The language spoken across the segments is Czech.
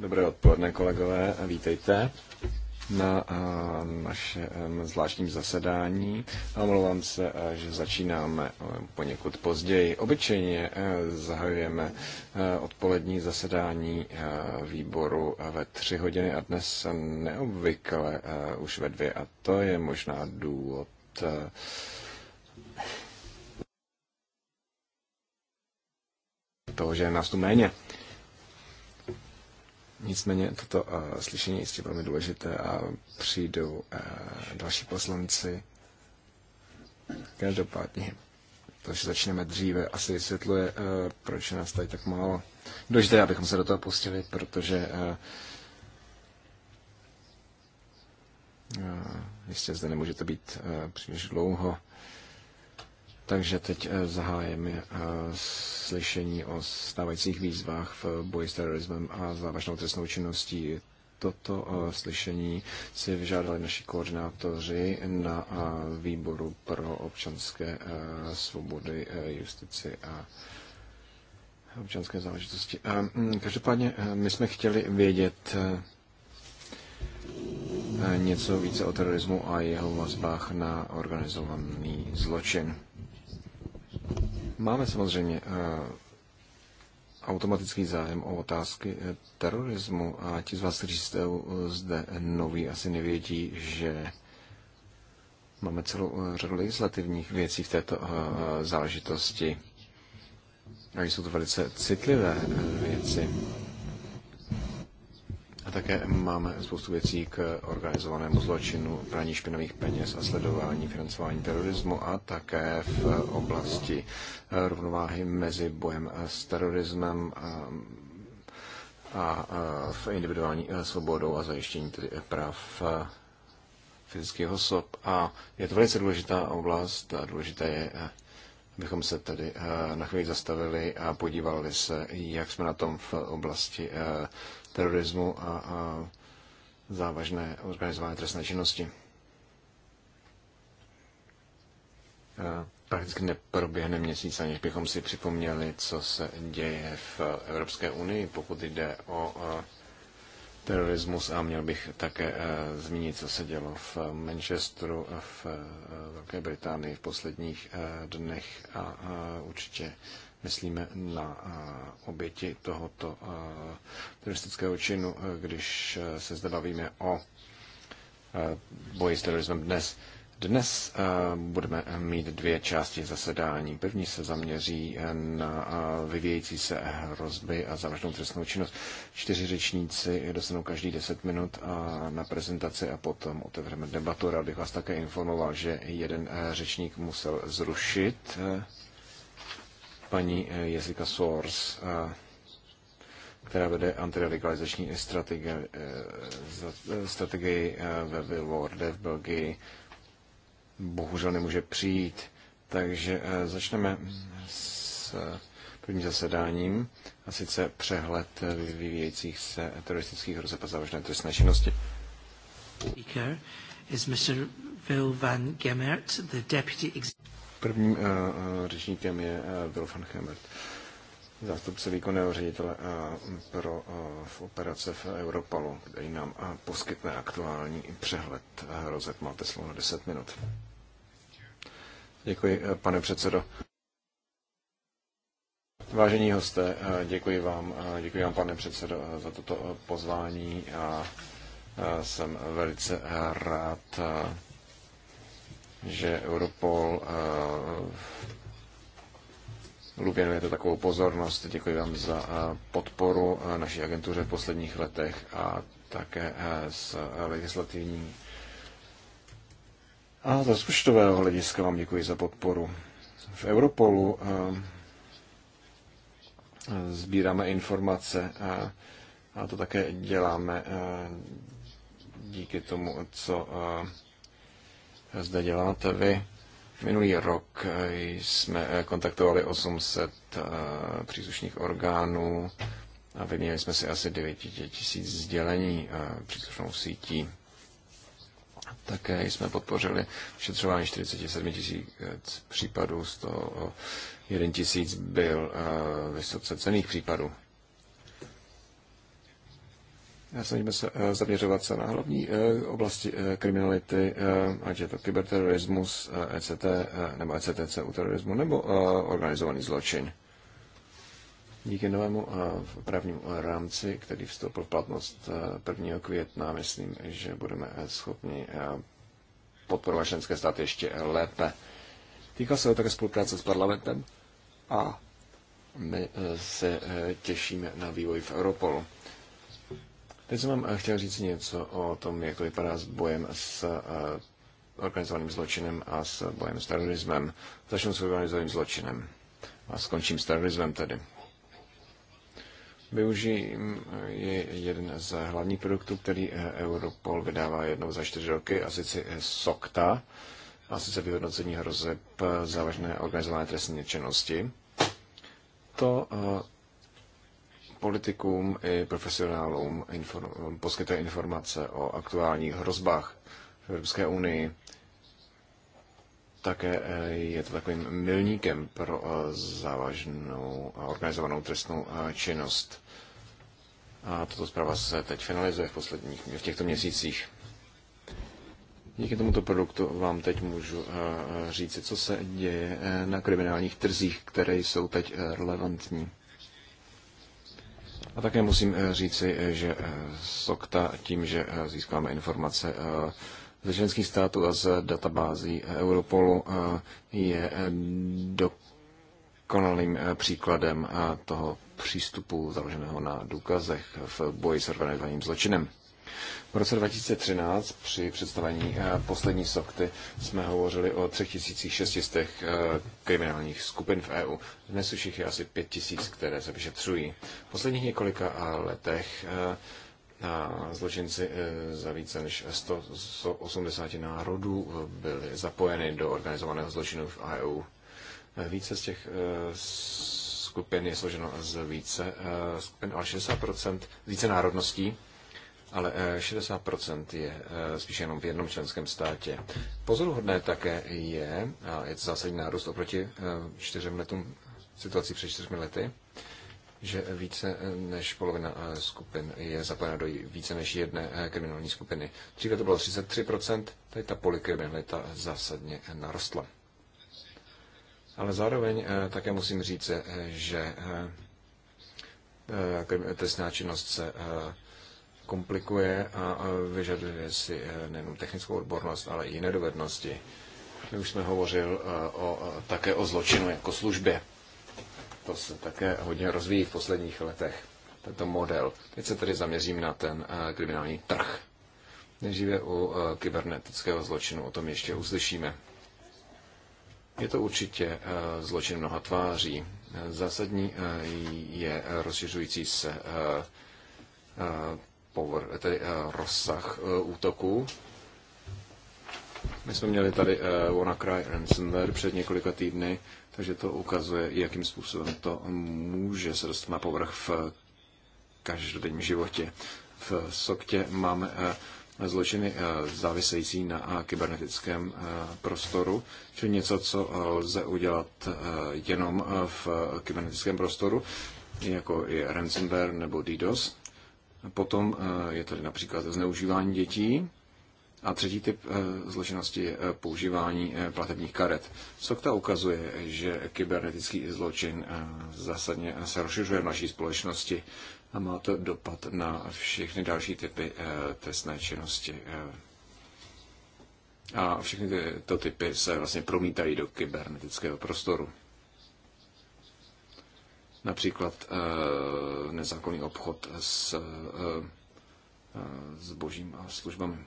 Dobré odpoledne, kolegové, a vítejte na našem zvláštním zasedání. Omlouvám se, že začínáme e, poněkud později. Obyčejně e, zahajujeme e, odpolední zasedání výboru ve tři hodiny a dnes neobvykle už ve dvě a to je možná důvod toho, že je nás tu méně. Nicméně toto uh, slyšení je jistě velmi důležité a přijdou uh, další poslanci. Každopádně to, že začneme dříve, asi vysvětluje, uh, proč je nás tady tak málo. Důležité, abychom se do toho pustili, protože uh, uh, jistě zde nemůžete být uh, příliš dlouho. Takže teď eh, zahájím eh, slyšení o stávajících výzvách v boji s terorismem a závažnou trestnou činností. Toto eh, slyšení si vyžádali naši koordinátoři na výboru pro občanské svobody, justici a občanské záležitosti. Mm, každopádně my jsme chtěli vědět něco více o terorismu a jeho vazbách na organizovaný zločin. Máme samozřejmě eh, automatický zájem o otázky eh, terorismu a ti z vás, kteří jste eh, zde noví, asi nevědí, že máme celou řadu legislativních věcí v této záležitosti. A jsou to velice citlivé věci. A také máme spoustu věcí k organizovanému zločinu, praní špinavých peněz a sledování financování terorismu a také v oblasti eh, rovnováhy mezi bojem eh, s terorismem eh, a, a, v individuální svobodou a zajištění práv fyzických osob. A je to velice důležitá oblast a důležité je abychom se tady na chvíli zastavili a podívali se, jak jsme na tom v oblasti terorismu a, a závažné organizované trestné činnosti. Prakticky neproběhne měsíc, aniž bychom si připomněli, co se děje v Evropské unii, pokud jde o terorismus a měl bych také zmínit, co se dělo v Manchesteru, v Velké Británii v posledních dnech a určitě myslíme na eh, oběti tohoto eh, teroristického činu, eh, když se zde bavíme o boji s terorismem dnes. Dnes budeme mít dvě části zasedání. První se zaměří na vyvějící se hrozby a závažnou trestnou činnost. Čtyři řečníci dostanou každý 10 minut a na prezentaci a potom otevřeme debatu. Rád bych vás také informoval, že jeden řečník musel zrušit paní eh, Jessica Sors, eh, která vede antiradikalizační strategie, eh, strategii ve Villorde v Belgii, bohužel nemůže přijít. Takže začneme s prvním zasedáním, a sice přehled vyvíjejících se teroristických hrozeb a závažné trestné činnosti. Speaker is Mr. Will van Gemert, the deputy Prvním eh, eh, řečníkem je Bill eh, van Hemert, zástupce výkonného ředitele pro v operace v Europalu, který nám poskytne aktuální přehled hrozeb. Máte slovo na 10 minut. Děkuji, pane předsedo. Vážení hosté, děkuji vám, děkuji vám, pane předsedo, za toto pozvání a jsem velice rád, že Europol uh, to takovou pozornost. Děkuji vám za uh, podporu uh, naší agentuře v posledních letech a také uh, z uh, legislativní a z rozpočtového hlediska vám děkuji za podporu. V Europolu uh, sbíráme informace a, a to také děláme uh, díky tomu, co uh, zde děláte vy. Minulý rok jsme kontaktovali 800 eh, příslušných orgánů a vyměnili jsme si asi 9 tisíc sdělení eh, příslušnou sítí. Také jsme podpořili vyšetřování 47 tisíc případů, z toho 1 tisíc byl eh, vysoce cených případů. Snažíme se eh, zaměřovat se na hlavní eh, oblasti eh, kriminality, ať je to kyberterorismus, ECT, e nebo ECTC u terorismu, nebo organizovaný zločin. Díky novému právnímu rámci, který vstoupil v platnost 1. května, myslím, že budeme schopni podporovat členské státy ještě lépe. Týká se to také spolupráce s parlamentem a my se těšíme na vývoj v Europolu. Teď jsem vám chtěl říct něco o tom, jak to vypadá s bojem s eh, organizovaným zločinem a s bojem s terorismem. Začnu s organizovaným zločinem a skončím s terorismem tedy. Využijím eh, je jeden z hlavních produktů, který eh, Europol vydává jednou za čtyři roky, a sice SOCTA, a sice vyhodnocení hrozeb závažné organizované trestné činnosti. To politikům i profesionálům inform, poskytuje informace o aktuálních hrozbách v Evropské unii. Také eh, je to takovým milníkem pro eh, závažnou organizovanou trestnou eh, činnost. A tato zpráva se teď finalizuje v, posledních, v těchto měsících. Díky tomuto produktu vám teď můžu říct, co se děje na kriminálních trzích, které jsou teď relevantní. A také musím eh, říci, eh, že eh, SOKTA tím, že získáme informace ze ženských států a z databází Europolu, je dokonalým příkladem toho přístupu založeného na důkazech v boji s organizovaným zločinem. V roce 2013 při představení eh, poslední sokty jsme hovořili o 3600 eh, kriminálních skupin v EU. Dnes už jich je asi 5000, které se vyšetřují. V posledních několika eh, letech zločinci za více než 180 národů byli zapojeni do organizovaného zločinu v EU. Více z těch skupin je složeno z více skupin, ale 60% více národností ale 60% eh, je eh, spíše jenom v jednom členském státě. Pozoruhodné také je, a je to zásadní nárůst oproti eh, čtyřem letům situaci před čtyřmi lety, že více než polovina skupin je zapojena do více než jedné kriminální skupiny. Dříve to bylo 33%, tady ta polikriminalita zásadně narostla. Ale zároveň také musím říct, že trestná činnost se komplikuje a vyžaduje si eh, nejen technickou odbornost, ale i jiné dovednosti. My už jsme hovořil eh, o, eh, také o zločinu jako službě. To se také hodně rozvíjí v posledních letech, tento model. Teď se tedy zaměřím na ten kriminální trh. Nejdříve u kybernetického zločinu, o tom ještě uslyšíme. Je to určitě zločin mnoha tváří. Zásadní je rozšiřující se power, tedy eh, rozsah eh, útoku. My jsme měli tady eh, WannaCry Ransomware před několika týdny, takže to ukazuje, jakým způsobem to může se dostat na povrch v každodenním životě. V Soktě máme zločiny závisející na kybernetickém prostoru, čili něco, co lze udělat jenom v kybernetickém prostoru, jako i ransomware nebo DDoS. Potom eh, je tady například zneužívání dětí. A třetí typ eh, zločinnosti je eh, používání platebních karet. Sokta ukazuje, že kybernetický zločin zásadně se rozšiřuje v naší společnosti a má to dopad na všechny další typy trestné činnosti. A všechny tyto typy se vlastně promítají do kybernetického prostoru. Například eh, nezákonný obchod s eh, eh, zbožím a službami.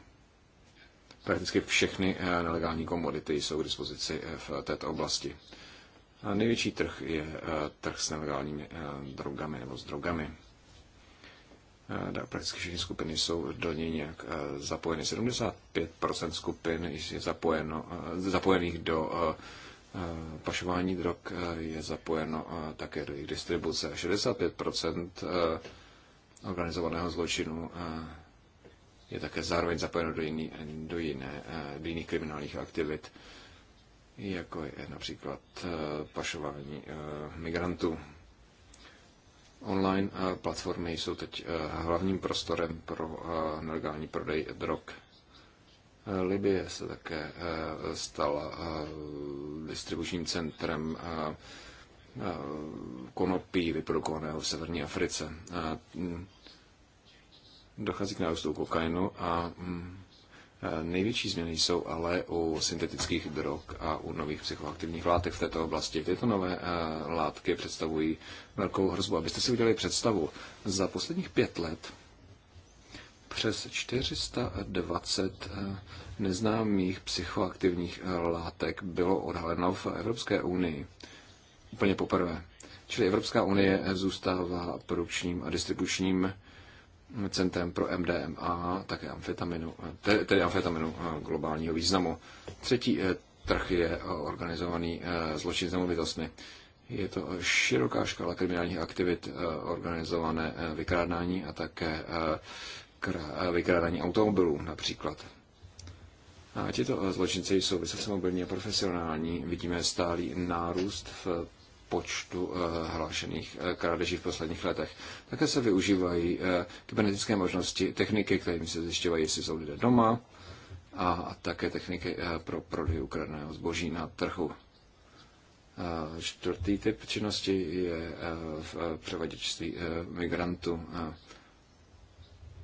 Prakticky všechny nelegální komodity jsou k dispozici v této oblasti. A největší trh je trh s nelegálními drogami nebo s drogami. Prakticky všechny skupiny jsou do něj nějak zapojeny. 75% skupin je zapojeno, zapojených do Eh, pašování drog eh, je zapojeno eh, také do jejich distribuce. 65% organizovaného zločinu je také zároveň zapojeno do, jiný, do, jiné, do jiných kriminálních aktivit, jako je například pašování migrantů. Online platformy jsou teď hlavním prostorem pro nelegální prodej drog Libie se také eh, stala eh, distribučním centrem eh, konopí vyprodukovaného v severní Africe. Mm, dochází k nárůstu kokainu a mm, Největší změny jsou ale u syntetických drog a u nových psychoaktivních látek v této oblasti. Tyto nové látky představují velkou hrozbu. Abyste si udělali představu, za posledních pět let přes 420 eh, neznámých psychoaktivních eh, látek bylo odhaleno v Evropské unii. Úplně poprvé. Čili Evropská unie eh, zůstává produkčním a distribučním hm, centrem pro MDMA, také amfetaminu, tedy amfetaminu globálního významu. Třetí trh je organizovaný zločin s nemovitostmi. Je to široká škala kriminálních aktivit, organizované vykrádání a také vykrádání automobilů například. A tito zločinci jsou vysoce mobilní a profesionální. Vidíme stálý nárůst v počtu eh, hlášených eh, krádeží v posledních letech. Také se využívají eh, kybernetické možnosti, techniky, kterými se zjišťovají, jestli jsou lidé doma, a také techniky pro prodej ukradeného zboží na trhu. Čtvrtý typ činnosti je v převaděčství migrantů.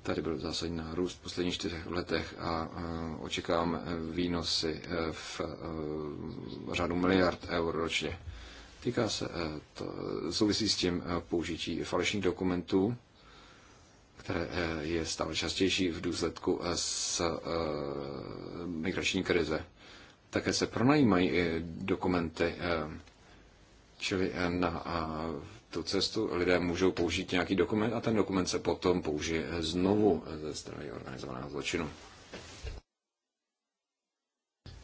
Tady byl zásadní nárůst v posledních čtyřech letech a očekávám výnosy e, v e, řádu miliard eur ročně. Týká se, e, to, souvisí s tím použití falešných dokumentů, které je stále častější v důsledku s migrační krize. Také se pronajímají dokumenty, čili na tu cestu, lidé můžou použít nějaký dokument a ten dokument se potom použije znovu ze strany organizovaného zločinu.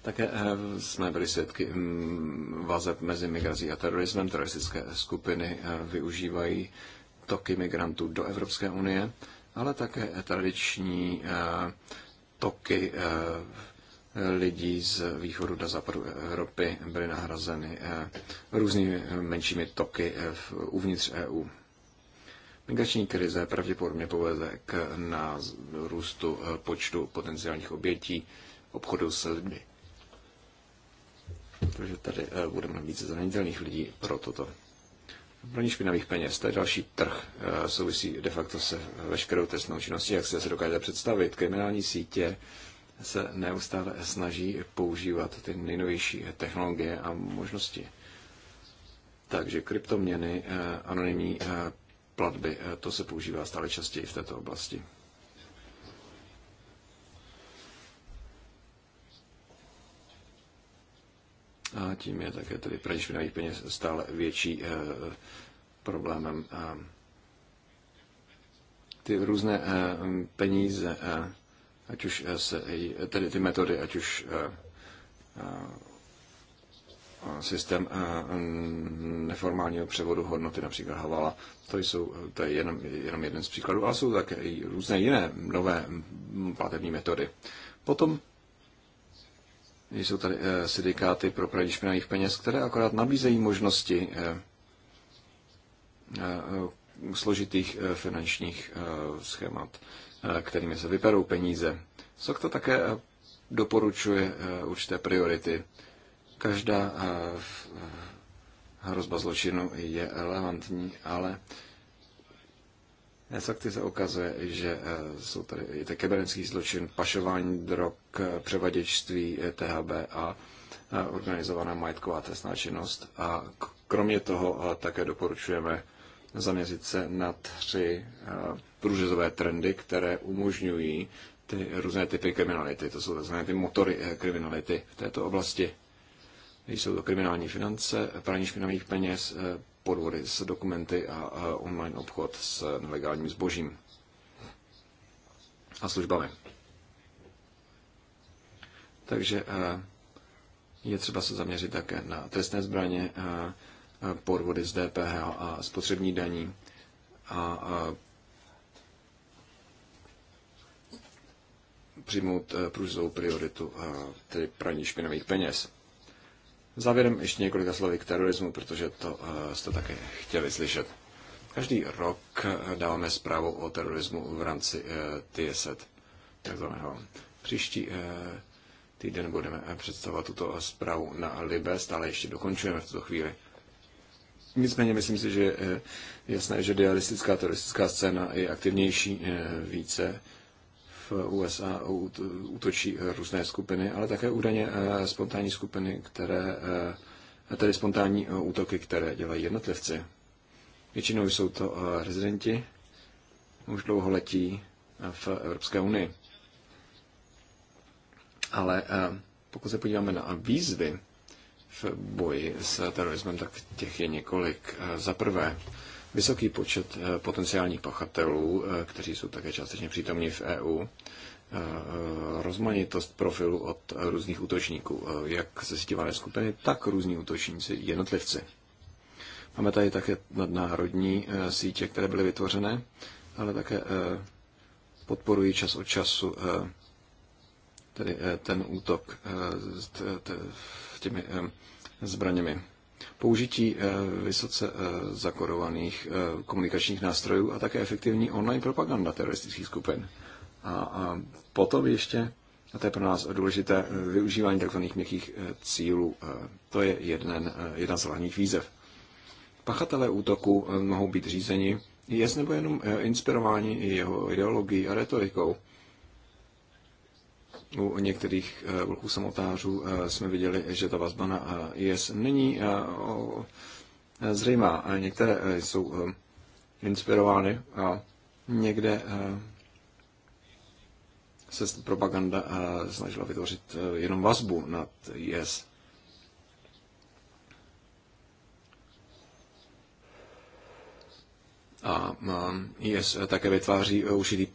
Také eh, jsme byli svědky hm, vazeb mezi migrací a terorismem. Teroristické skupiny eh, využívají toky migrantů do Evropské unie, ale také tradiční eh, toky lidí z východu do západu Evropy byly nahrazeny eh, různými eh, menšími toky eh, uvnitř EU. Migrační krize pravděpodobně povede k růstu počtu potenciálních obětí obchodu s lidmi. Protože tady budeme více zranitelných lidí pro toto. Praní špinavých peněz, to je další trh, souvisí de facto se veškerou trestnou činností, jak si se dokážete představit. Kriminální sítě se neustále snaží používat ty nejnovější technologie a možnosti. Takže kryptoměny, eh, anonymní eh, platby, eh, to se používá stále častěji v této oblasti. A tím je také tedy praní peněz stále větší problémem. Ty různé peníze ať už eh, se, eh, tedy ty metody, ať už eh, systém neformálního převodu hodnoty, například Havala. To, jsou, to je jenom, jenom jeden z příkladů, ale jsou také i různé jiné nové platební metody. Potom jsou tady syndikáty pro pradí špinavých peněz, které akorát nabízejí možnosti složitých finančních schémat. Eh, kterými se vyperou peníze. SOK to také eh, doporučuje eh, určité priority. Každá hrozba zločinu je relevantní, ale Sakty se ukazuje, že jsou tady i ten kybernetický zločin, pašování drog, převaděčství, THB a organizovaná majetková trestná činnost. A kromě toho také doporučujeme zaměřit se na tři eh, průřezové trendy, které umožňují ty různé typy kriminality. To jsou tzv. ty motory eh, kriminality v této oblasti. Jsou to kriminální finance, praní špinavých peněz, eh, podvody s dokumenty a online obchod s nelegálním zbožím a službami. Takže je třeba se zaměřit také na trestné zbraně, podvody z DPH a spotřební daní a přijmout eh, průzovou prioritu, eh, tedy praní špinavých peněz. Závěrem ještě několika slovy k terorismu, protože to eh, jste také chtěli slyšet. Každý rok dáváme zprávu o terorismu v rámci TSET, e takzvaného. Příští týden budeme představovat tuto zprávu na Libe, stále ještě dokončujeme v tuto chvíli. Nicméně myslím si, že eh, je jasné, že dialistická teroristická scéna je aktivnější eh, více. V USA útočí eh, různé skupiny, ale také údajně spontánní skupiny, které, tedy spontánní útoky, které dělají jednotlivci. Většinou jsou to rezidenti, už dlouho letí v Evropské unii. Ale pokud se podíváme na výzvy, v boji s terorismem, tak těch je několik. E, za prvé, vysoký počet e, potenciálních pachatelů, e, kteří jsou také částečně přítomní v EU, rozmanitost profilu od různých útočníků, jak se sesítivané skupiny, tak různí útočníci, jednotlivci. Máme tady také nadnárodní sítě, které byly vytvořené, ale také podporují čas od času tedy ten útok těmi eh, zbraněmi. Použití eh, vysoce eh, zakorovaných komunikačních nástrojů a také efektivní online propaganda teroristických skupin. A, potom ještě, a to je pro nás důležité, využívání tzv. měkkých cílů. To je jeden, jedna z hlavních výzev. Pachatelé útoku mohou být řízeni jest nebo jenom inspirováni jeho ideologií a retorikou u některých vlků eh, samotářů eh, jsme viděli, že ta vazba na eh, IS není zřejmá. Některé jsou inspirovány a někde se propaganda snažila vytvořit jenom vazbu nad IS. A IS také vytváří určitý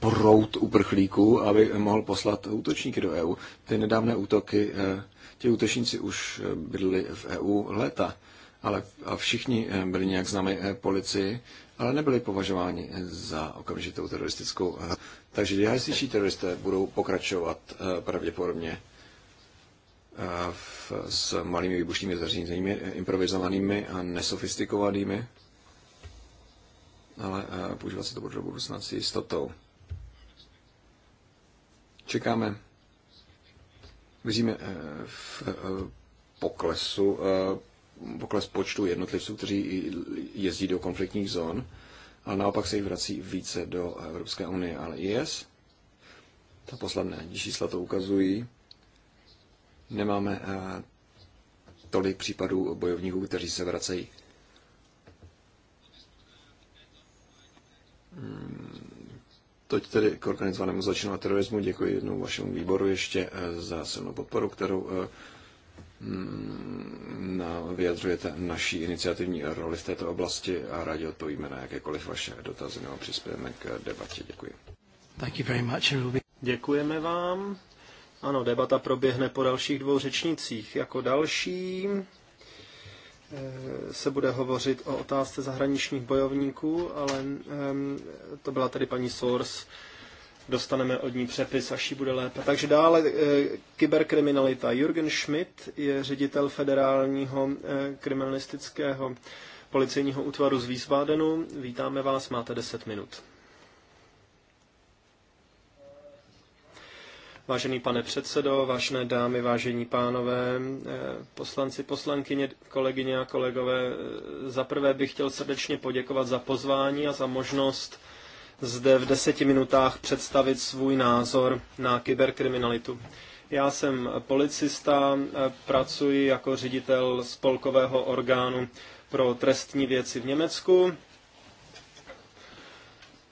prout uprchlíků, aby mohl poslat útočníky do EU. Ty nedávné útoky, eh, ti útočníci už eh, byli v EU léta, ale a všichni eh, byli nějak známi policii, ale nebyli považováni za okamžitou teroristickou. Takže džihadističtí teroristé budou pokračovat pravděpodobně v, s malými výbušnými zařízeními, improvizovanými a nesofistikovanými, ale používat se to bude do budoucna s jistotou. Čekáme, věříme eh, v eh, poklesu, eh, pokles počtu jednotlivců, kteří jezdí do konfliktních zón, ale naopak se jich vrací více do Evropské unie. Ale IS, ta poslední čísla to ukazují, nemáme tolik případů bojovníků, kteří se vracejí Toť tedy k organizovanému zločinu a terorismu. Děkuji jednou vašemu výboru ještě eh, za silnou podporu, kterou eh, mm, na, vyjadřujete naší iniciativní roli v této oblasti a rádi odpovíme na jakékoliv vaše dotazy nebo přispějeme k debatě. Děkuji. Thank you very much. Děkujeme vám. Ano, debata proběhne po dalších dvou řečnicích. Jako další Eh, se bude hovořit o otázce zahraničních bojovníků, ale ehm, to byla tady paní Source. Dostaneme od ní přepis, až ji bude lépe. Takže dále eh, kyberkriminalita. Jürgen Schmidt je ředitel federálního eh, kriminalistického policejního útvaru z Wiesbadenu. Vítáme vás, máte 10 minut. Vážený pane předsedo, vážené dámy, vážení pánové, eh, poslanci, poslankyně, kolegyně a kolegové, eh, zaprvé bych chtěl srdečně poděkovat za pozvání a za možnost zde v deseti minutách představit svůj názor na kyberkriminalitu. Já jsem policista, eh, pracuji jako ředitel spolkového orgánu pro trestní věci v Německu.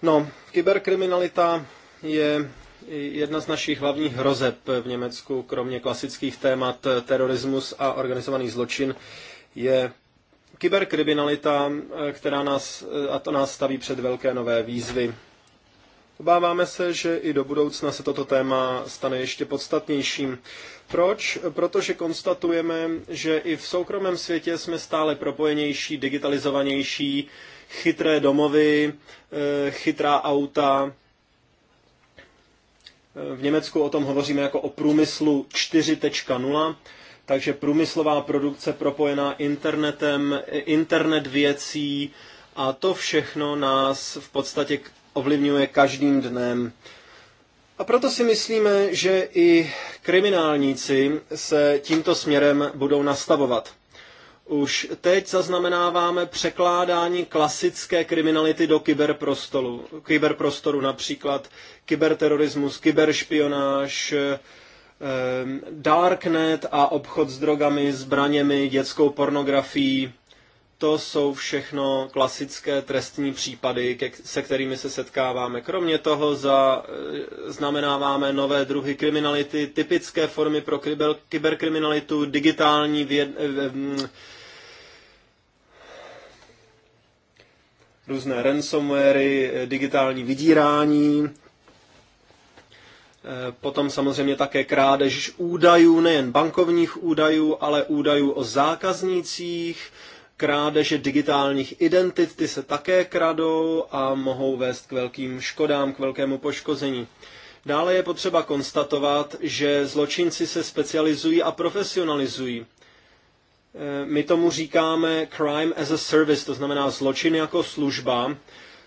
No, kyberkriminalita je jedna z našich hlavních hrozeb v Německu, kromě klasických témat terorismus a organizovaný zločin, je kyberkriminalita, která nás, a to nás staví před velké nové výzvy. Obáváme se, že i do budoucna se toto téma stane ještě podstatnějším. Proč? Protože konstatujeme, že i v soukromém světě jsme stále propojenější, digitalizovanější, chytré domovy, eh, chytrá auta, v Německu o tom hovoříme jako o průmyslu 4.0, takže průmyslová produkce propojená internetem, internet věcí a to všechno nás v podstatě ovlivňuje každým dnem. A proto si myslíme, že i kriminálníci se tímto směrem budou nastavovat. Už teď zaznamenáváme překládání klasické kriminality do kyberprostoru, kyberprostoru například kyberterorismus, kyberšpionáž, eh, darknet a obchod s drogami, zbraněmi, dětskou pornografií to jsou všechno klasické trestní případy, se kterými se setkáváme. Kromě toho e, znamenáváme nové druhy kriminality, typické formy pro kyber, kyberkriminalitu, digitální věd, e, různé ransomwary, e, digitální vydírání, Potom samozřejmě také krádež údajů, nejen bankovních údajů, ale údajů o zákaznících, krádeže digitálních identit, ty se také kradou a mohou vést k velkým škodám, k velkému poškození. Dále je potřeba konstatovat, že zločinci se specializují a profesionalizují. E, my tomu říkáme crime as a service, to znamená zločin jako služba,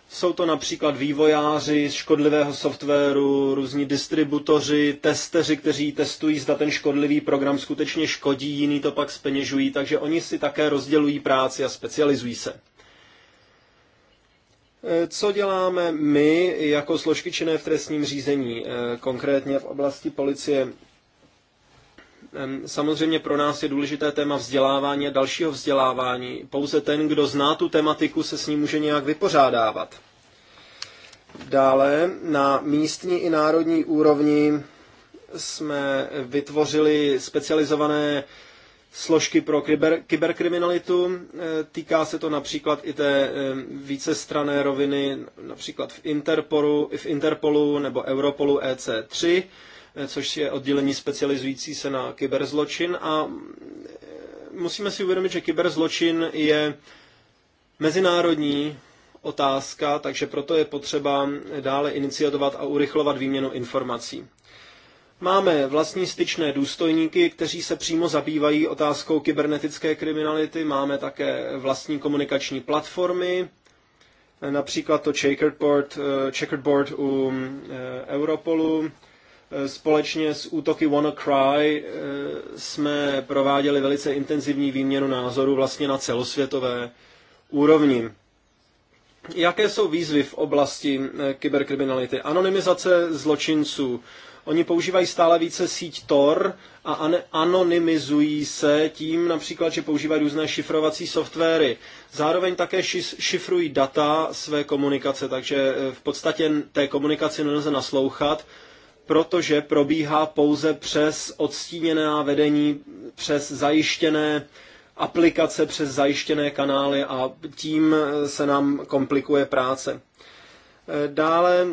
jsou to například vývojáři škodlivého softwaru, různí distributoři, testeři, kteří testují, zda ten škodlivý program skutečně škodí, jiný to pak speněžují, takže oni si také rozdělují práci a specializují se. E, co děláme my jako složky činné v trestním řízení, e, konkrétně v oblasti policie? Samozřejmě pro nás je důležité téma vzdělávání a dalšího vzdělávání. Pouze ten, kdo zná tu tematiku, se s ní může nějak vypořádávat. Dále na místní i národní úrovni jsme vytvořili specializované složky pro kyber, kyberkriminalitu. E, týká se to například i té e, vícestrané roviny, například v Interpolu, v Interpolu nebo Europolu EC3. Eh, což je oddělení specializující se na kyberzločin a eh, musíme si uvědomit, že kyberzločin je mezinárodní otázka, takže proto je potřeba dále iniciovat a urychlovat výměnu informací. Máme vlastní styčné důstojníky, kteří se přímo zabývají otázkou kybernetické kriminality. Máme také vlastní komunikační platformy, eh, například to checkerboard, checkerboard u Europolu, Eh, společně s útoky WannaCry eh, jsme prováděli velice intenzivní výměnu názorů vlastně na celosvětové úrovni. Jaké jsou výzvy v oblasti eh, kyberkriminality? Anonymizace zločinců. Oni používají stále více síť Tor a an- anonymizují se tím například, že používají různé šifrovací softwary. Zároveň také ši- šifrují data své komunikace, takže v podstatě té komunikaci nelze naslouchat protože probíhá pouze přes odstíněná vedení, přes zajištěné aplikace, přes zajištěné kanály a tím eh, se nám komplikuje práce. Eh, dále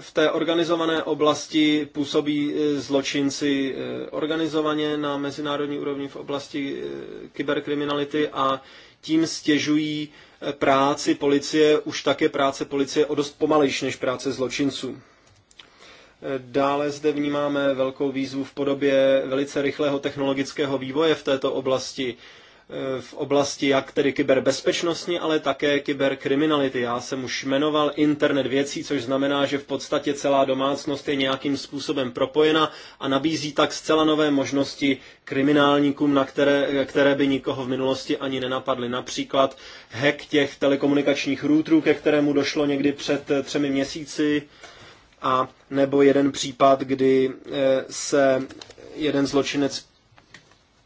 v té organizované oblasti působí eh, zločinci organizovaně na mezinárodní úrovni v oblasti kyberkriminality a tím stěžují práci policie, už také práce policie o dost pomalejší než práce zločinců. Dále zde vnímáme velkou výzvu v podobě velice rychlého technologického vývoje v této oblasti v oblasti jak tedy kyberbezpečnosti, ale také kyberkriminality. Já jsem už jmenoval internet věcí, což znamená, že v podstatě celá domácnost je nějakým způsobem propojena a nabízí tak zcela nové možnosti kriminálníkům, na které, které by nikoho v minulosti ani nenapadly. Například hack těch telekomunikačních routerů, ke kterému došlo někdy před třemi měsíci, a nebo jeden případ, kdy eh, se jeden zločinec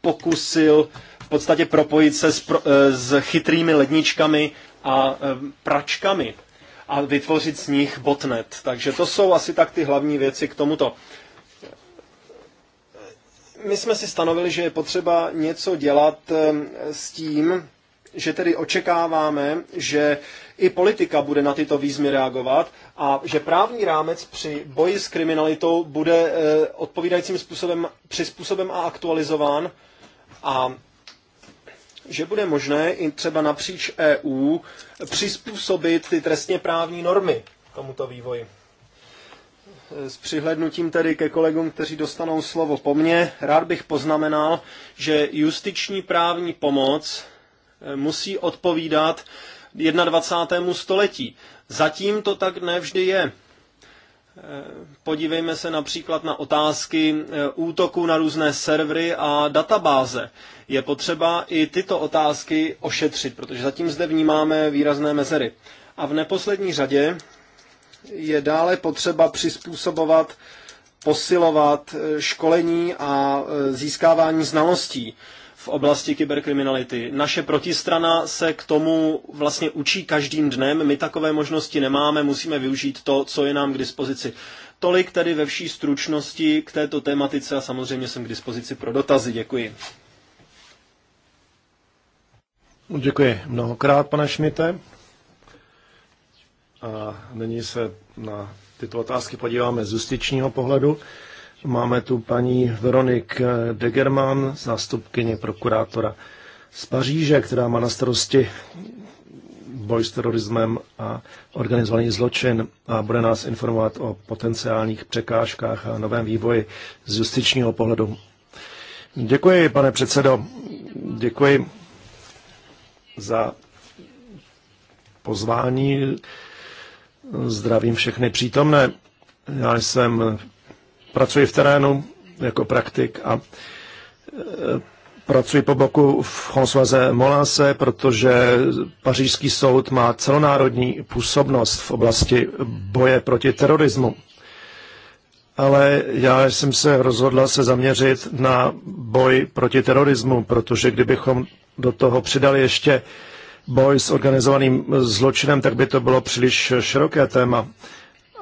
pokusil v podstatě propojit se s, pro, eh, s chytrými ledničkami a eh, pračkami a vytvořit z nich botnet. Takže to jsou asi tak ty hlavní věci k tomuto. My jsme si stanovili, že je potřeba něco dělat s tím, že tedy očekáváme, že i politika bude na tyto výzmy reagovat a že právní rámec při boji s kriminalitou bude eh, odpovídajícím způsobem, přizpůsobem a aktualizován a že bude možné i třeba napříč EU přizpůsobit ty trestně právní normy tomuto vývoji. Eh, s přihlednutím tedy ke kolegům, kteří dostanou slovo po mně, rád bych poznamenal, že justiční právní pomoc eh, musí odpovídat 21. století. Zatím to tak nevždy je. E, podívejme se například na otázky e, útoku na různé servery a databáze. Je potřeba i tyto otázky ošetřit, protože zatím zde vnímáme výrazné mezery. A v neposlední řadě je dále potřeba přizpůsobovat, posilovat e, školení a získávání znalostí v oblasti kyberkriminality. Naše protistrana se k tomu vlastně učí každým dnem. My takové možnosti nemáme, musíme využít to, co je nám k dispozici. Tolik tedy ve vší stručnosti k této tématice a samozřejmě jsem k dispozici pro dotazy. Děkuji. Děkuji mnohokrát, pane Šmite. A nyní se na tyto otázky podíváme z justičního pohledu. Máme tu paní Veronik Degerman, zástupkyně prokurátora z Paříže, která má na starosti boj s terorismem a organizovaný zločin a bude nás informovat o potenciálních překážkách a novém vývoji z justičního pohledu. Děkuji, pane předsedo. Děkuji za pozvání. Zdravím všechny přítomné. Já jsem pracuji v terénu jako praktik a e, pracuji po boku v Françoise Molase, protože pařížský soud má celonárodní působnost v oblasti boje proti terorismu. Ale já jsem se rozhodla se zaměřit na boj proti terorismu, protože kdybychom do toho přidali ještě boj s organizovaným zločinem, tak by to bylo příliš široké téma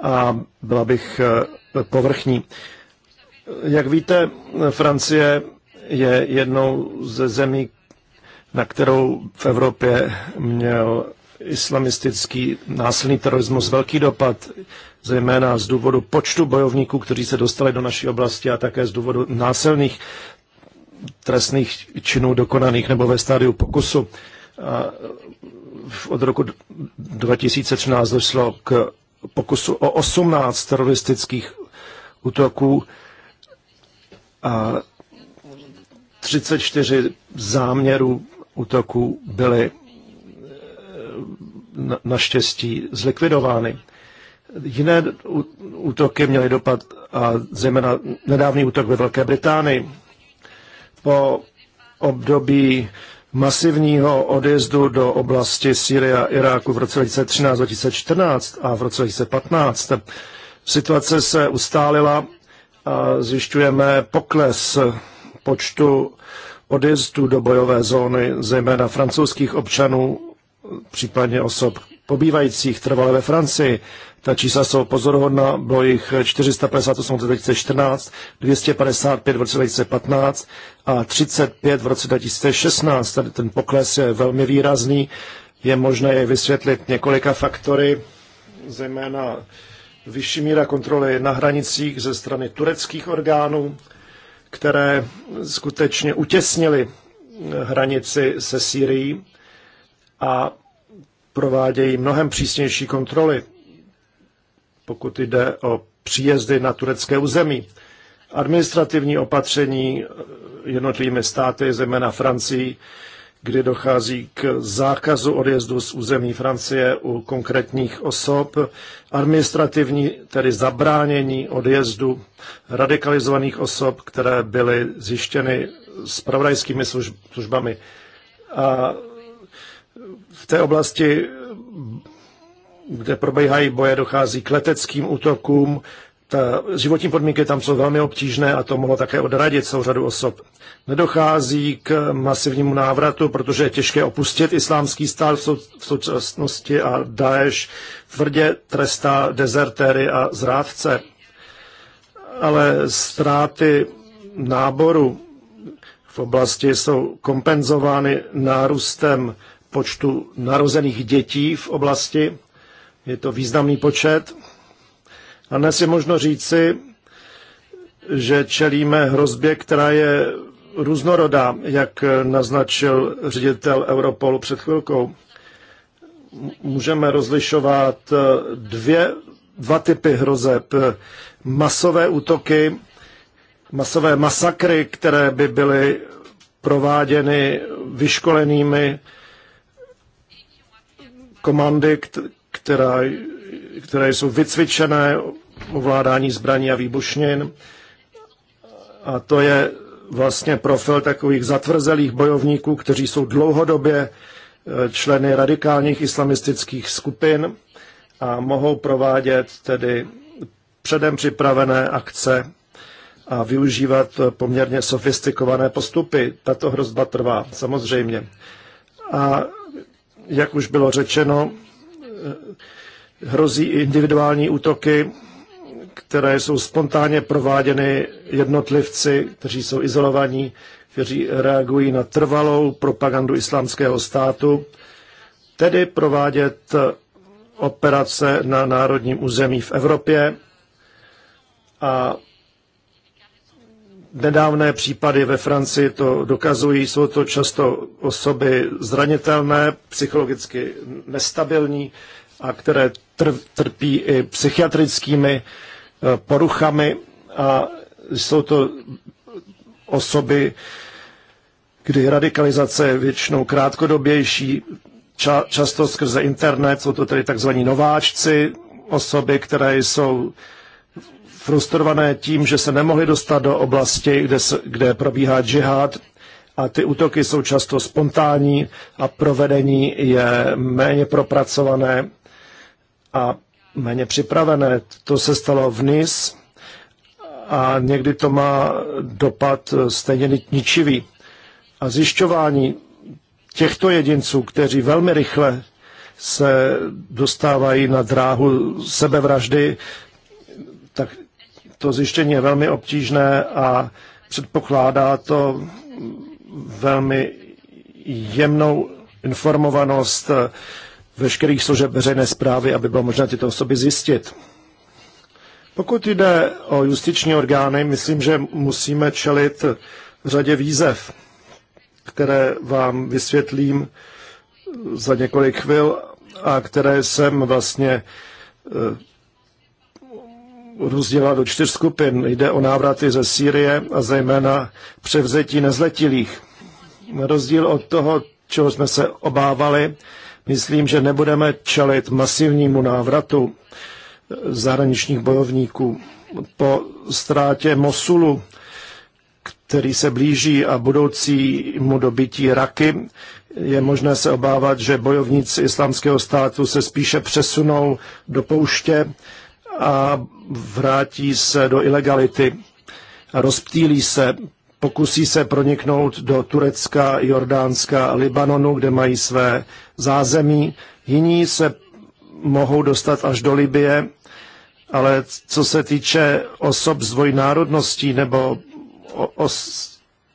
a byla bych e, povrchní. Jak víte, Francie je jednou ze zemí, na kterou v Evropě měl islamistický násilný terorismus velký dopad, zejména z důvodu počtu bojovníků, kteří se dostali do naší oblasti a také z důvodu násilných trestných činů dokonaných nebo ve stádiu pokusu. A od roku 2013 došlo k pokusu o 18 teroristických útoků a 34 záměrů útoků byly eh, naštěstí zlikvidovány. Jiné útoky měly dopad, a zejména nedávný útok ve Velké Británii. Po období masivního odjezdu do oblasti Sýrie a Iráku v roce 2013-2014 a v roce 2015 Situace se ustálila a zjišťujeme pokles počtu odjezdů do bojové zóny, zejména francouzských občanů, případně osob pobývajících trvale ve Francii. Ta čísla jsou pozoruhodná, bylo jich 458 v roce 2014, 255 v roce 2015 a 35 v roce 2016. Tady ten pokles je velmi výrazný. Je možné je vysvětlit několika faktory, zejména vyšší míra kontroly na hranicích ze strany tureckých orgánů, které skutečně utěsnily eh, hranici se Sýrií a provádějí mnohem přísnější kontroly, pokud jde o příjezdy na turecké území. Administrativní opatření eh, jednotlivými státy, zejména Francii kdy dochází k zákazu odjezdu z území Francie u konkrétních osob, administrativní, tedy zabránění odjezdu radikalizovaných osob, které byly zjištěny s pravodajskými službami. A v té oblasti, kde probíhají boje, dochází k leteckým útokům ta životní podmínky tam jsou velmi obtížné a to mohlo také odradit celou řadu osob. Nedochází k masivnímu návratu, protože je těžké opustit islámský stát v současnosti a Daesh tvrdě trestá dezertéry a zrádce. Ale ztráty náboru v oblasti jsou kompenzovány nárůstem počtu narozených dětí v oblasti. Je to významný počet a dnes je možno říci, že čelíme hrozbě, která je různorodá, jak naznačil ředitel Europolu před chvilkou. Můžeme rozlišovat eh, dvě, dva typy hrozeb. Masové útoky, masové masakry, které by byly prováděny vyškolenými komandy, která, které jsou vycvičené, ovládání zbraní a výbušnin. A to je vlastně profil takových zatvrzelých bojovníků, kteří jsou dlouhodobě e, členy radikálních islamistických skupin a mohou provádět tedy předem připravené akce a využívat poměrně sofistikované postupy. Tato hrozba trvá, samozřejmě. A jak už bylo řečeno, e, hrozí individuální útoky které jsou spontánně prováděny jednotlivci, kteří jsou izolovaní, kteří reagují na trvalou propagandu islámského státu, tedy provádět operace na národním území v Evropě a nedávné případy ve Francii to dokazují. Jsou to často osoby zranitelné, psychologicky nestabilní a které trpí i psychiatrickými Eh, poruchami a jsou to osoby, kdy radikalizace je většinou krátkodobější, ča- často skrze internet, jsou to tedy takzvaní nováčci, osoby, které jsou frustrované tím, že se nemohli dostat do oblasti, kde, se, kde probíhá džihad a ty útoky jsou často spontánní a provedení je méně propracované a méně připravené. To se stalo v NIS a někdy to má dopad eh, stejně ničivý. A zjišťování těchto jedinců, kteří velmi rychle se dostávají na dráhu sebevraždy, tak to zjištění je velmi obtížné a předpokládá to velmi jemnou informovanost eh, veškerých služeb veřejné zprávy, aby bylo možné tyto osoby zjistit. Pokud jde o justiční orgány, myslím, že musíme čelit řadě výzev, které vám vysvětlím za několik chvil a které jsem vlastně eh, rozdělila do čtyř skupin. Jde o návraty ze Sýrie a zejména převzetí nezletilých. Na rozdíl od toho, čeho jsme se obávali, Myslím, že nebudeme čelit masivnímu návratu zahraničních bojovníků po ztrátě Mosulu, který se blíží a budoucímu dobytí Raky, je možné se obávat, že bojovníci islámského státu se spíše přesunou do pouště a vrátí se do ilegality. Rozptýlí se pokusí se proniknout do Turecka, Jordánska, Libanonu, kde mají své zázemí. Jiní se mohou dostat až do Libie, ale co se týče osob z dvojnárodností nebo os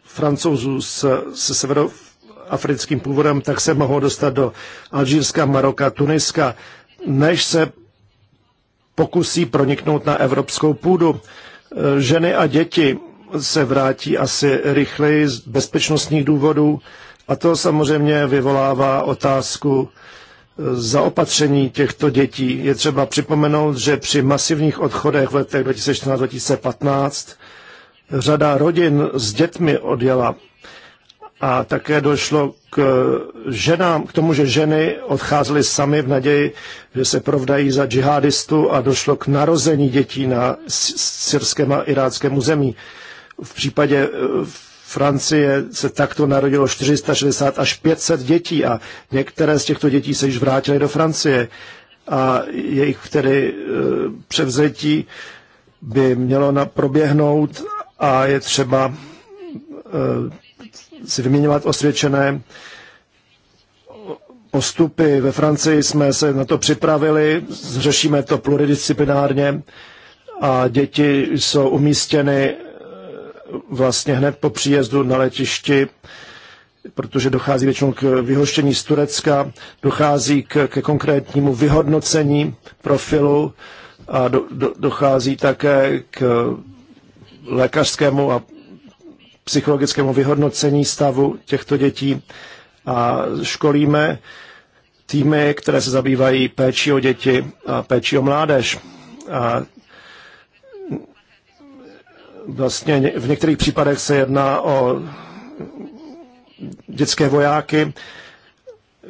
francouzů s, se severoafrickým původem, tak se mohou dostat do Alžírska, Maroka, Tuniska, než se pokusí proniknout na evropskou půdu. Ženy a děti se vrátí asi rychleji z bezpečnostních důvodů a to samozřejmě vyvolává otázku e, zaopatření těchto dětí. Je třeba připomenout, že při masivních odchodech v letech 2014-2015 řada rodin s dětmi odjela a také došlo k e, ženám, k tomu, že ženy odcházely sami v naději, že se provdají za džihadistu a došlo k narození dětí na syrském a iráckém území. V případě e, Francie se takto narodilo 460 až 500 dětí a některé z těchto dětí se již vrátily do Francie a jejich tedy e, převzetí by mělo na, proběhnout a je třeba e, si vyměňovat osvědčené postupy. Ve Francii jsme se na to připravili, řešíme to pluridisciplinárně a děti jsou umístěny vlastně hned po příjezdu na letišti, protože dochází většinou k vyhoštění z Turecka, dochází k, k konkrétnímu vyhodnocení profilu a do, do, dochází také k lékařskému a psychologickému vyhodnocení stavu těchto dětí a školíme týmy, které se zabývají péčí o děti a péčí o mládež. A vlastně v některých případech se jedná o dětské vojáky.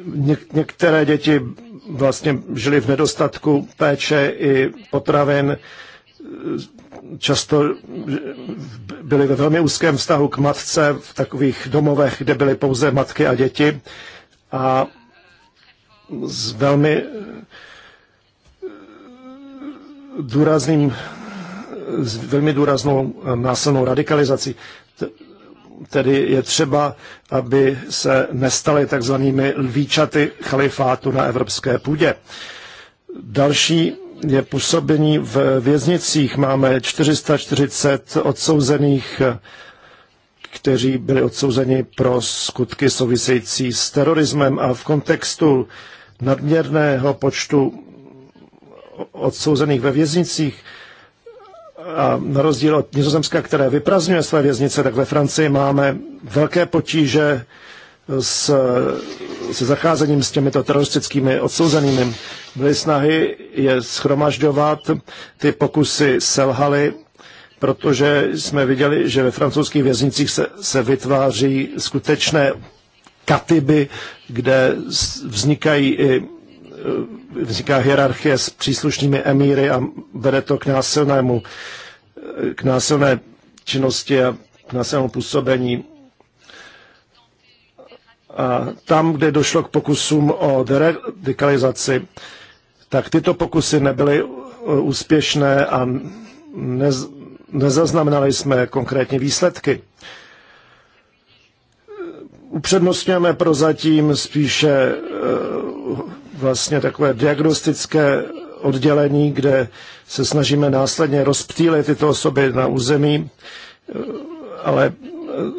Něk- některé děti vlastně žili v nedostatku péče i potravin, často byli ve velmi úzkém vztahu k matce v takových domovech, kde byly pouze matky a děti a s velmi důrazným s velmi důraznou eh, násilnou radikalizací. Tedy je třeba, aby se nestaly takzvanými lvíčaty chalifátu na evropské půdě. Další je působení v věznicích. Máme 440 odsouzených, kteří byli odsouzeni pro skutky související s terorismem a v kontextu nadměrného počtu odsouzených ve věznicích a na rozdíl od Nizozemska, které vyprazňuje své věznice, tak ve Francii máme velké potíže s, se zacházením s těmito teroristickými odsouzenými. Byly snahy je schromažďovat, ty pokusy selhaly, protože jsme viděli, že ve francouzských věznicích se, se vytváří skutečné katyby, kde vznikají i vzniká hierarchie s příslušnými emíry a vede to k násilnému, k násilné činnosti a k násilnému působení. A tam, kde došlo k pokusům o deradikalizaci, tak tyto pokusy nebyly uh, úspěšné a nez, nezaznamenali jsme konkrétní výsledky. Upřednostňujeme prozatím spíše uh, vlastně takové diagnostické oddělení, kde se snažíme následně rozptýlit tyto osoby na území, ale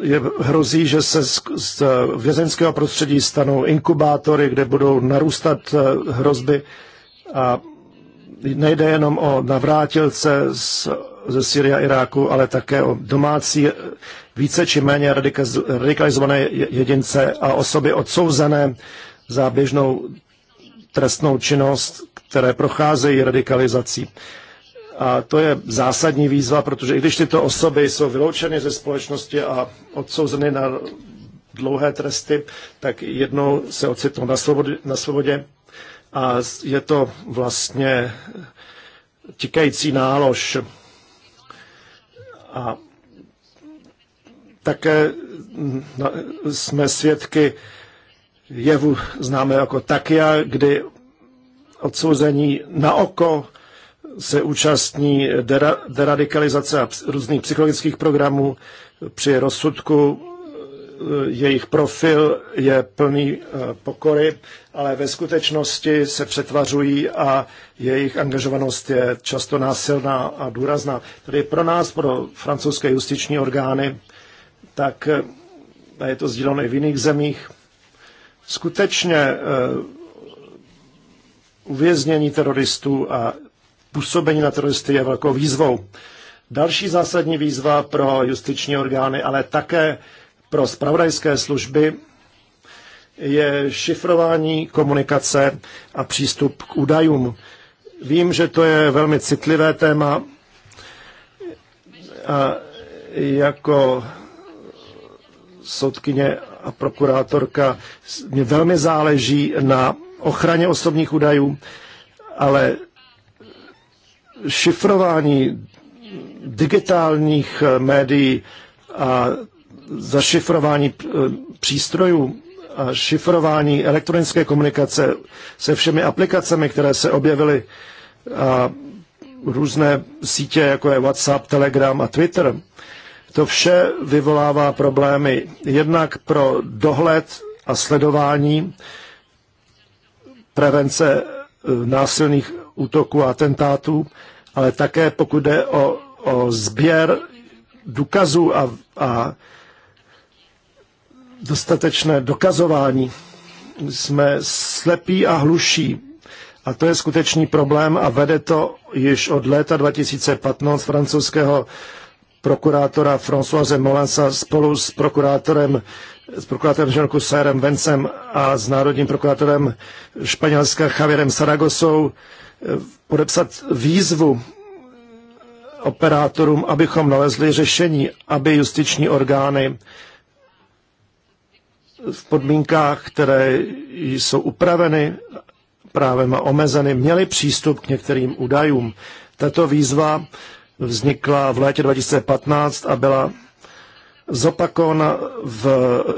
je, hrozí, že se z, z vězeňského prostředí stanou inkubátory, kde budou narůstat eh, hrozby a nejde jenom o navrátilce z, ze Syria a Iráku, ale také o domácí eh, více či méně radikalizované jedince a osoby odsouzené za běžnou trestnou činnost, které procházejí radikalizací. A to je zásadní výzva, protože i když tyto osoby jsou vyloučeny ze společnosti a odsouzeny na dlouhé tresty, tak jednou se ocitnou na svobodě, na svobodě a je to vlastně tikající nálož. A také jsme svědky jevu známe jako takia, kdy odsouzení na oko se účastní dera, deradikalizace a různých psychologických programů. Při rozsudku e, jejich profil je plný e, pokory, ale ve skutečnosti se přetvařují a jejich angažovanost je často násilná a důrazná. Tedy pro nás, pro francouzské justiční orgány, tak e, je to sdíleno i v jiných zemích, skutečně eh, uvěznění teroristů a působení na teroristy je velkou výzvou. Další zásadní výzva pro justiční orgány, ale také pro spravodajské služby je šifrování komunikace a přístup k údajům. Vím, že to je velmi citlivé téma a jako soudkyně a prokurátorka. mě velmi záleží na ochraně osobních údajů, ale šifrování digitálních eh, médií a zašifrování eh, přístrojů a šifrování elektronické komunikace se všemi aplikacemi, které se objevily a různé sítě, jako je WhatsApp, Telegram a Twitter, to vše vyvolává problémy jednak pro dohled a sledování prevence eh, násilných útoků a atentátů, ale také pokud jde o, o sběr důkazů a, a dostatečné dokazování. Jsme slepí a hluší. A to je skutečný problém a vede to již od léta 2015 francouzského prokurátora Françoise Molansa spolu s prokurátorem s prokurátorem Žanku Sérem Vencem a s národním prokurátorem Španělska Javierem Saragosou eh, podepsat výzvu operátorům, abychom nalezli řešení, aby justiční orgány v podmínkách, které jsou upraveny právem a omezeny, měly přístup k některým údajům. Tato výzva vznikla v létě 2015 a byla zopakována v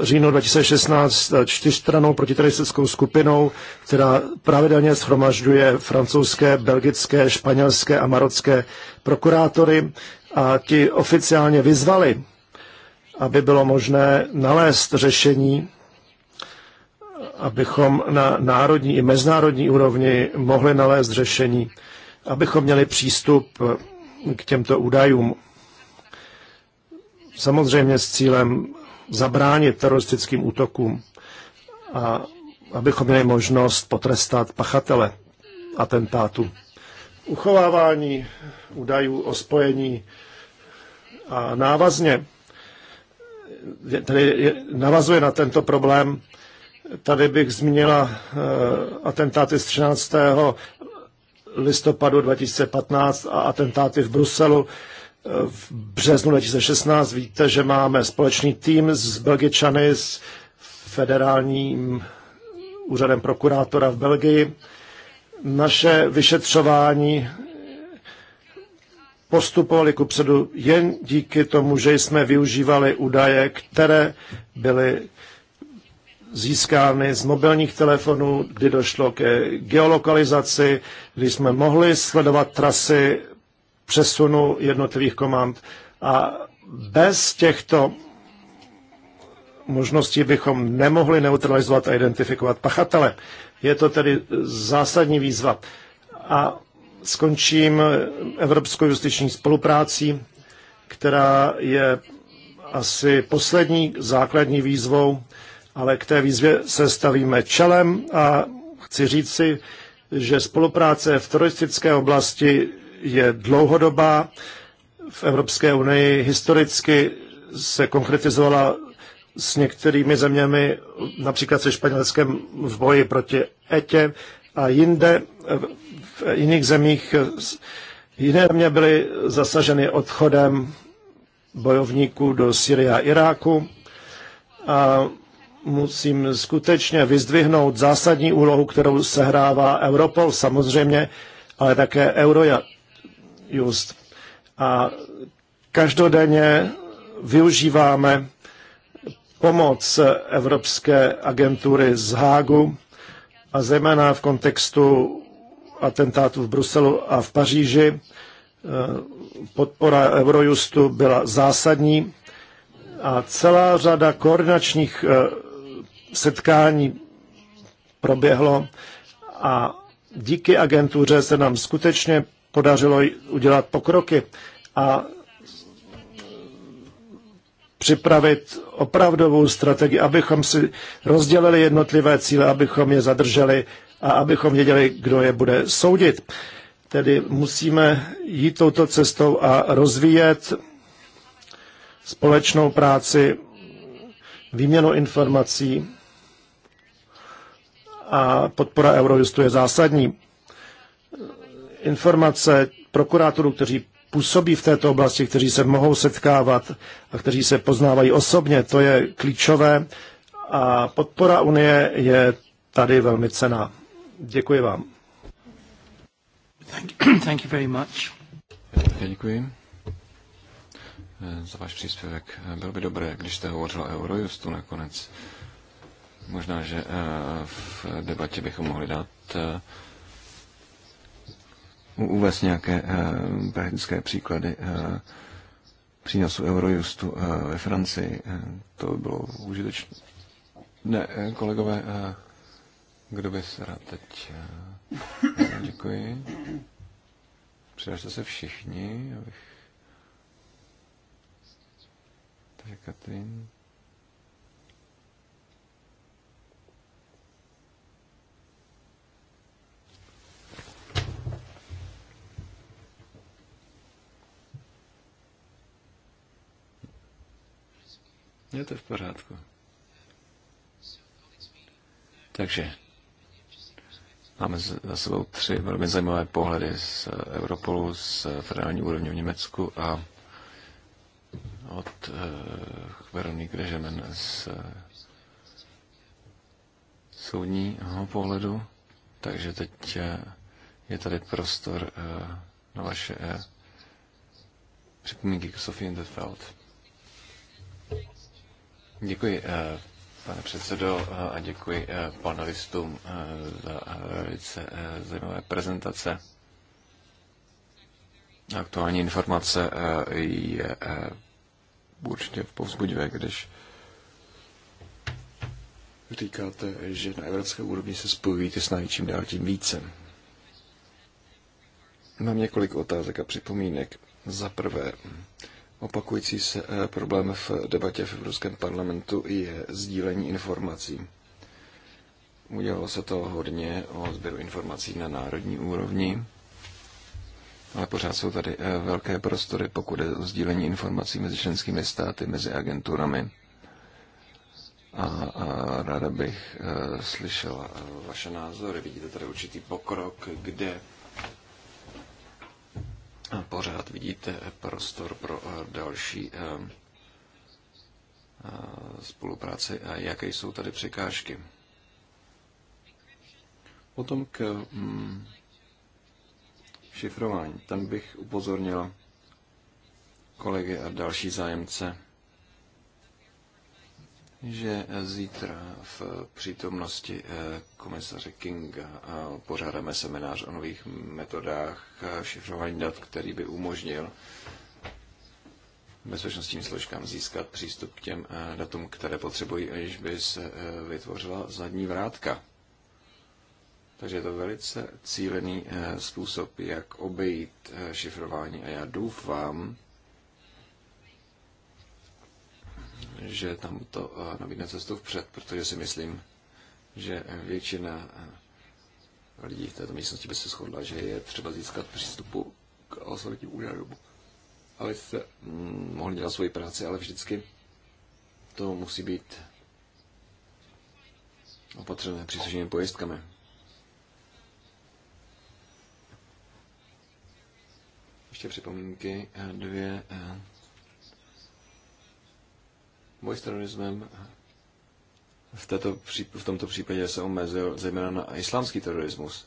říjnu 2016 čtyřstranou protiteroristickou skupinou, která pravidelně schromažďuje francouzské, belgické, španělské a marocké prokurátory a ti oficiálně vyzvali, aby bylo možné nalézt řešení, abychom na národní i mezinárodní úrovni mohli nalézt řešení, abychom měli přístup k těmto údajům. Samozřejmě s cílem zabránit teroristickým útokům a abychom měli možnost potrestat pachatele atentátu. Uchovávání údajů o spojení a návazně, tedy navazuje na tento problém, tady bych zmínila eh, atentáty z 13 listopadu 2015 a atentáty v Bruselu eh, v březnu 2016. Víte, že máme společný tým s Belgičany, s federálním úřadem prokurátora v Belgii. Naše vyšetřování postupovali předu jen díky tomu, že jsme využívali údaje, které byly získány z mobilních telefonů, kdy došlo ke geolokalizaci, kdy jsme mohli sledovat trasy přesunu jednotlivých komand a bez těchto možností bychom nemohli neutralizovat a identifikovat pachatele. Je to tedy zásadní výzva. A skončím Evropskou justiční spoluprácí, která je asi poslední základní výzvou, ale k té výzvě se stavíme čelem a chci si, že spolupráce v turistické oblasti je dlouhodobá. V Evropské unii historicky se konkretizovala s některými zeměmi, například se Španělskem v boji proti ETě a jinde, v jiných zemích, jiné země byly zasaženy odchodem bojovníků do Syrie a Iráku. A musím skutečně vyzdvihnout zásadní úlohu, kterou sehrává Europol samozřejmě, ale také Eurojust. A každodenně využíváme pomoc Evropské agentury z Hágu a zejména v kontextu atentátů v Bruselu a v Paříži e, podpora Eurojustu byla zásadní a celá řada koordinačních e, setkání proběhlo a díky agentuře se nám skutečně podařilo udělat pokroky a připravit opravdovou strategii, abychom si rozdělili jednotlivé cíle, abychom je zadrželi a abychom věděli, kdo je bude soudit. Tedy musíme jít touto cestou a rozvíjet společnou práci, výměnu informací a podpora Eurojustu je zásadní. Informace prokurátorů, kteří působí v této oblasti, kteří se mohou setkávat a kteří se poznávají osobně, to je klíčové a podpora Unie je tady velmi cená. Děkuji vám. Thank you, thank you very much. Já děkuji e, za váš příspěvek. E, bylo by dobré, když jste hovořil o Eurojustu nakonec. Možná, že eh, v debatě bychom mohli dát eh, uvést nějaké eh, praktické příklady přínosu Eurojustu ve Francii. To by bylo užitečné. Ne, kolegové, kdo by se rád teď... Děkuji. Přihlašte se všichni, abych... Takže Katrin... Je to v pořádku. Takže máme za sebou tři velmi zajímavé pohledy z Europolu, z federální úrovně v Německu a od uh, Veronique Režemen z uh, soudního pohledu. Takže teď uh, je tady prostor uh, na vaše uh, připomínky k Sofie Feld. Děkuji, eh, pane předsedo, eh, a děkuji eh, panelistům za velice zajímavé prezentace. Aktuální informace je určitě povzbudivé, když říkáte, že na evropské úrovni se spojují s snahy čím dál tím více. Mám několik otázek a připomínek. Za prvé, Opakující se eh, problém v debatě v Evropském parlamentu je sdílení informací. Udělalo se to hodně o sběru informací na národní úrovni, ale pořád jsou tady eh, velké prostory, pokud je o sdílení informací mezi členskými státy, mezi agenturami. A, a ráda bych eh, slyšela vaše názory. Vidíte tady určitý pokrok, kde pořád vidíte prostor pro eh, další eh, eh, spolupráci a jaké jsou tady překážky. Potom k mm, šifrování. Tam bych upozornila kolegy a další zájemce že zítra v přítomnosti eh, komisaře Kinga pořádáme seminář o nových metodách eh, šifrování dat, který by umožnil bezpečnostním složkám získat přístup k těm eh, datům, které potřebují, aniž by se vytvořila zadní vrátka. Takže je to velice cílený způsob, jak obejít šifrování a já doufám, že tam to eh, nabídne cestu vpřed, protože si myslím, že většina eh, lidí v této místnosti by se shodla, že je třeba získat přístupu k úřadům, údajům, se mm, mohli dělat svoji práci, ale vždycky to musí být opatřené příslušnými pojistkami. Ještě připomínky eh, dvě. Boj terorismem v, této, v tomto případě se omezil zejména na islámský terorismus.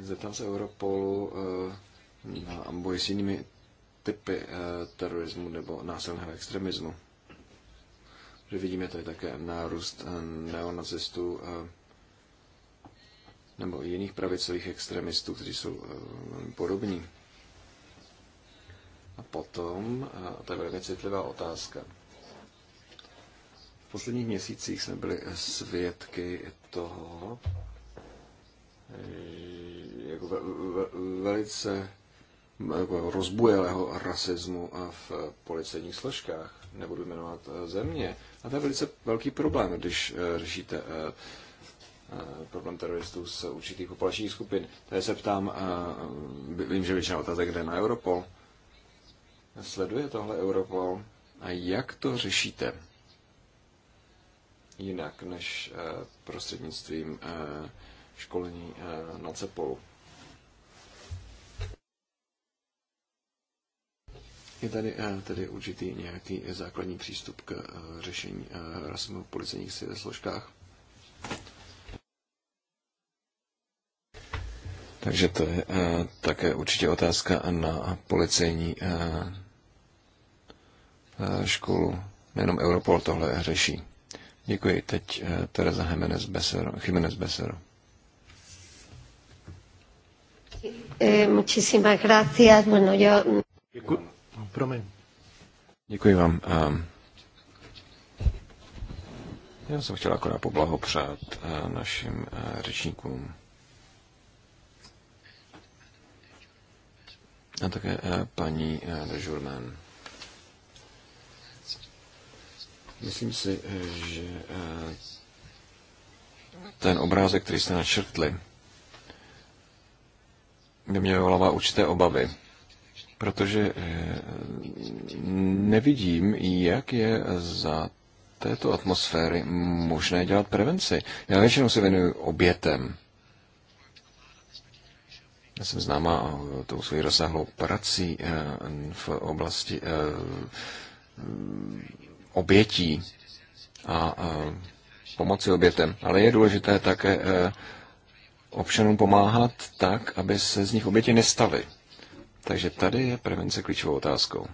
Zeptám se Europolu eh, na boj s jinými typy eh, terorismu nebo násilného extremismu. Že vidíme tady také nárůst eh, neonacistů nebo jiných pravicových extremistů, kteří jsou podobní. A potom, a to je velmi citlivá otázka, posledních měsících jsme byli svědky toho, eh, jako ve, ve, velice jako rozbujelého rasismu v policejních složkách, nebudu jmenovat eh, země. A to je velice velký problém, když eh, řešíte problém teroristů z určitých populačních skupin. Tady se ptám, vím, že většina otázek jde na Europol. Sleduje tohle Europol a jak to řešíte? jinak než eh, prostřednictvím eh, školení eh, na CEPOLu. Je tady tedy určitý nějaký základní přístup k řešení rasismu v policejních složkách. Takže to je také určitě otázka na policejní školu. Nejenom Europol tohle řeší. Děkuji. Teď eh, Teresa Jiménez Besero. Eh, no, Děkuji. vám. Ehm. Já jsem chtěl akorát poblahopřát eh, našim řečníkům. A také paní Dežurman. Myslím si, že eh, ten obrázek, který jste načrtli, by mě vyvolává určité obavy, protože eh, nevidím, jak je za této atmosféry možné dělat prevenci. Já většinou se věnuju obětem. Já jsem známá eh, tou svojí rozsáhlou prací v oblasti obětí a pomoci obětem. Ale je důležité také eh, občanům pomáhat tak, aby se z nich oběti nestaly. Takže tady je prevence klíčovou otázkou.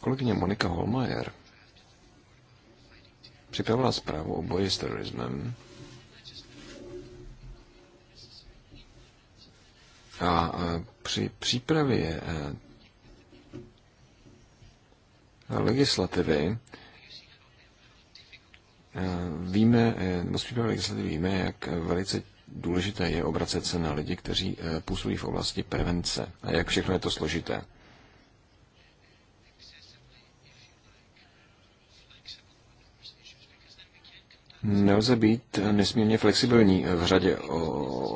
Kolegyně Monika Holmajer připravila zprávu o boji s terorismem a eh, při přípravě eh, legislativy eh, víme, eh, nebo z přípravy legislativy víme, jak velice důležité je obracet se na lidi, kteří eh, působí v oblasti prevence a jak všechno je to složité. Nelze být nesmírně flexibilní v řadě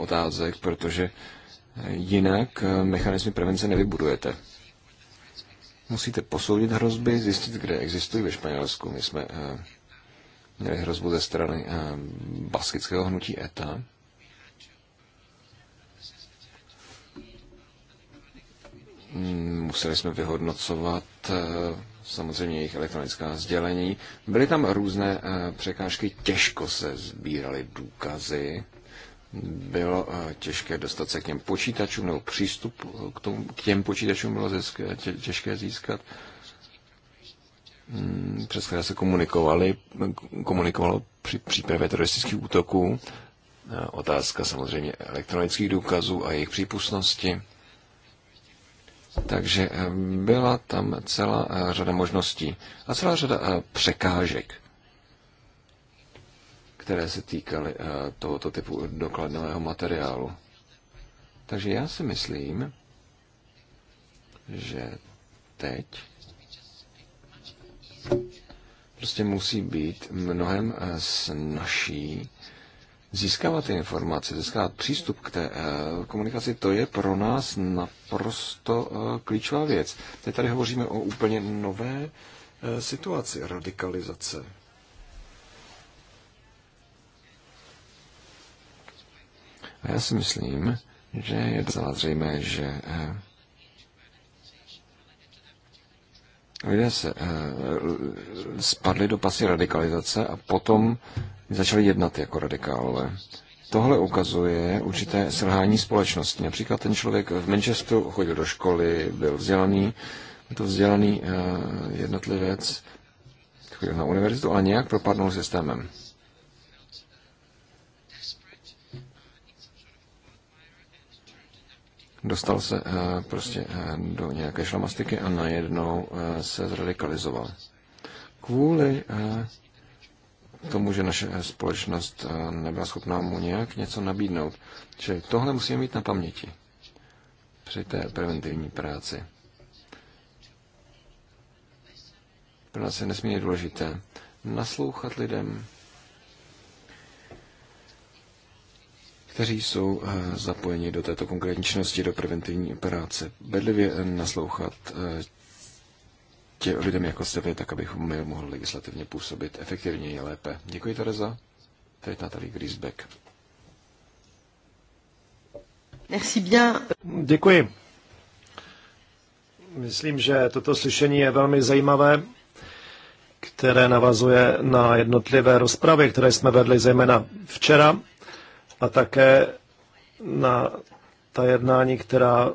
otázek, protože jinak mechanismy prevence nevybudujete. Musíte posoudit hrozby, zjistit, kde existují ve Španělsku. My jsme eh, měli hrozbu ze strany eh, baskického hnutí ETA. Museli jsme vyhodnocovat eh, samozřejmě jejich elektronická sdělení. Byly tam různé překážky, těžko se sbíraly důkazy bylo eh, těžké dostat se k těm počítačům, nebo přístup eh, k, tomu, k těm počítačům bylo získat, tě, těžké získat, hmm, přes které se komunikovali, komunikovalo při přípravě teroristických útoků. Eh, otázka samozřejmě elektronických důkazů a jejich přípustnosti. Takže byla tam celá řada možností a celá řada překážek které se týkaly eh, tohoto typu dokladného materiálu. Takže já si myslím, že teď prostě musí být mnohem eh, snažší získávat ty informace, získávat přístup k té eh, komunikaci, to je pro nás naprosto klíčová věc. Teď tady hovoříme o úplně nové situaci radikalizace. A já si myslím, že je docela zřejmé, že eh, lidé se, eh, spadli do pasy radikalizace a potom začali jednat jako radikálové. Tohle ukazuje určité selhání společnosti. Například ten člověk v Manchesteru chodil do školy, byl vzdělaný, to vzdělaný eh, jednotlivec, chodil na univerzitu, ale nějak propadnul systémem. Dostal se eh, prostě eh, do nějaké šlamastiky a najednou eh, se zradikalizoval. Kvůli tomu, že naše společnost nebyla schopná mu nějak něco nabídnout. Že tohle musíme mít na paměti při té preventivní práci. Pro nás je nesmírně důležité naslouchat lidem, kteří jsou eh, zapojeni do této konkrétní činnosti, do preventivní operace. Bedlivě eh, naslouchat eh, tě lidem jako jste vy, tak abychom my mohli legislativně působit efektivněji a lépe. Děkuji, Tereza. je Natalie Griesbeck. Merci bien. Děkuji. Myslím, že toto slyšení je velmi zajímavé, které navazuje na jednotlivé rozpravy, které jsme vedli zejména včera a také na ta jednání, která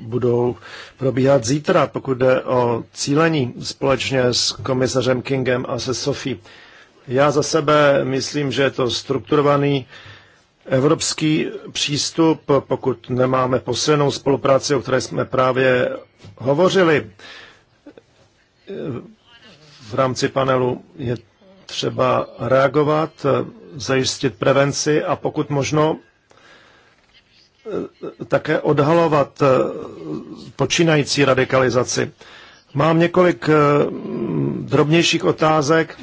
budou probíhat zítra, pokud jde o cílení společně s komisařem Kingem a se Sofí. Já za sebe myslím, že je to strukturovaný evropský přístup, pokud nemáme posilnou spolupráci, o které jsme právě hovořili v rámci panelu, je třeba reagovat, eh, zajistit prevenci a pokud možno eh, také odhalovat eh, počínající radikalizaci. Mám několik drobnějších otázek,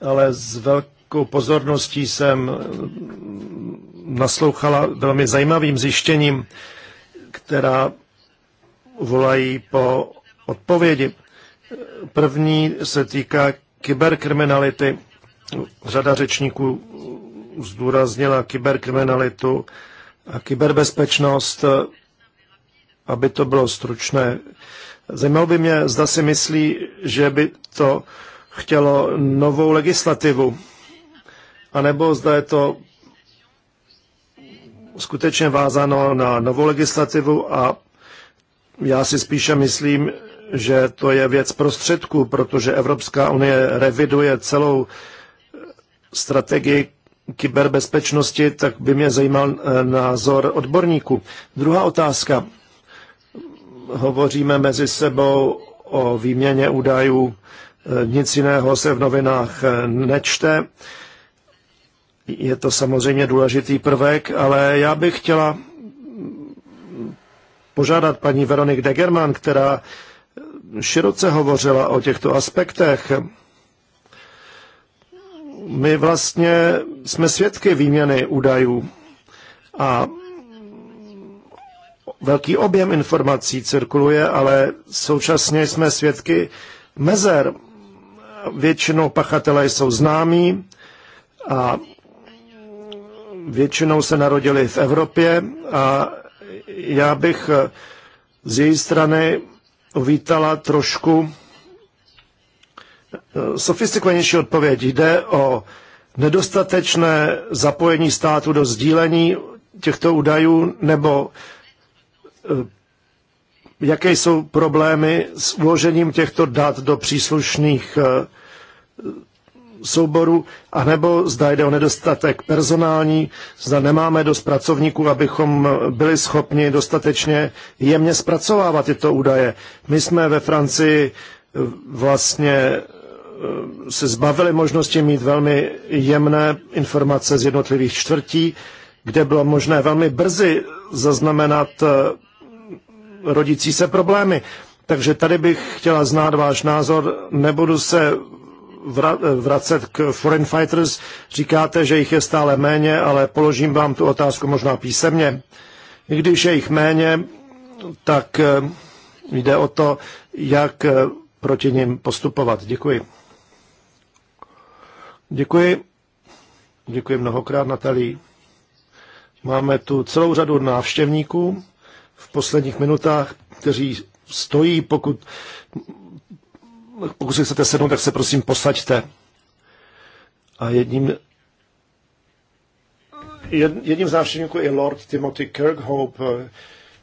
ale s velkou pozorností jsem naslouchala velmi zajímavým zjištěním, která volají po odpovědi. První se týká kyberkriminality. Řada řečníků zdůraznila kyberkriminalitu a kyberbezpečnost, aby to bylo stručné. Zajímalo by mě, zda si myslí, že by to chtělo novou legislativu, anebo zda je to skutečně vázáno na novou legislativu a já si spíše myslím, že to je věc prostředků, protože Evropská unie reviduje celou eh, strategii kyberbezpečnosti, tak by mě zajímal eh, názor odborníků. Druhá otázka. Hovoříme mezi sebou o výměně údajů, eh, nic jiného se v novinách nečte. Je to samozřejmě důležitý prvek, ale já bych chtěla mm, požádat paní Veronik Degerman, která široce hovořila o těchto aspektech. My vlastně jsme svědky výměny údajů a velký objem informací cirkuluje, ale současně jsme svědky mezer. Většinou pachatelé jsou známí a většinou se narodili v Evropě a já bych z její strany uvítala trošku eh, sofistikovanější odpověď. Jde o nedostatečné zapojení státu do sdílení těchto údajů nebo eh, jaké jsou problémy s uložením těchto dat do příslušných eh, souboru, anebo zda jde o nedostatek personální, zda nemáme dost pracovníků, abychom byli schopni dostatečně jemně zpracovávat tyto údaje. My jsme ve Francii eh, vlastně eh, se zbavili možnosti mít velmi jemné informace z jednotlivých čtvrtí, kde bylo možné velmi brzy zaznamenat eh, rodící se problémy. Takže tady bych chtěla znát váš názor. Nebudu se vracet k Foreign Fighters. Říkáte, že jich je stále méně, ale položím vám tu otázku možná písemně. I když je jich méně, tak eh, jde o to, jak eh, proti ním postupovat. Děkuji. Děkuji. Děkuji mnohokrát, Natalí. Máme tu celou řadu návštěvníků v posledních minutách, kteří stojí, pokud pokud si chcete sednout, tak se prosím posaďte. A jedním, jedním z návštěvníků je Lord Timothy Kirkhope.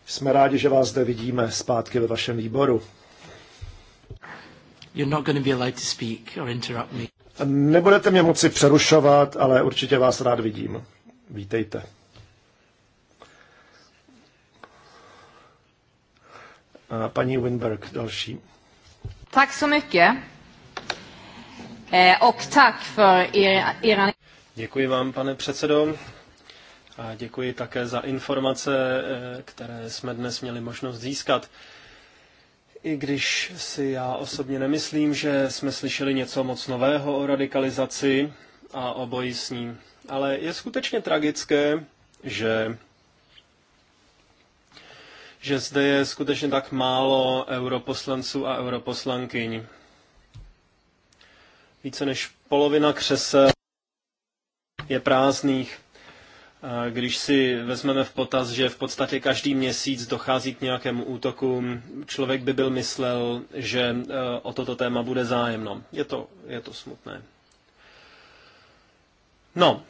Jsme rádi, že vás zde vidíme zpátky ve vašem výboru. You're not going to be allowed to speak or interrupt me. Nebudete mě moci přerušovat, ale určitě vás rád vidím. Vítejte. A paní Winberg, další. Tack så mycket. Eh, och tack för er, er... Děkuji vám, pane předsedo. A děkuji také za informace, eh, které jsme dnes měli možnost získat. I když si já osobně nemyslím, že jsme slyšeli něco moc nového o radikalizaci a o boji s ním. Ale je skutečně tragické, že že zde je skutečně tak málo europoslanců a europoslankyň. Více než polovina křesel je prázdných. Když si vezmeme v potaz, že v podstatě každý měsíc dochází k nějakému útoku, člověk by byl myslel, že e, o toto téma bude zájemno. Je to, je to smutné. No,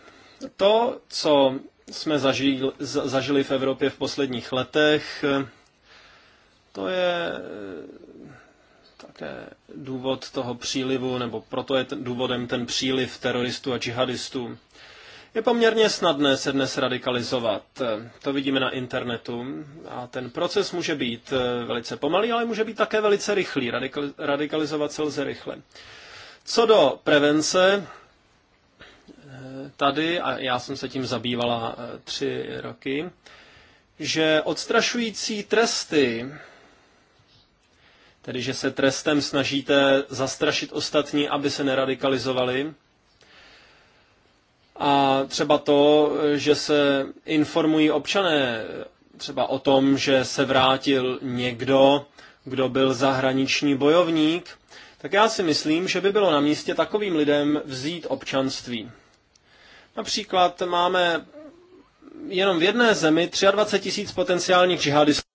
to, co jsme zažili, zažili v Evropě v posledních letech, to je eh, také důvod toho přílivu, nebo proto je ten důvodem ten příliv teroristů a džihadistů. Je poměrně snadné se dnes radikalizovat. To vidíme na internetu. A ten proces může být eh, velice pomalý, ale může být také velice rychlý. Radikalizovat se lze rychle. Co do prevence, tady, a já jsem se tím zabývala eh, tři roky, že odstrašující tresty, tedy že se trestem snažíte zastrašit ostatní, aby se neradikalizovali, a třeba to, eh, že se informují občané třeba o tom, že se vrátil někdo, kdo byl zahraniční bojovník, tak já si myslím, že by bylo na místě takovým lidem vzít občanství. Například máme jenom v jedné zemi 23 tisíc potenciálních džihadistů.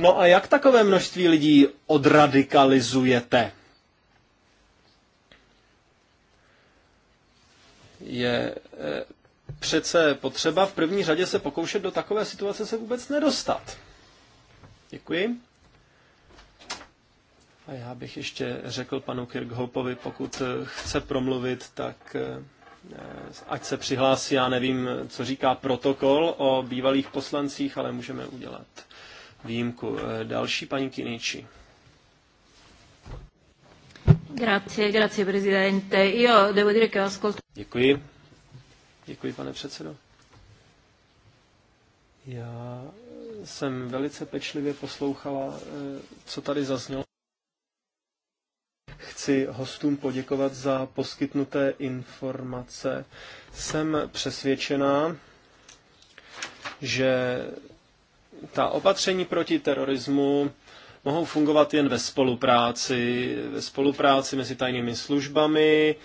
No a jak takové množství lidí odradikalizujete? Je eh, přece potřeba v první řadě se pokoušet do takové situace se vůbec nedostat. Děkuji. A já bych ještě řekl panu Kirkhopovi, pokud eh, chce promluvit, tak eh, eh, ať se přihlásí, já nevím, co říká protokol o bývalých poslancích, ale můžeme udělat výjimku. Další paní Kiniči. Grazie, grazie presidente. Io devo dire che ho ascoltato. Děkuji. Děkuji, pane předsedo. Já jsem velice pečlivě poslouchala, co tady zaznělo. Chci hostům poděkovat za poskytnuté informace. Jsem přesvědčená, že ta opatření proti terorismu mohou fungovat jen ve spolupráci, ve spolupráci mezi tajnými službami,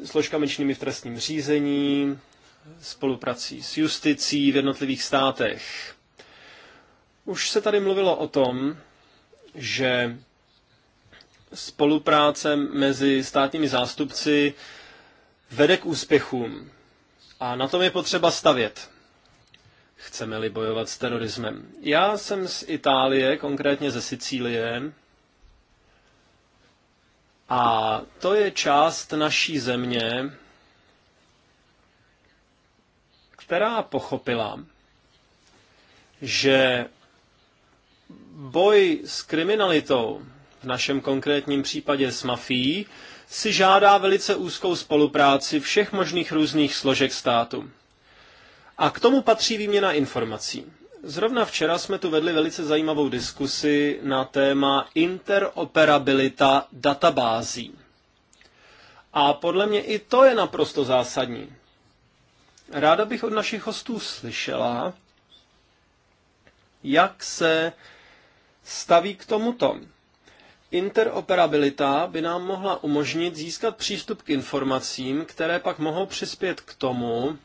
eh, složkami činnými v trestním řízení, spoluprací s justicí v jednotlivých státech. Už se tady mluvilo o tom, že spolupráce mezi státními zástupci vede k úspěchům. A na tom je potřeba stavět. Chceme-li bojovat s terorismem. Já jsem z Itálie, konkrétně ze Sicílie, a to je část naší země, která pochopila, že boj s kriminalitou v našem konkrétním případě s mafií, si žádá velice úzkou spolupráci všech možných různých složek státu. A k tomu patří výměna informací. Zrovna včera jsme tu vedli velice zajímavou diskusi na téma interoperabilita databází. A podle mě i to je naprosto zásadní. Ráda bych od našich hostů slyšela, jak se staví k tomuto. Interoperabilita by nám mohla umožnit získat přístup k informacím, které pak mohou přispět k tomu,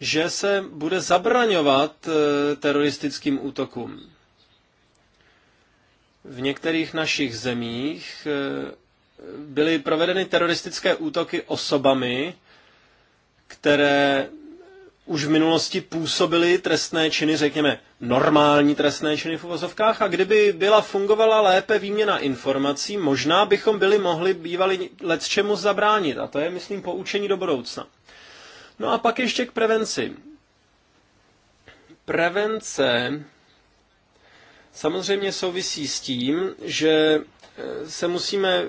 že se bude zabraňovat eh, teroristickým útokům. V některých našich zemích eh, byly provedeny teroristické útoky osobami, které už v minulosti působily trestné činy, řekněme, normální trestné činy v uvozovkách a kdyby byla fungovala lépe výměna informací, možná bychom byli mohli bývali let čemu zabránit a to je, myslím, poučení do budoucna. No a pak ještě k prevenci. Prevence samozřejmě souvisí s tím, že eh, se musíme,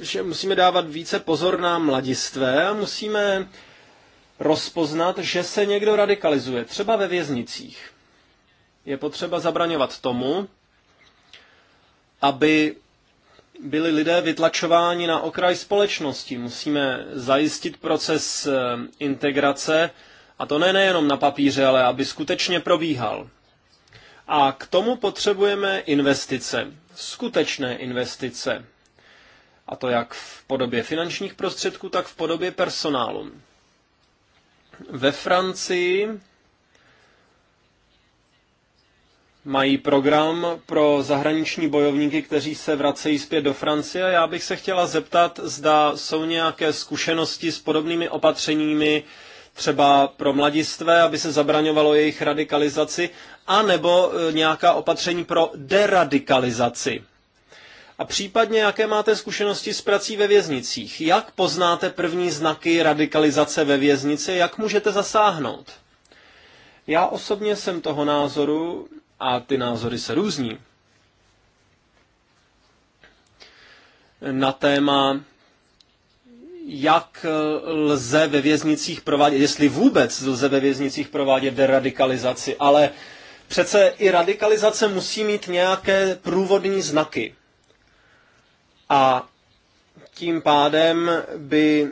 že musíme dávat více pozor na mladistvé a musíme rozpoznat, že se někdo radikalizuje, třeba ve věznicích. Je potřeba zabraňovat tomu, aby byli lidé vytlačováni na okraj společnosti. Musíme zajistit proces eh, integrace, a to ne nejenom na papíře, ale aby skutečně probíhal. A k tomu potřebujeme investice, skutečné investice. A to jak v podobě finančních prostředků, tak v podobě personálu. Ve Francii mají program pro zahraniční bojovníky, kteří se vracejí zpět do Francie. Já bych se chtěla zeptat, zda jsou nějaké zkušenosti s podobnými opatřeními třeba pro mladistvé, aby se zabraňovalo jejich radikalizaci, anebo e, nějaká opatření pro deradikalizaci. A případně, jaké máte zkušenosti s prací ve věznicích? Jak poznáte první znaky radikalizace ve věznici? Jak můžete zasáhnout? Já osobně jsem toho názoru, a ty názory se různí, na téma, jak lze ve věznicích provádět, jestli vůbec lze ve věznicích provádět deradikalizaci, ale přece i radikalizace musí mít nějaké průvodní znaky a tím pádem by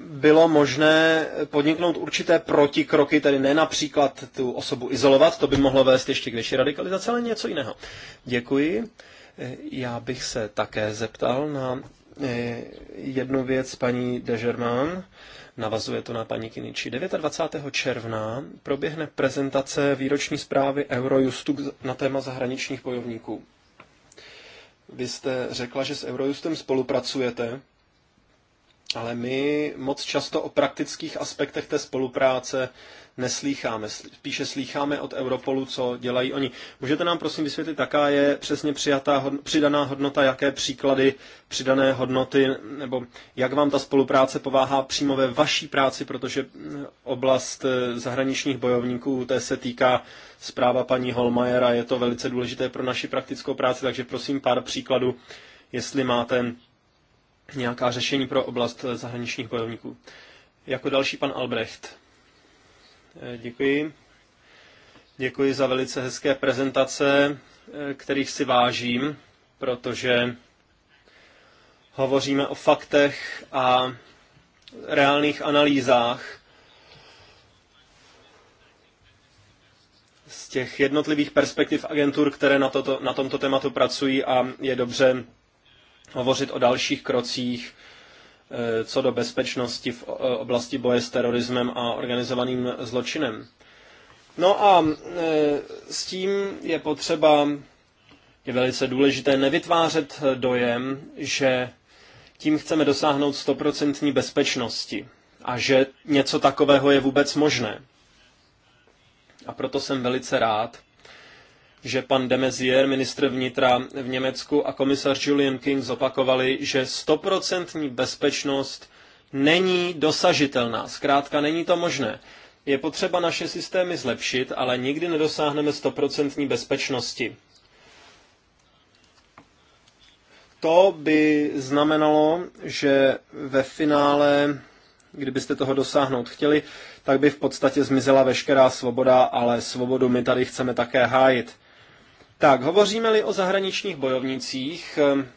bylo možné podniknout určité protikroky, tedy ne například tu osobu izolovat, to by mohlo vést ještě k větší radikalizaci, ale něco jiného. Děkuji. Já bych se také zeptal na eh, jednu věc paní Germán. Navazuje to na paní Kiniči. 29. června proběhne prezentace výroční zprávy Eurojustu na téma zahraničních bojovníků. Vy jste řekla, že s Eurojustem spolupracujete, ale my moc často o praktických aspektech té spolupráce neslýcháme. Spíše slýcháme od Europolu, co dělají oni. Můžete nám prosím vysvětlit, jaká je přesně přijatá, přidaná hodnota, jaké příklady přidané hodnoty, nebo jak vám ta spolupráce pováhá přímo ve vaší práci, protože oblast eh, zahraničních bojovníků, té se týká zpráva paní Holmajera, je to velice důležité pro naši praktickou práci, takže prosím pár příkladů, jestli máte nějaká řešení pro oblast zahraničních bojovníků. Jako další pan Albrecht. Eh, děkuji. Děkuji za velice hezké prezentace, eh, kterých si vážím, protože hovoříme o faktech a reálných analýzách z těch jednotlivých perspektiv agentur, které na, toto, na tomto tématu pracují a je dobře hovořit o dalších krocích e, co do bezpečnosti v e, oblasti boje s terorismem a organizovaným zločinem. No a e, s tím je potřeba, je velice důležité nevytvářet dojem, že tím chceme dosáhnout stoprocentní bezpečnosti a že něco takového je vůbec možné. A proto jsem velice rád, že pan de Maizière, ministr vnitra v Německu a komisař Julian King zopakovali, že stoprocentní bezpečnost není dosažitelná. Zkrátka není to možné. Je potřeba naše systémy zlepšit, ale nikdy nedosáhneme stoprocentní bezpečnosti. To by znamenalo, že ve finále kdybyste toho dosáhnout chtěli, tak by v podstatě zmizela veškerá svoboda, ale svobodu my tady chceme také hájit. Tak, hovoříme-li o zahraničních bojovnicích, ehm,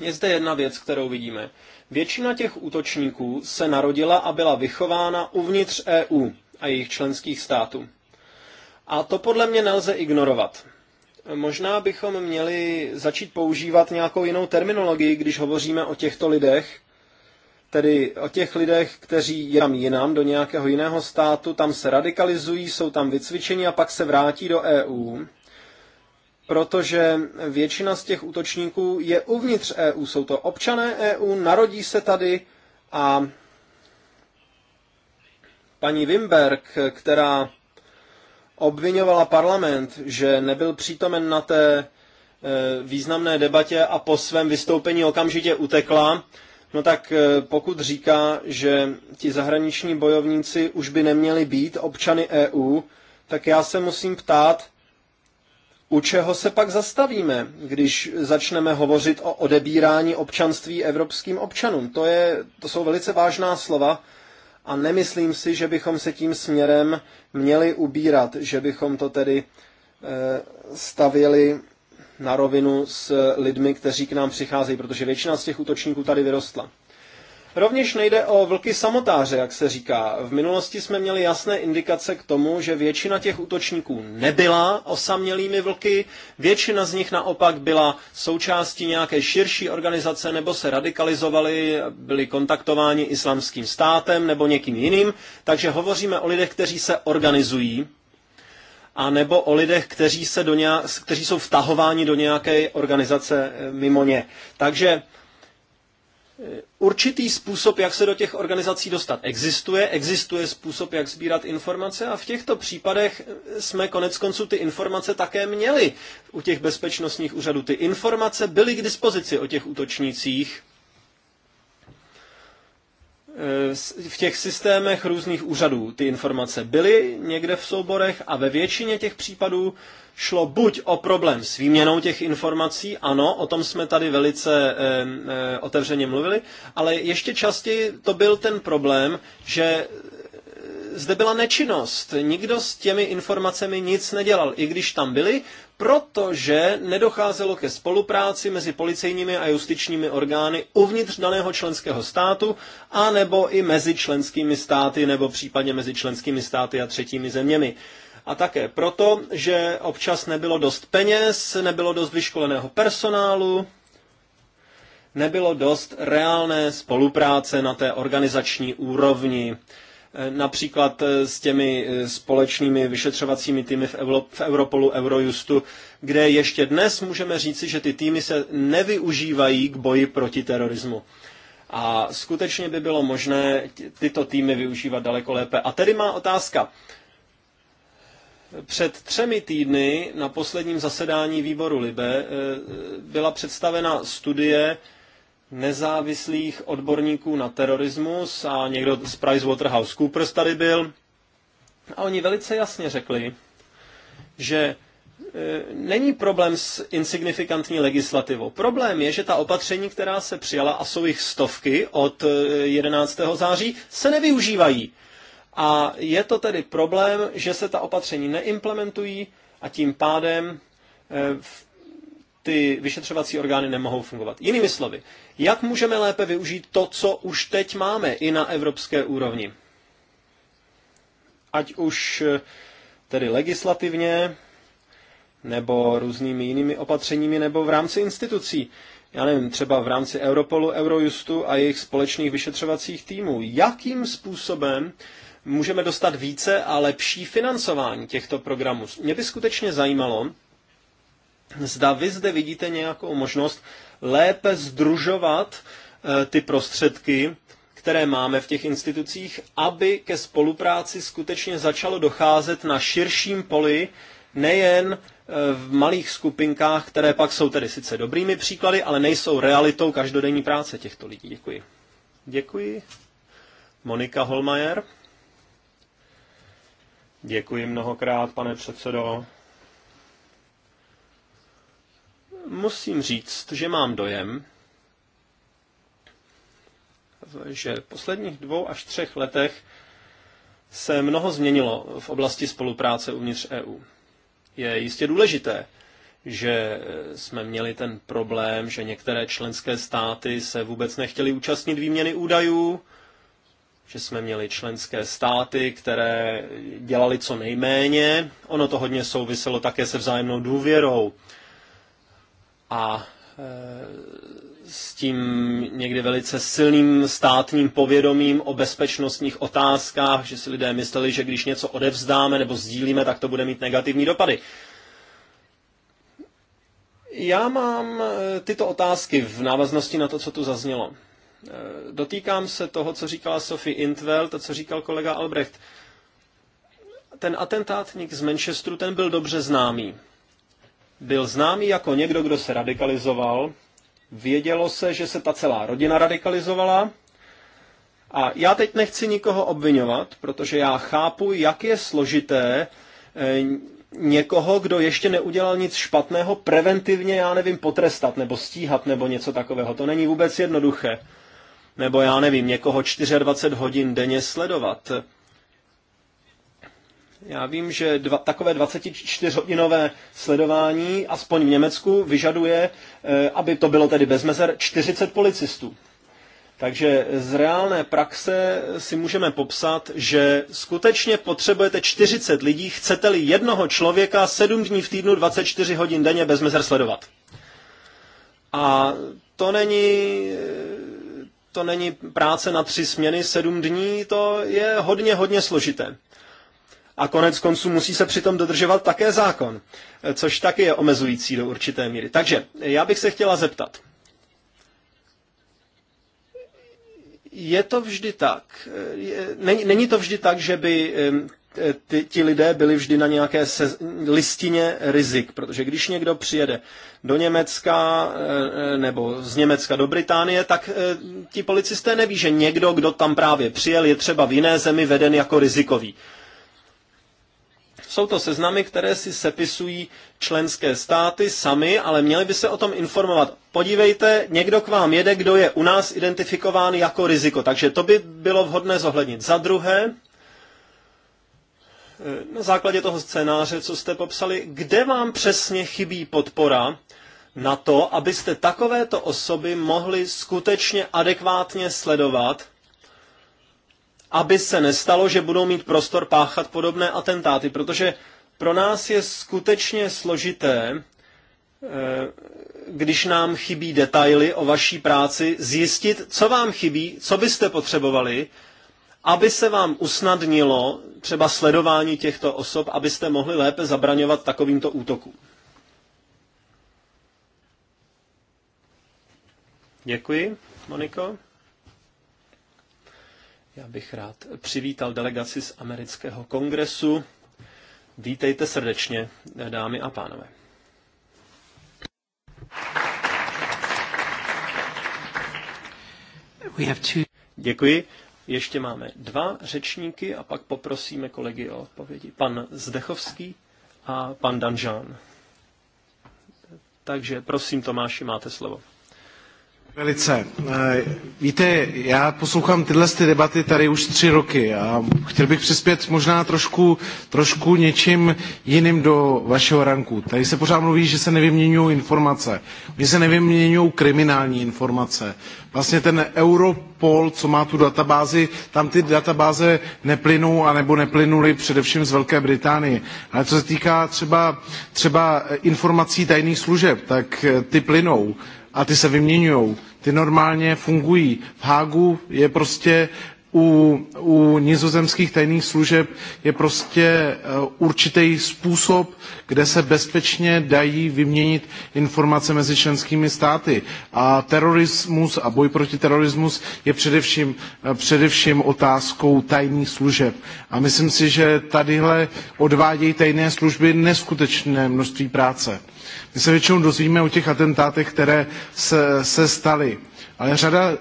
je zde jedna věc, kterou vidíme. Většina těch útočníků se narodila a byla vychována uvnitř EU a jejich členských států. A to podle mě nelze ignorovat. Možná bychom měli začít používat nějakou jinou terminologii, když hovoříme o těchto lidech, tedy o těch lidech, kteří jedou jinam, do nějakého jiného státu, tam se radikalizují, jsou tam vycvičeni a pak se vrátí do EU, protože většina z těch útočníků je uvnitř EU. Jsou to občané EU, narodí se tady a paní Wimberg, která obvinovala parlament, že nebyl přítomen na té eh, významné debatě a po svém vystoupení okamžitě utekla, No tak eh, pokud říká, že ti zahraniční bojovníci už by neměli být občany EU, tak já se musím ptát, u čeho se pak zastavíme, když začneme hovořit o odebírání občanství evropským občanům? To, je, to jsou velice vážná slova a nemyslím si, že bychom se tím směrem měli ubírat, že bychom to tedy eh, stavěli na rovinu s lidmi, kteří k nám přicházejí, protože většina z těch útočníků tady vyrostla. Rovněž nejde o vlky samotáře, jak se říká. V minulosti jsme měli jasné indikace k tomu, že většina těch útočníků nebyla osamělými vlky, většina z nich naopak byla součástí nějaké širší organizace nebo se radikalizovali, byli kontaktováni islamským státem nebo někým jiným, takže hovoříme o lidech, kteří se organizují a nebo o lidech, kteří, se do nějak, kteří jsou vtahováni do nějaké organizace eh, mimo ně. Takže eh, určitý způsob, jak se do těch organizací dostat, existuje. Existuje způsob, jak sbírat informace a v těchto případech eh, jsme konec konců ty informace také měli u těch bezpečnostních úřadů. Ty informace byly k dispozici o těch útočnících Eh, v těch systémech různých úřadů ty informace byly někde v souborech a ve většině těch případů šlo buď o problém s výměnou těch informací, ano, o tom jsme tady velice e, e, otevřeně mluvili, ale ještě častěji to byl ten problém, že zde byla nečinnost. Nikdo s těmi informacemi nic nedělal, i když tam byli, protože nedocházelo ke spolupráci mezi policejními a justičními orgány uvnitř daného členského státu, a nebo i mezi členskými státy, nebo případně mezi členskými státy a třetími zeměmi. A také proto, že občas nebylo dost peněz, nebylo dost vyškoleného personálu, nebylo dost reálné spolupráce na té organizační úrovni Eh, například eh, s těmi eh, společnými vyšetřovacími týmy v, Evropolu, Europolu, Eurojustu, kde ještě dnes můžeme říci, že ty týmy se nevyužívají k boji proti terorismu. A skutečně by bylo možné tyto týmy využívat daleko lépe. A tedy má otázka. Před třemi týdny na posledním zasedání výboru Libe byla představena studie nezávislých odborníků na terorismus a někdo z PricewaterhouseCoopers tady byl. A oni velice jasně řekli, že e, není problém s insignifikantní legislativou. Problém je, že ta opatření, která se přijala, a jsou jich stovky od 11. E, září, se nevyužívají. A je to tedy problém, že se ta opatření neimplementují a tím pádem e, v ty vyšetřovací orgány nemohou fungovat. Jinými slovy, jak můžeme lépe využít to, co už teď máme i na evropské úrovni? Ať už eh, tedy legislativně, nebo různými jinými opatřeními, nebo v rámci institucí. Já nevím, třeba v rámci Europolu, Eurojustu a jejich společných vyšetřovacích týmů. Jakým způsobem můžeme dostat více a lepší financování těchto programů? Mě by skutečně zajímalo, Zda vy zde vidíte nějakou možnost lépe združovat eh, ty prostředky, které máme v těch institucích, aby ke spolupráci skutečně začalo docházet na širším poli, nejen eh, v malých skupinkách, které pak jsou tedy sice dobrými příklady, ale nejsou realitou každodenní práce těchto lidí. Děkuji. Děkuji. Monika Holmajer. Děkuji mnohokrát, pane předsedo musím říct, že mám dojem, že v posledních dvou až třech letech se mnoho změnilo v oblasti spolupráce uvnitř EU. Je jistě důležité, že jsme měli ten problém, že některé členské státy se vůbec nechtěly účastnit výměny údajů, že jsme měli členské státy, které dělali co nejméně. Ono to hodně souviselo také se vzájemnou důvěrou a e, s tím někdy velice silným státním povědomím o bezpečnostních otázkách, že si lidé mysleli, že když něco odevzdáme nebo sdílíme, tak to bude mít negativní dopady. Já mám e, tyto otázky v návaznosti na to, co tu zaznělo. E, dotýkám se toho, co říkala Sophie Intvel, to, co říkal kolega Albrecht. Ten atentátník z Manchesteru, ten byl dobře známý byl známý jako někdo, kdo se radikalizoval. Vědělo se, že se ta celá rodina radikalizovala. A já teď nechci nikoho obvinovat, protože já chápu, jak je složité eh, někoho, kdo ještě neudělal nic špatného, preventivně, já nevím, potrestat nebo stíhat nebo něco takového. To není vůbec jednoduché. Nebo já nevím, někoho 24 hodin denně sledovat. Já vím, že dva, takové 24-hodinové sledování, aspoň v Německu, vyžaduje, eh, aby to bylo tedy bez mezer, 40 policistů. Takže z reálné praxe si můžeme popsat, že skutečně potřebujete 40 lidí, chcete-li jednoho člověka 7 dní v týdnu 24 hodin denně bez mezer sledovat. A to není, to není práce na tři směny 7 dní, to je hodně, hodně složité. A konec konců musí se přitom dodržovat také zákon, což taky je omezující do určité míry. Takže já bych se chtěla zeptat. Je to vždy tak. Není, není to vždy tak, že by ty, ti lidé byli vždy na nějaké se, listině rizik, protože když někdo přijede do Německa eh, nebo z Německa do Británie, tak eh, ti policisté neví, že někdo, kdo tam právě přijel, je třeba v jiné zemi veden jako rizikový. Jsou to seznamy, které si sepisují členské státy sami, ale měli by se o tom informovat. Podívejte, někdo k vám jede, kdo je u nás identifikován jako riziko, takže to by bylo vhodné zohlednit. Za druhé, eh, na základě toho scénáře, co jste popsali, kde vám přesně chybí podpora na to, abyste takovéto osoby mohli skutečně adekvátně sledovat aby se nestalo, že budou mít prostor páchat podobné atentáty, protože pro nás je skutečně složité, eh, když nám chybí detaily o vaší práci, zjistit, co vám chybí, co byste potřebovali, aby se vám usnadnilo třeba sledování těchto osob, abyste mohli lépe zabraňovat takovýmto útokům. Děkuji, Moniko. Já bych rád přivítal delegaci z amerického kongresu. Vítejte srdečně, dámy a pánové. We have two... Děkuji. Ještě máme dva řečníky a pak poprosíme kolegy o odpovědi. Pan Zdechovský a pan Danžán. Takže prosím, Tomáši, máte slovo. Velice. Eh, víte, já poslouchám tyhle ty debaty tady už tři roky a chtěl bych přispět možná trošku, trošku něčím jiným do vašeho ranku. Tady se pořád mluví, že se nevyměňují informace. Oni se nevyměňují kriminální informace. Vlastně ten Europol, co má tu databázi, tam ty databáze neplynou a nebo neplynuly především z Velké Británie. Ale co se týká třeba, třeba eh, informací tajných služeb, tak eh, ty plynou a ty se vyměňují. Ty normálně fungují. V Hágu je prostě u, u nizozemských tajných služeb je prostě eh, určitý způsob, kde se bezpečně dají vyměnit informace mezi členskými státy. A terorismus a boj proti terorismu je především, eh, především otázkou tajných služeb. A myslím si, že tadyhle odvádějí tajné služby neskutečné množství práce. My se většinou dozvíme o těch atentátech, které se, se staly ale řada e,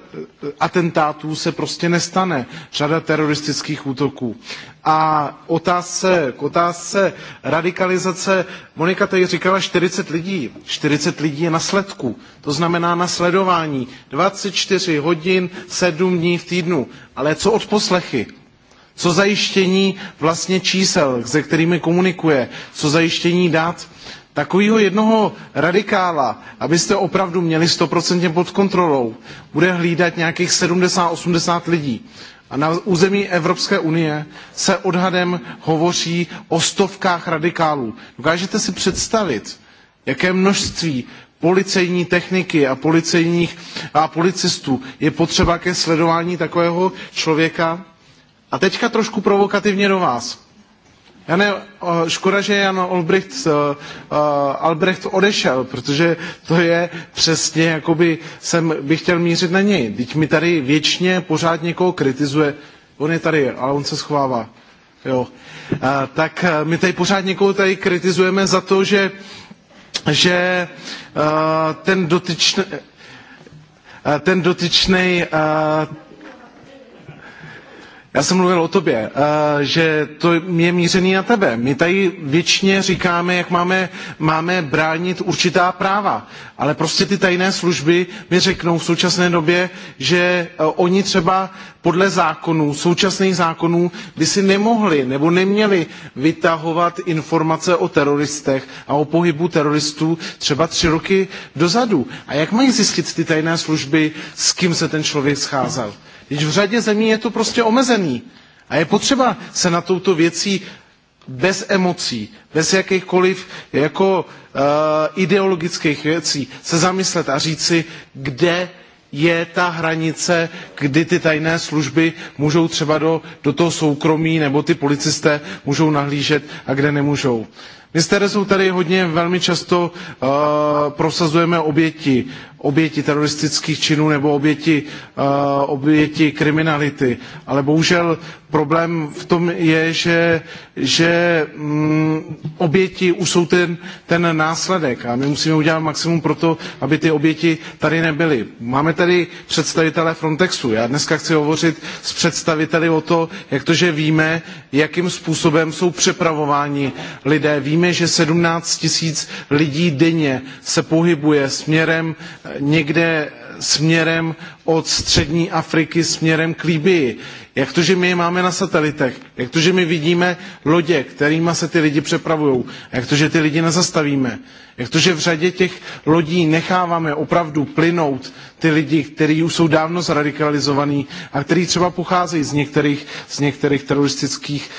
atentátů se prostě nestane, řada teroristických útoků. A otázce, k otázce radikalizace, Monika tady říkala 40 lidí, 40 lidí je na sledku, to znamená na sledování, 24 hodin, 7 dní v týdnu. Ale co od poslechy? Co zajištění vlastně čísel, se kterými komunikuje? Co zajištění dat? takového jednoho radikála, abyste opravdu měli stoprocentně pod kontrolou, bude hlídat nějakých 70-80 lidí. A na území Evropské unie se odhadem hovoří o stovkách radikálů. Dokážete si představit, jaké množství policejní techniky a, policejních, a policistů je potřeba ke sledování takového člověka? A teďka trošku provokativně do vás. Jane, eh, škoda, že Jan eh, eh, Albrecht odešel, protože to je přesně, jakoby jsem bych chtěl mířit na něj. Teď mi tady věčně pořád někoho kritizuje. On je tady, ale on se schovává. Jo. tak my tady pořád někoho tady kritizujeme za to, že, že ten dotyčný, ten dotyčný já jsem mluvil o tobě, eh, že to je mířený na tebe. My tady většině říkáme, jak máme, máme bránit určitá práva, ale prostě ty tajné služby mi řeknou v současné době, že eh, oni třeba podle zákonů, současných zákonů, by si nemohli nebo neměli vytahovat informace o teroristech a o pohybu teroristů třeba tři roky dozadu. A jak mají zjistit ty tajné služby, s kým se ten člověk scházel? Když v řadě zemí je to prostě omezený. A je potřeba se na touto věcí bez emocí, bez jakýchkoliv jako uh, ideologických věcí se zamyslet a říci, kde je ta hranice, kdy ty tajné služby můžou třeba do, do toho soukromí nebo ty policisté můžou nahlížet a kde nemůžou. My s Terezou tady hodně velmi často uh, prosazujeme oběti, oběti teroristických činů nebo oběti, uh, oběti kriminality, ale bohužel problém v tom je, že, že um, oběti už jsou ten, ten následek a my musíme udělat maximum pro to, aby ty oběti tady nebyly. Máme tady představitele Frontexu. Já dneska chci hovořit s představiteli o to, jak to, že víme, jakým způsobem jsou přepravováni lidé. Víme, víme, že 17 tisíc lidí denně se pohybuje směrem eh, někde směrem od střední Afriky směrem k Líbii. Jak to, že my je máme na satelitech? Jak to, že my vidíme lodě, kterými se ty lidi přepravují? Jak to, že ty lidi nezastavíme? Jak to, že v řadě těch lodí necháváme opravdu plynout ty lidi, kteří už jsou dávno zradikalizovaní a kteří třeba pocházejí z některých, z některých teroristických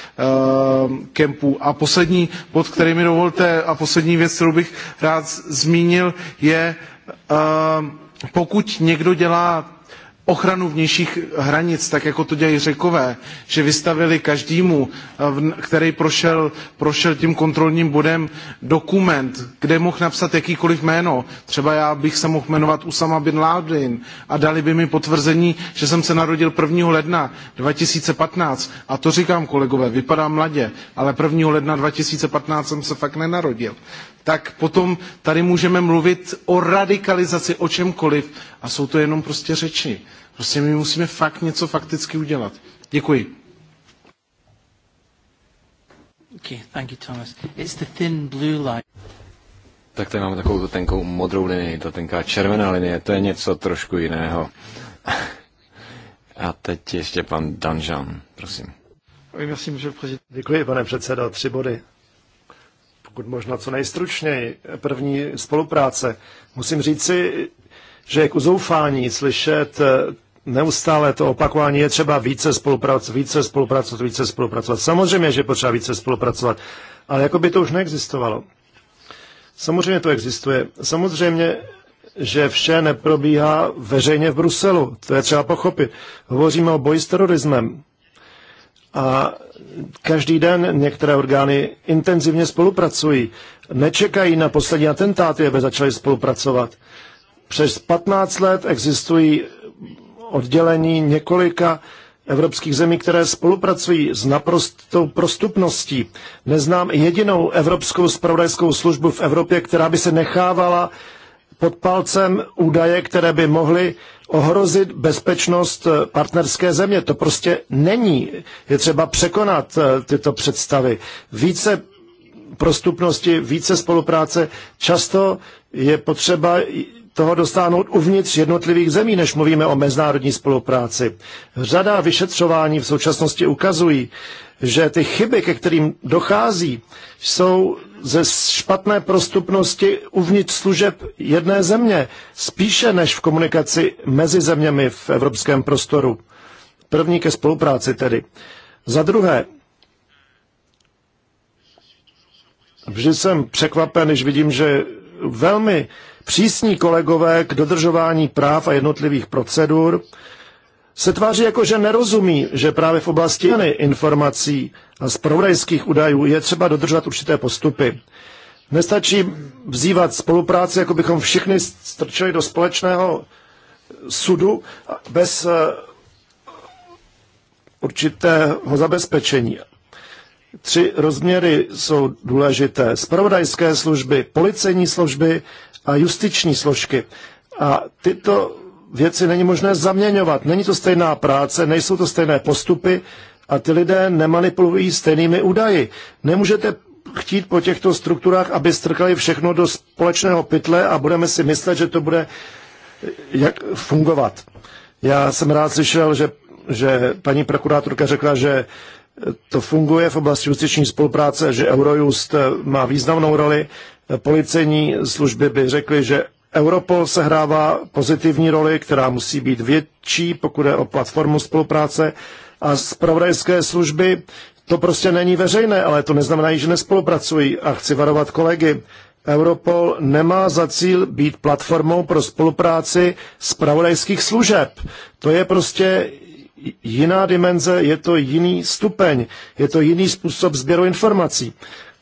uh, kempů. A poslední pod který mi dovolte a poslední věc, kterou bych rád zmínil, je uh, pokud někdo dělá ochranu vnějších hranic, tak jako to dělají řekové, že vystavili každému, eh, který prošel, prošel, tím kontrolním bodem, dokument, kde mohl napsat jakýkoliv jméno. Třeba já bych se mohl jmenovat Usama bin Laden a dali by mi potvrzení, že jsem se narodil 1. ledna 2015. A to říkám kolegové, vypadám mladě, ale 1. ledna 2015 jsem se fakt nenarodil tak potom tady můžeme mluvit o radikalizaci, o čemkoliv a jsou to jenom prostě řeči. Prostě my musíme fakt něco fakticky udělat. Děkuji. Okay, thank you, Thomas. It's the thin blue line. Tak tady máme takovou tenkou modrou linii, ta tenká červená linie, to je něco trošku jiného. A teď ještě pan Danžan, prosím. Děkuji, pane předsedo. Tři body pokud možno co nejstručněji, první spolupráce. Musím říct si, že je k uzoufání slyšet eh, neustále to opakování, je třeba více spolupracovat, více spolupracovat, více spolupracovat. Samozřejmě, že potřeba více spolupracovat, ale jako by to už neexistovalo. Samozřejmě to existuje. Samozřejmě, že vše neprobíhá veřejně v Bruselu. To je třeba pochopit. Hovoříme o boji s terorismem a každý den některé orgány intenzivně spolupracují. Nečekají na poslední atentáty, aby začaly spolupracovat. Přes 15 let existují oddělení několika evropských zemí, které spolupracují s naprostou prostupností. Neznám jedinou evropskou spravodajskou službu v Evropě, která by se nechávala pod palcem údaje, které by mohly ohrozit bezpečnost eh, partnerské země. To prostě není. Je třeba překonat eh, tyto představy. Více prostupnosti, více spolupráce. Často je potřeba toho dostáhnout uvnitř jednotlivých zemí, než mluvíme o mezinárodní spolupráci. Řada vyšetřování v současnosti ukazují, že ty chyby, ke kterým dochází, jsou ze špatné prostupnosti uvnitř služeb jedné země, spíše než v komunikaci mezi zeměmi v evropském prostoru. První ke spolupráci tedy. Za druhé, vždy jsem překvapen, když vidím, že velmi přísní kolegové k dodržování práv a jednotlivých procedur, se tváří jako, že nerozumí, že právě v oblasti informací a zpravodajských údajů je třeba dodržovat určité postupy. Nestačí vzývat spolupráci, jako bychom všichni strčili do společného sudu bez eh, určitého zabezpečení. Tři rozměry jsou důležité. Spravodajské služby, policejní služby a justiční složky. A tyto věci není možné zaměňovat. Není to stejná práce, nejsou to stejné postupy a ty lidé nemanipulují stejnými údaji. Nemůžete chtít po těchto strukturách, aby strkali všechno do společného pytle a budeme si myslet, že to bude jak fungovat. Já jsem rád slyšel, že, že paní prokurátorka řekla, že to funguje v oblasti justiční spolupráce, že Eurojust eh, má významnou roli. Eh, policejní služby by řekly, že Europol sehrává pozitivní roli, která musí být větší, pokud je o platformu spolupráce. A zpravodajské služby, to prostě není veřejné, ale to neznamená, že nespolupracují. A chci varovat kolegy, Europol nemá za cíl být platformou pro spolupráci zpravodajských služeb. To je prostě jiná dimenze, je to jiný stupeň, je to jiný způsob sběru informací.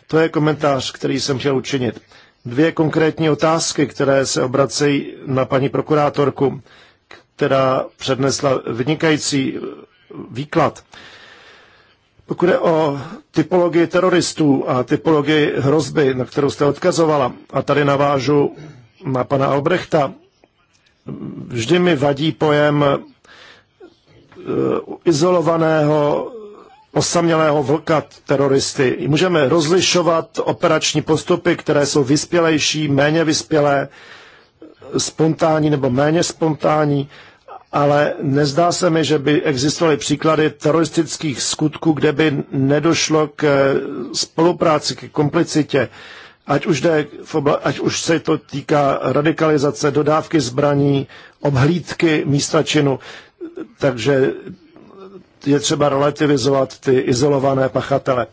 To je komentář, který jsem chtěl učinit. Dvě konkrétní otázky, které se obracejí na paní prokurátorku, která přednesla vynikající eh, výklad. Pokud je o typologii teroristů a typologii hrozby, na kterou jste odkazovala, a tady navážu na pana Albrechta, vždy mi vadí pojem Eh, izolovaného osamělého vlka teroristy. Můžeme rozlišovat operační postupy, které jsou vyspělejší, méně vyspělé, spontánní nebo méně spontánní, ale nezdá se mi, že by existovaly příklady teroristických skutků, kde by nedošlo k eh, spolupráci, k komplicitě. Ať už, jde, ať už se to týká radikalizace, dodávky zbraní, obhlídky místa činu. Takže je třeba relativizovat ty izolované pachatele.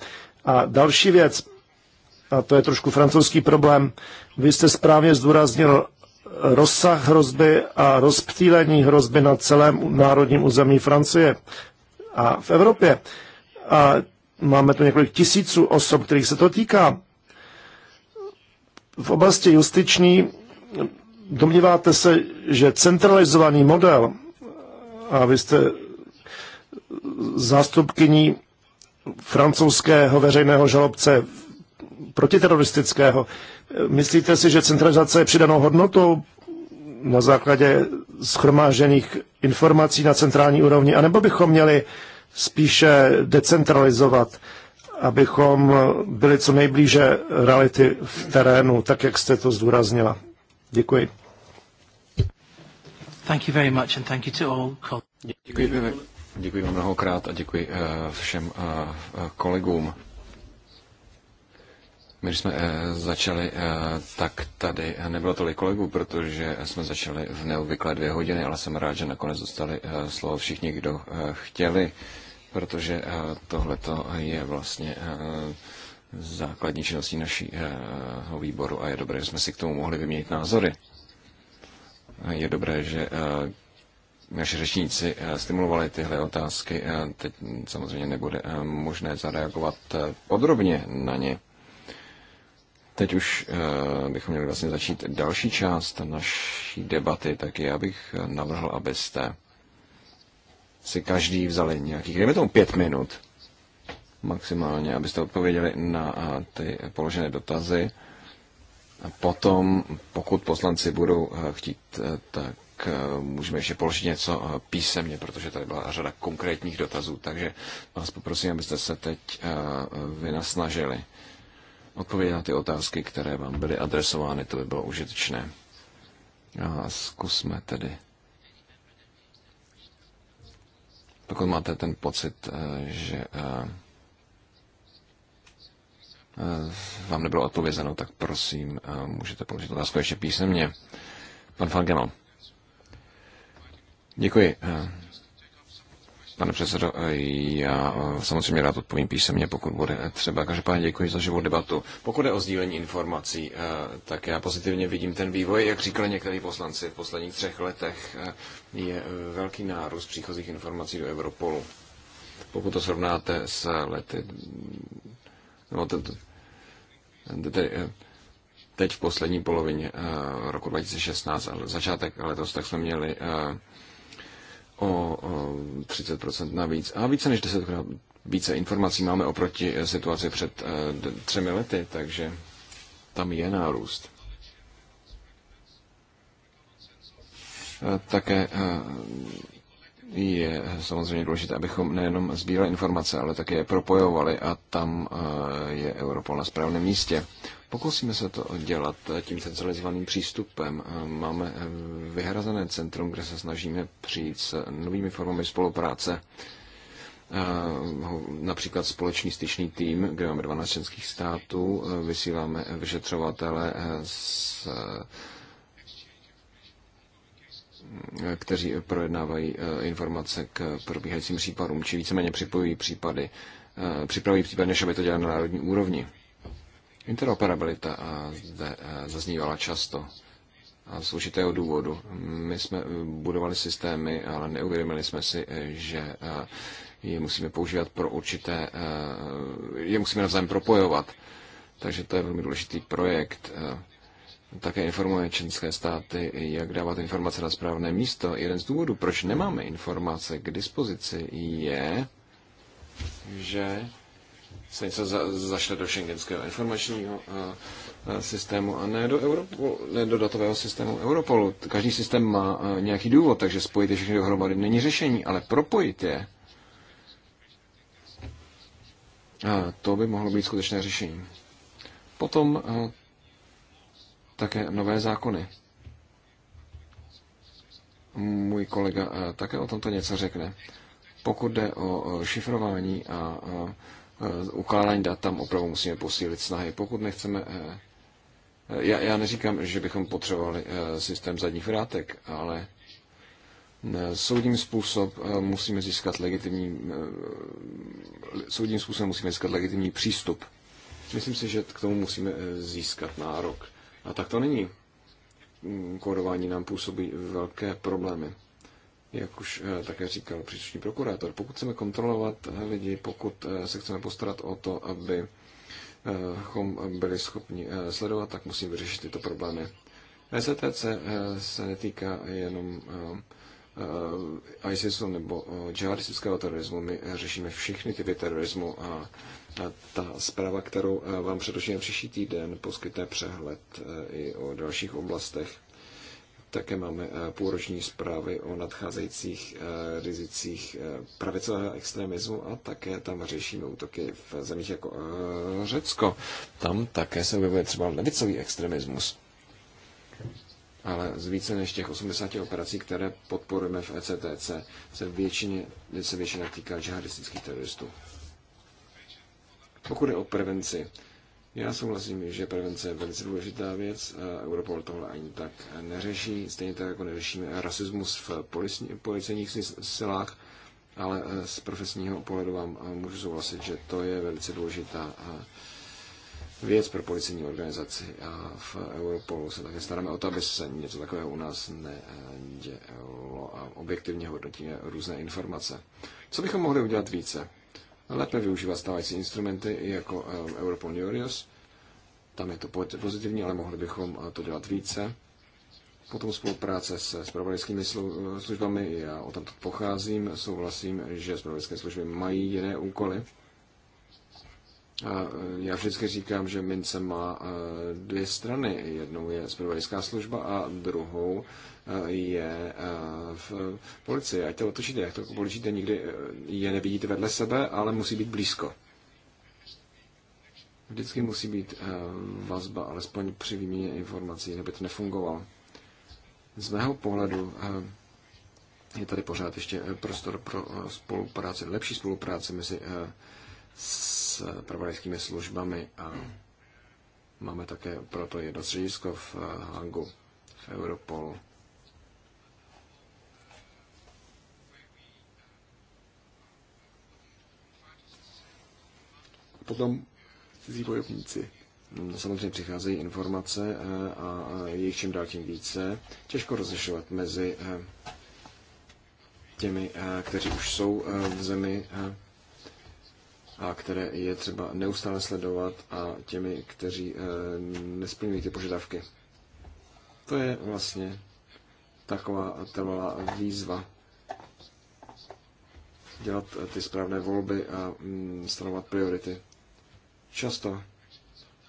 A další věc, a to je trošku francouzský problém, vy jste správně zdůraznil rozsah hrozby a rozptýlení hrozby na celém národním území Francie a v Evropě. A máme tu několik tisíců osob, kterých se to týká. V oblasti justiční domníváte se, že centralizovaný model a vy jste zástupkyní francouzského veřejného žalobce protiteroristického. Myslíte si, že centralizace je přidanou hodnotou na základě schromážených informací na centrální úrovni, anebo bychom měli spíše decentralizovat, abychom byli co nejblíže reality v terénu, tak jak jste to zdůraznila. Děkuji. Děkuji, děkuji vám mnohokrát a děkuji eh, všem eh, eh, kolegům. My, když jsme začali, tak tady nebylo tolik kolegů, protože jsme začali v neobvyklé dvě hodiny, ale jsem rád, že nakonec dostali slovo všichni, kdo chtěli, protože tohleto je vlastně základní činností našího výboru a je dobré, že jsme si k tomu mohli vyměnit názory. Je dobré, že eh, naši řečníci eh, stimulovali tyhle otázky. Eh, teď samozřejmě nebude možné zareagovat podrobně na ně. Teď už bychom měli vlastně začít další část naší debaty, tak já bych navrhl, abyste si každý vzali nějakých, dejme tomu pět minut maximálně, abyste odpověděli na ty položené dotazy potom, pokud poslanci budou eh, chtít, eh, tak eh, můžeme ještě položit něco písemně, protože tady byla řada konkrétních dotazů, takže vás poprosím, abyste se teď vynasnažili odpovědět na ty otázky, které vám byly adresovány, to by bylo užitečné. A zkusme tedy. Pokud máte ten pocit, že Eh, vám nebylo odpovězeno, tak prosím, eh, můžete položit otázku ještě písemně. Pan Falkeno. Děkuji. Eh, pane předsedo, já samozřejmě rád odpovím písemně, pokud bude třeba. Každopádně děkuji za živou debatu. Pokud je o sdílení informací, tak já pozitivně vidím ten vývoj. Jak říkali někteří poslanci, v posledních třech letech je velký nárůst příchozích informací do Europolu. Pokud to srovnáte s lety, no, Eh, teď v poslední polovině eh, roku 2016, ale začátek letos, tak jsme měli eh, o 30% navíc a více než 10 více informací máme oproti situaci před třemi lety, takže tam je nárůst. Také je samozřejmě důležité, abychom nejenom sbírali informace, ale také je propojovali a tam eh, je Europol na správném místě. Pokusíme se to dělat tím centralizovaným přístupem. Eh, máme eh, vyhrazené centrum, kde se snažíme přijít s novými formami spolupráce. Například společný styčný tým, kde máme 12 členských států, vysíláme vyšetřovatele z kteří projednávají eh, informace k probíhajícím případům, či víceméně připojují případy, eh, připravují případy, než aby to dělali na národní úrovni. Interoperabilita eh, zde zaznívala často a z určitého důvodu. My jsme budovali systémy, ale neuvědomili jsme si, že je musíme používat pro určité, je musíme navzájem propojovat. Takže to je velmi důležitý projekt také informuje členské státy, jak dávat informace na správné místo. Jeden z důvodů, proč nemáme informace k dispozici, je, že se něco za, zašle do šengenského informačního a, eh, systému a ne do, Europol, ne do datového systému Europolu. Každý systém má a, eh, nějaký důvod, takže spojit je všechny dohromady není řešení, ale propojit je, a, eh, to by mohlo být skutečné řešení. Potom a, také nové zákony. Můj kolega eh, také o tomto něco řekne. Pokud jde o šifrování a e, ukládání dat, tam opravdu musíme posílit snahy. Pokud nechceme eh, já, já neříkám, že bychom potřebovali eh, systém zadních vrátek, ale soudním způsob musíme získat legitimní, soudním způsobem musíme získat legitimní přístup. Myslím si, že k tomu musíme získat nárok. A tak to není. Kódování nám působí velké problémy. Jak už eh, také říkal příslušný prokurátor, pokud chceme kontrolovat eh, lidi, pokud eh, se chceme postarat o to, aby byli schopni sledovat, tak musíme vyřešit tyto problémy. STC se netýká jenom ISISu nebo džihadistického terorismu. My řešíme všechny typy terorismu a ta zpráva, kterou eh, vám předložíme příští týden, poskytne přehled eh, i o dalších oblastech. Také máme eh, půroční zprávy o nadcházejících rizicích pravicového extremismu a také tam řešíme útoky v zemích jako Řecko. Tam také se objevuje třeba levicový extremismus. Ale z více než těch 80 operací, které podporujeme v ECTC, se, většině, se většina týká džihadistických teroristů. Pokud je o prevenci, já souhlasím, že prevence je velice důležitá věc. Europol tohle ani tak neřeší, stejně tak jako neřešíme rasismus v policejních silách, ale eh, z profesního pohledu vám eh, můžu souhlasit, že to je velice důležitá eh, věc pro policejní organizaci a v Europolu se také staráme o to, aby se něco takového u nás nedělo a objektivně hodnotíme různé informace. Co bychom mohli udělat více? lépe využívat stávající instrumenty jako eh, Europol Neurios. Tam je to pozitivní, ale mohli bychom eh, to dělat více. Potom spolupráce se spravodajskými eh, službami, já o tamto pocházím, souhlasím, že spravodajské služby mají jiné úkoly. Já vždycky říkám, že mince má dvě strany. Jednou je zpravodajská služba a druhou je eh, v policii. Ať to otočíte, jak to otočíte, nikdy eh, je nevidíte vedle sebe, ale musí být blízko. Vždycky musí být eh, vazba, alespoň při výměně informací, aby to nefungovalo. Z mého pohledu je tady pořád ještě prostor pro spolupráci, lepší spolupráci mezi s pravodajskými službami a máme také proto jedno středisko v Hangu, v Europolu. potom cizí bojovníci. No, samozřejmě přicházejí informace eh, a je čím dál tím více. Těžko rozlišovat mezi eh, těmi, eh, kteří už jsou v zemi a které je třeba neustále sledovat a těmi, kteří nesplňují ty požadavky. To je vlastně taková trvalá výzva dělat ty správné volby a mm, stanovat priority. Často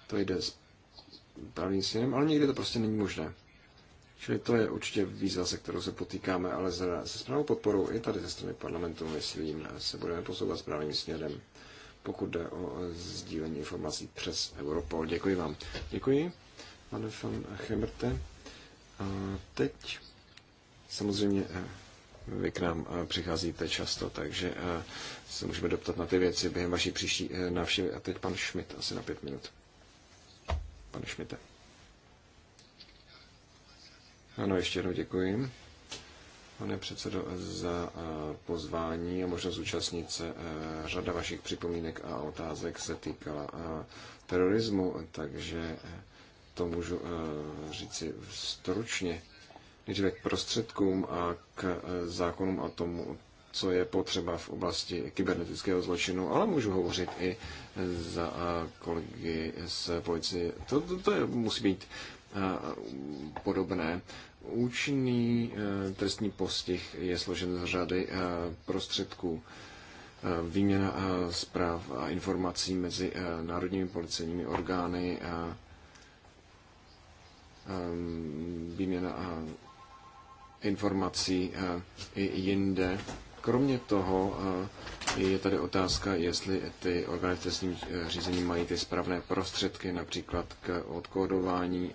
to jde s pravým směrem, ale někdy to prostě není možné. Čili to je určitě výzva, se kterou se potýkáme, ale se správnou podporou i tady ze strany parlamentu, myslím, se budeme posouvat správným směrem, pokud jde o sdílení informací přes Europol. Děkuji vám. Děkuji, pane van Chemerte. A teď samozřejmě eh, vy k nám eh, přicházíte často, takže eh, se můžeme doptat na ty věci během vaší příští eh, návštěvy. A teď pan Schmidt, asi na pět minut. Pane Šmite. Ano, ještě jednou děkuji, pane předsedo, za pozvání a možnost zúčastnit se. Řada vašich připomínek a otázek se týkala terorismu, takže to můžu říci stručně nejdříve k prostředkům a k eh, zákonům a tomu, co je potřeba v oblasti kybernetického zločinu, ale můžu hovořit i eh, za eh, kolegy z policie. To, to, to je, musí být podobné. Účinný trestní postih je složen z řady prostředků. Výměna zpráv a informací mezi národními policejními orgány, a výměna informací eh, i jinde. Kromě toho eh, je tady otázka, jestli ty organizace s ním eh, řízení mají ty správné prostředky, například k odkódování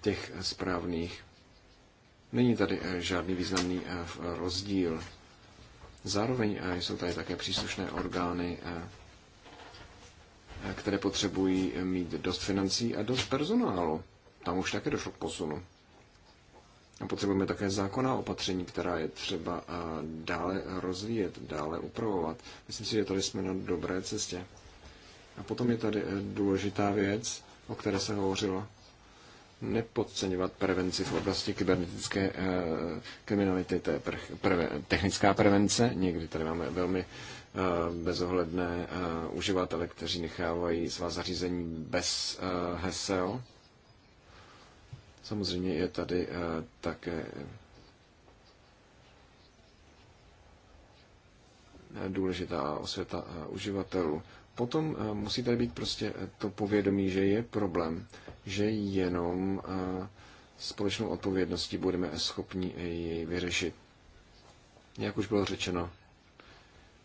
těch správných. Není tady žádný významný rozdíl. Zároveň jsou tady také příslušné orgány, které potřebují mít dost financí a dost personálu. Tam už také došlo k posunu. A Potřebujeme také zákonná opatření, která je třeba eh, dále rozvíjet, dále upravovat. Myslím si, že tady jsme na dobré cestě. A potom je tady eh, důležitá věc, o které se hovořilo. Nepodceňovat prevenci v oblasti kybernetické eh, kriminality, to je technická prevence. Někdy tady máme velmi bezohledné uživatele, kteří nechávají svá zařízení bez hesel Samozřejmě je tady eh, také eh, důležitá osvěta eh, uživatelů. Potom musí tady být prostě to povědomí, že je problém, že jenom společnou odpovědností budeme schopni jej vyřešit. Jak už bylo řečeno,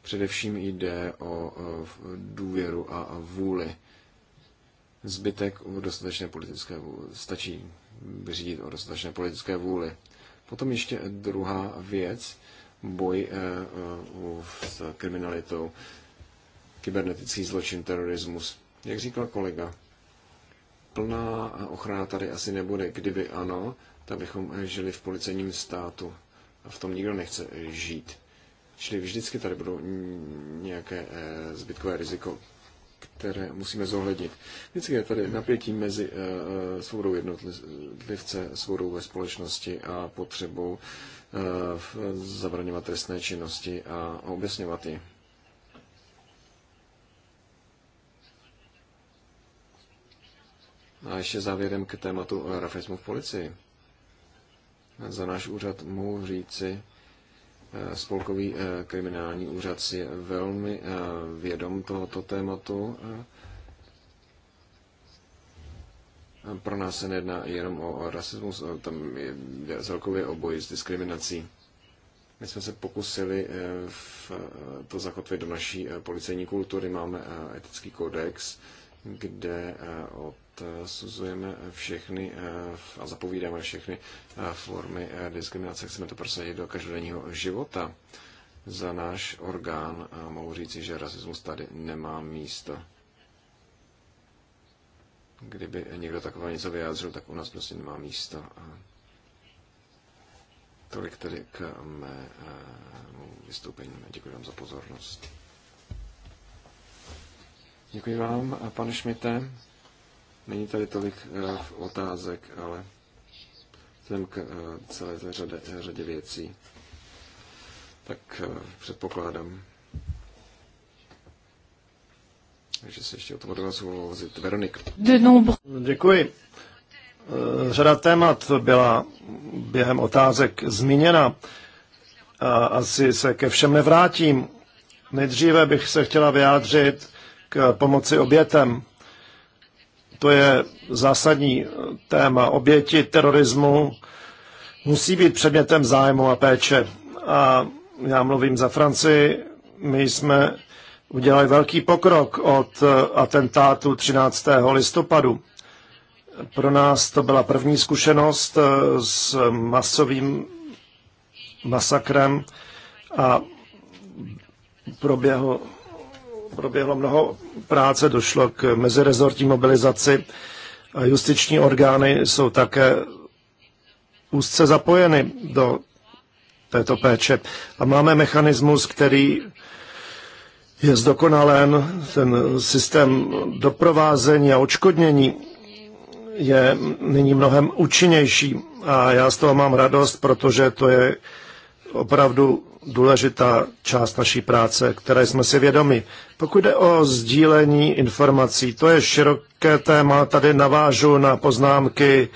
především jde o důvěru a vůli. Zbytek dostatečné politické vůli. stačí vyřídit o dostatečné politické vůli. Potom ještě druhá věc, boj eh, eh, s kriminalitou, kybernetický zločin, terorismus. Jak říkal kolega, plná ochrana tady asi nebude. Kdyby ano, tak bychom eh, žili v policejním státu. A v tom nikdo nechce žít. Čili vždycky tady budou nějaké zbytkové riziko které musíme zohlednit. Vždycky je tady napětí mezi eh, eh, svobodou jednotlivce, svobodou ve společnosti a potřebou eh, zabraňovat trestné činnosti a objasňovat ji. A ještě závěrem k tématu rafismu v policii. Za náš úřad mohu říci, Spolkový eh, kriminální úřad si je velmi eh, vědom tohoto tématu. Pro nás se nejedná jenom o rasismus, tam je celkově o boji s diskriminací. My jsme se pokusili eh, to zakotvit do naší policejní kultury, máme etický kodex, kde eh, odsuzujeme všechny eh, a zapovídáme všechny eh, formy diskriminace. Chceme to prosadit do každodenního života. Za náš orgán mohu říci, že rasismus tady nemá místo. Kdyby někdo takové něco vyjádřil, tak u nás prostě nemá místo. Tolik tedy k mému vystoupení. Děkuji vám za pozornost. Děkuji vám, pane Šmite. Není tady tolik eh, otázek, ale jsem k eh, celé řadě, řadě věcí, tak eh, předpokládám, takže se ještě o tom budu Veronik. Děkuji. Řada témat byla během otázek zmíněna. A asi se ke všem nevrátím. Nejdříve bych se chtěla vyjádřit k pomoci obětem. To je zásadní téma. Oběti terorismu musí být předmětem zájmu a péče. A já mluvím za Francii, my jsme udělali velký pokrok od atentátu 13. listopadu. Pro nás to byla první zkušenost s masovým masakrem a proběhl proběhlo mnoho práce, došlo k mezirezortní mobilizaci justiční orgány jsou také úzce zapojeny do této péče. A máme mechanismus, který je zdokonalen, ten systém doprovázení a očkodnění je nyní mnohem účinnější. A já z toho mám radost, protože to je opravdu důležitá část naší práce, které jsme si vědomi. Pokud jde o sdílení informací, to je široké téma. Tady navážu na poznámky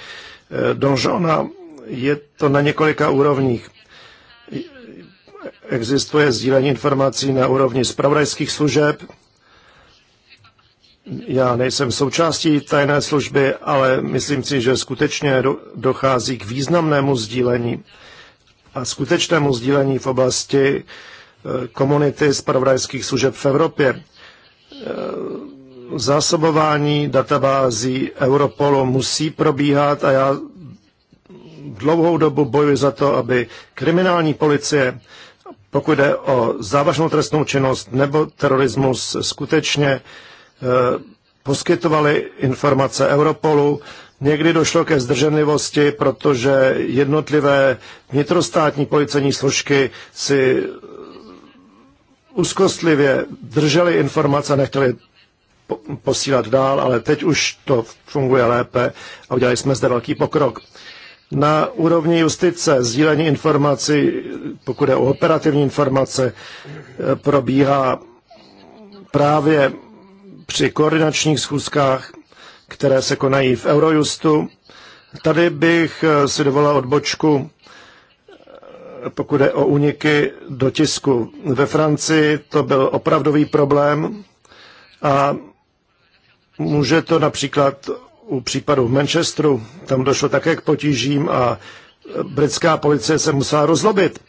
eh, Donžona. Je to na několika úrovních. Existuje sdílení informací na úrovni zpravodajských služeb. Já nejsem součástí tajné služby, ale myslím si, že skutečně dochází k významnému sdílení a skutečnému sdílení v oblasti eh, komunity spravodajských služeb v Evropě. Eh, zásobování databází Europolu musí probíhat a já dlouhou dobu bojuji za to, aby kriminální policie, pokud jde o závažnou trestnou činnost nebo terorismus, skutečně eh, poskytovali informace Europolu Někdy došlo ke zdrženlivosti, protože jednotlivé vnitrostátní policejní složky si úzkostlivě drželi informace a nechtěli posílat dál, ale teď už to funguje lépe a udělali jsme zde velký pokrok. Na úrovni justice sdílení informací, pokud je o operativní informace, e, probíhá právě při koordinačních schůzkách které se konají v Eurojustu. Tady bych eh, si dovolil odbočku, eh, pokud je o úniky do tisku. Ve Francii to byl opravdový problém a může to například u případu v Manchesteru, tam došlo také k potížím a eh, britská policie se musela rozlobit.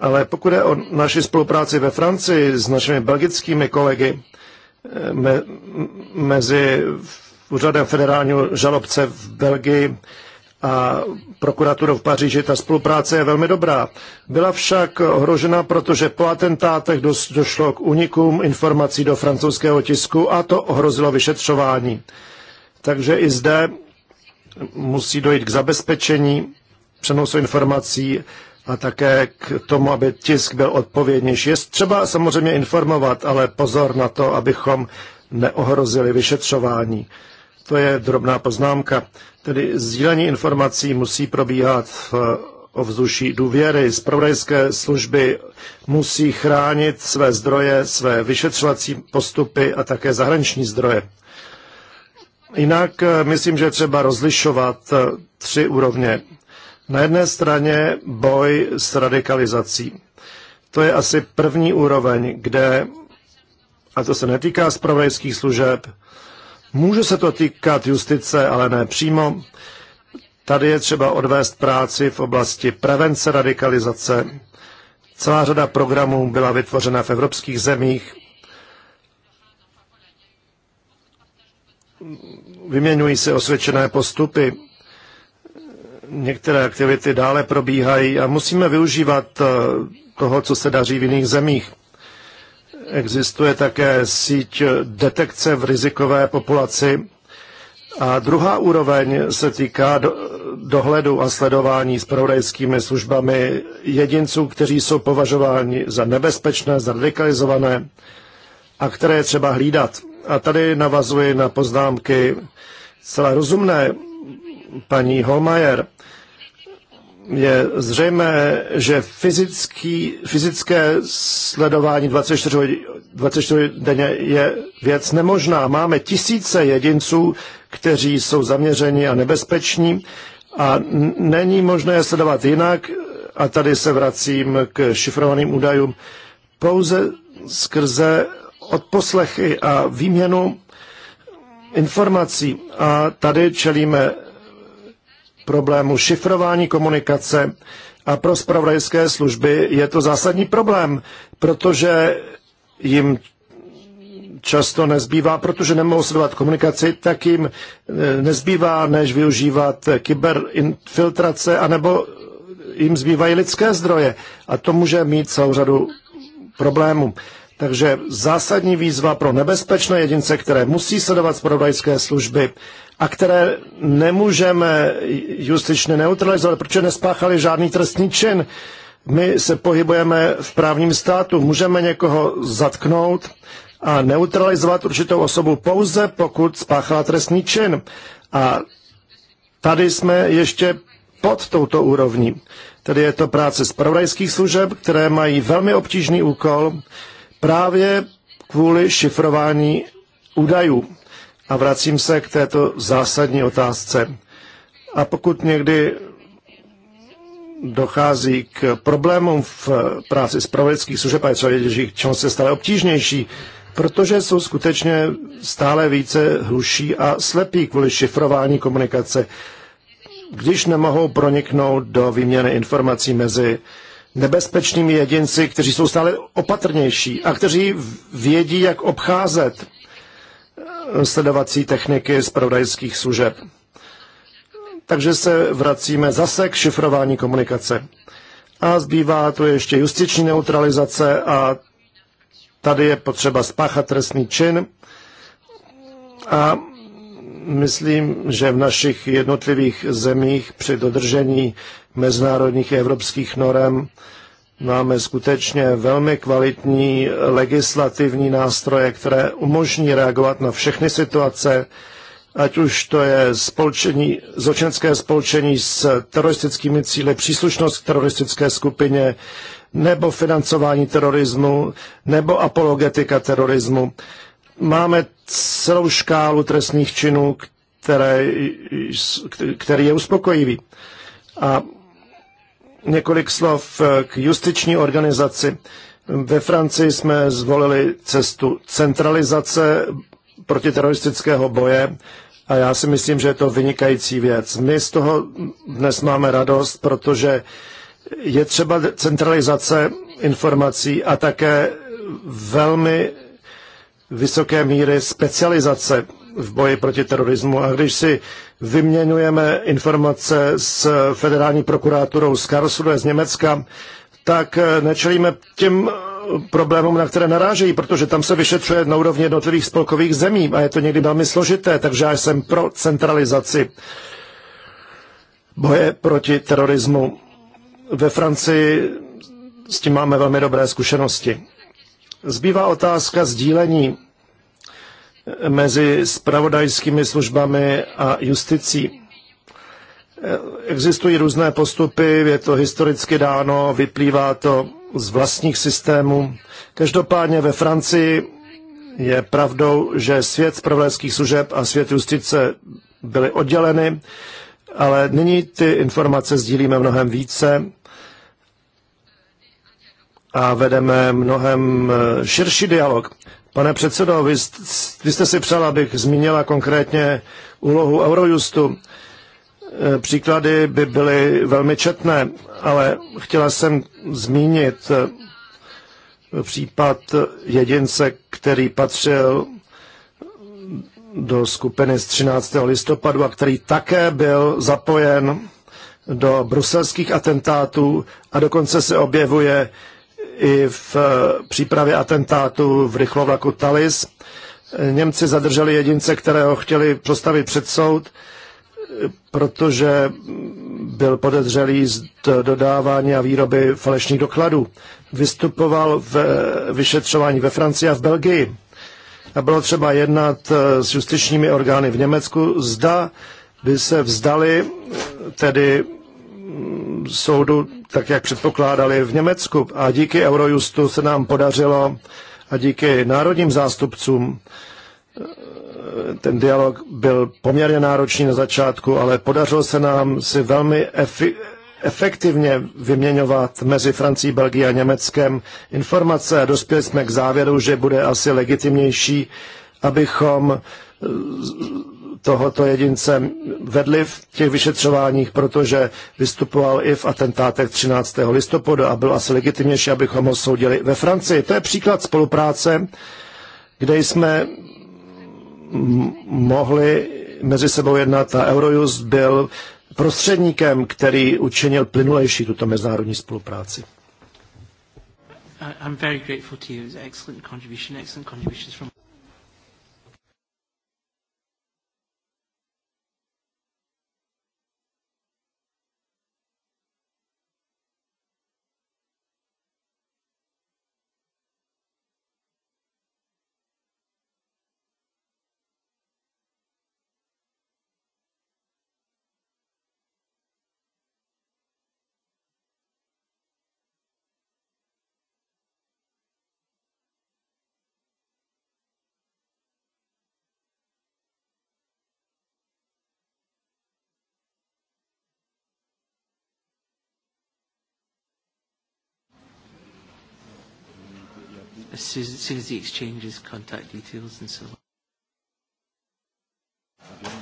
Ale pokud je o naši spolupráci ve Francii s našimi belgickými kolegy, me, mezi úřadem federálního žalobce v Belgii a prokuraturou v Paříži. Ta spolupráce je velmi dobrá. Byla však ohrožena, protože po atentátech došlo k unikům informací do francouzského tisku a to ohrozilo vyšetřování. Takže i zde musí dojít k zabezpečení přenosu informací a také k tomu, aby tisk byl odpovědnější. Je třeba samozřejmě informovat, ale pozor na to, abychom neohrozili vyšetřování. To je drobná poznámka. Tedy sdílení informací musí probíhat v ovzduší důvěry. Spravodajské služby musí chránit své zdroje, své vyšetřovací postupy a také zahraniční zdroje. Jinak eh, myslím, že třeba rozlišovat eh, tři úrovně. Na jedné straně boj s radikalizací. To je asi první úroveň, kde, a to se netýká spravodajských služeb, Může se to týkat justice, ale ne přímo. Tady je třeba odvést práci v oblasti prevence radikalizace. Celá řada programů byla vytvořena v evropských zemích. Vyměňují se osvědčené postupy. Některé aktivity dále probíhají a musíme využívat eh, toho, co se daří v jiných zemích. Existuje také síť detekce v rizikové populaci. A druhá úroveň se týká do, dohledu a sledování s pravodajskými službami jedinců, kteří jsou považováni za nebezpečné, za radikalizované a které je třeba hlídat. A tady navazuji na poznámky celé rozumné paní Holmajer je zřejmé, že fyzický, fyzické sledování 24, 24 denně je věc nemožná. Máme tisíce jedinců, kteří jsou zaměřeni a nebezpeční a není možné je sledovat jinak. A tady se vracím k šifrovaným údajům. Pouze skrze odposlechy a výměnu informací. A tady čelíme problému šifrování komunikace a pro spravodajské služby je to zásadní problém, protože jim často nezbývá, protože nemohou sledovat komunikaci, tak jim eh, nezbývá, než využívat kyberinfiltrace, anebo jim zbývají lidské zdroje. A to může mít celou řadu problémů. Takže zásadní výzva pro nebezpečné jedince, které musí sledovat zpravodajské služby a které nemůžeme justičně neutralizovat, protože nespáchali žádný trestní čin. My se pohybujeme v právním státu, můžeme někoho zatknout a neutralizovat určitou osobu pouze, pokud spáchala trestný čin. A tady jsme ještě pod touto úrovní. Tedy je to práce zpravodajských služeb, které mají velmi obtížný úkol právě kvůli šifrování údajů. A vracím se k této zásadní otázce. A pokud někdy dochází k problémům v práci pravodických služeb a členěžích, čemu se stále obtížnější, protože jsou skutečně stále více hluší a slepí kvůli šifrování komunikace, když nemohou proniknout do výměny informací mezi nebezpečnými jedinci, kteří jsou stále opatrnější a kteří vědí, jak obcházet eh, sledovací techniky z zpravodajských služeb. Takže se vracíme zase k šifrování komunikace. A zbývá tu ještě justiční neutralizace a tady je potřeba spáchat trestný čin. A myslím, že v našich jednotlivých zemích při dodržení mezinárodních evropských norem. Máme skutečně velmi kvalitní legislativní nástroje, které umožní reagovat na všechny situace, ať už to je spolčení, zločenské spolčení s teroristickými cíly, příslušnost k teroristické skupině, nebo financování terorismu, nebo apologetika terorismu. Máme celou škálu trestných činů, které, který je uspokojivý. A Několik slov eh, k justiční organizaci. Ve Francii jsme zvolili cestu centralizace protiteroristického boje a já si myslím, že je to vynikající věc. My z toho dnes máme radost, protože je třeba centralizace informací a také velmi vysoké míry specializace v boji proti terorismu. A když si vyměňujeme informace s federální prokuráturou z Karlsruhe z Německa, tak eh, nečelíme těm eh, problémům, na které narážejí, protože tam se vyšetřuje na úrovni jednotlivých spolkových zemí a je to někdy velmi složité, takže já jsem pro centralizaci boje proti terorismu. Ve Francii s tím máme velmi dobré zkušenosti. Zbývá otázka sdílení mezi spravodajskými službami a justicí. Existují různé postupy, je to historicky dáno, vyplývá to z vlastních systémů. Každopádně ve Francii je pravdou, že svět spravodajských služeb a svět justice byly odděleny, ale nyní ty informace sdílíme mnohem více a vedeme mnohem širší dialog. Pane předsedo, vy, vy jste si přál, abych zmínila konkrétně úlohu Eurojustu. E, příklady by byly velmi četné, ale chtěla jsem zmínit e, případ jedince, který patřil do skupiny z 13. listopadu a který také byl zapojen do bruselských atentátů a dokonce se objevuje i v eh, přípravě atentátu v rychlovlaku Talis. Eh, Němci zadrželi jedince, kterého chtěli postavit před soud, eh, protože byl podezřelý z dodávání a výroby falešných dokladů. Vystupoval v vyšetřování ve Francii a v Belgii. A bylo třeba jednat s justičními orgány v Německu, zda by se vzdali tedy soudu, tak jak předpokládali v Německu. A díky Eurojustu se nám podařilo a díky národním zástupcům ten dialog byl poměrně náročný na začátku, ale podařilo se nám si velmi efi- efektivně vyměňovat mezi Francií, Belgií a Německem informace a dospěli jsme k závěru, že bude asi legitimnější, abychom tohoto jedince vedli v těch vyšetřováních, protože vystupoval i v atentátech 13. listopadu a byl asi legitimnější, abychom ho soudili ve Francii. To je příklad spolupráce, kde jsme mohli mezi sebou jednat a Eurojust byl prostředníkem, který učinil plynulejší tuto mezinárodní spolupráci. I'm very grateful to you. Excellent contribution, excellent contributions from as soon, as soon as the exchanges contact details and so on. Okay.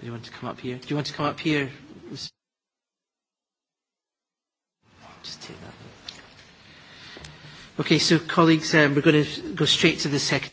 Do you want to come up here? Do you want to come up here? Just take that. Okay, so colleagues, um, we're going to go straight to the second.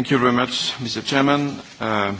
Thank you very much, Mr. Chairman. Uh,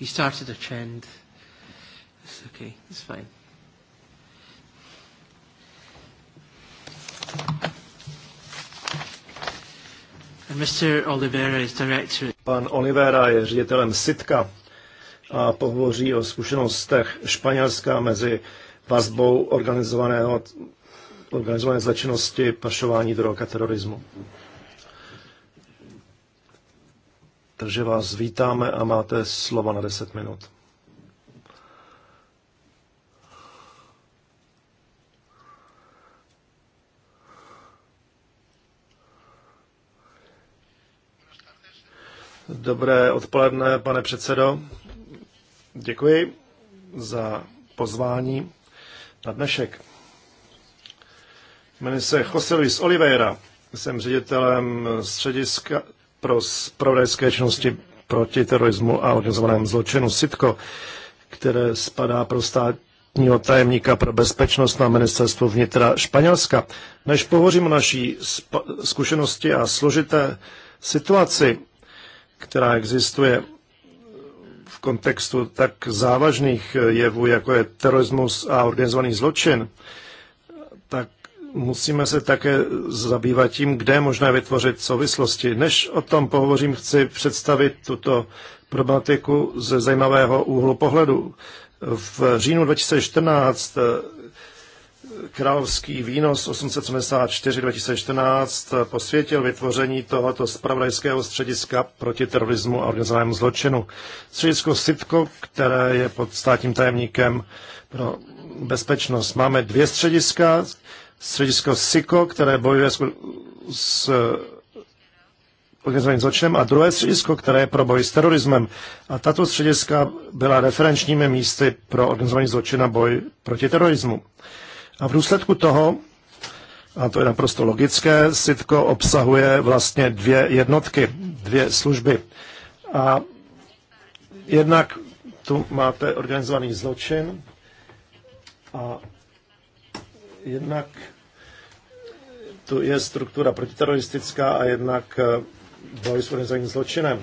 You started a trend. It's okay. It's fine. And Mr. Oliveira is director. Pan Oliveira je ředitelem Sitka a pohovoří o zkušenostech Španělska mezi vazbou organizovaného, organizované zločinnosti, pašování drog a terorismu. Takže vás vítáme a máte slovo na 10 minut. Dobré odpoledne, pane předsedo. Děkuji za pozvání na dnešek. Jmenuji se Jose Luis Oliveira, jsem ředitelem střediska pro spravodajské činnosti proti terorismu a organizovanému zločinu SITKO, které spadá pro státního tajemníka pro bezpečnost na ministerstvo vnitra Španělska. Než pohořím o naší zkušenosti a složité situaci, která existuje v kontextu tak závažných jevů, jako je terorismus a organizovaný zločin, tak musíme se také zabývat tím, kde je možné vytvořit souvislosti. Než o tom pohovořím, chci představit tuto problematiku ze zajímavého úhlu pohledu. V říjnu 2014 eh, královský výnos 874-2014 eh, posvětil vytvoření tohoto spravodajského střediska proti terorismu a organizovanému zločinu. Středisko SITKO, které je pod státním tajemníkem pro bezpečnost. Máme dvě střediska, středisko SIKO, které bojuje s, s eh, organizovaným zločinem a druhé středisko, které je pro boj s terorismem. A tato střediska byla referenčními místy pro organizovaný zločin a boj proti terorismu. A v důsledku toho, a to je naprosto logické, SITKO obsahuje vlastně dvě jednotky, dvě služby. A jednak tu máte organizovaný zločin a Jednak tu je struktura protiteroristická a jednak eh, boj s organizovaným zločinem.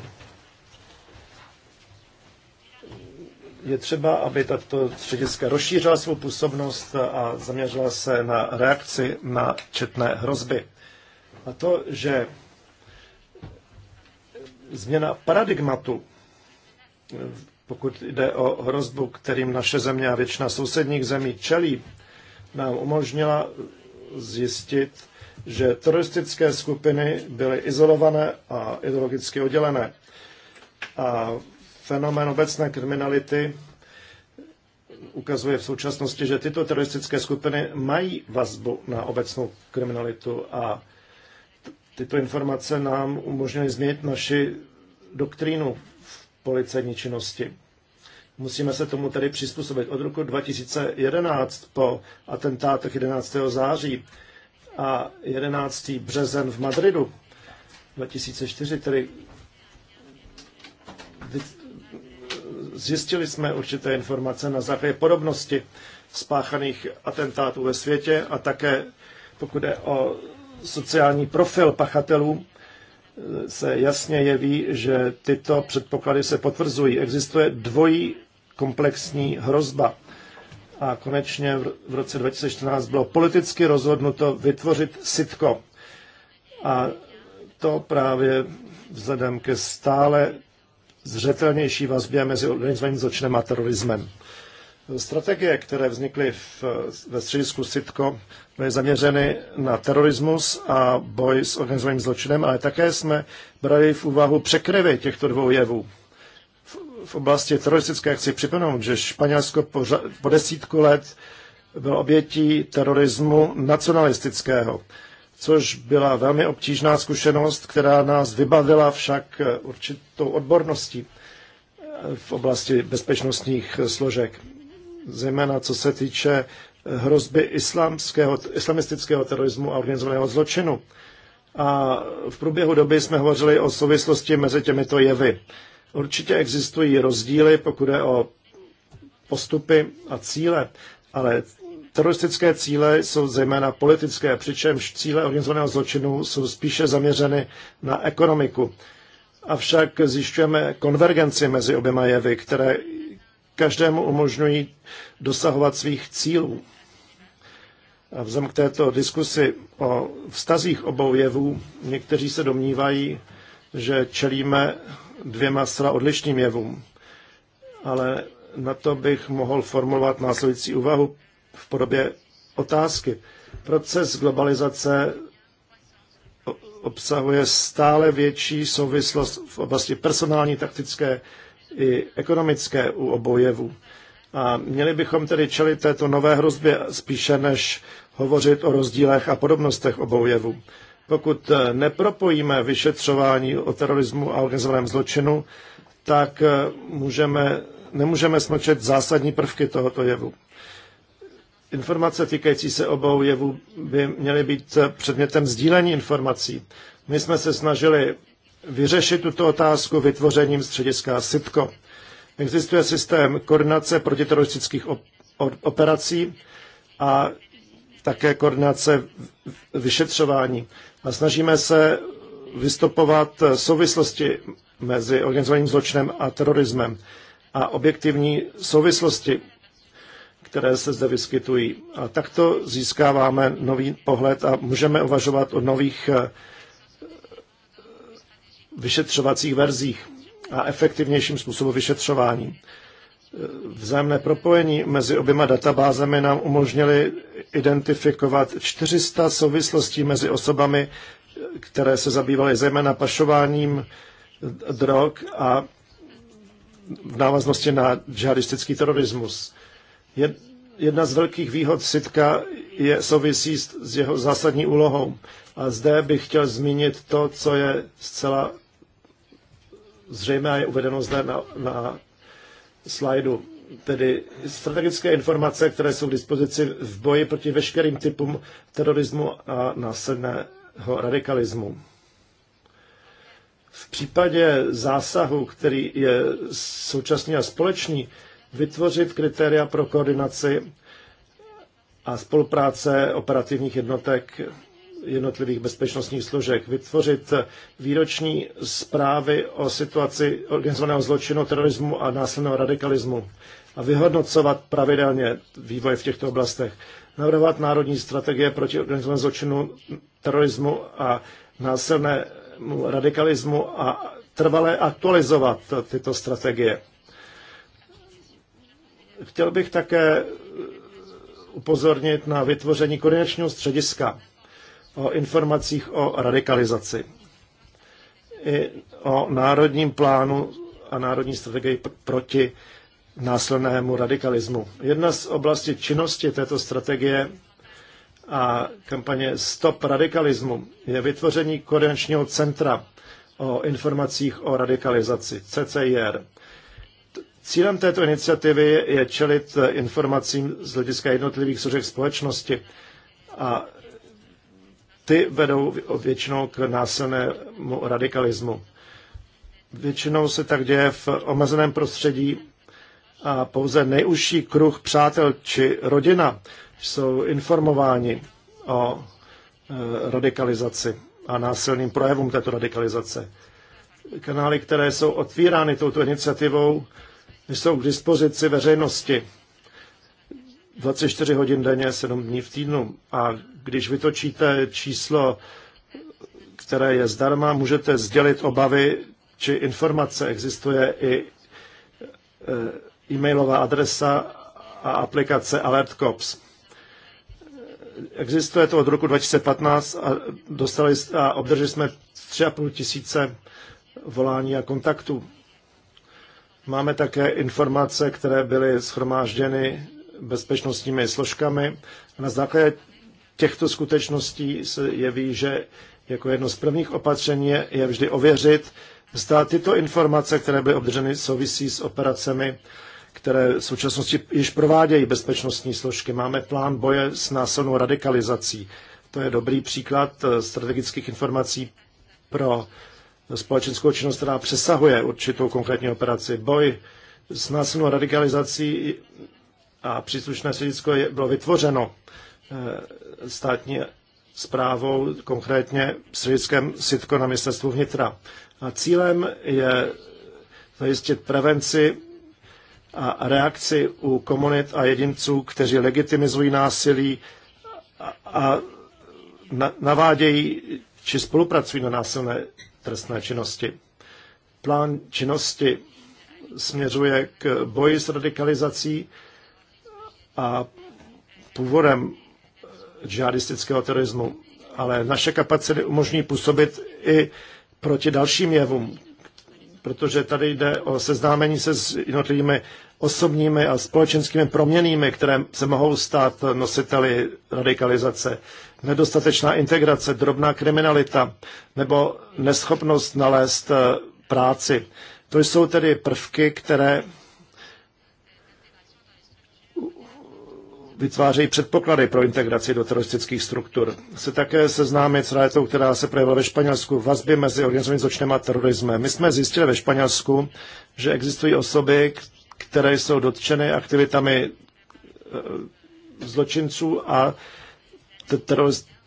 Je třeba, aby tato střediska rozšířila svou působnost a zaměřila se na reakci na četné hrozby. A to, že změna paradigmatu, eh, pokud jde o hrozbu, kterým naše země a většina sousedních zemí čelí, nám umožnila zjistit, že teroristické skupiny byly izolované a ideologicky oddělené. A fenomén obecné kriminality ukazuje v současnosti, že tyto teroristické skupiny mají vazbu na obecnou kriminalitu a tyto informace nám umožnily změnit naši doktrínu v policejní činnosti. Musíme se tomu tedy přizpůsobit. Od roku 2011 po atentátech 11. září a 11. březen v Madridu 2004, tedy zjistili jsme určité informace na základě podobnosti spáchaných atentátů ve světě a také pokud je o sociální profil pachatelů, se jasně jeví, že tyto předpoklady se potvrzují. Existuje dvojí komplexní hrozba. A konečně v roce 2014 bylo politicky rozhodnuto vytvořit sitko. A to právě vzhledem ke stále zřetelnější vazbě mezi organizovaným zločinem a terorismem. Strategie, které vznikly v, ve středisku SITKO, byly zaměřeny na terorismus a boj s organizovaným zločinem, ale také jsme brali v úvahu překryvy těchto dvou jevů v oblasti teroristické chci připomenout, že Španělsko po, po desítku let bylo obětí terorismu nacionalistického, což byla velmi obtížná zkušenost, která nás vybavila však určitou odborností v oblasti bezpečnostních složek, zejména co se týče hrozby islamského, islamistického terorismu a organizovaného zločinu. A v průběhu doby jsme hovořili o souvislosti mezi těmito jevy. Určitě existují rozdíly, pokud je o postupy a cíle, ale teroristické cíle jsou zejména politické, přičemž cíle organizovaného zločinu jsou spíše zaměřeny na ekonomiku. Avšak zjišťujeme konvergenci mezi oběma jevy, které každému umožňují dosahovat svých cílů. A vzhledem k této diskusi o vztazích obou jevů, někteří se domnívají, že čelíme dvěma zcela odlišným jevům. Ale na to bych mohl formulovat následující úvahu v podobě otázky. Proces globalizace obsahuje stále větší souvislost v oblasti personální, taktické i ekonomické u obou jevů. A měli bychom tedy čelit této nové hrozbě spíše než hovořit o rozdílech a podobnostech obou jevů. Pokud eh, nepropojíme vyšetřování o terorismu a organizovaném zločinu, tak eh, můžeme, nemůžeme smlčet zásadní prvky tohoto jevu. Informace týkající se obou jevů by měly být eh, předmětem sdílení informací. My jsme se snažili vyřešit tuto otázku vytvořením střediska SITKO. Existuje systém koordinace protiteroristických operací a také koordinace vyšetřování a snažíme se vystupovat souvislosti mezi organizovaným zločinem a terorismem a objektivní souvislosti, které se zde vyskytují. A takto získáváme nový pohled a můžeme uvažovat o nových eh, vyšetřovacích verzích a efektivnějším způsobu vyšetřování vzájemné propojení mezi oběma databázemi nám umožnili identifikovat 400 souvislostí mezi osobami, které se zabývaly zejména pašováním drog a v návaznosti na džihadistický terorismus. Jedna z velkých výhod sitka je souvisí s jeho zásadní úlohou. A zde bych chtěl zmínit to, co je zcela zřejmé a je uvedeno zde na, na slajdu, tedy strategické informace, které jsou k dispozici v boji proti veškerým typům terorismu a následného radikalismu. V případě zásahu, který je současný a společný, vytvořit kritéria pro koordinaci a spolupráce operativních jednotek jednotlivých bezpečnostních složek, vytvořit výroční zprávy o situaci organizovaného zločinu, terorismu a násilného radikalismu a vyhodnocovat pravidelně vývoj v těchto oblastech, navrhovat národní strategie proti organizovanému zločinu, terorismu a násilnému radikalismu a trvale aktualizovat tyto strategie. Chtěl bych také upozornit na vytvoření koordinačního střediska o informacích o radikalizaci, i o národním plánu a národní strategii proti následnému radikalismu. Jedna z oblastí činnosti této strategie a kampaně Stop radikalismu je vytvoření koordinačního centra o informacích o radikalizaci, CCIR. Cílem této iniciativy je čelit informacím z hlediska jednotlivých složek společnosti a ty vedou většinou k násilnému radikalismu. Většinou se tak děje v omezeném prostředí a pouze nejužší kruh přátel či rodina jsou informováni o e, radikalizaci a násilným projevům této radikalizace. Kanály, které jsou otvírány touto iniciativou, jsou k dispozici veřejnosti 24 hodin denně, 7 dní v týdnu. A když vytočíte číslo, které je zdarma, můžete sdělit obavy či informace. Existuje i e, e-mailová adresa a aplikace AlertCops. Existuje to od roku 2015 a, dostali, a obdrželi jsme 3,5 tisíce volání a kontaktů. Máme také informace, které byly schromážděny bezpečnostními složkami. Na základě těchto skutečností se jeví, že jako jedno z prvních opatření je, je vždy ověřit, zda tyto informace, které byly obdrženy, souvisí s operacemi, které v současnosti již provádějí bezpečnostní složky. Máme plán boje s násilnou radikalizací. To je dobrý příklad eh, strategických informací pro společenskou činnost, která přesahuje určitou konkrétní operaci. Boj s násilnou radikalizací a příslušné středisko bylo vytvořeno eh, státní zprávou, konkrétně střediskem SITKO na ministerstvu vnitra. A cílem je zajistit prevenci a reakci u komunit a jedinců, kteří legitimizují násilí a, a navádějí či spolupracují na násilné trestné činnosti. Plán činnosti směřuje k boji s radikalizací a původem džihadistického terorismu, ale naše kapacity umožní působit i proti dalším jevům, protože tady jde o seznámení se s jednotlivými osobními a společenskými proměnými, které se mohou stát nositeli radikalizace. Nedostatečná integrace, drobná kriminalita nebo neschopnost nalézt eh, práci. To jsou tedy prvky, které vytvářejí předpoklady pro integraci do teroristických struktur. Se také seznámit s realitou, která se projevila ve Španělsku, vazby mezi organizovaným zločinem a terorismem. My jsme zjistili ve Španělsku, že existují osoby, které jsou dotčeny aktivitami e, zločinců a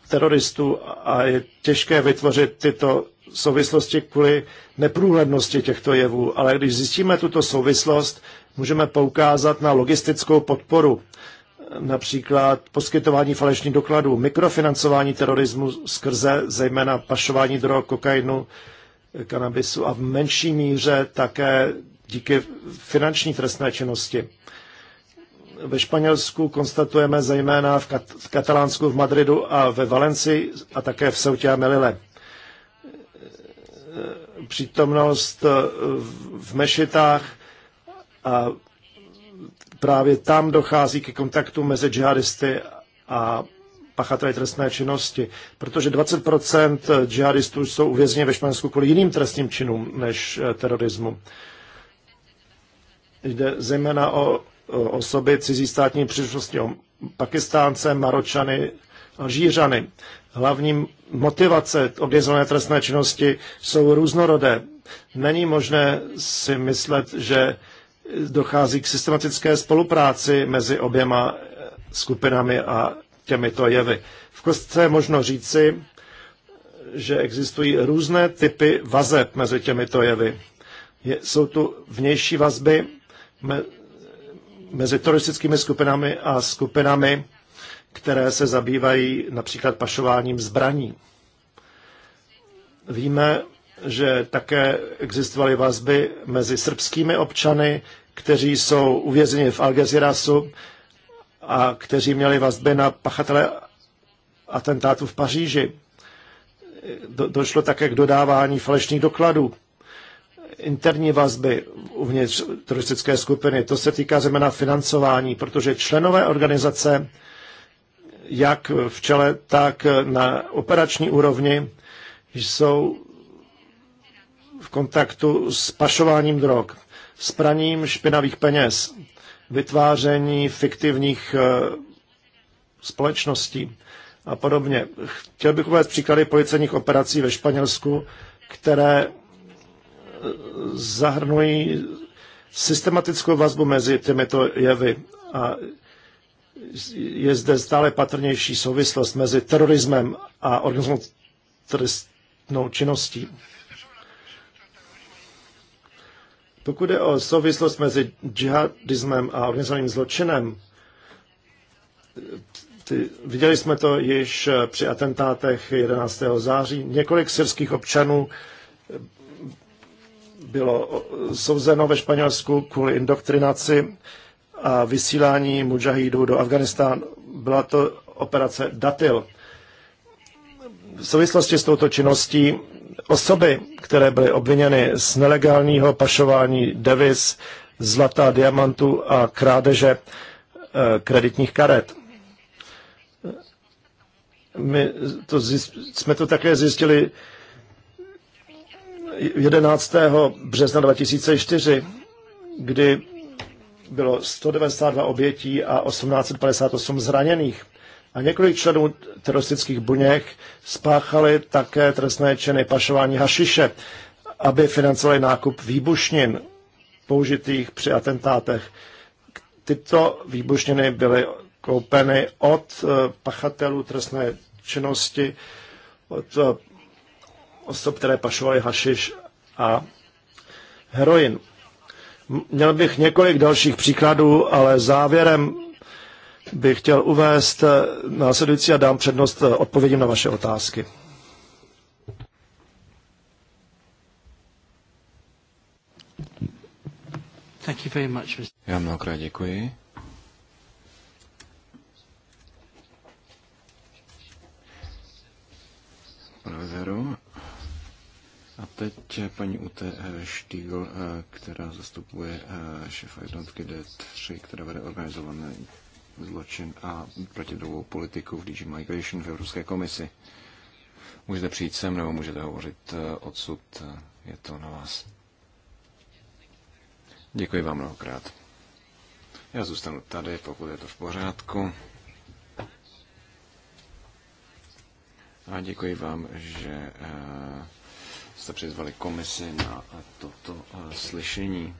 teroristů a je těžké vytvořit tyto souvislosti kvůli neprůhlednosti těchto jevů. Ale když zjistíme tuto souvislost, můžeme poukázat na logistickou podporu například poskytování falešných dokladů, mikrofinancování terorismu skrze zejména pašování drog, kokainu, kanabisu a v menší míře také díky finanční trestné činnosti. Ve Španělsku konstatujeme zejména v, Kat- v Katalánsku, v Madridu a ve Valencii a také v Seutě a Melile. Přítomnost v mešitách a právě tam dochází ke kontaktu mezi džihadisty a pachateli trestné činnosti, protože 20% džihadistů jsou uvězněni ve Španělsku kvůli jiným trestním činům než eh, terorismu. Jde zejména o, osoby cizí státní příslušnosti, o Pakistánce, Maročany, Alžířany. Hlavní motivace obězované trestné činnosti jsou různorodé. Není možné si myslet, že dochází k systematické spolupráci mezi oběma skupinami a těmito jevy. V kostce je možno říci, že existují různé typy vazeb mezi těmito jevy. Je, jsou tu vnější vazby me, mezi turistickými skupinami a skupinami, které se zabývají například pašováním zbraní. Víme, že také existovaly vazby mezi srbskými občany kteří jsou uvězněni v Algezirasu a kteří měli vazby na pachatele atentátu v Paříži. Do, došlo také k dodávání falešných dokladů. Interní vazby uvnitř turistické skupiny, to se týká zejména financování, protože členové organizace, jak v čele, tak na operační úrovni, jsou v kontaktu s pašováním drog s praním špinavých peněz, vytváření fiktivních eh, společností a podobně. Chtěl bych uvést příklady policejních operací ve Španělsku, které eh, zahrnují systematickou vazbu mezi těmito jevy a je zde stále patrnější souvislost mezi terorismem a organizovanou trestnou činností. Pokud je o souvislost mezi džihadismem a organizovaným zločinem, ty, viděli jsme to již při atentátech 11. září. Několik syrských občanů bylo souzeno ve Španělsku kvůli indoktrinaci a vysílání mujahidů do Afganistánu. Byla to operace Datil. V souvislosti s touto činností osoby, které byly obviněny z nelegálního pašování deviz, zlata, diamantů a krádeže eh, kreditních karet. My to zjist, jsme to také zjistili 11. března 2004, kdy bylo 192 obětí a 1858 zraněných a několik členů teroristických buněk spáchali také trestné činy pašování hašiše, aby financovali nákup výbušnin použitých při atentátech. Tyto výbušniny byly koupeny od eh, pachatelů trestné činnosti, od eh, osob, které pašovaly hašiš a heroin. Měl bych několik dalších příkladů, ale závěrem bych chtěl uvést eh, následující a dám přednost eh, odpovědím na vaše otázky. Thank you very much. Já mnohokrát děkuji. Prazeru. A teď paní Ute eh, Štýl, která zastupuje šefa jednotky D3, která bude organizovaný zločin a protidrovou politiku v DG Migration v Evropské komisi. Můžete přijít sem nebo můžete hovořit eh, odsud, eh, je to na vás. Děkuji vám mnohokrát. Já zůstanu tady, pokud je to v pořádku. A děkuji vám, že eh, jste přizvali komisi na toto slyšení.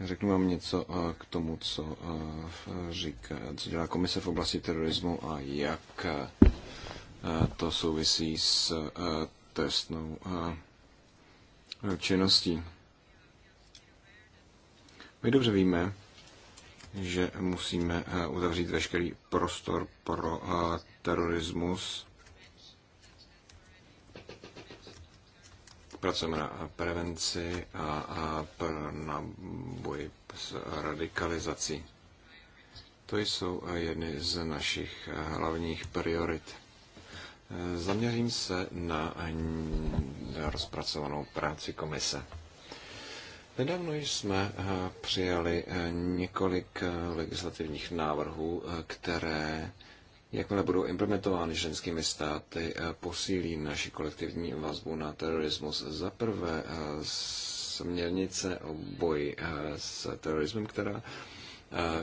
Řeknu vám něco eh, k tomu, co eh, říká, co dělá komise v oblasti terorismu a jak eh, to souvisí s trestnou činností. My dobře víme, že musíme uzavřít veškerý prostor pro terorismus pracujeme na prevenci a, a na boji s radikalizací. To jsou jedny z našich hlavních priorit. Zaměřím se na rozpracovanou práci komise. Nedávno jsme přijali několik legislativních návrhů, které Jakmile budou implementovány ženskými státy, eh, posílí naši kolektivní vazbu na terorismus. Za prvé eh, směrnice o boji eh, s terorismem, která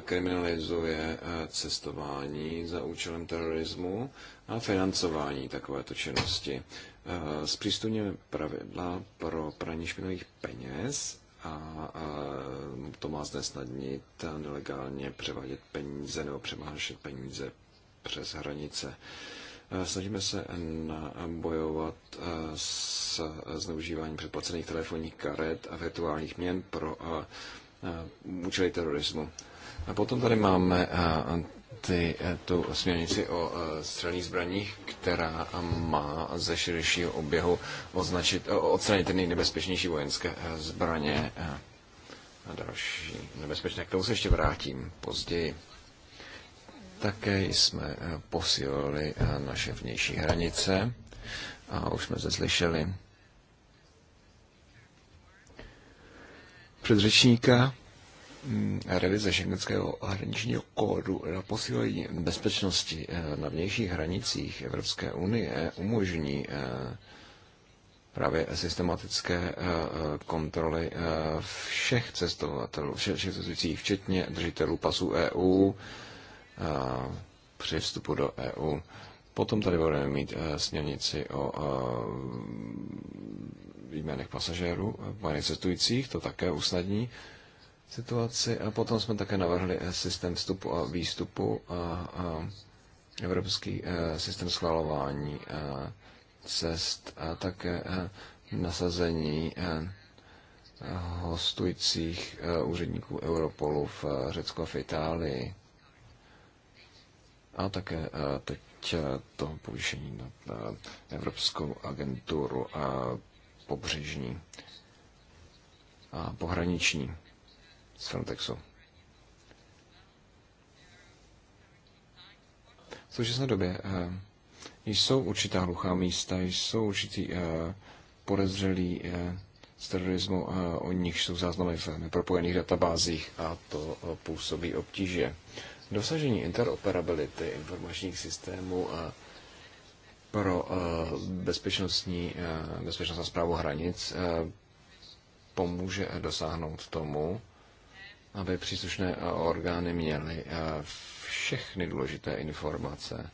kriminalizuje cestování za účelem terorismu a financování takovéto činnosti. Zpřístupňujeme pravidla pro praní špinových peněz a, to má znesnadnit nelegálně převádět peníze nebo přemášet peníze přes hranice. Eh, snažíme se bojovat eh, s zneužíváním předplacených telefonních karet a virtuálních měn pro eh, účely terorismu. A potom tady máme ty, tu směrnici o střelných zbraních, která má ze širšího oběhu označit, odstranit ty nejnebezpečnější vojenské zbraně a další nebezpečné. K tomu se ještě vrátím později. Také jsme eh, posílili eh, naše vnější hranice a už jsme se slyšeli předřečníka mm, revize šengenského hraničního kódu na posílení bezpečnosti eh, na vnějších hranicích Evropské unie umožní právě systematické kontroly všech cestovatelů, všech cestujících, včetně držitelů pasů EU, při vstupu do EU. Potom tady budeme mít e, směrnici o jménech e, pasažérů, e, jménech cestujících, to také usnadní situaci. A potom jsme také navrhli systém vstupu a výstupu a, a evropský systém schvalování cest a také nasazení hostujících úředníků Europolu v Řecku a v Itálii a také eh, teď eh, to povýšení na Evropskou agenturu a eh, pobřežní a pohraniční z Frontexu. V současné době jsou určitá hluchá místa, jsou určitý podezřelí z terorismu, o nich jsou záznamy v nepropojených databázích a to působí obtíže. Dosažení interoperability informačních systémů a eh, pro eh, bezpečnostní, eh, bezpečnost a zprávu hranic pomůže dosáhnout tomu, aby příslušné orgány měly všechny důležité informace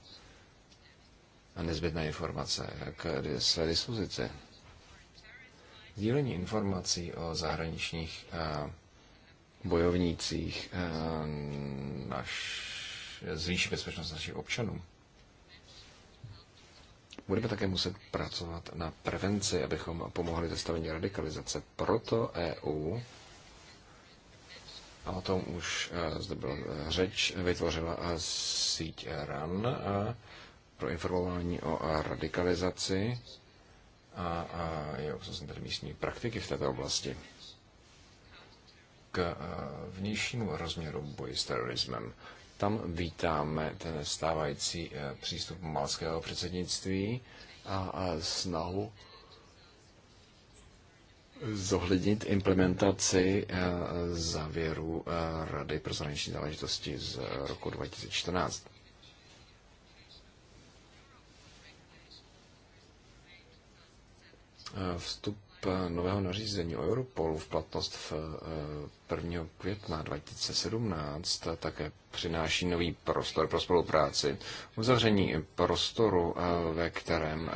a nezbytné informace k své dispozici. Dílení informací o zahraničních bojovnících eh, naš, zvýší bezpečnost našich občanů. Budeme také muset pracovat na prevenci, abychom pomohli zastavení radikalizace. Proto EU, a o tom už eh, zde byla eh, řeč, vytvořila síť RAN pro informování o radikalizaci a, a jo, jsem tady místní praktiky v této oblasti k eh, vnějšímu rozměru boji s terorismem. Tam vítáme ten stávající eh, přístup malského předsednictví a snahu zohlednit implementaci eh, závěru Rady pro zahraniční záležitosti z roku 2014. Vstup Eh, nového nařízení o Europolu v platnost v 1. Eh, května 2017 eh, také přináší nový prostor pro spolupráci. Uzavření prostoru, ve kterém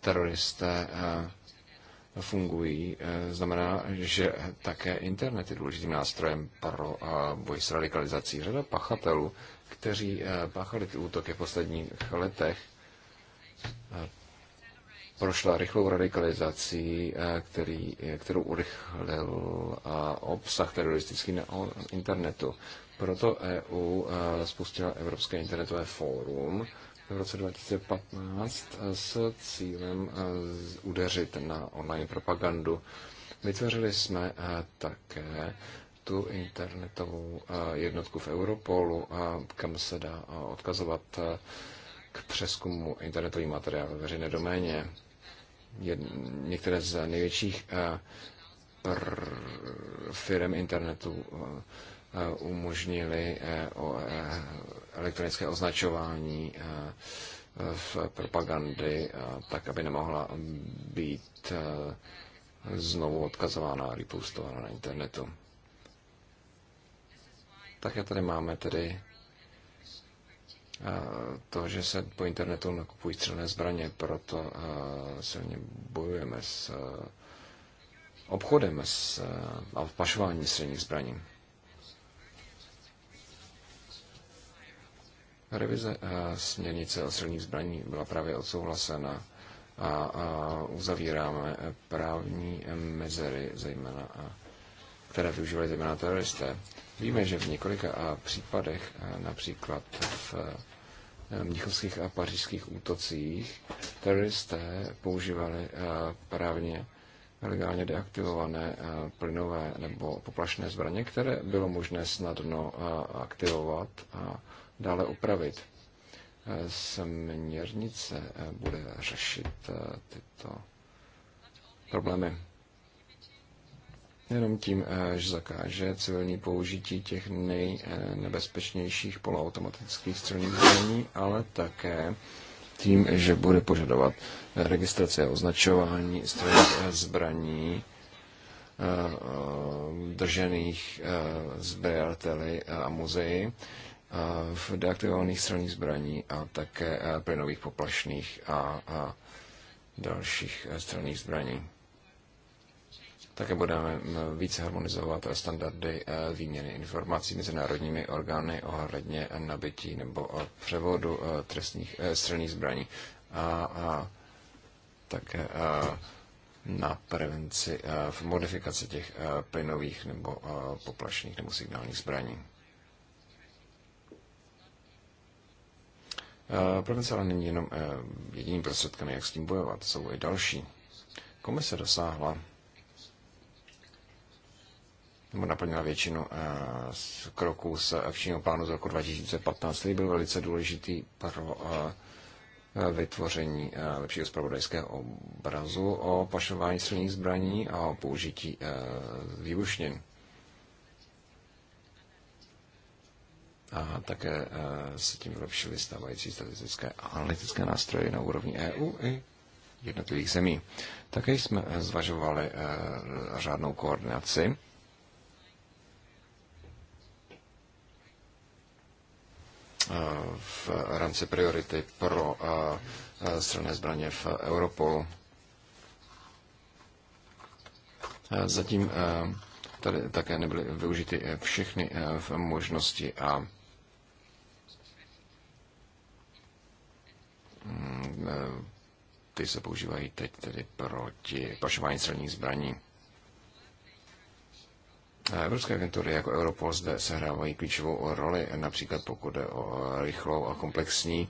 teroristé fungují, znamená, že také internet je důležitým nástrojem pro boj s radikalizací. Řada pachatelů, kteří páchali ty útoky v posledních letech, prošla rychlou radikalizací, eh, který, eh, kterou urychlil eh, obsah teroristický na internetu. Proto EU spustila Evropské internetové fórum v roce 2015 s cílem udeřit na online propagandu. Vytvořili jsme také tu internetovou jednotku v Europolu, kam se dá odkazovat k přeskumu internetových materiálů ve veřejné doméně některé z největších eh, firm internetu eh, eh, umožnili elektronické označování v propagandy, tak aby nemohla být znovu odkazována a repostována na internetu. Také tady máme tedy to, že se po internetu nakupují střelné zbraně, proto silně bojujeme s obchodem s, a pašování středních zbraní. Revize směrnice o střelných zbraní byla právě odsouhlasena a, a uzavíráme právní mezery, zejména, které využívají zejména teroristé. Víme, že v několika případech, například v eh, mnichovských a pařížských útocích, teroristé používali eh, právně legálně deaktivované eh, plynové nebo poplašné zbraně, které bylo možné snadno aktivovat a dále upravit. Směrnice bude řešit tyto problémy jenom tím, eh, že zakáže civilní použití těch nejnebezpečnějších poloautomatických střelných zbraní, ale také tím, že bude požadovat registrace a označování střelných eh, zbraní eh, držených sběrateli a muzeí, v deaktivovaných střelných zbraní a také plynových poplašných a, a dalších střelných zbraní. Také budeme více harmonizovat standardy e, výměny informací mezinárodními orgány ohledně nabití nebo e, převodu e, trestních střelných zbraní a, a také a, na prevenci a, v modifikaci těch plynových nebo poplašných nebo signálních zbraní. Prevence ale není jenom jediným prostředkem, jak s tím bojovat, jsou i další. Komise dosáhla nebo naplnila většinu eh, z kroků z akčního plánu z roku 2015, který byl velice důležitý pro eh, vytvoření eh, lepšího spravodajského obrazu o pašování střelných zbraní a o použití výbušnin. A také se tím vylepšily stávající statistické a analytické nástroje na úrovni EU i jednotlivých zemí. Také jsme zvažovali řádnou koordinaci v rámci priority pro eh, eh, střelné zbraně v Europolu. Eh, zatím tady také nebyly využity všechny možnosti a mm, ty se používají teď tedy proti pašování střelných zbraní. Eh, Evropské agentury jako Europol zde sehrávají klíčovou roli, například pokud jde o rychlou a komplexní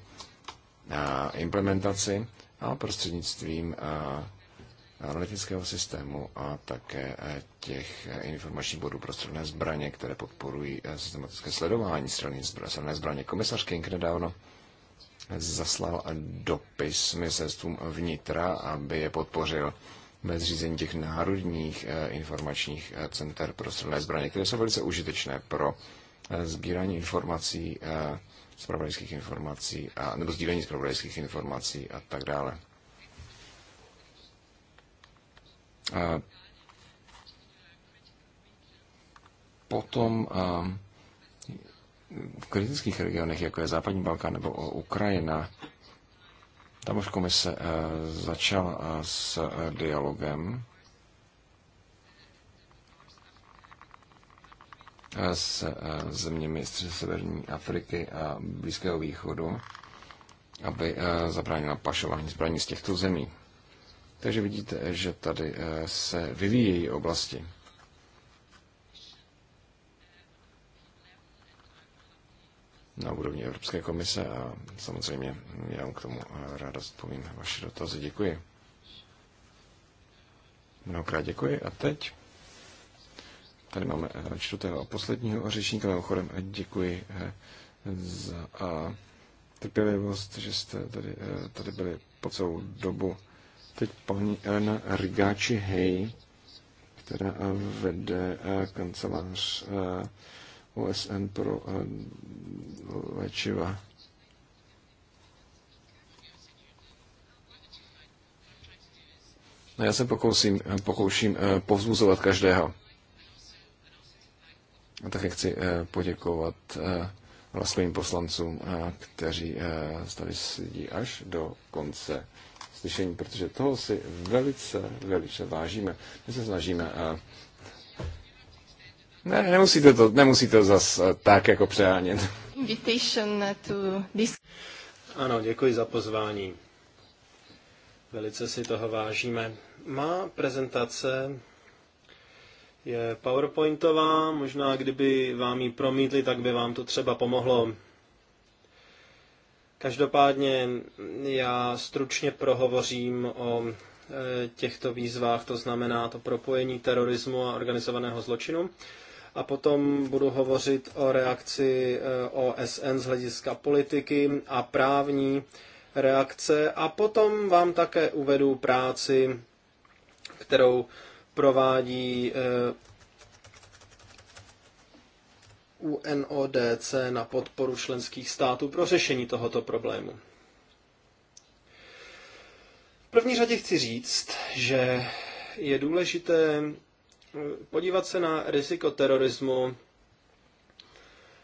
eh, implementaci a prostřednictvím eh, analytického systému a také těch informačních bodů pro střelné zbraně, které podporují systematické sledování střelné zbraně. Komisař Kink nedávno zaslal dopis ministerstvům vnitra, aby je podpořil ve zřízení těch národních eh, informačních eh, center pro střelné zbraně, které jsou velice užitečné pro eh, sbírání informací, zpravodajských informací, a, nebo sdílení zpravodajských informací a tak dále. A potom v kritických regionech, jako je Západní Balkán nebo Ukrajina, tam už komise eh, začala eh, s eh, dialogem s zeměmi severní Afriky a Blízkého východu, aby zabránila pašování zbraní z těchto zemí. Takže vidíte, že tady se vyvíjejí oblasti. na úrovni Evropské komise a samozřejmě já vám k tomu eh, ráda zpovím vaše dotazy. Děkuji. Mnohokrát děkuji a teď tady máme eh, čtvrtého a posledního řečníka. Mimochodem eh, děkuji za a trpělivost, že jste tady, tady byli po celou dobu. Teď paní Elena Rigáči Hej, která vede kancelář OSN pro eh, léčiva. No, já se pokusím, pokouším eh, eh, povzbuzovat každého. A také chci poděkovat vlastním poslancům, kteří tady sedí až do konce slyšení, protože toho si velice, velice vážíme. My se snažíme ne, nemusíte to, nemusíte to zas eh, tak jako přehánět. Ano, děkuji za pozvání. Velice si toho vážíme. Má prezentace je PowerPointová, možná kdyby vám ji promítli, tak by vám to třeba pomohlo. Každopádně já stručně prohovořím o eh, těchto výzvách, to znamená to propojení terorismu a organizovaného zločinu a potom budu hovořit o reakci eh, OSN z hlediska politiky a právní reakce a potom vám také uvedu práci, kterou provádí eh, UNODC na podporu členských států pro řešení tohoto problému. V první řadě chci říct, že je důležité podívat se na riziko terorismu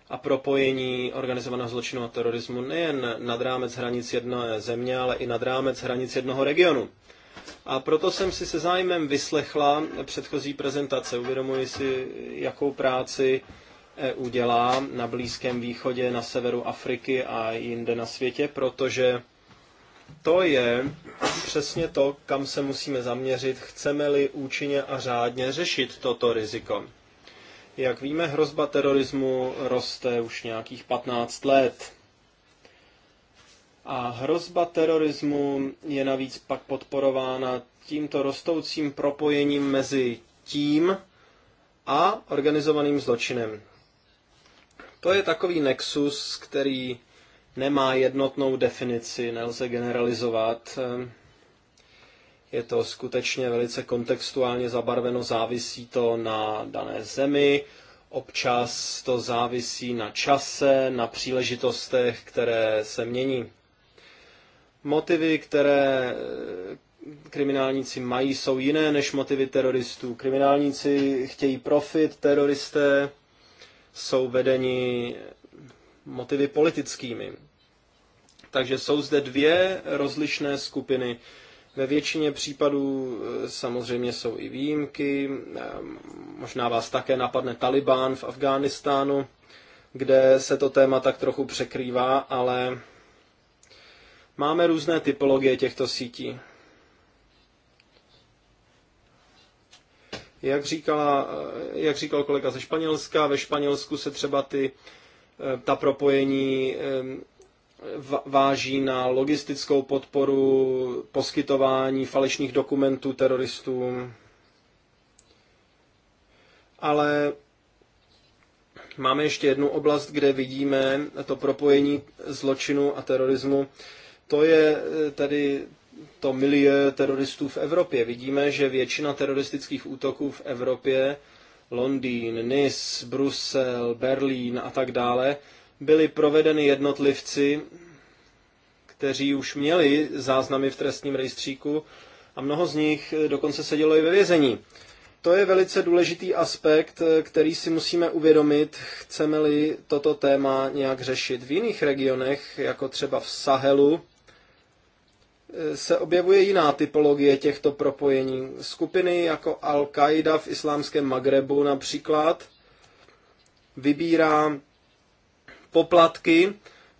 a propojení organizovaného zločinu a terorismu nejen nad rámec hranic jedné země, ale i nad rámec hranic jednoho regionu. A proto jsem si se zájmem vyslechla předchozí prezentace. Uvědomuji si, jakou práci EU dělá na Blízkém východě, na severu Afriky a jinde na světě, protože to je přesně to, kam se musíme zaměřit, chceme-li účinně a řádně řešit toto riziko. Jak víme, hrozba terorismu roste už nějakých 15 let. A hrozba terorismu je navíc pak podporována tímto rostoucím propojením mezi tím a organizovaným zločinem. To je takový nexus, který nemá jednotnou definici, nelze generalizovat. Eh, je to skutečně velice kontextuálně zabarveno, závisí to na dané zemi, občas to závisí na čase, na příležitostech, které se mění. Motivy, které eh, kriminálníci mají, jsou jiné než motivy teroristů. Kriminálníci chtějí profit, teroristé jsou vedeni motivy politickými. Takže jsou zde dvě rozlišné skupiny. Ve většině případů e, samozřejmě jsou i výjimky. E, možná vás také napadne Taliban v Afghánistánu, kde se to téma tak trochu překrývá, ale máme různé typologie těchto sítí. Jak, říkala, e, jak říkal kolega ze Španělska, ve Španělsku se třeba ty Eh, ta propojení eh, váží na logistickou podporu, poskytování falešných dokumentů teroristům. Ale máme ještě jednu oblast, kde vidíme to propojení zločinu a terorismu. To je eh, tedy to milieu teroristů v Evropě. Vidíme, že většina teroristických útoků v Evropě Londýn, Nis, Brusel, Berlín a tak dále, byly provedeny jednotlivci, kteří už měli záznamy v trestním rejstříku a mnoho z nich dokonce sedělo i ve vězení. To je velice důležitý aspekt, který si musíme uvědomit, chceme-li toto téma nějak řešit. V jiných regionech, jako třeba v Sahelu, E, se objevuje jiná typologie těchto propojení. Skupiny jako Al-Qaida v islámském Magrebu například vybírá poplatky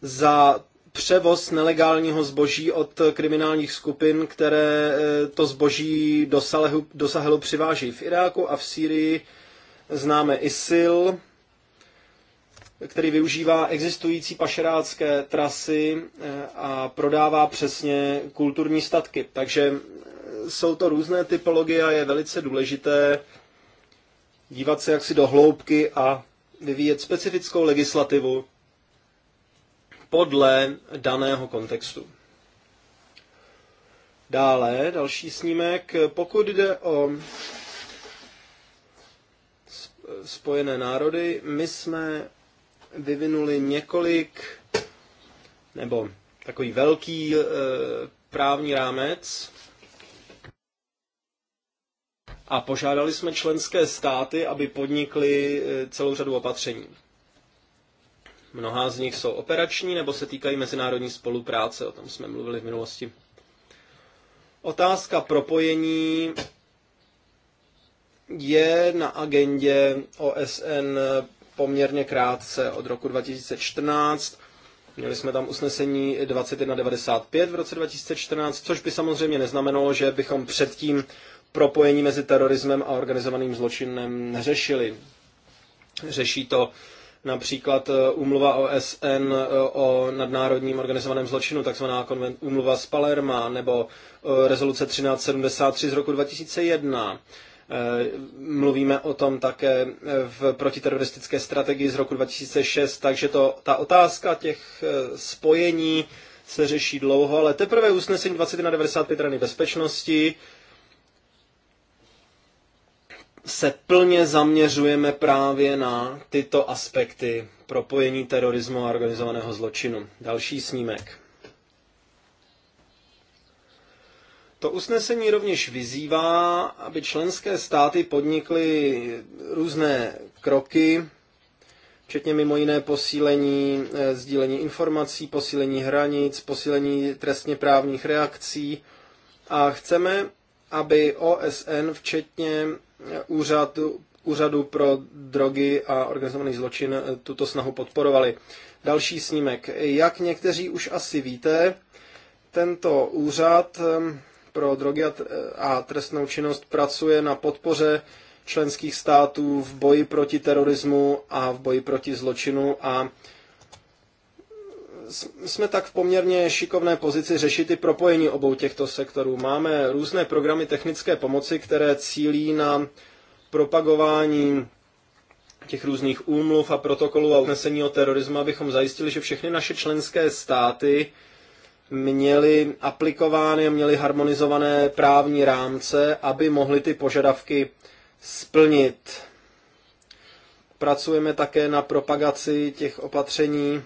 za převoz nelegálního zboží od kriminálních skupin, které e, to zboží do Sahelu, přiváží. V Iráku a v Sýrii známe ISIL, který využívá existující pašerácké trasy eh, a prodává přesně kulturní statky. Takže eh, jsou to různé typologie a je velice důležité dívat se jaksi do hloubky a vyvíjet specifickou legislativu podle daného kontextu. Dále, další snímek. Pokud jde o Spojené národy, my jsme vyvinuli několik nebo takový velký e, právní rámec a požádali jsme členské státy, aby podnikly eh, celou řadu opatření. Mnohá z nich jsou operační nebo se týkají mezinárodní spolupráce, o tom jsme mluvili v minulosti. Otázka propojení je na agendě OSN poměrně krátce od roku 2014. Měli jsme tam usnesení 2195 v roce 2014, což by samozřejmě neznamenalo, že bychom předtím propojení mezi terorismem a organizovaným zločinem neřešili. Řeší to například eh, úmluva OSN eh, o nadnárodním organizovaném zločinu, takzvaná úmluva z Palerma, nebo eh, rezoluce 1373 z roku 2001 Eh, mluvíme o tom také eh, v protiteroristické strategii z roku 2006, takže to, ta otázka těch eh, spojení se řeší dlouho, ale teprve usnesení 21 95 Rady bezpečnosti se plně zaměřujeme právě na tyto aspekty propojení terorismu a organizovaného zločinu. Další snímek. To usnesení rovněž vyzývá, aby členské státy podnikly různé kroky, včetně mimo jiné posílení eh, sdílení informací, posílení hranic, posílení trestně právních reakcí. A chceme, aby OSN, včetně eh, úřadu, úřadu pro drogy a organizovaný zločin, eh, tuto snahu podporovali. Další snímek. Jak někteří už asi víte, tento úřad pro drogy a trestnou činnost pracuje na podpoře členských států v boji proti terorismu a v boji proti zločinu a jsme tak v poměrně šikovné pozici řešit i propojení obou těchto sektorů. Máme různé programy technické pomoci, které cílí na propagování těch různých úmluv a protokolů a usnesení o terorismu, abychom zajistili, že všechny naše členské státy měly aplikovány a měly harmonizované právní rámce, aby mohly ty požadavky splnit. Pracujeme také na propagaci těch opatření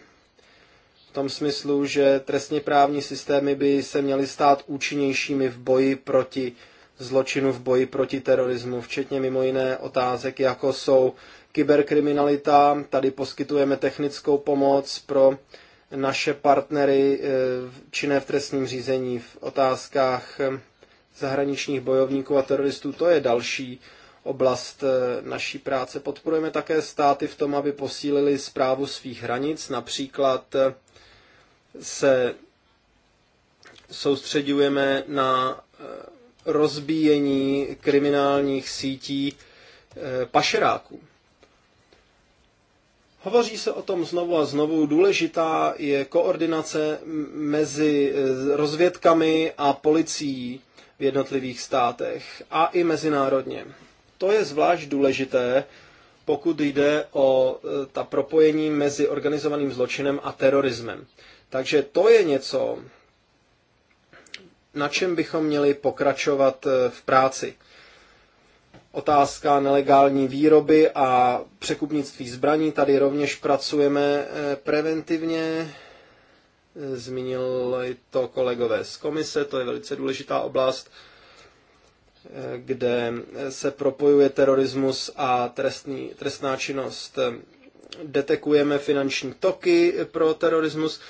v tom smyslu, že trestně právní systémy by se měly stát účinnějšími v boji proti zločinu, v boji proti terorismu, včetně mimo jiné otázek, jako jsou kyberkriminalita. Tady poskytujeme technickou pomoc pro naše partnery eh, činné v trestním řízení v otázkách eh, zahraničních bojovníků a teroristů. To je další oblast eh, naší práce. Podporujeme také státy v tom, aby posílili zprávu svých hranic. Například se soustředujeme na rozbíjení kriminálních sítí pašeráků. Hovoří se o tom znovu a znovu. Důležitá je koordinace mezi eh, rozvědkami a policií v jednotlivých státech a i mezinárodně. To je zvlášť důležité, pokud jde o eh, ta propojení mezi organizovaným zločinem a terorismem. Takže to je něco, na čem bychom měli pokračovat eh, v práci. Otázka nelegální výroby a překupnictví zbraní. Tady rovněž pracujeme eh, preventivně. Eh, zmínili to kolegové z komise, to je velice důležitá oblast, eh, kde se propojuje terorismus a trestný, trestná činnost. Detekujeme finanční toky pro terorismus.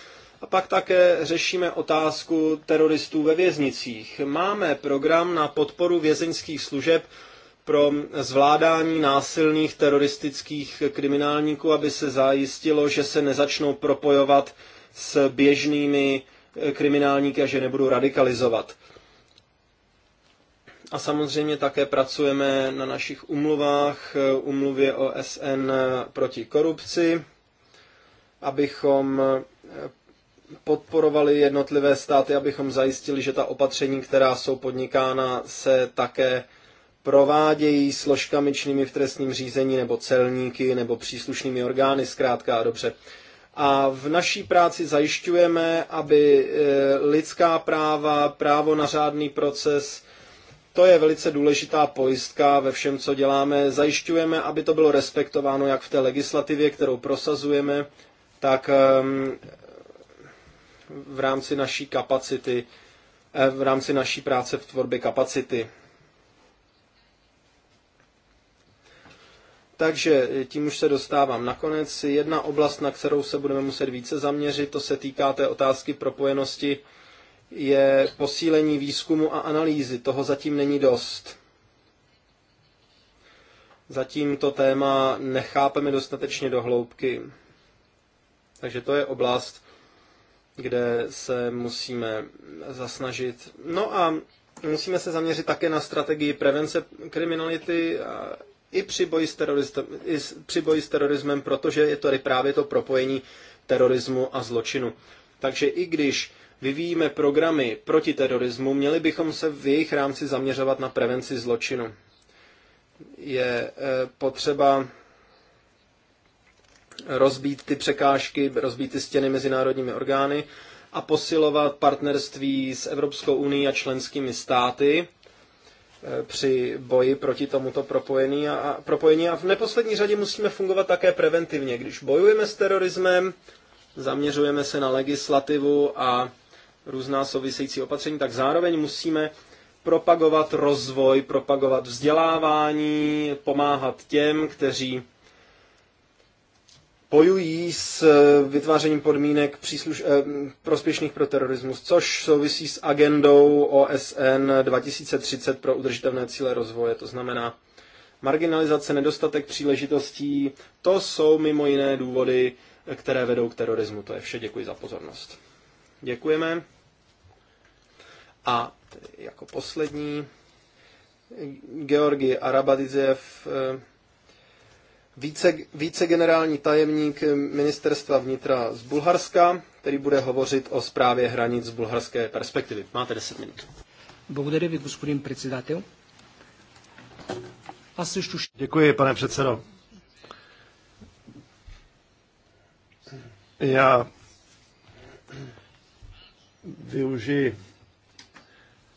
A pak také řešíme otázku teroristů ve věznicích. Máme program na podporu vězeňských služeb, pro zvládání násilných teroristických kriminálníků, aby se zajistilo, že se nezačnou propojovat s běžnými eh, kriminálníky a že nebudou radikalizovat. A samozřejmě také pracujeme na našich umluvách, eh, umluvě OSN proti korupci, abychom eh, podporovali jednotlivé státy, abychom zajistili, že ta opatření, která jsou podnikána, se také provádějí složkami činnými v trestním řízení nebo celníky nebo příslušnými orgány, zkrátka a dobře. A v naší práci zajišťujeme, aby eh, lidská práva, právo na řádný proces, to je velice důležitá pojistka ve všem, co děláme. Zajišťujeme, aby to bylo respektováno jak v té legislativě, kterou prosazujeme, tak ehm, v rámci naší kapacity, eh, v rámci naší práce v tvorbě kapacity. Takže eh, tím už se dostávám nakonec. Jedna oblast, na kterou se budeme muset více zaměřit, to se týká té otázky propojenosti, je posílení výzkumu a analýzy. Toho zatím není dost. Zatím to téma nechápeme dostatečně do hloubky. Takže to je oblast, kde se musíme zasnažit. No a musíme se zaměřit také na strategii prevence kriminality a i při boji s, i při boji s terorismem, protože je tady právě to propojení terorismu a zločinu. Takže i když vyvíjíme programy proti terorismu, měli bychom se v jejich rámci zaměřovat na prevenci zločinu. Je e, potřeba rozbít ty překážky, rozbít ty stěny mezinárodními orgány a posilovat partnerství s Evropskou unii a členskými státy Eh, při boji proti tomuto propojení a, a propojení. A v neposlední řadě musíme fungovat také preventivně. Když bojujeme s terorismem, zaměřujeme se na legislativu a různá související opatření, tak zároveň musíme propagovat rozvoj, propagovat vzdělávání, pomáhat těm, kteří spojují s eh, vytvářením podmínek přísluš, eh, prospěšných pro terorismus, což souvisí s agendou OSN 2030 pro udržitelné cíle rozvoje. To znamená, marginalizace, nedostatek příležitostí, to jsou mimo jiné důvody, které vedou k terorismu. To je vše, děkuji za pozornost. Děkujeme. A jako poslední Georgi Arabadidzev, eh, více, více generální tajemník ministerstva vnitra z Bulharska, který bude hovořit o zprávě hranic z bulharské perspektivy. Máte 10 minut. Děkuji, pane předsedo. Já využiji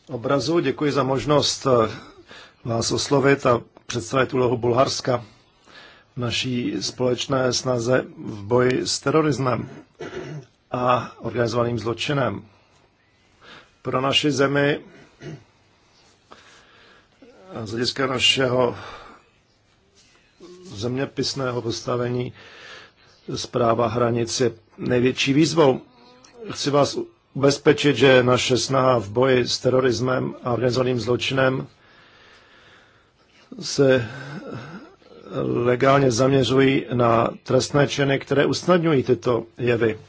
obrazu. Děkuji za možnost vás oslovit a představit úlohu Bulharska naší společné snaze v boji s terorismem a organizovaným zločinem. Pro naši zemi z hlediska našeho zeměpisného postavení zpráva hranic je největší výzvou. Chci vás ubezpečit, že naše snaha v boji s terorismem a organizovaným zločinem se legálně zaměřují na trestné činy, které usnadňují tyto jevy.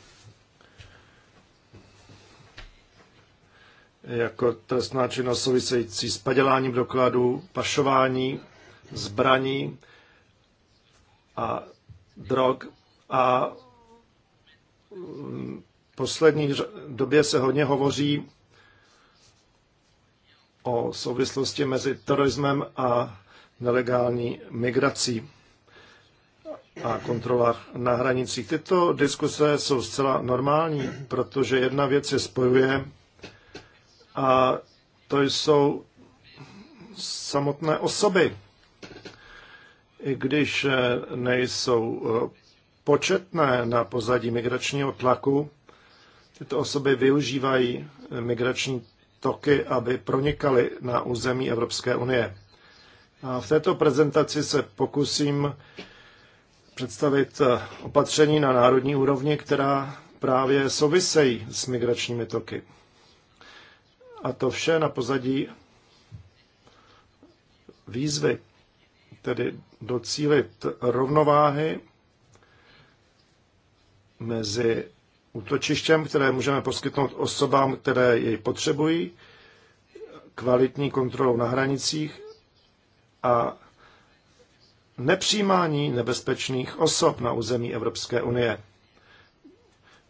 Jako trestná činnost související s paděláním dokladů, pašování, zbraní a drog. A v mm, poslední době se hodně hovoří o souvislosti mezi terorismem a nelegální migrací a kontrolách na hranicích. Tyto diskuse jsou zcela normální, protože jedna věc je spojuje a to jsou samotné osoby. I když eh, nejsou eh, početné na pozadí migračního tlaku, tyto osoby využívají migrační toky, aby pronikaly na území Evropské unie. A v této prezentaci se pokusím představit eh, opatření na národní úrovni, která právě souvisejí s migračními toky. A to vše na pozadí výzvy, tedy docílit rovnováhy mezi útočištěm, které můžeme poskytnout osobám, které jej potřebují, kvalitní kontrolou na hranicích a nepřijímání nebezpečných osob na území Evropské unie,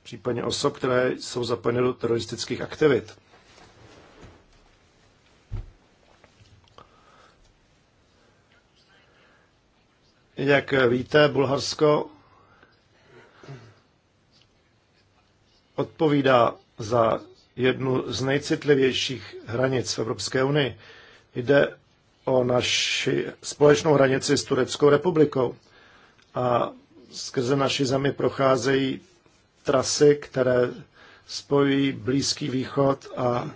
případně osob, které jsou zapojeny do teroristických aktivit. Jak víte, Bulharsko odpovídá za jednu z nejcitlivějších hranic v Evropské unii. Jde o naši společnou hranici s Tureckou republikou. A skrze naši zemi procházejí trasy, které spojují Blízký východ a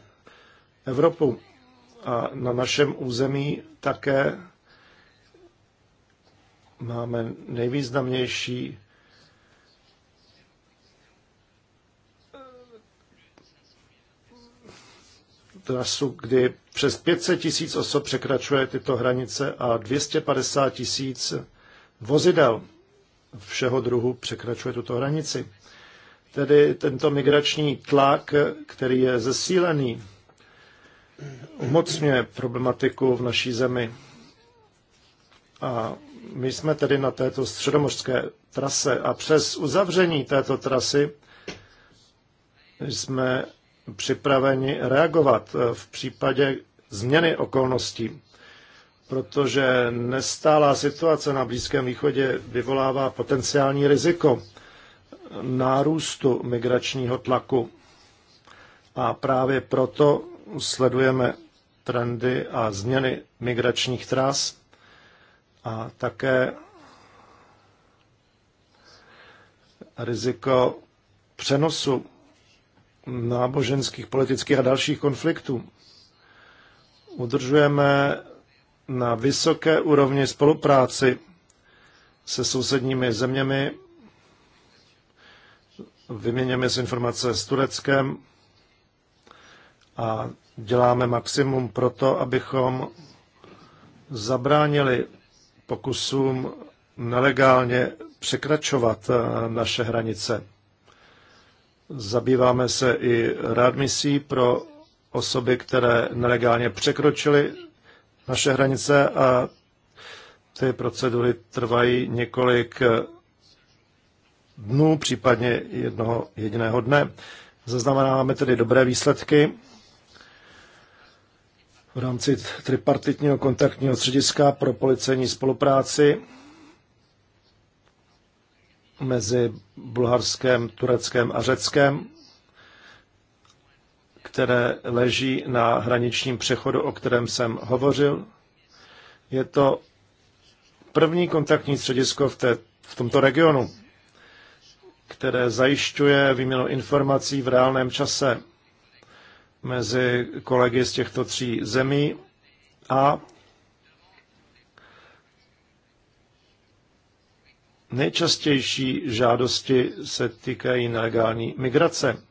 Evropu. A na našem území také máme nejvýznamnější trasu, kdy přes 500 tisíc osob překračuje tyto hranice a 250 tisíc vozidel všeho druhu překračuje tuto hranici. Tedy tento migrační tlak, který je zesílený, umocňuje problematiku v naší zemi. A my jsme tedy na této středomořské trase a přes uzavření této trasy jsme připraveni reagovat eh, v případě změny okolností, protože nestálá situace na Blízkém východě vyvolává potenciální riziko nárůstu migračního tlaku. A právě proto sledujeme trendy a změny migračních tras a také riziko přenosu náboženských, politických a dalších konfliktů. Udržujeme na vysoké úrovni spolupráci se sousedními zeměmi, vyměňujeme si informace s Tureckem a děláme maximum pro to, abychom zabránili pokusům nelegálně překračovat naše hranice. Zabýváme se i readmisí pro osoby, které nelegálně překročily naše hranice a ty procedury trvají několik dnů, případně jednoho jediného dne. Zaznamenáváme tedy dobré výsledky v rámci tripartitního kontaktního střediska pro policejní spolupráci mezi Bulharskem, Tureckem a Řeckem, které leží na hraničním přechodu, o kterém jsem hovořil. Je to první kontaktní středisko v, té, v tomto regionu, které zajišťuje výměnu informací v reálném čase mezi kolegy z těchto tří zemí a Nejčastější žádosti se týkají nelegální migrace.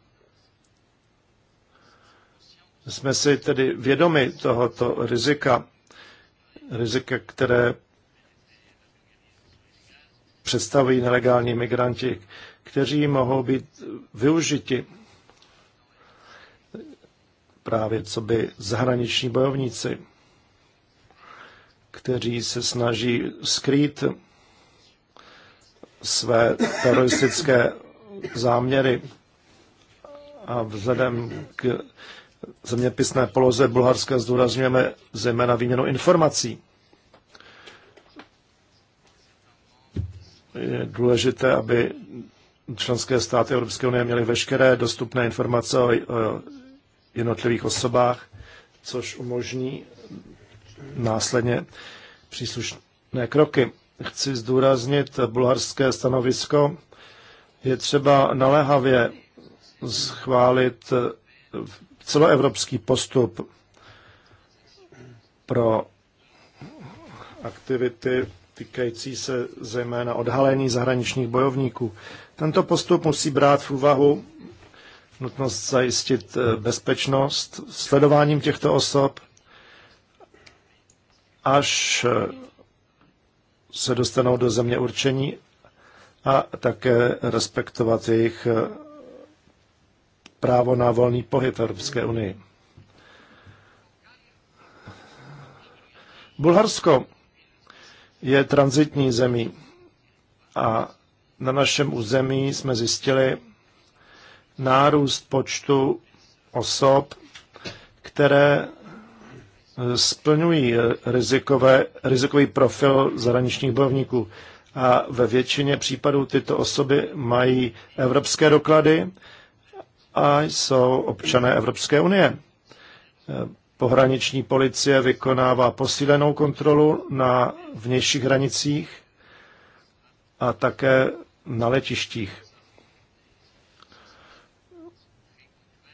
Jsme si tedy vědomi tohoto rizika, rizika, které představují nelegální migranti, kteří mohou být využiti právě co by zahraniční bojovníci, kteří se snaží skrýt své teroristické záměry. A vzhledem k zeměpisné poloze Bulharska zdůrazňujeme zejména výměnu informací. Je důležité, aby členské státy Evropské unie měly veškeré dostupné informace o jednotlivých osobách, což umožní následně příslušné kroky chci zdůraznit bulharské stanovisko. Je třeba naléhavě schválit eh, celoevropský postup pro aktivity týkající se zejména odhalení zahraničních bojovníků. Tento postup musí brát v úvahu nutnost zajistit eh, bezpečnost sledováním těchto osob až eh, se dostanou do země určení a také respektovat jejich eh, právo na volný pohyb v Evropské unii. Bulharsko je transitní zemí a na našem území jsme zjistili nárůst počtu osob, které splňují eh, rizikové, rizikový profil zahraničních bojovníků. A ve většině případů tyto osoby mají evropské doklady a jsou občané Evropské unie. Eh, pohraniční policie vykonává posílenou kontrolu na vnějších hranicích a také na letištích.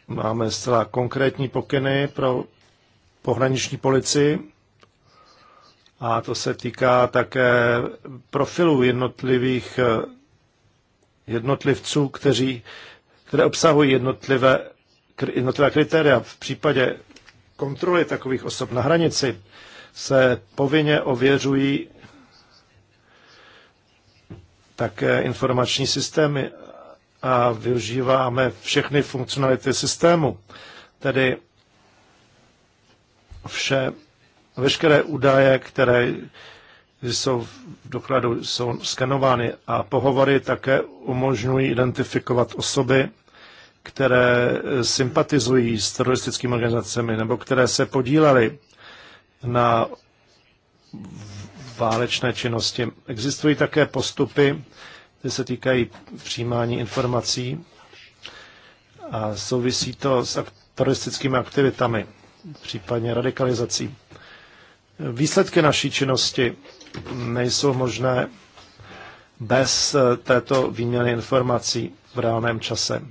Máme zcela konkrétní pokyny pro pohraniční policii. A to se týká také profilů jednotlivých eh, jednotlivců, kteří, které obsahují jednotlivé, jednotlivé kritéria. V případě kontroly takových osob na hranici se povinně ověřují také informační systémy a využíváme všechny funkcionality systému. Tedy vše, veškeré údaje, které jsou v dokladu jsou skenovány a pohovory také umožňují identifikovat osoby, které sympatizují s teroristickými organizacemi nebo které se podílely na válečné činnosti. Existují také postupy, které se týkají přijímání informací a souvisí to s teroristickými aktivitami případně radikalizací. Výsledky naší činnosti nejsou možné bez eh, této výměny informací v reálném čase.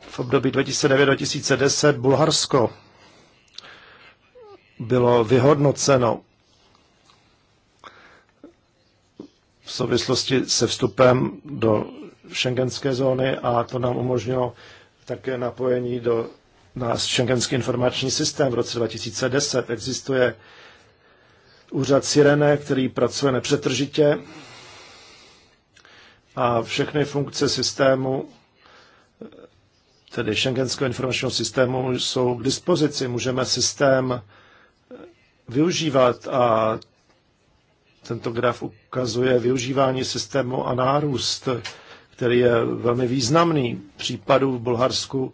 V období 2009-2010 Bulharsko bylo vyhodnoceno v souvislosti se vstupem do šengenské zóny a to nám umožnilo také napojení do na šengenský informační systém v roce 2010. Existuje úřad Sirene, který pracuje nepřetržitě a všechny funkce systému, tedy šengenského informačního systému, jsou k dispozici. Můžeme systém využívat a tento graf ukazuje využívání systému a nárůst, který je velmi významný. Případů v Bulharsku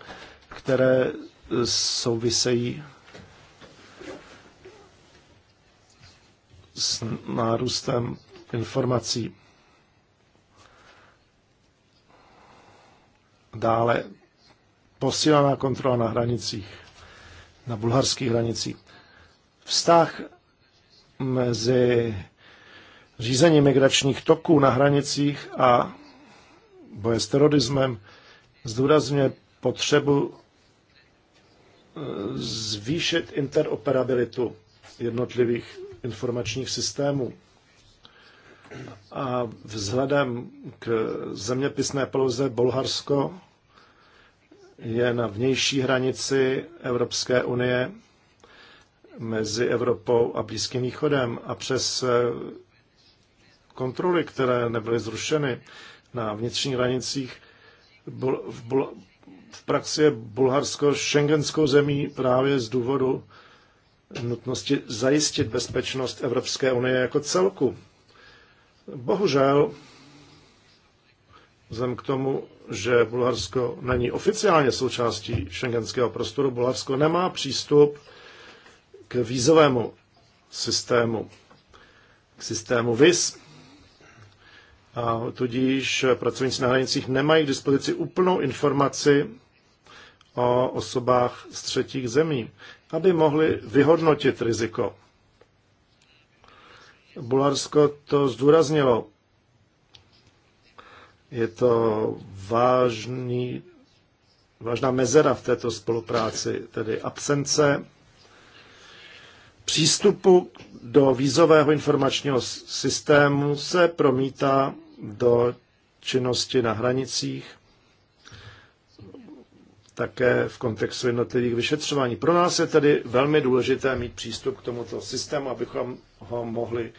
které eh, souvisejí s nárůstem informací. Dále posílená kontrola na hranicích, na bulharských hranicích. Vztah mezi řízením migračních toků na hranicích a boje s terorismem zdůrazňuje potřebu zvýšit interoperabilitu jednotlivých informačních systémů. A vzhledem k zeměpisné poloze Bulharsko je na vnější hranici Evropské unie mezi Evropou a Blízkým východem a přes eh, kontroly, které nebyly zrušeny na vnitřních hranicích, v v praxi je Bulharsko šengenskou zemí právě z důvodu nutnosti zajistit bezpečnost Evropské unie jako celku. Bohužel, vzhledem k tomu, že Bulharsko není oficiálně součástí šengenského prostoru, Bulharsko nemá přístup k vízovému systému, k systému VIS. A tudíž pracovníci na hranicích nemají k dispozici úplnou informaci o osobách z třetích zemí, aby mohli vyhodnotit riziko. Bulharsko to zdůraznilo. Je to vážný, vážná mezera v této spolupráci, tedy absence přístupu do vízového informačního systému se promítá do činnosti na hranicích také v kontextu jednotlivých vyšetřování. Pro nás je tedy velmi důležité mít přístup k tomuto systému, abychom ho mohli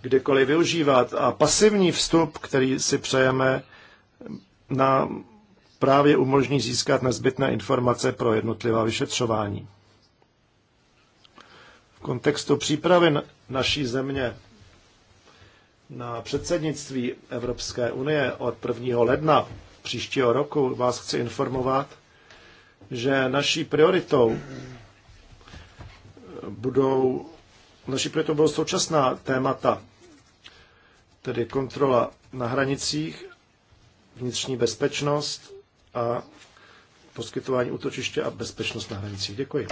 kdekoliv využívat. A pasivní vstup, který si přejeme, na právě umožní získat nezbytné informace pro jednotlivá vyšetřování. V kontextu přípravy naší země na předsednictví Evropské unie od 1. ledna příštího roku vás chci informovat, že naší prioritou budou, naší prioritou budou současná témata, tedy kontrola na hranicích, vnitřní bezpečnost a poskytování útočiště a bezpečnost na hranicích. Děkuji.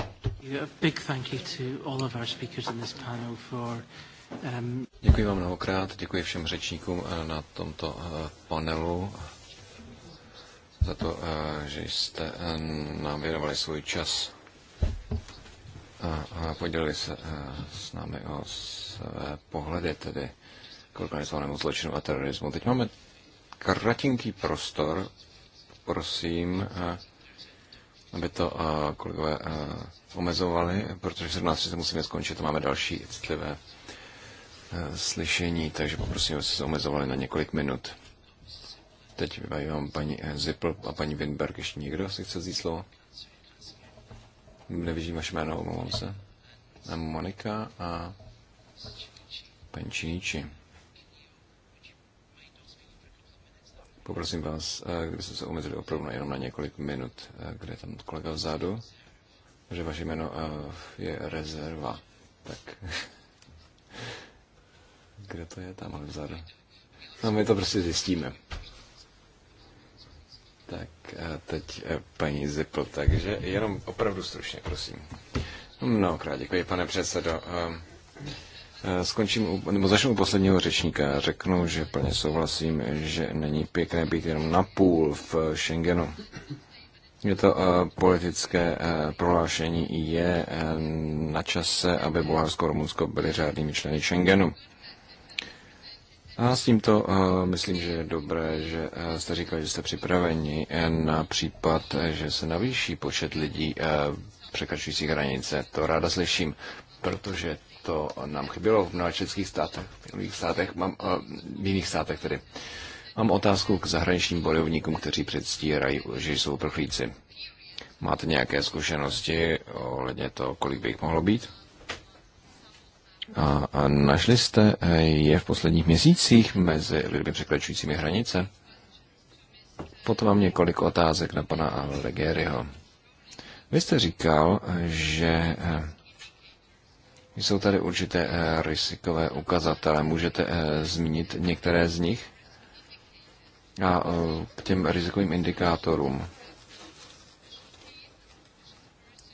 Um, děkuji vám mnohokrát, děkuji všem řečníkům eh, na tomto eh, panelu za to, eh, že jste eh, nám věnovali svůj čas a podělili se eh, s námi o své pohledy tedy k organizovanému zločinu a terorismu. Teď máme kratinký prostor, prosím, aby to kolegové omezovali, protože v 17. se musíme skončit, a máme další citlivé slyšení, takže poprosím, aby se omezovali na několik minut teď vám paní eh, Zippel a paní Winberg. Ještě někdo si chce vzít slovo? Nevidím vaše jméno, omlouvám se. A Monika a paní Činíči. Poprosím vás, eh, kdybyste se omezili opravdu jenom na několik minut, eh, kde je tam kolega vzadu, že vaše jméno je rezerva. Tak kde to je tam vzadu? No my to prostě zjistíme. Tak teď e, paní Zipl, takže jenom opravdu stručně, prosím. No, mnohokrát děkuji, pane předsedo. Skončím, u, nebo začnu u posledního řečníka. Řeknu, že plně souhlasím, že není pěkné být jenom na půl v Schengenu. Je to uh, politické uh, prohlášení je uh, na čase, aby Bulharsko a Rumunsko byly řádnými členy Schengenu. A s tímto uh, myslím, že je dobré, že eh, jste říkali, že jste připraveni eh, na případ, že se navýší počet lidí uh, překračující hranice. To ráda slyším, protože to nám chybělo v mnoha českých státech, v jiných státech, mám, uh, v jiných státech tedy. Mám otázku k zahraničním bojovníkům, kteří předstírají, že jsou uprchlíci. Máte nějaké zkušenosti ohledně toho, kolik by jich mohlo být? A, a našli jste eh, je v posledních měsících mezi lidmi překračujícími hranice? Potom mám několik otázek na pana Legériho. Vy jste říkal, že eh, jsou tady určité eh, rizikové ukazatele. Můžete zmínit některé z nich? A k těm rizikovým indikátorům.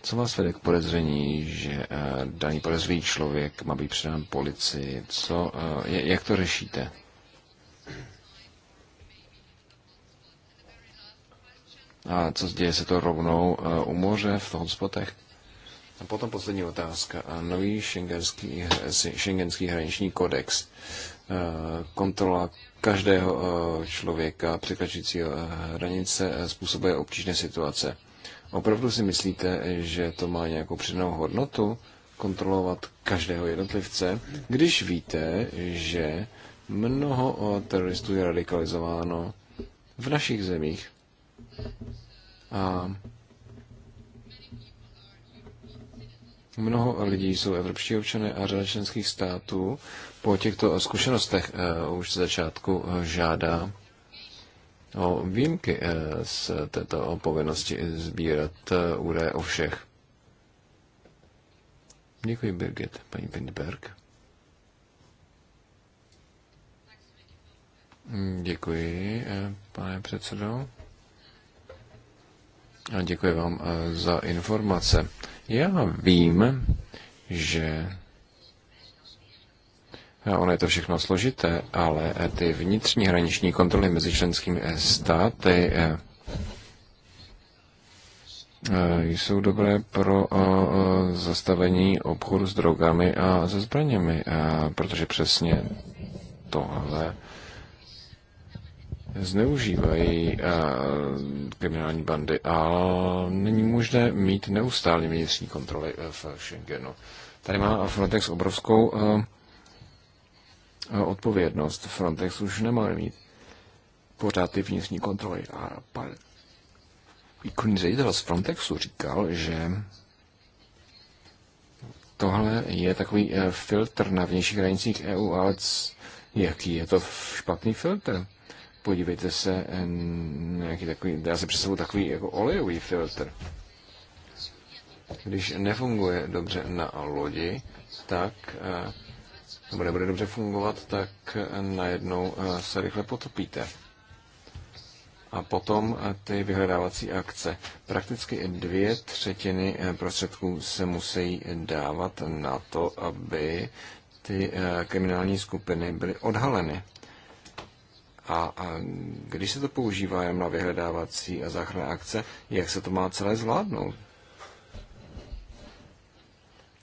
Co vás vede k podezření, že eh, daný podezřelý člověk má být předán policii? Co, eh, jak to řešíte? A co děje se to rovnou eh, u moře v hotspotech? A potom poslední otázka. Nový šengenský, šengenský hraniční kodex. Kontrola každého člověka překračujícího hranice způsobuje obtížné situace. Opravdu si myslíte, že to má nějakou přidanou hodnotu kontrolovat každého jednotlivce, když víte, že mnoho teroristů je radikalizováno v našich zemích? A Mnoho lidí jsou evropští občany a řada členských států po těchto zkušenostech eh, už z začátku eh, žádá o výjimky eh, z této povinnosti sbírat eh, údaje o všech. Děkuji, Birgit, paní Pindberg. Děkuji, eh, pane předsedo. A děkuji vám za informace. Já vím, že Ono je to všechno složité, ale ty vnitřní hraniční kontroly mezi členskými eh, státy eh, eh, jsou dobré pro zastavení obchodu s drogami a se zbraněmi, protože přesně tohle zneužívají kriminální bandy a není možné mít neustále vnitřní kontroly v Schengenu. Tady má Frontex obrovskou odpovědnost Frontex už nemá mít pořád ty vnitřní kontroly. A pan výkonný ředitel z Frontexu říkal, že tohle je takový eh, filtr na vnějších hranicích EU, ale jaký je to špatný filtr? Podívejte se eh, jaký nějaký takový, já si představu takový jako olejový filtr. Když nefunguje dobře na lodi, tak eh, nebo nebude dobře fungovat, tak eh, najednou eh, se rychle potopíte. A potom eh, ty vyhledávací akce. Prakticky dvě třetiny prostředků se musí dávat na to, aby ty kriminální skupiny byly odhaleny. A, když se to používá jen na vyhledávací a záchranné akce, jak se to má celé zvládnout?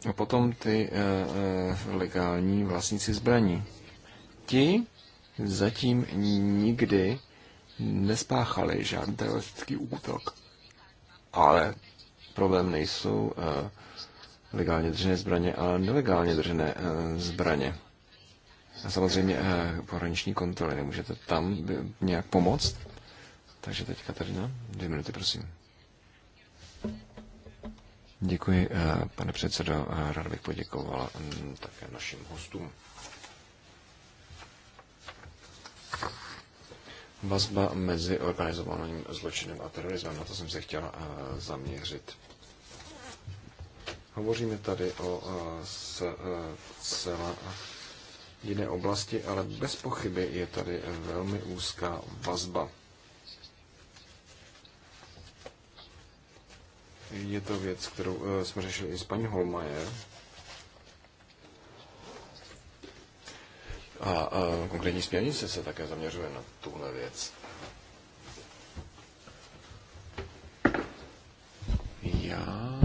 A potom ty eh, eh, legální vlastníci zbraní. Ti zatím nikdy nespáchali žádný teroristický útok. Ale problém nejsou eh, legálně držené zbraně, ale nelegálně držené zbraně. A samozřejmě pohraniční kontroly. Nemůžete tam nějak pomoct? Takže teď Katarina, dvě minuty, prosím. Děkuji, eh, pane předsedo. Eh, rád bych poděkoval mm, také našim hostům. Vazba mezi organizovaným zločinem a terorismem, na to jsem se chtěla eh, zaměřit. Hovoříme tady o celé jiné oblasti, ale bez pochyby je tady velmi úzká vazba. Je to věc, kterou eh, jsme řešili i s paní Holmajer. A, uh, konkrétní směrnice se také zaměřuje na tuhle věc. Já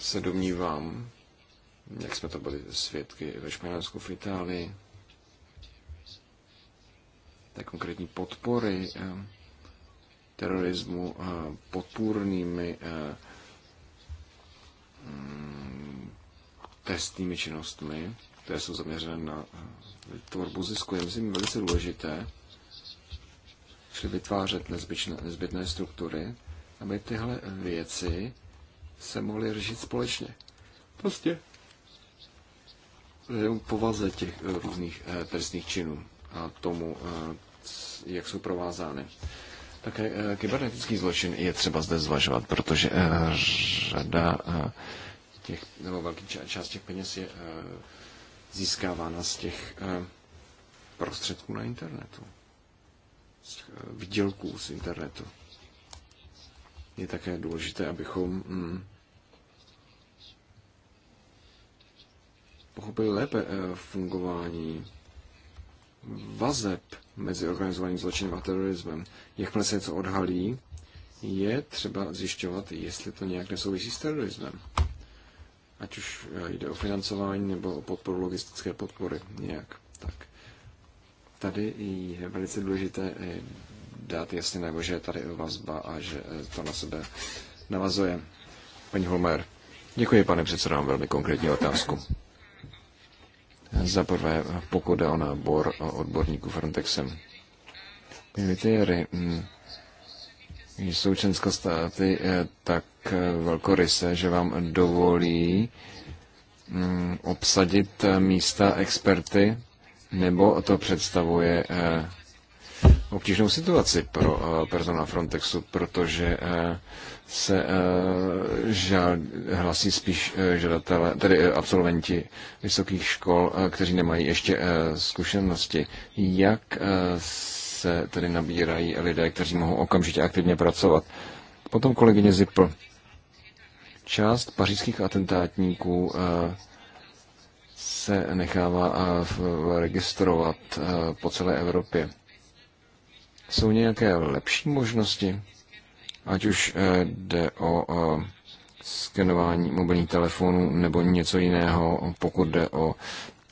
se domnívám, jak jsme to byli svědky ve Španělsku, v Itálii, té konkrétní podpory eh, terorismu eh, podpůrnými eh, mm, trestnými činnostmi, které jsou zaměřené na eh, tvorbu zisku, je myslím velice důležité, čili vytvářet nezbytné, nezbytné struktury, aby tyhle věci se mohly řešit společně. Prostě jenom povaze těch různých trestných činů a tomu, jak jsou provázány. Také eh, kybernetický zločin je třeba zde zvažovat, protože eh, řada eh, těch, nebo velký část těch peněz je získávána z těch prostředků na internetu, z vydělků z internetu. Je také důležité, abychom hm, pochopili lépe fungování vazeb mezi organizovaným zločinem a terorismem. Jakmile se něco odhalí, je třeba zjišťovat, jestli to nějak nesouvisí s terorismem. Ať už eh, jde o financování nebo o podporu logistické podpory nějak. Tak. Tady je velice důležité eh, dát jasně nebo že je tady vazba a že eh, to na sebe navazuje. Paní Holmer, děkuji, pane předsedám velmi konkrétní otázku. Za prvé, pokud jde o nábor odborníků Frontexem. Mm, Military jsou členské státy eh, tak eh, velkoryse, že vám dovolí mm, obsadit eh, místa experty, nebo to představuje obtížnou situaci pro personál Frontexu, protože se uh, žád, hlasí spíš uh, žadatelé, tedy uh, absolventi vysokých škol, uh, kteří nemají ještě uh, zkušenosti. Jak uh, se tedy nabírají lidé, kteří mohou okamžitě aktivně pracovat? Potom kolegyně Zipl. Část pařížských atentátníků uh, se nechává uh, registrovat uh, po celé Evropě. Jsou nějaké lepší možnosti? ať už eh, jde o eh, skenování mobilních telefonů nebo něco jiného, pokud jde o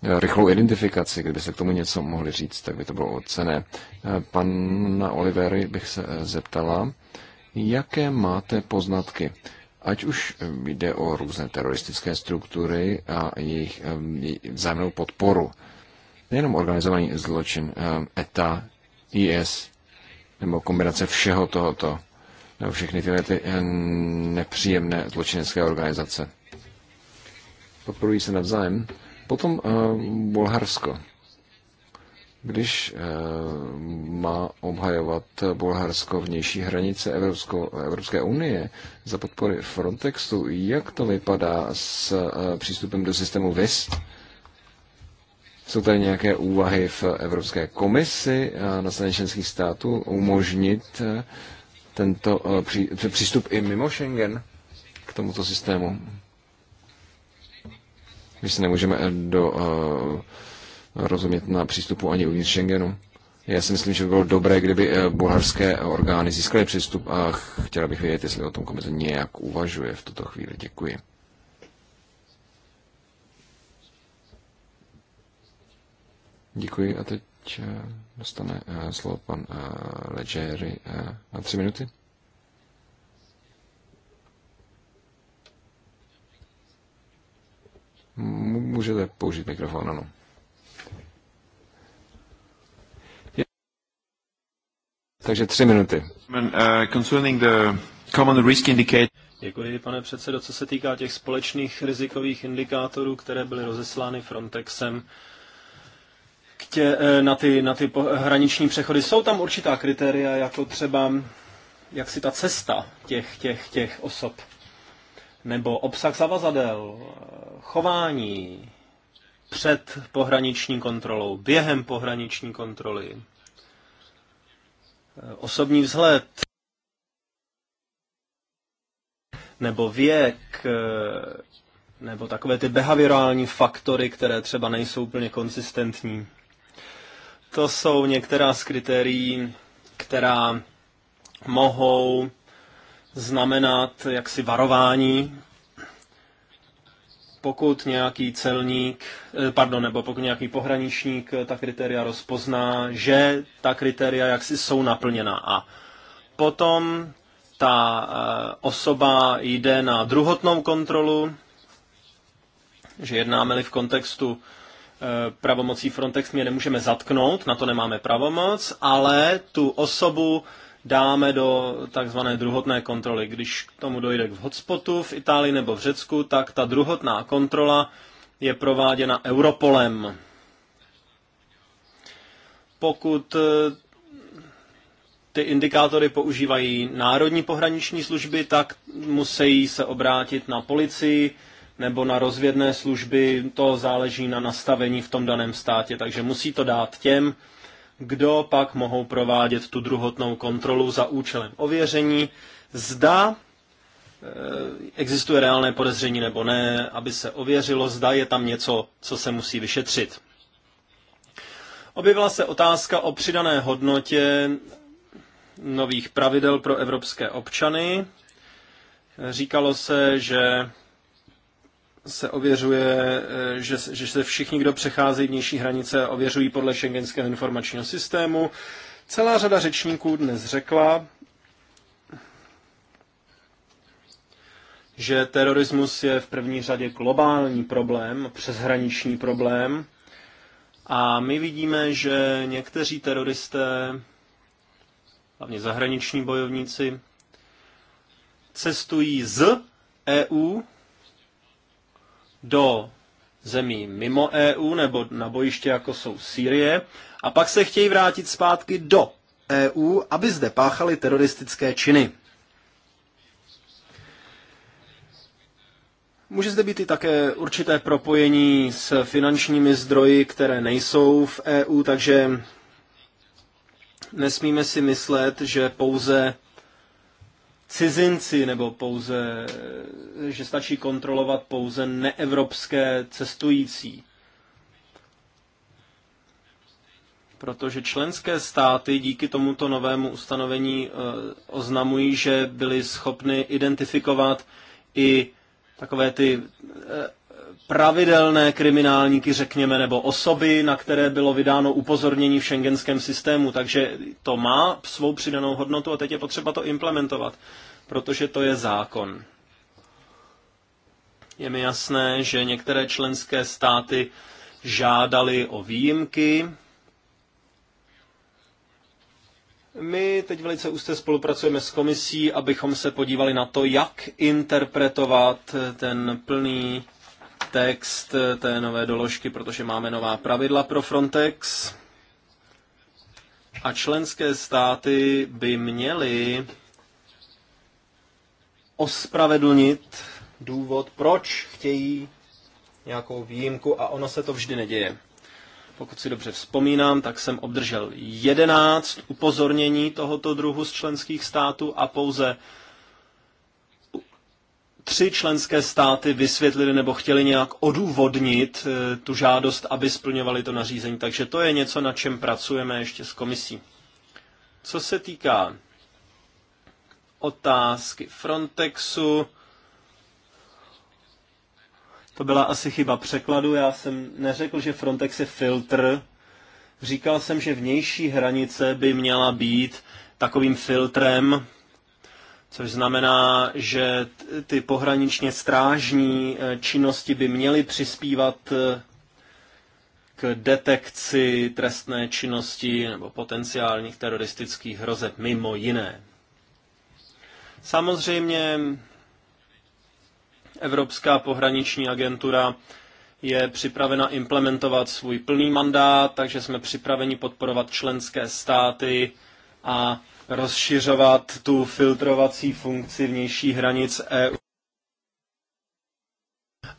eh, rychlou identifikaci, kdyby se k tomu něco mohli říct, tak by to bylo cené. Pana Olivery bych se zeptala, jaké máte poznatky, ať už jde o různé teroristické struktury a jejich vzájemnou podporu, nejenom organizovaný zločin ETA, IS, nebo kombinace všeho tohoto, nebo všechny tyhle ty eh, nepříjemné zločinecké organizace. Podporují se navzájem. Potom eh, Bulharsko. Když eh, má obhajovat Bulharsko vnější hranice Evropsko, Evropské unie za podpory Frontexu, jak to vypadá s přístupem do systému VIS? Jsou tady nějaké úvahy v Evropské komisi na straně členských států umožnit tento uh, přístup i mimo Schengen k tomuto systému? my se nemůžeme eh, do, eh, rozumět na přístupu ani uvnitř Schengenu. Já si myslím, že by bylo dobré, kdyby bulharské orgány získaly přístup a chtěla bych vědět, jestli o tom komise nějak uvažuje v tuto chvíli. Děkuji. Děkuji a teď Eh, dostane eh, slovo pan eh, Leggeri na tři minuty. Můžete použít mikrofon, ano. Takže tři minuty. Concerning the common risk indicator. Děkuji, pane předsedo. Co se týká těch společných rizikových indikátorů, které byly rozeslány Frontexem, k tě, eh, na, ty, na ty hraniční přechody. Jsou tam určitá kritéria, jako třeba jak si ta cesta těch, těch, těch osob, nebo obsah zavazadel, chování před pohraniční kontrolou, během pohraniční kontroly, eh, osobní vzhled, nebo věk, eh, nebo takové ty behaviorální faktory, které třeba nejsou úplně konsistentní. To jsou některá z kritérií, která mohou znamenat jaksi varování, pokud nějaký celník, eh, pardon, nebo pokud nějaký pohraničník eh, ta kritéria rozpozná, že ta kritéria jaksi jsou naplněna. A potom ta eh, osoba jde na druhotnou kontrolu, že jednáme-li v kontextu Eh, pravomocí Frontex mě nemůžeme zatknout, na to nemáme pravomoc, ale tu osobu dáme do takzvané druhotné kontroly. Když k tomu dojde v hotspotu v Itálii nebo v Řecku, tak ta druhotná kontrola je prováděna Europolem. Pokud eh, ty indikátory používají národní pohraniční služby, tak musí se obrátit na policii, nebo na rozvědné služby, to záleží na nastavení v tom daném státě, takže musí to dát těm, kdo pak mohou provádět tu druhotnou kontrolu za účelem ověření, zda e, existuje reálné podezření nebo ne, aby se ověřilo, zda je tam něco, co se musí vyšetřit. Objevila se otázka o přidané hodnotě nových pravidel pro evropské občany. Říkalo se, že se ověřuje, eh, že, že se všichni, kdo přecházejí vnější hranice, ověřují podle šengenského informačního systému. Celá řada řečníků dnes řekla, že terorismus je v první řadě globální problém, přeshraniční problém. A my vidíme, že někteří teroristé, hlavně zahraniční bojovníci, cestují z EU do zemí mimo EU nebo na bojiště, jako jsou Sýrie, a pak se chtějí vrátit zpátky do EU, aby zde páchali teroristické činy. Může zde být i také určité propojení s finančními zdroji, které nejsou v EU, takže nesmíme si myslet, že pouze cizinci, nebo pouze, že stačí kontrolovat pouze neevropské cestující. Protože členské státy díky tomuto novému ustanovení eh, oznamují, že byly schopny identifikovat i takové ty eh, pravidelné kriminálníky, řekněme, nebo osoby, na které bylo vydáno upozornění v šengenském systému. Takže to má svou přidanou hodnotu a teď je potřeba to implementovat, protože to je zákon. Je mi jasné, že některé členské státy žádali o výjimky. My teď velice úzce spolupracujeme s komisí, abychom se podívali na to, jak interpretovat ten plný text té nové doložky, protože máme nová pravidla pro Frontex. A členské státy by měly ospravedlnit důvod, proč chtějí nějakou výjimku a ono se to vždy neděje. Pokud si dobře vzpomínám, tak jsem obdržel 11 upozornění tohoto druhu z členských států a pouze tři členské státy vysvětlili nebo chtěli nějak odůvodnit eh, tu žádost, aby splňovali to nařízení. Takže to je něco, na čem pracujeme ještě s komisí. Co se týká otázky Frontexu, to byla asi chyba překladu. Já jsem neřekl, že Frontex je filtr. Říkal jsem, že vnější hranice by měla být takovým filtrem, což znamená, že ty pohraničně strážní eh, činnosti by měly přispívat eh, k detekci trestné činnosti nebo potenciálních teroristických hrozeb mimo jiné. Samozřejmě Evropská pohraniční agentura je připravena implementovat svůj plný mandát, takže jsme připraveni podporovat členské státy a rozšiřovat tu filtrovací funkci vnější hranic EU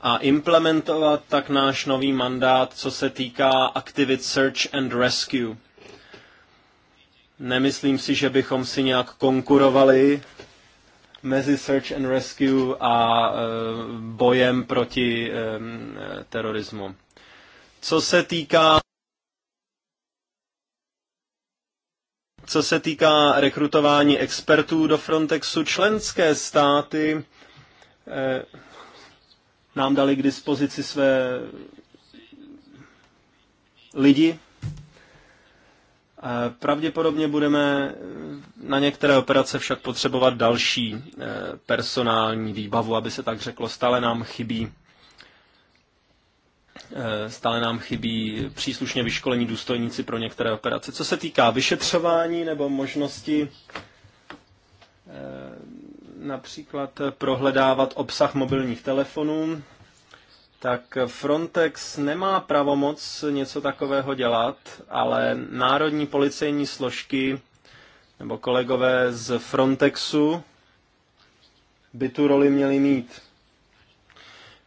a implementovat tak náš nový mandát, co se týká aktivit Search and Rescue. Nemyslím si, že bychom si nějak konkurovali mezi Search and Rescue a e, bojem proti e, e terorismu. Co se týká Co se týká rekrutování expertů do Frontexu, členské státy eh, nám dali k dispozici své lidi. Eh, pravděpodobně budeme na některé operace však potřebovat další eh, personální výbavu, aby se tak řeklo. Stále nám chybí Eh, stále nám chybí příslušně vyškolení důstojníci pro některé operace. Co se týká vyšetřování nebo možnosti eh, například prohledávat obsah mobilních telefonů, tak Frontex nemá pravomoc něco takového dělat, ale národní policejní složky nebo kolegové z Frontexu by tu roli měli mít.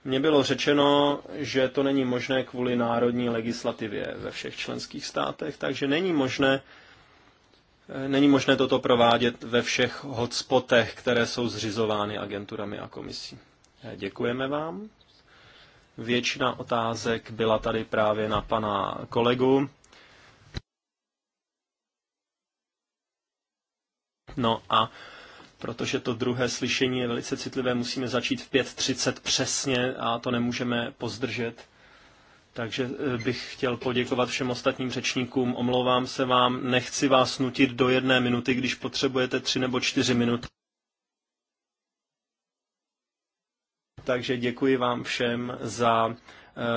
Mně bylo řečeno, že to není možné kvůli národní legislativě ve všech členských státech, takže není možné, eh, není možné toto provádět ve všech hotspotech, které jsou zřizovány agenturami a komisí. Eh, děkujeme vám. Většina otázek byla tady právě na pana kolegu. No a protože to druhé slyšení je velice citlivé. Musíme začít v 5.30 přesně a to nemůžeme pozdržet. Takže eh, bych chtěl poděkovat všem ostatním řečníkům. Omlouvám se vám, nechci vás nutit do jedné minuty, když potřebujete tři nebo čtyři minuty. Takže děkuji vám všem za eh,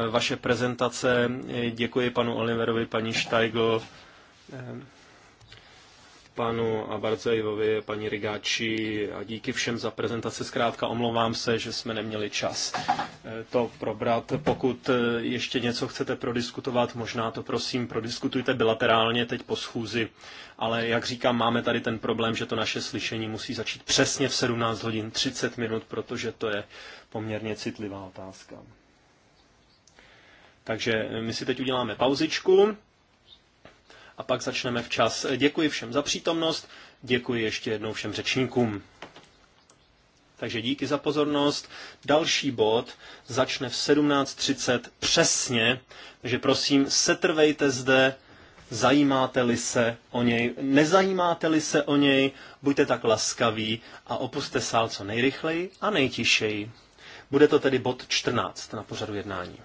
vaše prezentace. Děkuji panu Oliverovi, paní Steigl. Eh, panu Abarzejovi, paní Rigáči a díky všem za prezentaci. Zkrátka omlouvám se, že jsme neměli čas eh, to probrat. Pokud eh, ještě něco chcete prodiskutovat, možná to prosím prodiskutujte bilaterálně teď po schůzi. Ale jak říkám, máme tady ten problém, že to naše slyšení musí začít přesně v 17 hodin 30 minut, protože to je poměrně citlivá otázka. Takže eh, my si teď uděláme pauzičku a pak začneme včas. Děkuji všem za přítomnost, děkuji ještě jednou všem řečníkům. Takže díky za pozornost. Další bod začne v 17.30 přesně, takže prosím, setrvejte zde, zajímáte-li se o něj, nezajímáte-li se o něj, buďte tak laskaví a opuste sál co nejrychleji a nejtišeji. Bude to tedy bod 14 na pořadu jednání.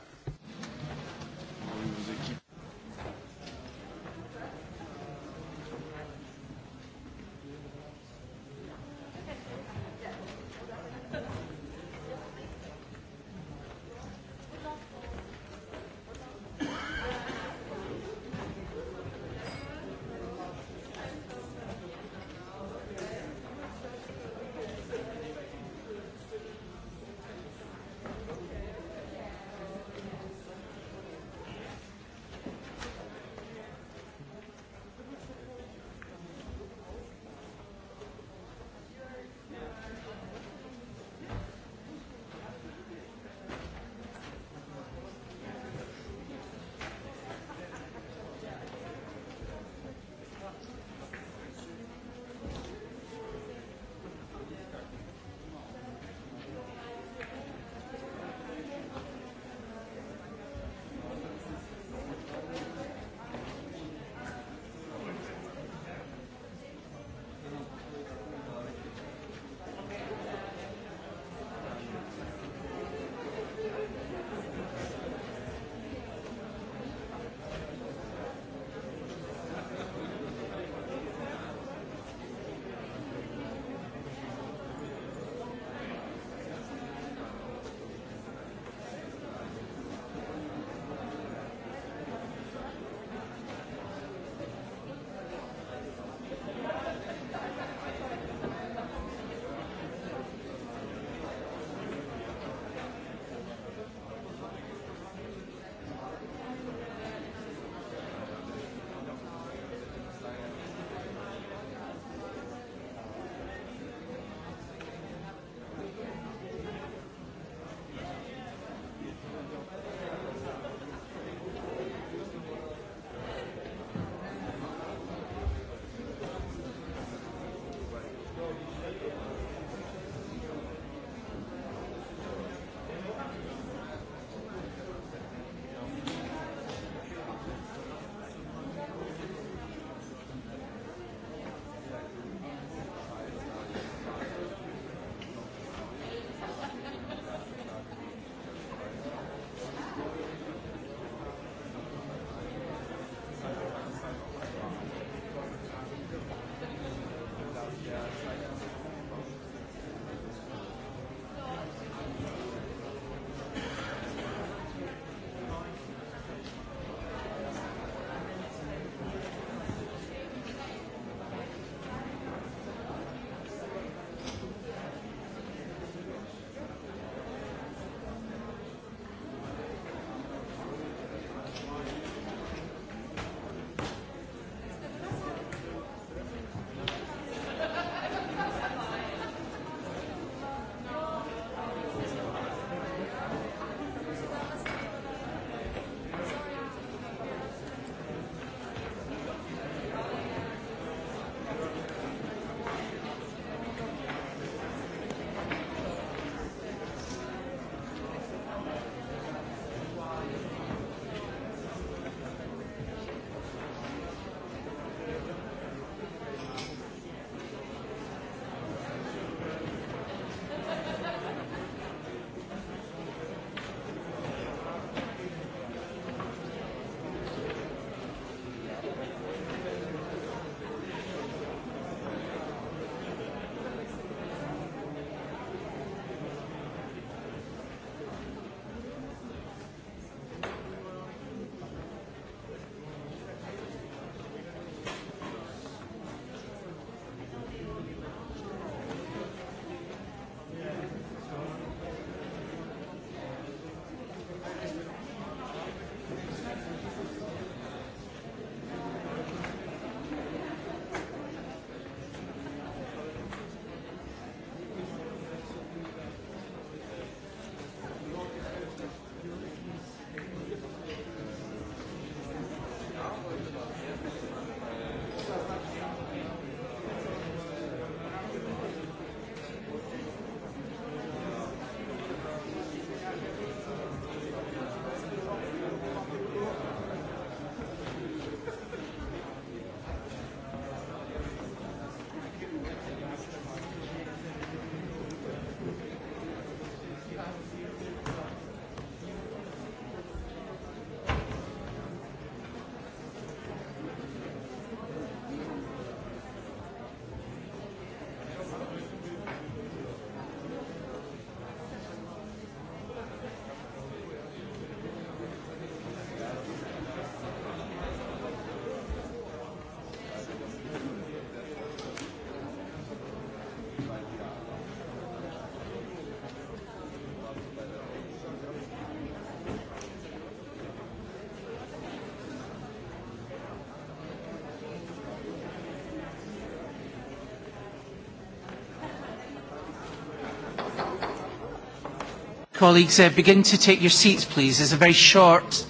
colleagues uh, begin to take your seats, please. It's a very short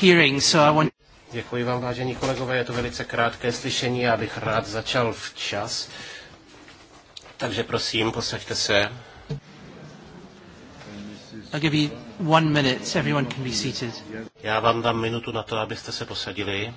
hearing, so I want... Děkuji vám, vážení kolegové, je to velice krátké slyšení, já bych rád začal včas. Takže prosím, posaďte se. I'll give you one minute, everyone can be seated. Já vám dám minutu na to, abyste se posadili.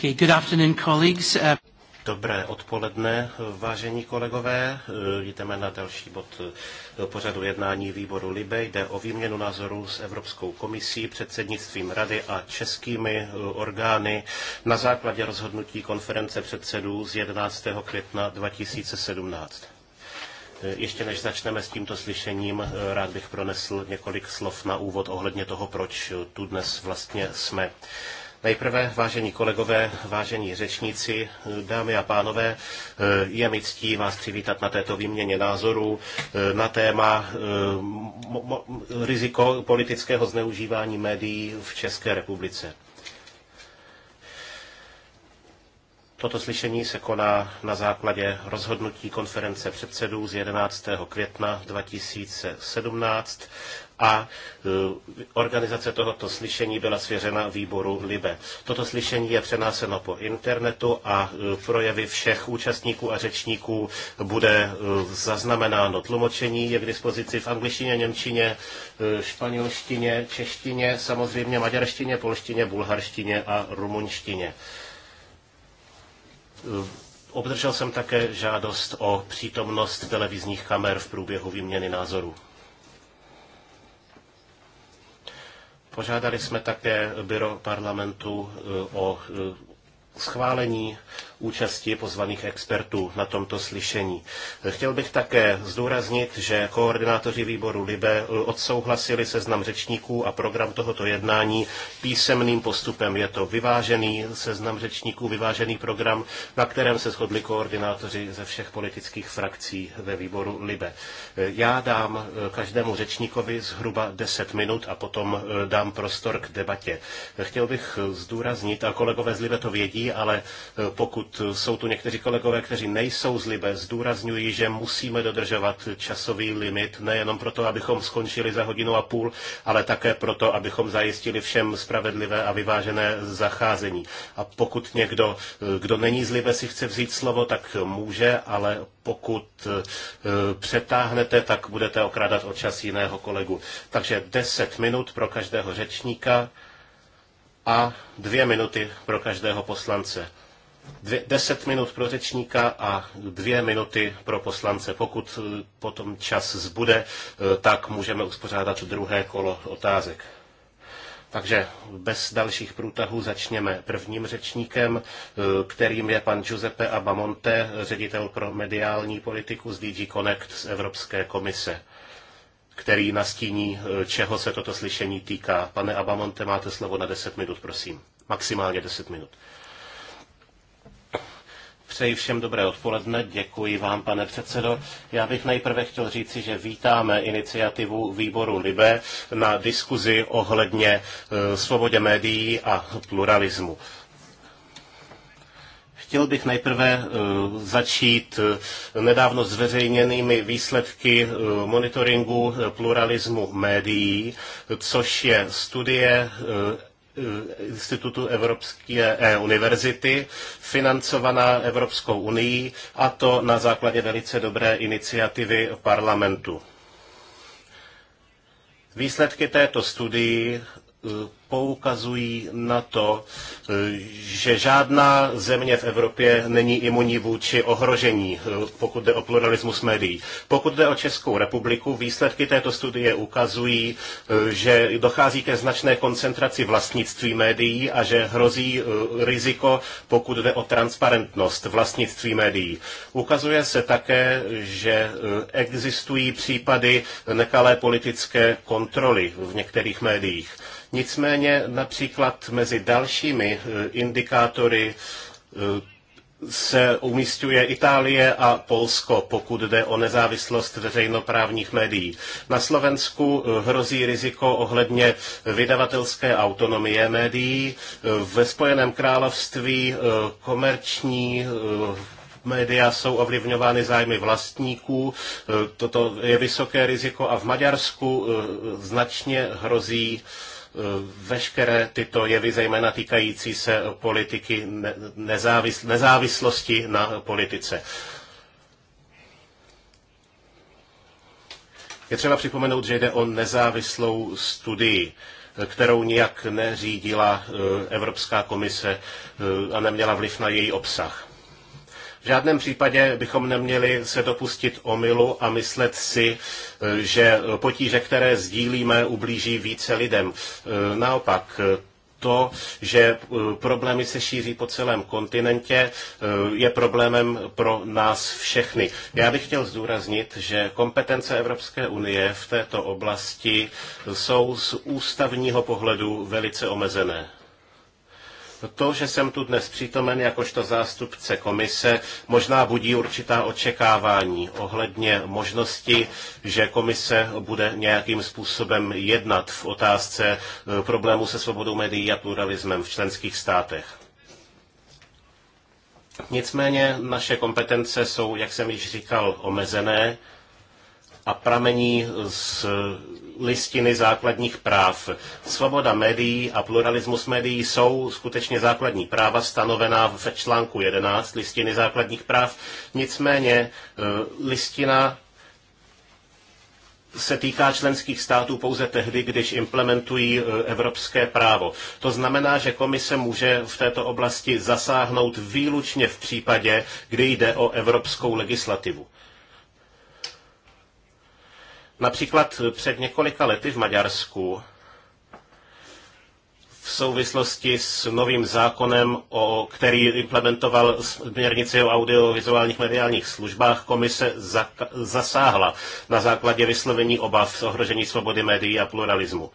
Okay, good afternoon, colleagues. Uh, Dobré odpoledne, vážení kolegové. Jdeme na další bod eh, pořadu jednání výboru Libe. Jde o výměnu názorů s Evropskou komisí, předsednictvím rady a českými eh, orgány na základě rozhodnutí konference předsedů z 11. května 2017. Eh, ještě než začneme s tímto slyšením, rád bych pronesl několik slov na úvod ohledně toho, proč tu dnes vlastně jsme. Nejprve, vážení kolegové, vážení řečníci, dámy a pánové, je mi ctí vás přivítat na této výměně názorů na téma eh, riziko politického zneužívání médií v České republice. Toto slyšení se koná na základě rozhodnutí konference předsedů z 11. května 2017 a e, organizace tohoto slyšení byla svěřena výboru LIBE. Toto slyšení je přenáseno po internetu a e, projevy všech účastníků a řečníků bude e, zaznamenáno. Tlumočení je k dispozici v angličtině, němčině, španělštině, češtině, samozřejmě maďarštině, polštině, bulharštině a rumunštině. Obdržel jsem také žádost o přítomnost televizních kamer v průběhu výměny názorů. Požádali jsme také Byro parlamentu e, o e, schválení účasti pozvaných expertů na tomto slyšení. Chtěl bych také zdůraznit, že koordinátoři výboru Libe odsouhlasili seznam řečníků a program tohoto jednání písemným postupem. Je to vyvážený seznam řečníků, vyvážený program, na kterém se shodli koordinátoři ze všech politických frakcí ve výboru Libe. Já dám eh, každému řečníkovi zhruba 10 minut a potom eh, dám prostor k debatě. Chtěl bych eh, zdůraznit, a kolegové z Libe to vědí, ale pokud pokud jsou tu někteří kolegové, kteří nejsou z Libe, zdůrazňují, že musíme dodržovat časový limit, nejenom proto, abychom skončili za hodinu a půl, ale také proto, abychom zajistili všem spravedlivé a vyvážené zacházení. A pokud někdo, kdo není z Libe, si chce vzít slovo, tak může, ale pokud eh, přetáhnete, tak budete okradat o čas jiného kolegu. Takže 10 minut pro každého řečníka a dvě minuty pro každého poslance dvě, deset minut pro řečníka a dvě minuty pro poslance. Pokud eh, potom čas zbude, eh, tak můžeme uspořádat druhé kolo otázek. Takže bez dalších průtahů začněme prvním řečníkem, eh, kterým je pan Giuseppe Abamonte, ředitel pro mediální politiku z DG Connect z Evropské komise, který nastíní, čeho se toto slyšení týká. Pane Abamonte, máte slovo na 10 minut, prosím. Maximálně 10 minut. Přeji všem dobré odpoledne, děkuji vám, pane předsedo. Já bych nejprve chtěl říci, že vítáme iniciativu výboru Libe na diskuzi ohledně e, svobodě médií a pluralismu chtěl bych nejprve e, začít e, nedávno zveřejněnými výsledky monitoringu pluralismu médií, což je studie Institutu Evropské univerzity, financovaná Evropskou unii, a to na základě velice dobré iniciativy parlamentu. Výsledky této studii poukazují na to, že žádná země v Evropě není imunní vůči ohrožení, pokud jde o pluralismus médií. Pokud jde o Českou republiku, výsledky této studie ukazují, že dochází ke značné koncentraci vlastnictví médií a že hrozí eh, riziko, pokud jde o transparentnost vlastnictví médií. Ukazuje se také, že eh, existují případy nekalé politické kontroly v některých médiích. Nicméně například mezi dalšími eh, indikátory eh, se umístuje Itálie a Polsko, pokud jde o nezávislost veřejnoprávních médií. Na Slovensku eh, hrozí riziko ohledně vydavatelské autonomie médií. Ve Spojeném království komerční média jsou ovlivňovány zájmy vlastníků. Toto je vysoké riziko a v Maďarsku značně hrozí Eh, veškeré tyto jevy, zejména týkající se politiky nezávisl, nezávislosti na politice. Je třeba připomenout, že jde o nezávislou studii, eh, kterou nijak neřídila eh, Evropská komise a neměla vliv na její obsah. V žádném případě bychom neměli se dopustit omylu a myslet si, e, že potíže, které sdílíme, ublíží více lidem. E, naopak, e, to, že problémy se šíří po celém kontinentě, je problémem pro nás všechny. Já bych chtěl zdůraznit, že kompetence Evropské unie v této oblasti jsou z ústavního pohledu velice omezené. To, že jsem tu dnes přítomen jakožto zástupce komise, možná budí určitá očekávání ohledně možnosti, že komise bude nějakým způsobem jednat v otázce eh, problému se svobodou médií a pluralismem v členských státech. Nicméně naše kompetence jsou, jak jsem již říkal, omezené a pramení z listiny základních práv. Svoboda médií a pluralismus médií jsou skutečně základní práva stanovená v článku 11 listiny základních práv. Nicméně e, listina se týká členských států pouze tehdy, když implementují e, evropské právo. To znamená, že komise může v této oblasti zasáhnout výlučně v případě, kdy jde o evropskou legislativu. Například před několika lety v Maďarsku v souvislosti s novým zákonem, o, který implementoval směrnici o audiovizuálních mediálních službách, komise zaka, zasáhla na základě vyslovení obav z ohrožení svobody médií a pluralismu.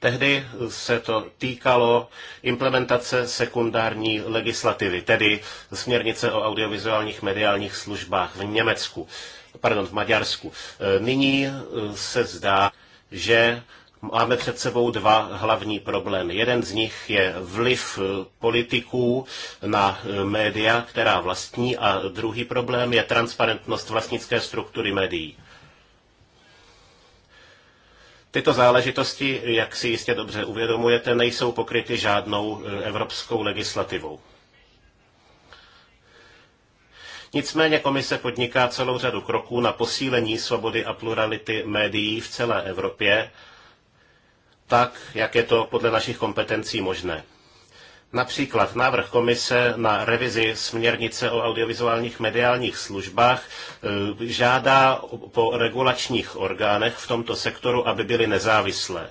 Tehdy se to týkalo implementace sekundární legislativy, tedy směrnice o audiovizuálních mediálních službách v Německu pardon, v Maďarsku. E, nyní e, se zdá, že Máme před sebou dva hlavní problémy. Jeden z nich je vliv e, politiků na média, která vlastní, a druhý problém je transparentnost vlastnické struktury médií. Tyto záležitosti, jak si jistě dobře uvědomujete, nejsou pokryty žádnou evropskou legislativou. Nicméně komise podniká celou řadu kroků na posílení svobody a plurality médií v celé Evropě, tak, jak je to podle našich kompetencí možné. Například návrh komise na revizi směrnice o audiovizuálních mediálních službách eh, žádá po regulačních orgánech v tomto sektoru, aby byly nezávislé.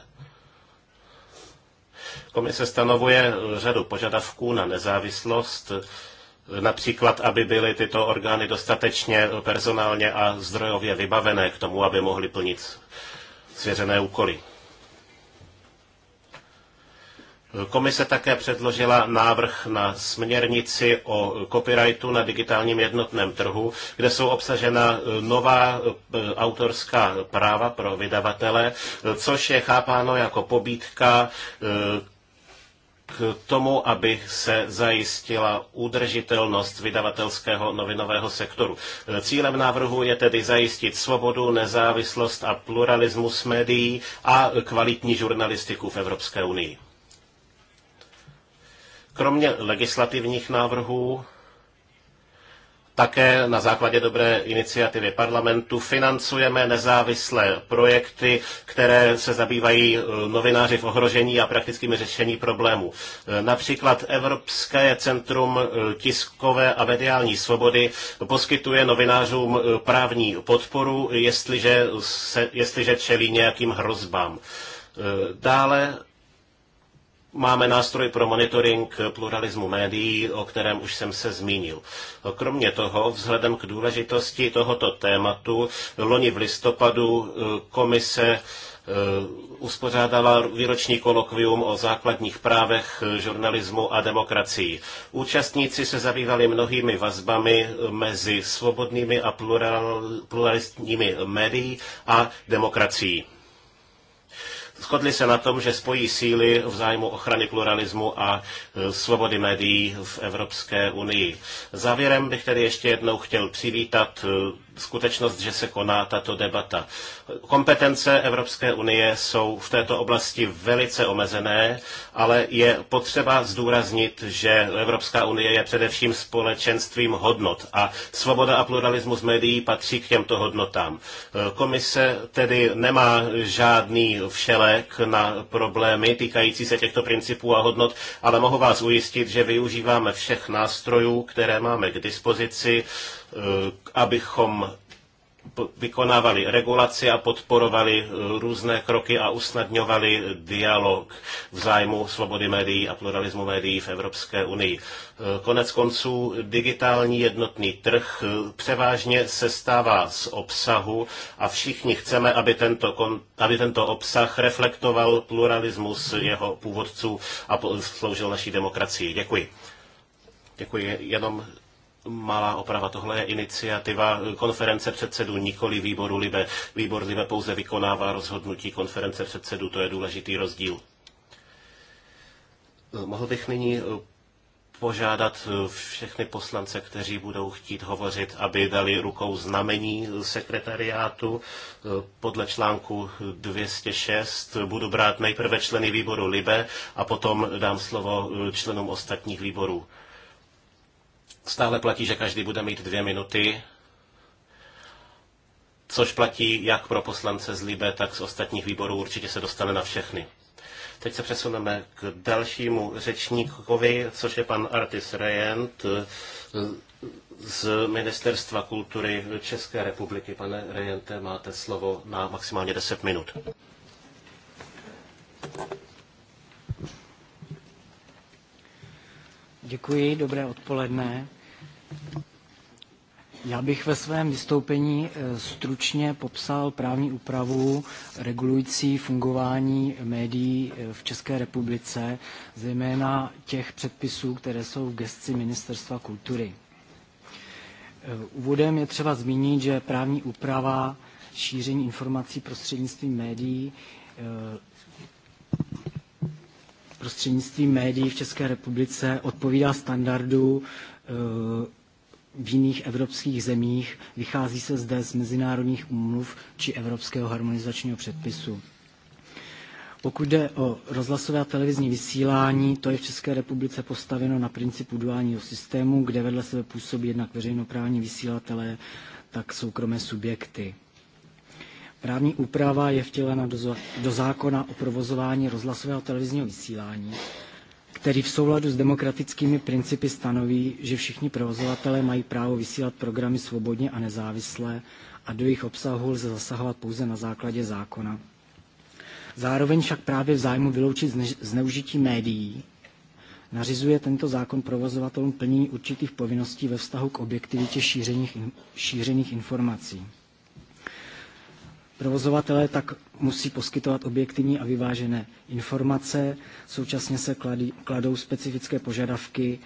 Komise stanovuje eh, řadu požadavků na nezávislost, Například, aby byly tyto orgány dostatečně personálně a zdrojově vybavené k tomu, aby mohly plnit svěřené úkoly. Komise také předložila návrh na směrnici o copyrightu na digitálním jednotném trhu, kde jsou obsažena e, nová e, autorská práva pro vydavatele, což je chápáno jako pobídka e, k tomu, aby se zajistila udržitelnost vydavatelského novinového sektoru. Cílem návrhu je tedy zajistit svobodu, nezávislost a pluralismus médií a kvalitní žurnalistiku v Evropské unii. Kromě legislativních návrhů také na základě dobré iniciativy parlamentu financujeme nezávislé projekty, které se zabývají eh, novináři v ohrožení a praktickými řešení problémů. Eh, například Evropské centrum eh, tiskové a mediální svobody poskytuje novinářům právní podporu, jestliže, se, jestliže čelí nějakým hrozbám. Dále Máme nástroj pro monitoring pluralismu médií, o kterém už jsem se zmínil. Kromě toho, vzhledem k důležitosti tohoto tématu, loni v listopadu eh, komise eh, uspořádala výroční kolokvium o základních právech eh, žurnalismu a demokracii. Účastníci se zabývali mnohými vazbami mezi svobodnými a pluralistními médií a demokracií. Shodli se na tom, že spojí síly v zájmu ochrany pluralismu a e, svobody médií v Evropské unii. Závěrem bych tedy ještě jednou chtěl přivítat e, skutečnost, že se koná tato debata. Kompetence Evropské unie jsou v této oblasti velice omezené, ale je potřeba zdůraznit, že Evropská unie je především společenstvím hodnot a svoboda a pluralismus médií patří k těmto hodnotám. Komise tedy nemá žádný všelek na problémy týkající se těchto principů a hodnot, ale mohu vás ujistit, že využíváme všech nástrojů, které máme k dispozici, Eh, abychom vykonávali regulaci a podporovali eh, různé kroky a usnadňovali dialog v zájmu svobody médií a pluralismu médií v Evropské unii. Eh, konec konců digitální jednotný trh převážně se stává z obsahu a všichni chceme, aby tento, aby tento obsah reflektoval pluralismus jeho původců a sloužil naší demokracii. Děkuji. Děkuji. Jenom malá oprava. Tohle je iniciativa konference předsedů, nikoli výboru Libe. Výbor Libe pouze vykonává rozhodnutí konference předsedů, to je důležitý rozdíl. Mohl bych nyní eh, požádat eh, všechny poslance, kteří budou chtít hovořit, aby dali rukou znamení eh, sekretariátu. Podle článku 206 budu brát nejprve členy výboru LIBE a potom dám slovo členům ostatních výborů. Stále platí, že každý bude mít dvě minuty, což platí jak pro poslance z Libe, tak z ostatních výborů. Určitě se dostane na všechny. Teď se přesuneme k dalšímu řečníkovi, což je pan Artis Rejent eh, z Ministerstva kultury České republiky. Pane Rejente, máte slovo na maximálně 10 minut. Děkuji, dobré odpoledne. Já bych ve svém vystoupení eh, stručně popsal právní úpravu regulující fungování médií eh, v České republice, zejména těch předpisů, které jsou v gesci Ministerstva kultury. Eh, úvodem je třeba zmínit, že právní úprava šíření informací prostřednictvím médií prostřednictvím médií v České republice odpovídá standardu v jiných evropských zemích, vychází se zde z mezinárodních úmluv či evropského harmonizačního předpisu. Pokud jde o rozhlasové a televizní vysílání, to je v České republice postaveno na principu duálního systému, kde vedle sebe působí jednak veřejnoprávní vysílatelé, tak soukromé subjekty. Právní úprava je vtělena do zákona o provozování rozhlasového a televizního vysílání, který v souladu s demokratickými principy stanoví, že všichni provozovatelé mají právo vysílat programy svobodně a nezávisle a do jejich obsahu lze zasahovat pouze na základě zákona. Zároveň však právě v zájmu vyloučit zneužití médií nařizuje tento zákon provozovatelům plnění určitých povinností ve vztahu k objektivitě šířených, informací. Provozovatelé tak musí poskytovat objektivní a vyvážené informace, současně se kladou specifické požadavky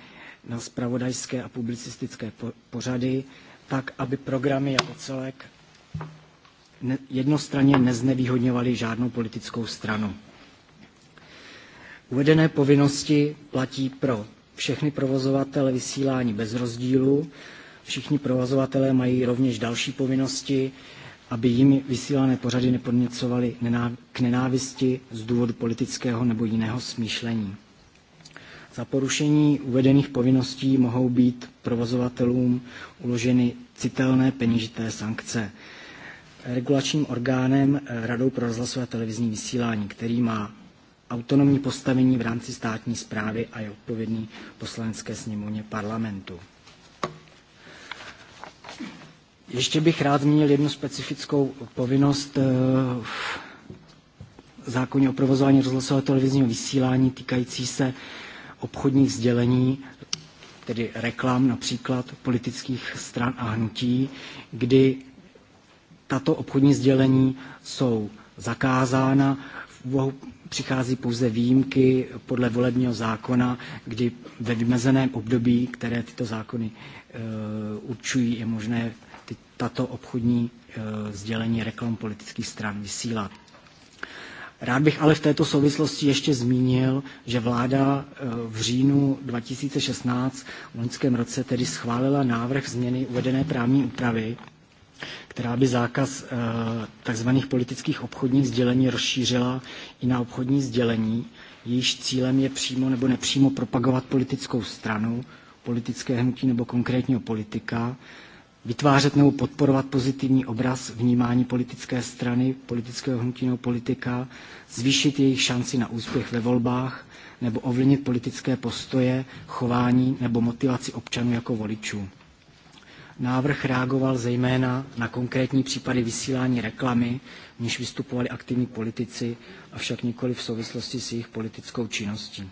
na spravodajské a publicistické pořady, tak aby programy jako celek jednostranně neznevýhodňovaly žádnou politickou stranu. Uvedené povinnosti platí pro všechny provozovatele vysílání bez rozdílu. Všichni provozovatelé mají rovněž další povinnosti, aby jimi vysílané pořady nepodněcovaly k nenávisti z důvodu politického nebo jiného smýšlení. Za porušení uvedených povinností mohou být provozovatelům uloženy citelné peněžité sankce. Regulačním orgánem eh, Radou pro rozhlasové televizní vysílání, který má autonomní postavení v rámci státní zprávy a je odpovědný poslanecké sněmovně parlamentu. Ještě bych rád zmínil jednu specifickou povinnost eh, v zákoně o provozování rozhlasového televizního vysílání týkající se obchodních sdělení, tedy reklam například politických stran a hnutí, kdy tato obchodní sdělení jsou zakázána. V úvahu přichází pouze výjimky podle volebního zákona, kdy ve vymezeném období, které tyto zákony e, určují, je možné tato obchodní e, sdělení reklam politických stran vysílat. Rád bych ale v této souvislosti ještě zmínil, že vláda e, v říjnu 2016 v loňském roce tedy schválila návrh změny uvedené právní úpravy, která by zákaz e, tzv. politických obchodních sdělení rozšířila i na obchodní sdělení, jejíž cílem je přímo nebo nepřímo propagovat politickou stranu, politické hnutí nebo konkrétního politika, vytvářet nebo podporovat pozitivní obraz vnímání politické strany, politického hnutí nebo politika, zvýšit jejich šanci na úspěch ve volbách nebo ovlivnit politické postoje, chování nebo motivaci občanů jako voličů. Návrh reagoval zejména na konkrétní případy vysílání reklamy, v níž vystupovali aktivní politici, avšak nikoli v souvislosti s jejich politickou činností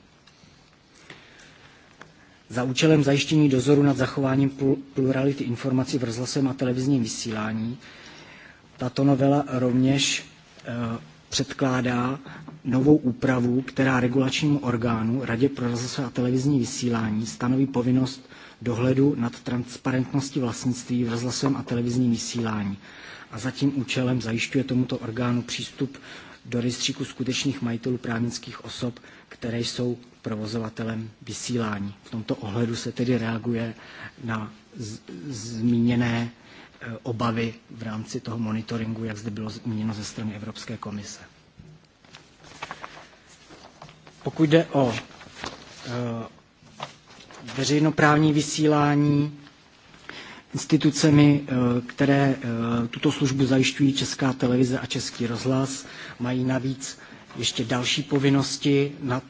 za účelem zajištění dozoru nad zachováním plurality informací v rozhlasovém a televizním vysílání. Tato novela rovněž e, předkládá novou úpravu, která regulačnímu orgánu Radě pro rozhlasové a televizní vysílání stanoví povinnost dohledu nad transparentností vlastnictví v rozhlasovém a televizním vysílání a za tím účelem zajišťuje tomuto orgánu přístup do rejstříku skutečných majitelů právnických osob, které jsou provozovatelem vysílání. V tomto ohledu se tedy reaguje na zmíněné e, obavy v rámci toho monitoringu, jak zde bylo zmíněno ze strany Evropské komise. Pokud jde o e, veřejnoprávní vysílání, Institucemi, e, které tuto službu zajišťují Česká televize a Český rozhlas, mají navíc ještě další povinnosti nad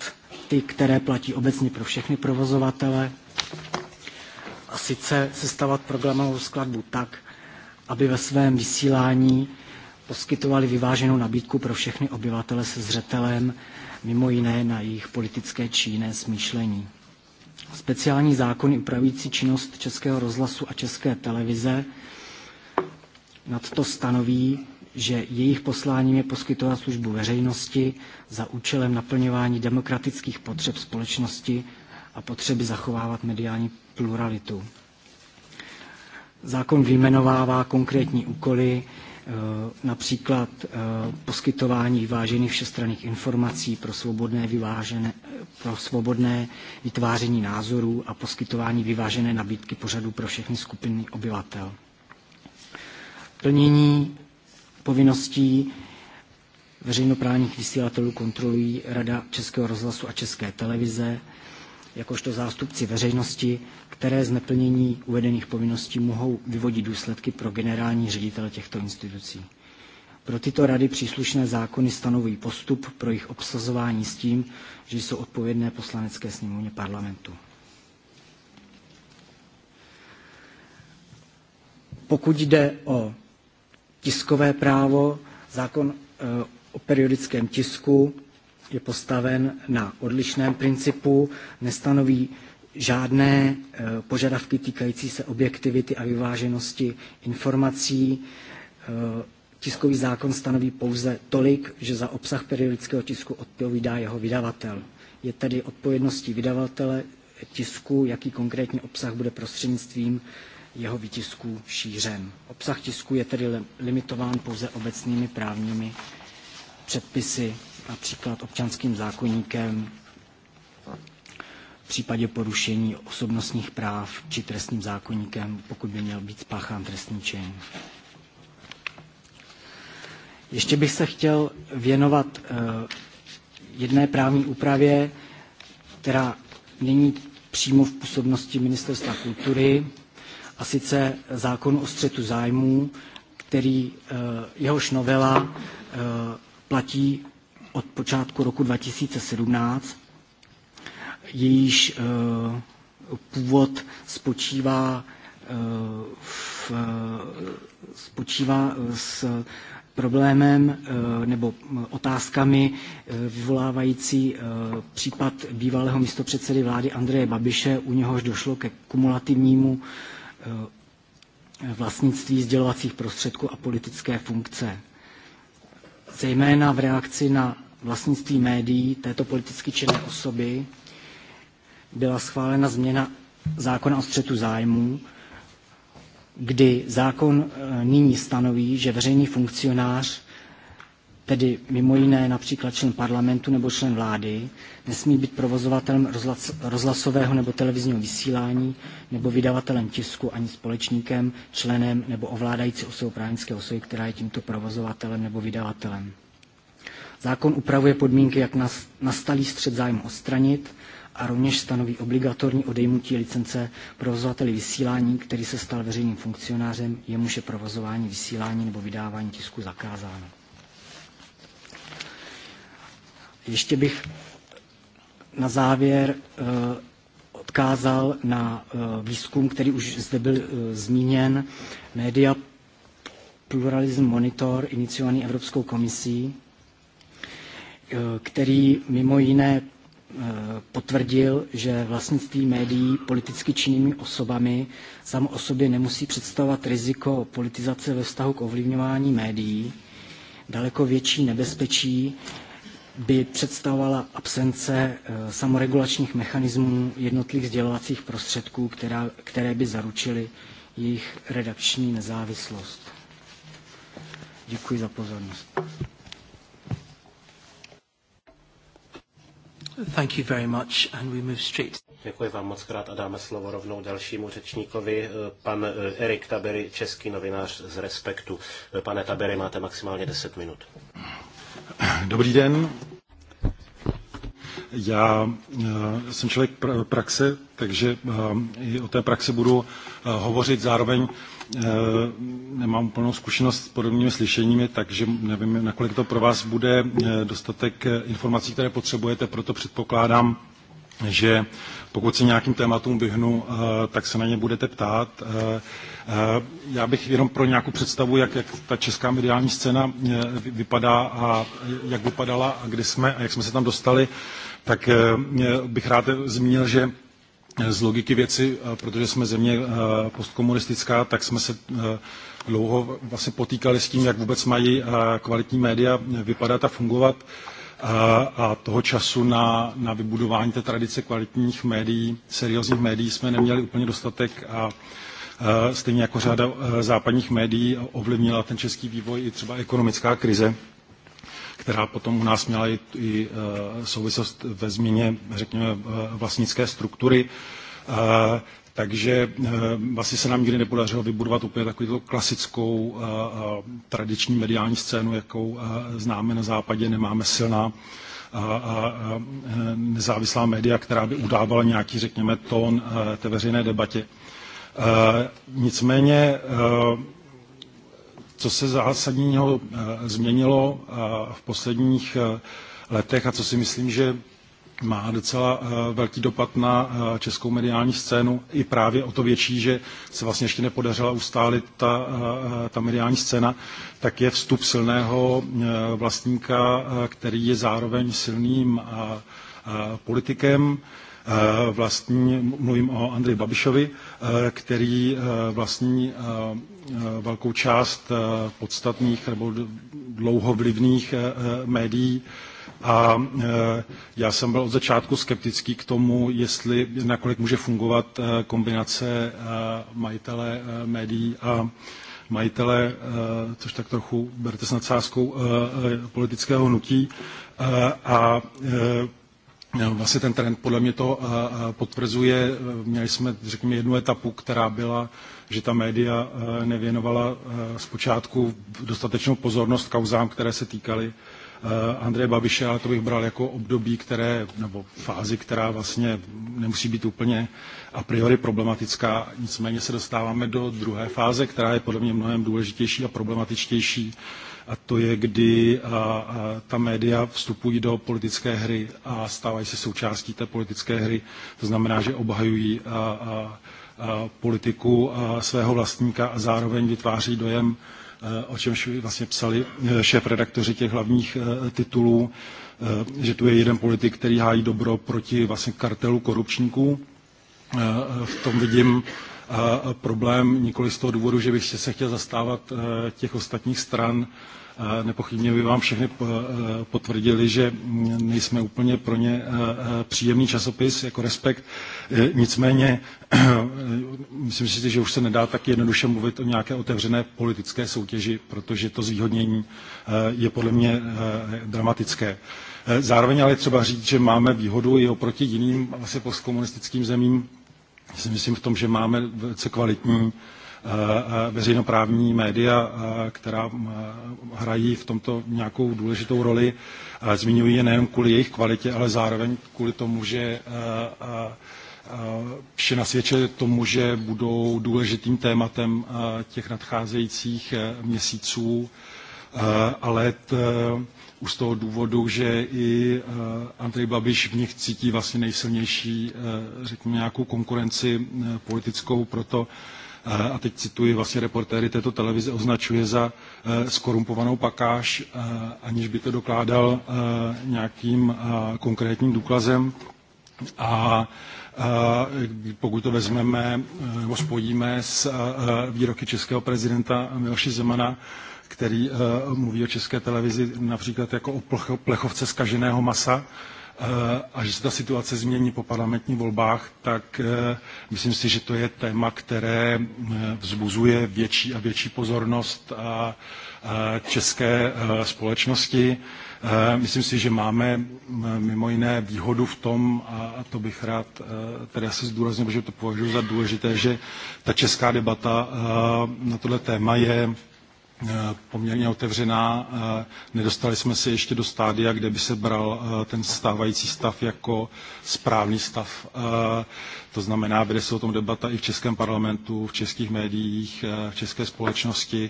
ty, které platí obecně pro všechny provozovatele, a sice sestavat programovou skladbu tak, aby ve svém vysílání poskytovali vyváženou nabídku pro všechny obyvatele se zřetelem, mimo jiné na jejich politické či jiné smýšlení. Speciální zákony upravující činnost Českého rozhlasu a České televize nad to stanoví, že jejich posláním je poskytovat službu veřejnosti za účelem naplňování demokratických potřeb společnosti a potřeby zachovávat mediální pluralitu. Zákon vyjmenovává konkrétní úkoly, e, například e, poskytování vyvážených všestranných informací pro svobodné, vyvážené, pro svobodné vytváření názorů a poskytování vyvážené nabídky pořadu pro všechny skupiny obyvatel. Plnění povinností veřejnoprávních vysílatelů kontrolují Rada Českého rozhlasu a České televize, jakožto zástupci veřejnosti, které z neplnění uvedených povinností mohou vyvodit důsledky pro generální ředitele těchto institucí. Pro tyto rady příslušné zákony stanovují postup pro jejich obsazování s tím, že jsou odpovědné poslanecké sněmovně parlamentu. Pokud jde o tiskové právo, zákon eh, o periodickém tisku je postaven na odlišném principu, nestanoví žádné eh, požadavky týkající se objektivity a vyváženosti informací. Eh, tiskový zákon stanoví pouze tolik, že za obsah periodického tisku odpovídá jeho vydavatel. Je tedy odpovědností vydavatele tisku, jaký konkrétní obsah bude prostřednictvím jeho výtisků šířen. Obsah tisku je tedy limitován pouze obecnými právními předpisy, například občanským zákoníkem, v případě porušení osobnostních práv či trestním zákoníkem, pokud by měl být spáchán trestný čin. Ještě bych se chtěl věnovat eh, jedné právní úpravě, která není přímo v působnosti Ministerstva kultury, a sice zákon o střetu zájmů, který eh, jehož novela eh, platí od počátku roku 2017, jejíž eh, původ spočívá v, spočívá s problémem nebo otázkami vyvolávající případ bývalého místopředsedy vlády Andreje Babiše, u něhož došlo ke kumulativnímu Eh, vlastnictví sdělovacích prostředků a politické funkce. Zejména v reakci na vlastnictví médií této politicky činné osoby byla schválena změna zákona o střetu zájmů, kdy zákon eh, nyní stanoví, že veřejný funkcionář tedy mimo jiné například člen parlamentu nebo člen vlády, nesmí být provozovatelem rozhlas, rozhlasového nebo televizního vysílání nebo vydavatelem tisku ani společníkem, členem nebo ovládající osobou právnické osoby, která je tímto provozovatelem nebo vydavatelem. Zákon upravuje podmínky, jak nastalý střed zájmu odstranit a rovněž stanoví obligatorní odejmutí licence provozovateli vysílání, který se stal veřejným funkcionářem, jemuž je provozování vysílání nebo vydávání tisku zakázáno. Ještě bych na závěr eh, odkázal na eh, výzkum, který už zde byl eh, zmíněn, Media Pluralism Monitor, iniciovaný Evropskou komisí, který mimo jiné potvrdil, že vlastnictví médií politicky činnými osobami samo o sobě nemusí představovat riziko politizace ve vztahu k ovlivňování médií. Daleko větší nebezpečí by představovala absence eh, samoregulačních mechanismů jednotlivých sdělovacích prostředků, která, které by zaručily jejich redakční nezávislost. Děkuji za pozornost. Thank you very much and we move straight. Děkuji vám moc krát a dáme slovo rovnou dalšímu řečníkovi, eh, pan eh, Erik Tabery, český novinář z Respektu. Pane Tabery, máte maximálně 10 minut. Dobrý den. Já eh, jsem člověk praxe, takže eh, i o té praxi budu eh, hovořit. Zároveň nemám plnou zkušenost s podobnými slyšeními, takže nevím, nakolik to pro vás bude dostatek informací, které potřebujete, proto předpokládám, že pokud se nějakým tématům vyhnu, tak se na ně budete ptát. Eh, já bych jenom pro nějakou představu, jak, jak ta česká mediální scéna eh, vypadá a jak vypadala a kde jsme a jak jsme se tam dostali, tak eh, bych rád zmínil, že z logiky věci, protože jsme země postkomunistická, tak jsme se dlouho vlastně potýkali s tím, jak vůbec mají kvalitní média vypadat a fungovat a toho času na, na vybudování té tradice kvalitních médií, seriózních médií jsme neměli úplně dostatek a Eh, stejně jako řada eh, západních médií ovlivnila ten český vývoj i třeba ekonomická krize která potom u nás měla i, eh, souvislost ve změně, řekněme, vlastnické struktury. Takže vlastně se nám nikdy nepodařilo vybudovat úplně takovou klasickou tradiční mediální scénu, jakou známe na západě, nemáme silná a nezávislá média, která by udávala nějaký, řekněme, tón té veřejné debatě. Eh, nicméně, eh, co se zásadního eh, změnilo v posledních letech a co si myslím, že má docela velký dopad na českou mediální scénu, i právě o to větší, že se vlastně ještě nepodařila ustálit ta, ta mediální scéna, tak je vstup silného vlastníka, který je zároveň silným politikem, vlastní, mluvím o Andreji Babišovi, Eh, který eh, vlastní eh, velkou část podstatných nebo dlouhovlivných médií. A já jsem byl od začátku skeptický k tomu, jestli nakolik může fungovat kombinace majitele médií a majitele, což tak trochu berte s nadsázkou, politického hnutí. A No, vlastně ten trend podle mě to eh, eh, potvrzuje. Eh, měli jsme, řekněme, jednu etapu, která byla, že ta média nevěnovala zpočátku dostatečnou pozornost kauzám, které se týkaly Andreje Babiše, ale to bych bral jako období, které, nebo fázi, která vlastně nemusí být úplně a priori problematická. Nicméně se dostáváme do druhé fáze, která je podle mě mnohem důležitější a problematičtější a to je, kdy a, a ta média vstupují do politické hry a stávají se součástí té politické hry. To znamená, že obhajují a, a, a politiku a svého vlastníka a zároveň vytváří dojem, e, o čemž vlastně psali e, šéf-redaktoři těch hlavních e, titulů, že tu je jeden politik, který hájí dobro proti vlastně kartelu korupčníků. V tom vidím problém, nikoli z toho důvodu, že bych se chtěl zastávat e, těch ostatních stran. E, nepochybně by vám všechny e, potvrdili, že nejsme úplně pro ně příjemný časopis jako respekt. Nicméně myslím si, že už se nedá tak jednoduše mluvit o nějaké otevřené politické soutěži, protože to zvýhodnění je podle mě dramatické. Zároveň ale třeba říct, že máme výhodu i oproti jiným asi postkomunistickým zemím, si myslím v tom, že máme velice kvalitní eh, eh, veřejnoprávní média, eh, která hrají v tomto nějakou důležitou roli. Zmiňují je nejen kvůli jejich kvalitě, ale zároveň kvůli tomu, že vše nasvědčuje tomu, že budou důležitým tématem těch nadcházejících měsíců a let už z toho důvodu, že i eh, Andrej Babiš v nich cítí vlastně nejsilnější, eh, řekněme, nějakou konkurenci eh, politickou, proto a teď cituji vlastně reportéry této televize, označuje za skorumpovanou pakáž, aniž by to dokládal nějakým konkrétním důkazem. A pokud to vezmeme nebo spojíme s výroky českého prezidenta Miloše Zemana, který eh, mluví o české televizi například jako o plechovce zkaženého masa, eh, a že se ta situace změní po parlamentních volbách, tak eh, myslím si, že to je téma, které vzbuzuje větší a větší pozornost a české společnosti. Myslím si, že máme mimo jiné výhodu v tom, a to bych rád tedy se zdůraznil, protože to považuji za důležité, že ta česká debata na tohle téma je Eh, poměrně otevřená. Eh, nedostali jsme se ještě do stádia, kde by se bral eh, ten stávající stav jako správný stav. To znamená, vede se o tom debata i v českém parlamentu, v českých médiích, v české společnosti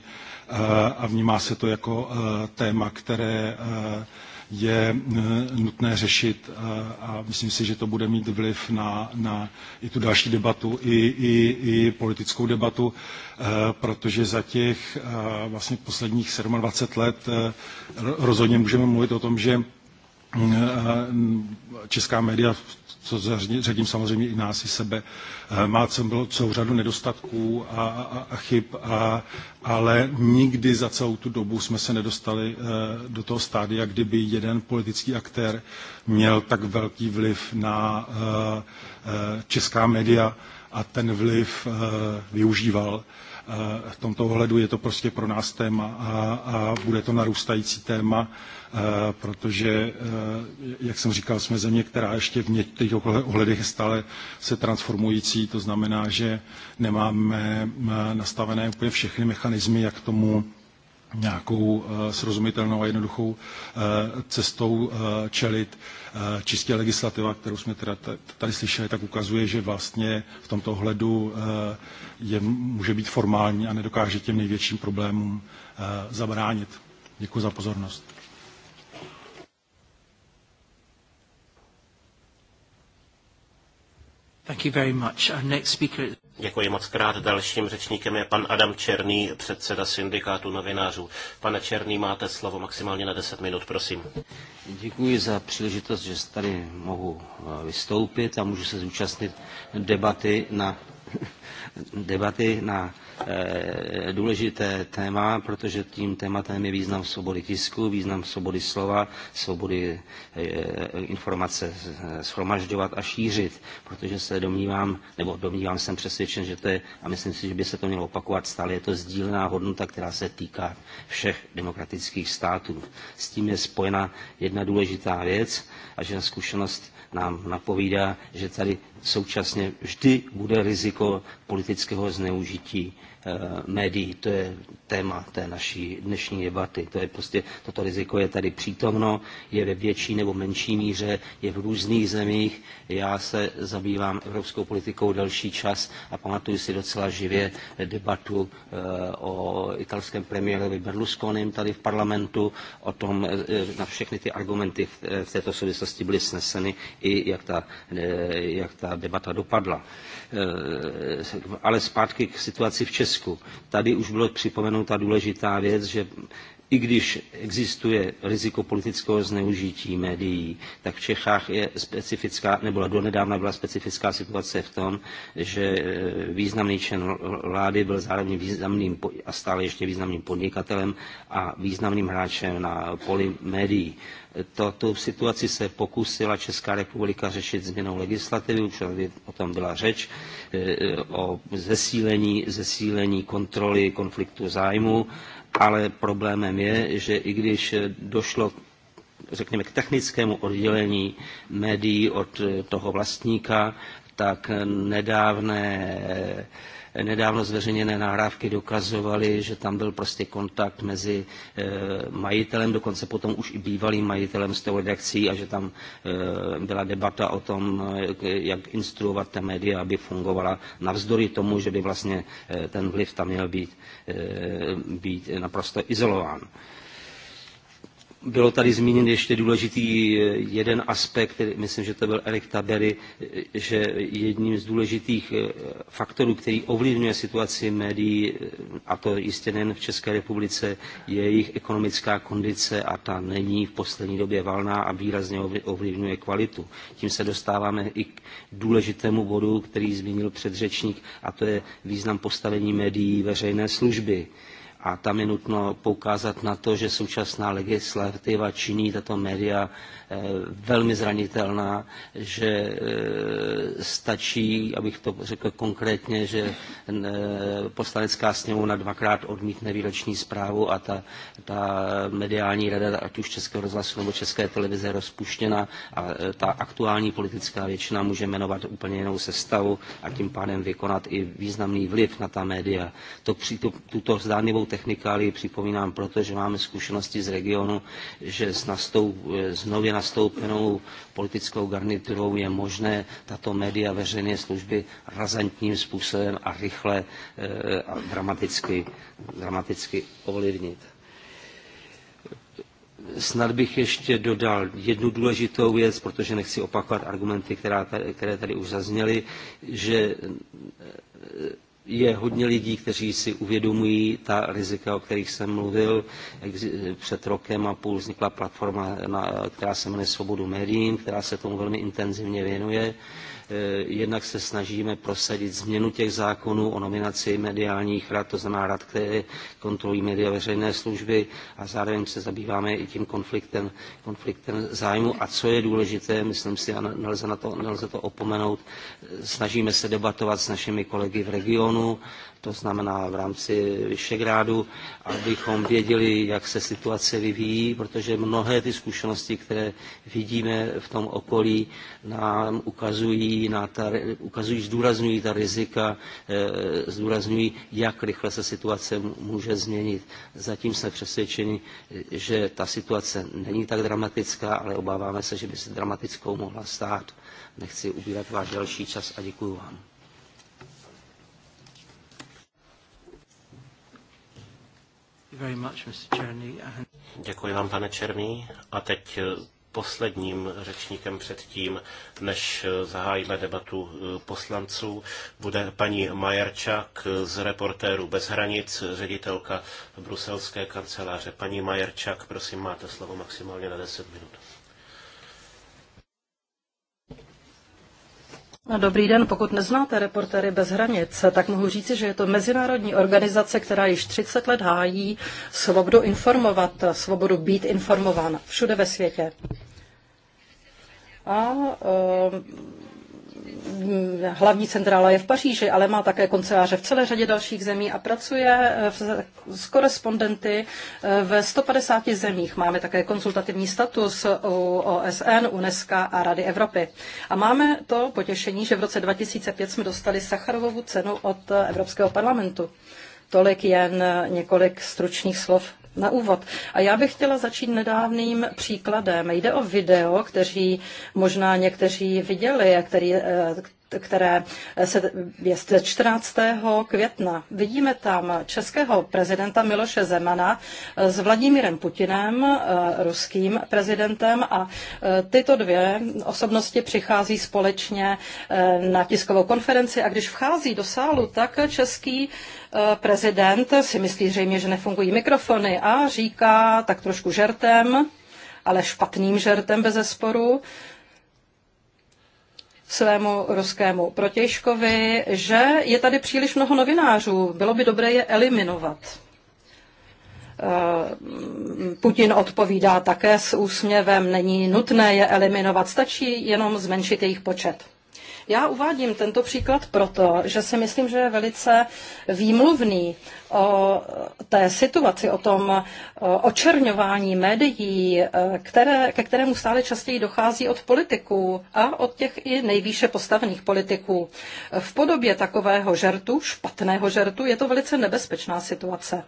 a vnímá se to jako téma, které je eh, nutné řešit a myslím si, že to bude mít vliv na, na i tu další debatu, i, i, i politickou debatu, eh, protože za těch eh, vlastně posledních 27 let rozhodně můžeme mluvit o tom, že česká média co řadím samozřejmě i nás, i sebe, eh, má bylo celou řadu nedostatků a, a, a chyb, a, ale nikdy za celou tu dobu jsme se nedostali eh, do toho stádia, kdyby jeden politický aktér měl tak velký vliv na eh, česká média a ten vliv využíval. V tomto ohledu je to prostě pro nás téma a, a bude to narůstající téma, protože, e, jak jsem říkal, jsme země, která ještě v některých ohledech je stále se transformující. To znamená, že nemáme e, nastavené úplně všechny mechanismy, jak tomu nějakou eh, srozumitelnou a jednoduchou eh, cestou eh, čelit. Čistě legislativa, kterou jsme teda tady slyšeli, tak ukazuje, že vlastně v tomto ohledu je, může být formální a nedokáže těm největším problémům zabránit. Děkuji za pozornost. Thank you very much. Our next speaker Děkuji moc krát. Dalším řečníkem je pan Adam Černý, předseda syndikátu novinářů. Pane Černý, máte slovo maximálně na 10 minut, prosím. Děkuji za příležitost, že tady mohu eh, vystoupit a můžu se zúčastnit debaty na, debaty na Eh, důležité téma, protože tím tématem je význam svobody tisku, význam svobody slova, svobody eh, informace schromažďovat a šířit, protože se domnívám, nebo domnívám jsem přesvědčen, že to je, a myslím si, že by se to mělo opakovat stále, je to sdílená hodnota, která se týká všech demokratických států. S tím je spojena jedna důležitá věc a že zkušenost nám napovídá, že tady současně vždy bude riziko politického zneužití Eh, médií. To je téma té naší dnešní debaty. To je prostě, toto riziko je tady přítomno, je ve větší nebo menší míře, je v různých zemích. Já se zabývám evropskou politikou delší čas a pamatuju si docela živě debatu eh, o italském premiérovi Berlusconim tady v parlamentu, o tom eh, na všechny ty argumenty v této souvislosti byly sneseny i jak ta, jak ta debata dopadla. Ale zpátky k situaci v Česku Česku. Tady už bylo připomenuta důležitá věc, že i když existuje riziko politického zneužití médií, tak v Čechách je specifická, nebo donedávna byla specifická situace v tom, že eh, významný člen vlády byl zároveň významným a stále ještě významným podnikatelem a významným hráčem na poli médií. Tato situaci se pokusila Česká republika řešit změnou legislativy, už o tom byla řeč, eh, o zesílení, zesílení kontroly konfliktu zájmu ale problémem je, že i když došlo řekněme, k technickému oddělení médií od toho vlastníka, tak nedávné nedávno zveřejněné nahrávky dokazovaly, že tam byl prostě kontakt mezi eh, majitelem, dokonce potom už i bývalým majitelem s tou redakcí a že tam eh, byla debata o tom, eh, jak instruovat ta média, aby fungovala navzdory tomu, že by vlastně ten vliv tam měl být, být naprosto izolován. Bylo tady zmíněn ještě důležitý eh, jeden aspekt, který myslím, že to byl Erik Tabery, eh, že jedním z důležitých eh, faktorů, který ovlivňuje situaci médií, a to jistě nejen v České republice, je jejich ekonomická kondice a ta není v poslední době valná a výrazně ovlivňuje kvalitu. Tím se dostáváme i k důležitému bodu, který zmínil předřečník, a to je význam postavení médií veřejné služby. A tam je nutno poukázat na to, že současná legislativa činí tato média Eh, velmi zranitelná, že eh, stačí, abych to řekl konkrétně, že eh, poslanecká sněmovna dvakrát odmítne výroční zprávu a ta, ta mediální rada, ať už Českého rozhlasu nebo České televize, je rozpuštěna a ta aktuální politická většina může jmenovat úplně jinou sestavu a tím pádem vykonat i významný vliv na ta média. To, tu, tuto zdánlivou technikálii připomínám proto, že máme zkušenosti z regionu, že s nastou, znovu na nastoupenou politickou garniturou je možné tato média veřejné služby razantním způsobem a rychle eh, a dramaticky, dramaticky ovlivnit. Snad bych ještě dodal jednu důležitou věc, protože nechci opakovat argumenty, která tady, které tady už zazněly, že eh, je hodně lidí, kteří si uvědomují ta rizika, o kterých jsem mluvil. Před rokem a půl vznikla platforma, která se jmenuje Svobodu médiím, která se tomu velmi intenzivně věnuje Eh, jednak se snažíme prosadit změnu těch zákonů o nominaci mediálních rad, to znamená rad, které kontrolují média veřejné služby a zároveň se zabýváme i tím konfliktem, konfliktem zájmu. A co je důležité, myslím si, a nelze, na to, nelze to opomenout, eh, snažíme se debatovat s našimi kolegy v regionu, to znamená v rámci Vyšegrádu, abychom věděli, jak se situace vyvíjí, protože mnohé ty zkušenosti, které vidíme v tom okolí, nám ukazují, na ta, ukazují zdůrazňují ta rizika, eh, zdůrazňují, jak rychle se situace může změnit. Zatím jsme přesvědčeni, že ta situace není tak dramatická, ale obáváme se, že by se dramatickou mohla stát. Nechci ubírat váš další čas a děkuji vám. Děkuji vám, pane Černý. A teď eh, posledním řečníkem předtím, než eh, zahájíme debatu eh, poslanců, bude paní Majerčák z reportéru Bez hranic, ředitelka bruselské kanceláře. Paní Majerčák, prosím, máte slovo maximálně na 10 minut. No, dobrý den, pokud neznáte reportéry bez hranic, tak mohu říci, že je to mezinárodní organizace, která již 30 let hájí svobodu informovat, svobodu být informován všude ve světě. A hlavní centrála je v Paříži, ale má také konceláře v celé řadě dalších zemí a pracuje eh, s korespondenty eh, ve 150 zemích. Máme také konzultativní status u OSN, UNESCO a Rady Evropy. A máme to potěšení, že v roce 2005 jsme dostali Sacharovovu cenu od eh, Evropského parlamentu. Tolik jen několik stručných slov na úvod. A já bych chtěla začít nedávným příkladem. Jde o video, kteří možná někteří viděli, a který, eh, které eh, se, je z 14. května. Vidíme tam českého prezidenta Miloše Zemana eh, s Vladimírem Putinem, ruským prezidentem a tyto dvě osobnosti přichází společně na tiskovou konferenci a když vchází do sálu, tak český Eh, prezident si myslí zřejmě, že nefungují mikrofony a říká tak trošku žertem, ale špatným žertem bez zesporu, svému ruskému protěžkovi, že je tady příliš mnoho novinářů. Bylo by dobré je eliminovat. Eh, Putin odpovídá také s úsměvem, není nutné je eliminovat, stačí jenom zmenšit jejich počet. Já uvádím tento příklad proto, že si myslím, že je velice výmluvný o té situaci, o tom očerňování médií, které, ke kterému stále častěji dochází od politiků a od těch i nejvýše postavených politiků. V podobě takového žertu, špatného žertu, je to velice nebezpečná situace.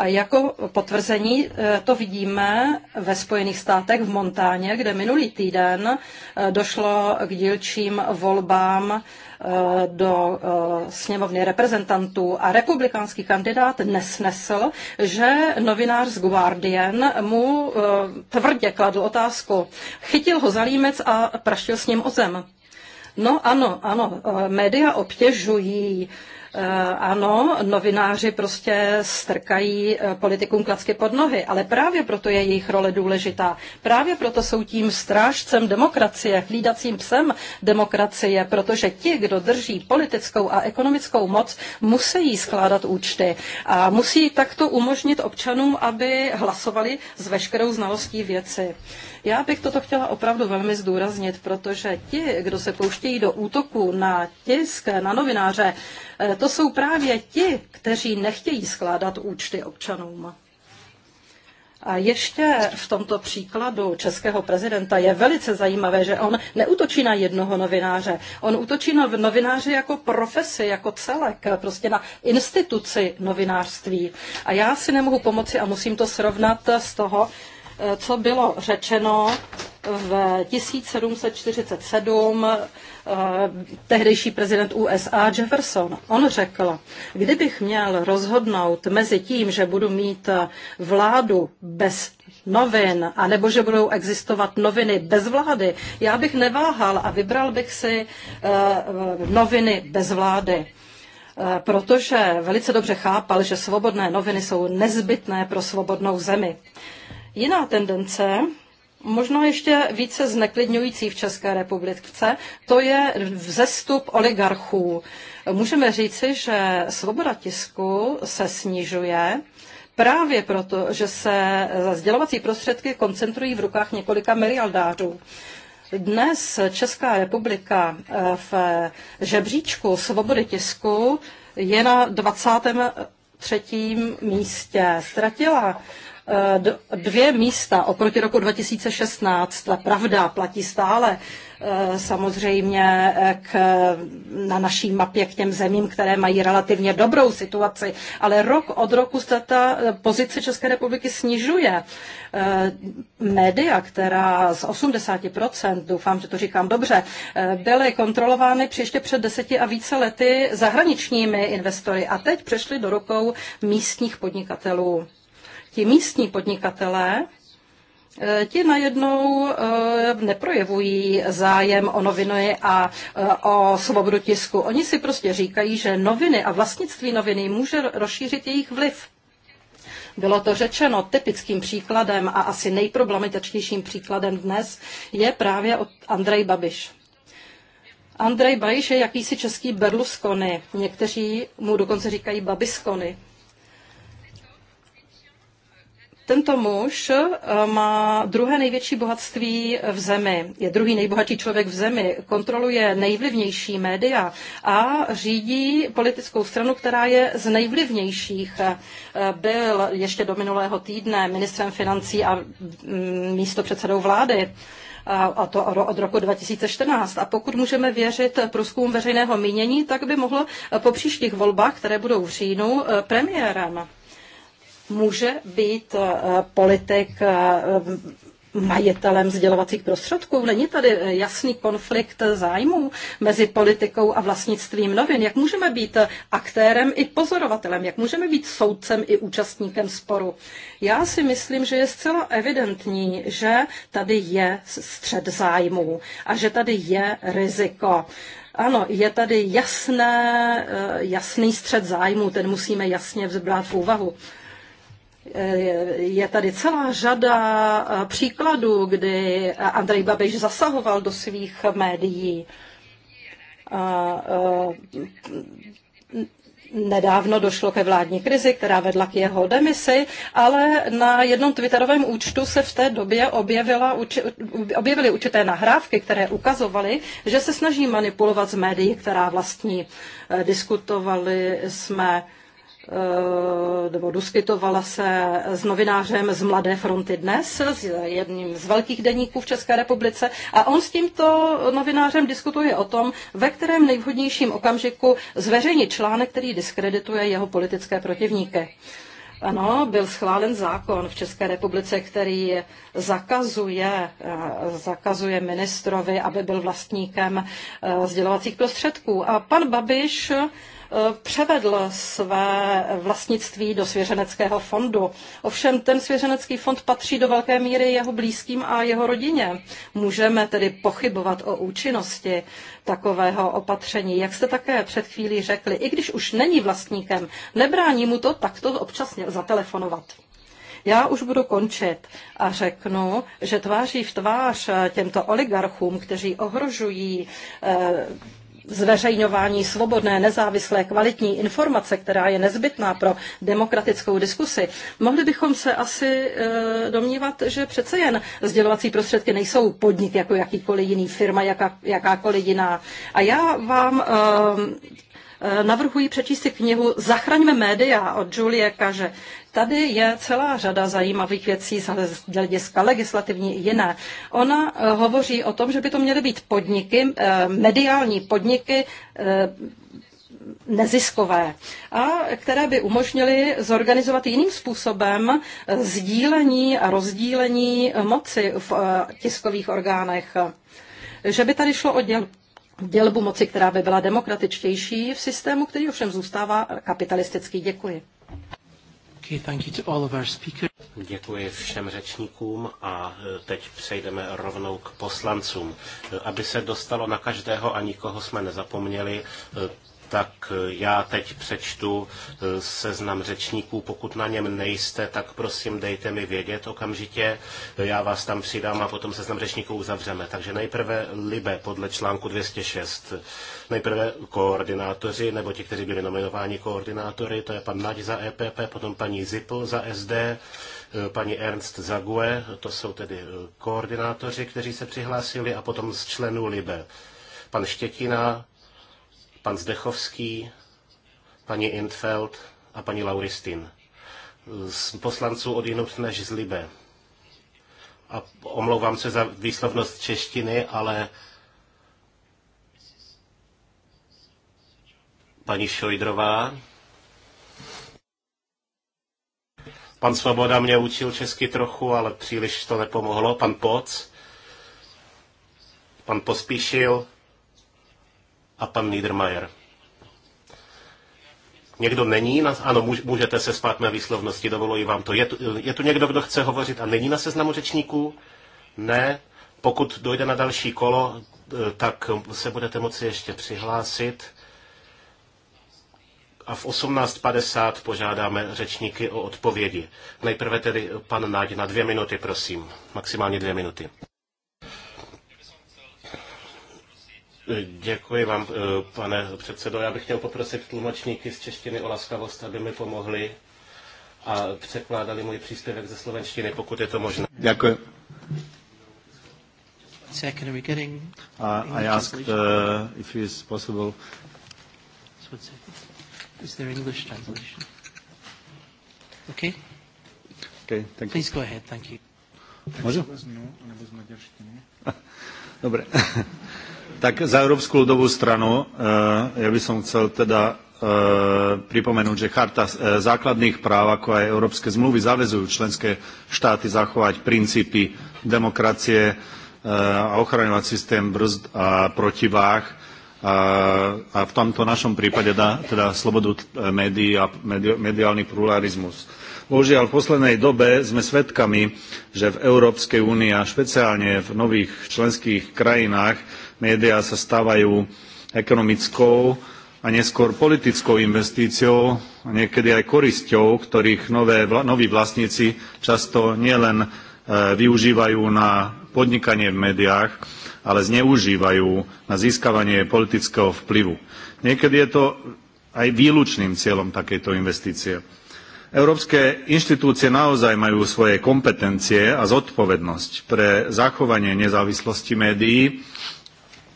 A jako potvrzení eh, to vidíme ve Spojených státech v Montáně, kde minulý týden eh, došlo k dílčím volbám eh, do sněmovny reprezentantů a republikánský kandidát nesnesl, že novinář z Guardian mu tvrdě kladl otázku. Chytil ho za límec a praštil s ním o zem. No ano, ano, média obtěžují Eh, ano, novináři prostě strkají eh, politikům klacky pod nohy, ale právě proto je jejich role důležitá. Právě proto jsou tím strážcem demokracie, hlídacím psem demokracie, protože ti, kdo drží politickou a ekonomickou moc, musí skládat účty a musí takto umožnit občanům, aby hlasovali s veškerou znalostí věci. Já bych toto chtěla opravdu velmi zdůraznit, protože ti, kdo se pouštějí do útoku na tisk, na novináře, eh, to jsou právě ti, kteří nechtějí skládat účty občanům. A ještě v tomto příkladu českého prezidenta je velice zajímavé, že on neutočí na jednoho novináře. On útočí na novináře jako profesi, jako celek, prostě na instituci novinářství. A já si nemohu pomoci a musím to srovnat z toho, Eh, co bylo řečeno v 1747 eh, tehdejší prezident USA Jefferson. On řekl, kdybych měl rozhodnout mezi tím, že budu mít eh, vládu bez novin, anebo že budou existovat noviny bez vlády, já bych neváhal a vybral bych si noviny bez vlády protože velice dobře chápal, že svobodné noviny jsou nezbytné pro svobodnou zemi. Jiná tendence, možná ještě více zneklidňující v České republice, to je vzestup oligarchů. Můžeme říci, že svoboda tisku se snižuje, právě proto, že se sdělovací prostředky koncentrují v rukách několika miliardářů. Dnes Česká republika eh, v žebříčku svobody tisku je na 23. místě. Ztratila Eh, dvě místa oproti roku 2016. Ta pravda platí stále eh, samozřejmě eh, k, na naší mapě k těm zemím, které mají relativně dobrou situaci, ale rok od roku se ta pozice České republiky snižuje. Média, která z 80%, doufám, že to říkám dobře, byly kontrolovány příště před deseti a více lety zahraničními investory a teď přešly do rukou místních podnikatelů ti místní podnikatelé, e, ti najednou e, neprojevují zájem o noviny a e, o svobodu tisku. Oni si prostě říkají, že noviny a vlastnictví noviny může rozšířit jejich vliv. Bylo to řečeno typickým příkladem a asi nejproblematičnějším příkladem dnes je právě od Andrej Babiš. Andrej Babiš je jakýsi český Berlusconi. Někteří mu dokonce říkají Babiskony. Tento muž eh, má druhé největší bohatství v zemi, je druhý nejbohatší člověk v zemi, kontroluje nejvlivnější média a řídí politickou stranu, která je z nejvlivnějších. Eh, byl ještě do minulého týdne ministrem financí a mm, místo předsedou vlády eh, a to od roku 2014. A pokud můžeme věřit průzkum veřejného mínění, tak by mohl po příštích volbách, které budou v říjnu, premiérem může být eh, politik eh, majitelem sdělovacích prostředků? Není tady eh, jasný konflikt zájmů mezi politikou a vlastnictvím novin? Jak můžeme být aktérem i pozorovatelem? Jak můžeme být soudcem i účastníkem sporu? Já si myslím, že je zcela evidentní, že tady je střed zájmů a že tady je riziko. Ano, je tady jasné, jasný střed zájmů, ten musíme jasně vzbrát v úvahu. Eh, je tady celá řada eh, příkladů, kdy eh, Andrej Babiš zasahoval do svých médií. A, Nedávno došlo ke vládní krizi, která vedla k jeho demisi, ale na jednom twitterovém účtu se v té době objevila, objevily určité nahrávky, které ukazovaly, že se snaží manipulovat s médií, která vlastní. Diskutovali jsme Eh, nebo diskutovala se s novinářem z Mladé fronty dnes, s jedním z velkých deníků v České republice a on s tímto novinářem diskutuje o tom, ve kterém nejvhodnějším okamžiku zveřejní článek, který diskredituje jeho politické protivníky. Ano, byl schválen zákon v České republice, který zakazuje, eh, zakazuje ministrovi, aby byl vlastníkem eh, sdělovacích prostředků. A pan Babiš převedl své vlastnictví do svěřeneckého fondu. Ovšem ten svěřenecký fond patří do velké míry jeho blízkým a jeho rodině. Můžeme tedy pochybovat o účinnosti takového opatření. Jak jste také před chvílí řekli, i když už není vlastníkem, nebrání mu to takto občas zatelefonovat. Já už budu končit a řeknu, že tváří v tvář těmto oligarchům, kteří ohrožují eh, zveřejňování svobodné, nezávislé, kvalitní informace, která je nezbytná pro demokratickou diskusi, mohli bychom se asi e, domnívat, že přece jen sdělovací prostředky nejsou podnik jako jakýkoliv jiný firma, jaká, jakákoliv jiná. A já vám e, e, navrhuji přečíst si knihu Zachraňme média od Julie Kaže. Tady je celá řada zajímavých věcí z hlediska legislativní i jiné. Ona eh, hovoří o tom, že by to měly být podniky, eh, mediální podniky, eh, neziskové, a které by umožnily zorganizovat jiným způsobem sdílení a rozdílení moci v tiskových orgánech. Že by tady šlo o děl dělbu moci, která by byla demokratičtější v systému, který ovšem zůstává kapitalistický. Děkuji. Okay, thank you to all of our speakers. Děkuji všem řečníkům a e, teď přejdeme rovnou k poslancům. E, aby se dostalo na každého a nikoho jsme nezapomněli, e, tak já teď přečtu eh, seznam řečníků. Pokud na něm nejste, tak prosím dejte mi vědět okamžitě. Já vás tam přidám a potom seznam řečníků uzavřeme. Takže nejprve Libe podle článku 206. Nejprve koordinátoři, nebo ti, kteří byli nominováni koordinátory, to je pan Naď za EPP, potom paní Zipl za SD, eh, paní Ernst Zague, to jsou tedy eh, koordinátoři, kteří se přihlásili, a potom z členů Libe. Pan Štětina, pan Zdechovský, paní Intfeld a paní Lauristin. Z poslanců od jinut než z Libe. A omlouvám se za výslovnost češtiny, ale paní Šojdrová. Pan Svoboda mě učil česky trochu, ale příliš to nepomohlo. Pan Poc, pan Pospíšil, a pan Niedermayer. Někdo není? Na, ano, můžete se spát na výslovnosti, dovoluji vám to. Je tu, je tu někdo, kdo chce hovořit a není na seznamu řečníků? Ne. Pokud dojde na další kolo, e, tak se budete moci ještě přihlásit. A v 18.50 požádáme řečníky o odpovědi. Nejprve tedy pan Náď na dvě minuty, prosím. Maximálně dvě minuty. Děkuji vám, eh, pane předsedo. Já bych chtěl poprosit tlumočníky z češtiny o laskavost, aby mi pomohli a překládali můj příspěvek ze slovenštiny, pokud je to možné. Děkuji. Second, are we getting uh, I asked uh, if it is possible. Is there English translation? Okay. Okay, thank you. Please go ahead, thank you. Můžu? Dobre. Tak za Európsku ľudovú stranu eh, ja by som chcel teda eh, pripomenúť, že charta eh, základných práv, ako aj európske zmluvy, zavezujú členské štáty zachovať princípy demokracie a ochraňovať systém brzd a protiváh. A v tomto našom prípade dá teda slobodu médií a mediálny pluralizmus. Bohužiaľ, v poslednej dobe sme svedkami, že v Európskej únii a špeciálne v nových členských krajinách médiá sa stávajú ekonomickou a neskôr politickou investíciou a niekedy aj korisťou, ktorých nové, noví vlastníci často nielen e, využívajú na podnikanie v médiách, ale zneužívajú na získavanie politického vplyvu. Niekedy je to aj výlučným cieľom takejto investície. Európske inštitúcie naozaj majú svoje kompetencie a zodpovednosť pre zachovanie nezávislosti médií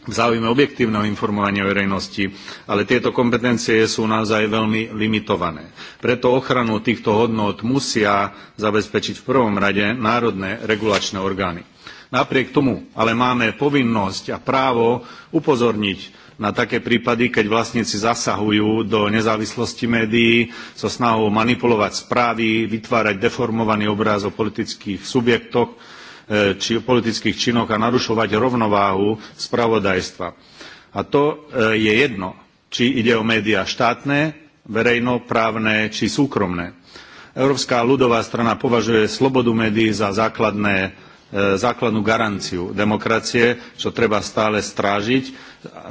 v záujme objektívneho informovania verejnosti, ale tieto kompetencie sú naozaj veľmi limitované. Preto ochranu týchto hodnot musia zabezpečiť v prvom rade národné regulačné orgány. Napriek tomu ale máme povinnosť a právo upozorniť na také prípady, keď vlastníci zasahujú do nezávislosti médií so snahou manipulovať správy, vytvárať deformovaný obraz o politických subjektoch Eh, či politických činoch a narušovať rovnováhu spravodajstva. A to eh, je jedno, či ide o médiá štátne, verejnoprávne či súkromné. Európska ľudová strana považuje slobodu médií za základné eh, základnú garanciu demokracie, čo treba stále strážiť,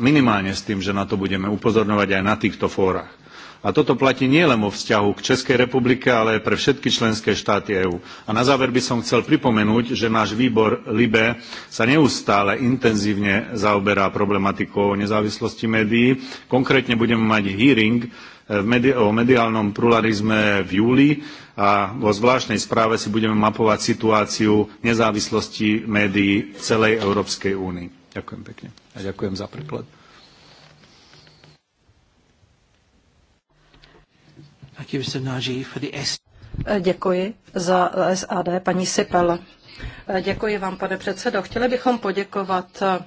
minimálne s tým, že na to budeme upozorňovať aj na týchto fórach. A toto platí nielen vo vzťahu k Českej republike, ale pre všetky členské štáty EÚ. A na záver by som chcel pripomenúť, že náš výbor LIBE sa neustále intenzívne zaoberá problematikou nezávislosti médií. Konkrétne budeme mať hearing eh, o mediálnom pluralizme v júli a vo zvláštnej správe si budeme mapovať situáciu nezávislosti médií v celej Európskej únii. Ďakujem pekne a ďakujem za preklad. Eh, děkuji za SAD, paní Sipel. Eh, děkuji vám, pane předsedo. Chtěli bychom poděkovat eh,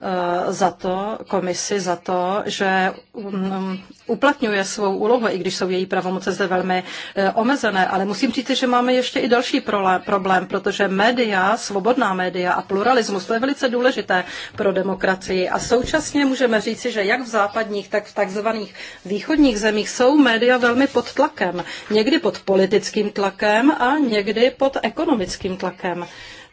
Eh, za to, komisi za to, že mm, uplatňuje svou úlohu, i když jsou její pravomoce zde velmi eh, omezené. Ale musím říct, že máme ještě i další problém, protože média, svobodná média a pluralismus, to je velice důležité pro demokracii. A současně můžeme říci, že jak v západních, tak v takzvaných východních zemích jsou média velmi pod tlakem. Někdy pod politickým tlakem a někdy pod ekonomickým tlakem.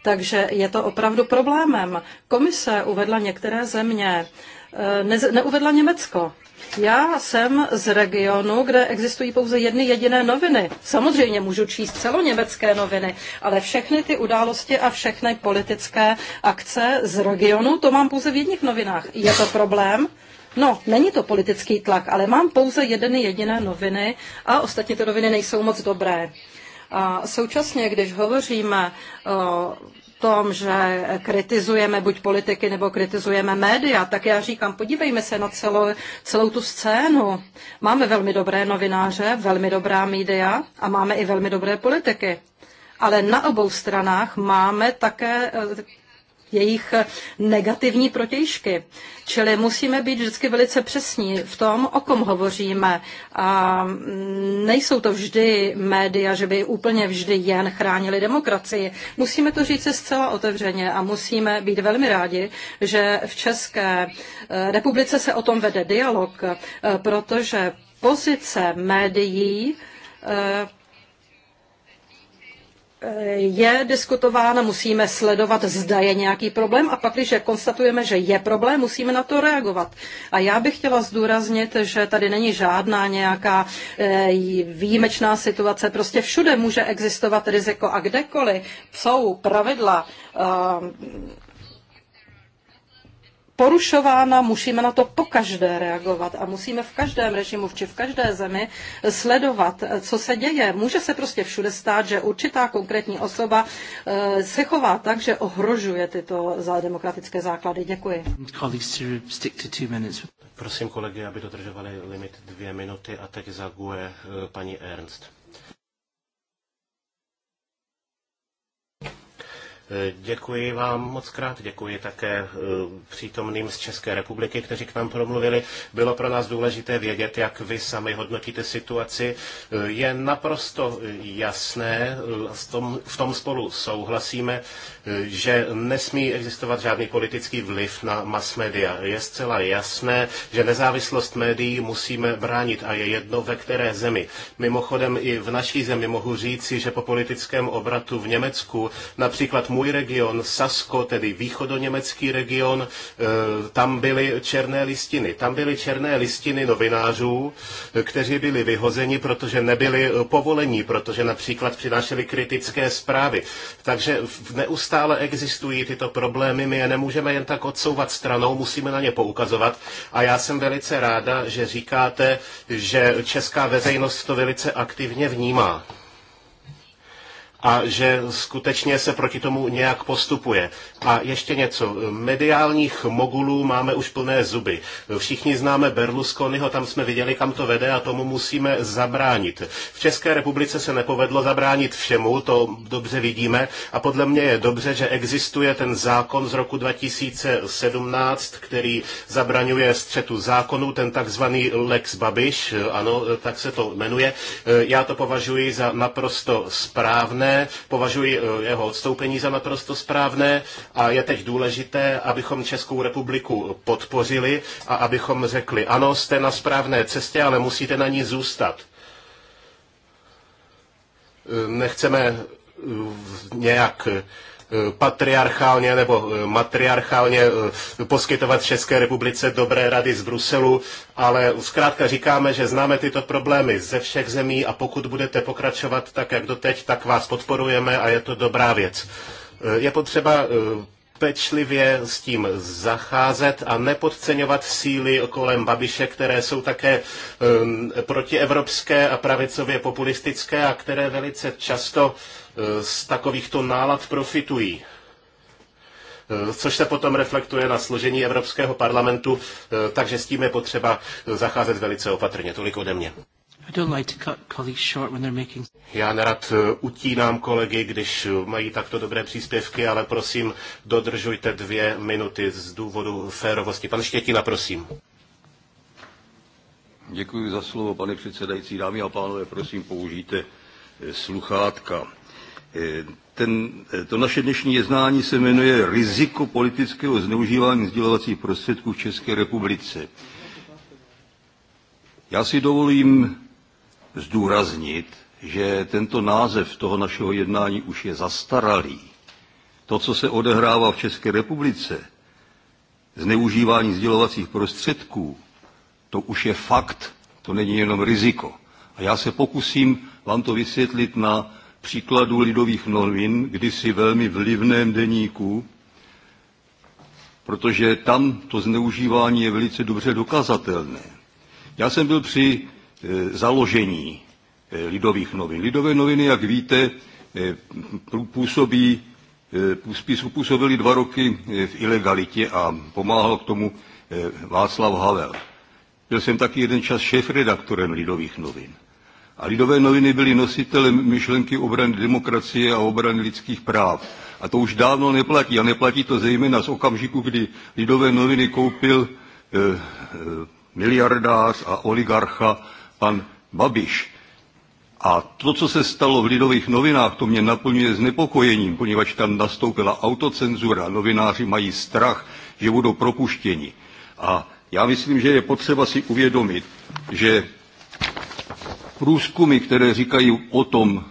Takže je to opravdu problémem. Komise uvedla některé země, eh, ne, neuvedla Německo. Já jsem z regionu, kde existují pouze jedny jediné noviny. Samozřejmě můžu číst celoněmecké noviny, ale všechny ty události a všechny politické akce z regionu, to mám pouze v jedných novinách. Je to problém? No, není to politický tlak, ale mám pouze jedny jediné noviny a ostatně ty noviny nejsou moc dobré. A současně, když hovoříme o tom, že kritizujeme buď politiky nebo kritizujeme média, tak já říkám, podívejme se na celou, celou tu scénu. Máme velmi dobré novináře, velmi dobrá média a máme i velmi dobré politiky. Ale na obou stranách máme také eh, jejich eh, negativní protějšky. Čili musíme být vždycky velice přesní v tom, o kom hovoříme. A mm, nejsou to vždy média, že by úplně vždy jen chránili demokracii. Musíme to říct zcela otevřeně a musíme být velmi rádi, že v České eh, republice se o tom vede dialog, eh, protože pozice médií Eh, je diskutována, musíme sledovat, zda je nějaký problém a pak, když konstatujeme, že je problém, musíme na to reagovat. A já bych chtěla zdůraznit, že tady není žádná nějaká eh, výjimečná situace. Prostě všude může existovat riziko a kdekoliv jsou pravidla eh, porušována, musíme na to pokaždé reagovat a musíme v každém režimu či v každé zemi sledovat, co se děje. Může se prostě všude stát, že určitá konkrétní osoba eh, se chová tak, že ohrožuje tyto demokratické základy. Děkuji. Prosím kolegy, aby dodržovali limit dvě minuty a teď za GUE eh, paní Ernst. Děkuji vám moc krát, děkuji také eh, přítomným z České republiky, kteří k nám promluvili. Bylo pro nás důležité vědět, jak vy sami hodnotíte situaci. Eh, je naprosto eh, jasné, v tom, v tom spolu souhlasíme, že nesmí existovat žádný politický vliv na mass media. Je zcela jasné, že nezávislost médií musíme bránit a je jedno, ve které zemi. Mimochodem i v naší zemi mohu říci, že po politickém obratu v Německu například můj můj region Sasko, tedy východoněmecký region, eh, tam byly černé listiny. Tam byly černé listiny novinářů, eh, kteří byli vyhozeni, protože nebyli eh, povolení, protože například přinášeli kritické zprávy. Takže neustále existují tyto problémy, my je nemůžeme jen tak odsouvat stranou, musíme na ně poukazovat. A já jsem velice ráda, že říkáte, že česká veřejnost to velice aktivně vnímá a že skutečně se proti tomu nějak postupuje. A ještě něco. Mediálních mogulů máme už plné zuby. Všichni známe Berlusconiho, tam jsme viděli, kam to vede a tomu musíme zabránit. V České republice se nepovedlo zabránit všemu, to dobře vidíme a podle mě je dobře, že existuje ten zákon z roku 2017, který zabraňuje střetu zákonů, ten takzvaný Lex Babiš, ano, tak se to jmenuje. Já to považuji za naprosto správné považuji eh, jeho odstoupení za naprosto správné a je teď důležité, abychom Českou republiku podpořili a abychom řekli, ano, jste na správné cestě, ale musíte na ní zůstat. Eh, nechceme eh, nějak Eh, patriarchálně nebo eh, matriarchálně eh, poskytovat České republice dobré rady z Bruselu, ale zkrátka říkáme, že známe tyto problémy ze všech zemí a pokud budete pokračovat tak, jak doteď, tak vás podporujeme a je to dobrá věc. Je potřeba pečlivě s tím zacházet a nepodceňovat síly kolem Babiše, které jsou také um, protievropské a pravicově populistické a které velice často Eh, z takovýchto nálad profitují eh, což se potom reflektuje na složení Evropského parlamentu, eh, takže s tím je potřeba zacházet velice opatrně. Tolik ode mě. Já nerad utínám kolegy, když mají takto dobré příspěvky, ale prosím, dodržujte dvě minuty z důvodu férovosti. Pan Štětina, prosím. Děkuji za slovo, pane předsedající. Dámy a pánové, prosím, použijte sluchátka. Eh, ten, eh, to naše dnešní jednání se jmenuje Riziko politického zneužívání sdělovacích prostředků v České republice. Já si dovolím zdůraznit, že tento název toho našeho jednání už je zastaralý. To, co se odehrává v České republice, zneužívání sdělovacích prostředků, to už je fakt, to není jenom riziko. A já se pokusím vám to vysvětlit na příkladu lidových novin, kdysi velmi vlivném deníku, protože tam to zneužívání je velice dobře dokazatelné. Já jsem byl při e, založení e, lidových novin. Lidové noviny, jak víte, e, působí, působili dva roky v ilegalitě a pomáhal k tomu Václav Havel. Byl jsem taky jeden čas šéf redaktorem lidových novin. A lidové noviny byly nositelem myšlenky obrany demokracie a obrany lidských práv. A to už dávno neplatí. A neplatí to zejména z okamžiku, kdy lidové noviny koupil eh, eh miliardář a oligarcha pan Babiš. A to, co se stalo v lidových novinách, to mě naplňuje znepokojením, poněvadž tam nastoupila autocenzura. Novináři mají strach, že budou propuštěni. A já myslím, že je potřeba si uvědomit, že průzkumy, které říkají o tom,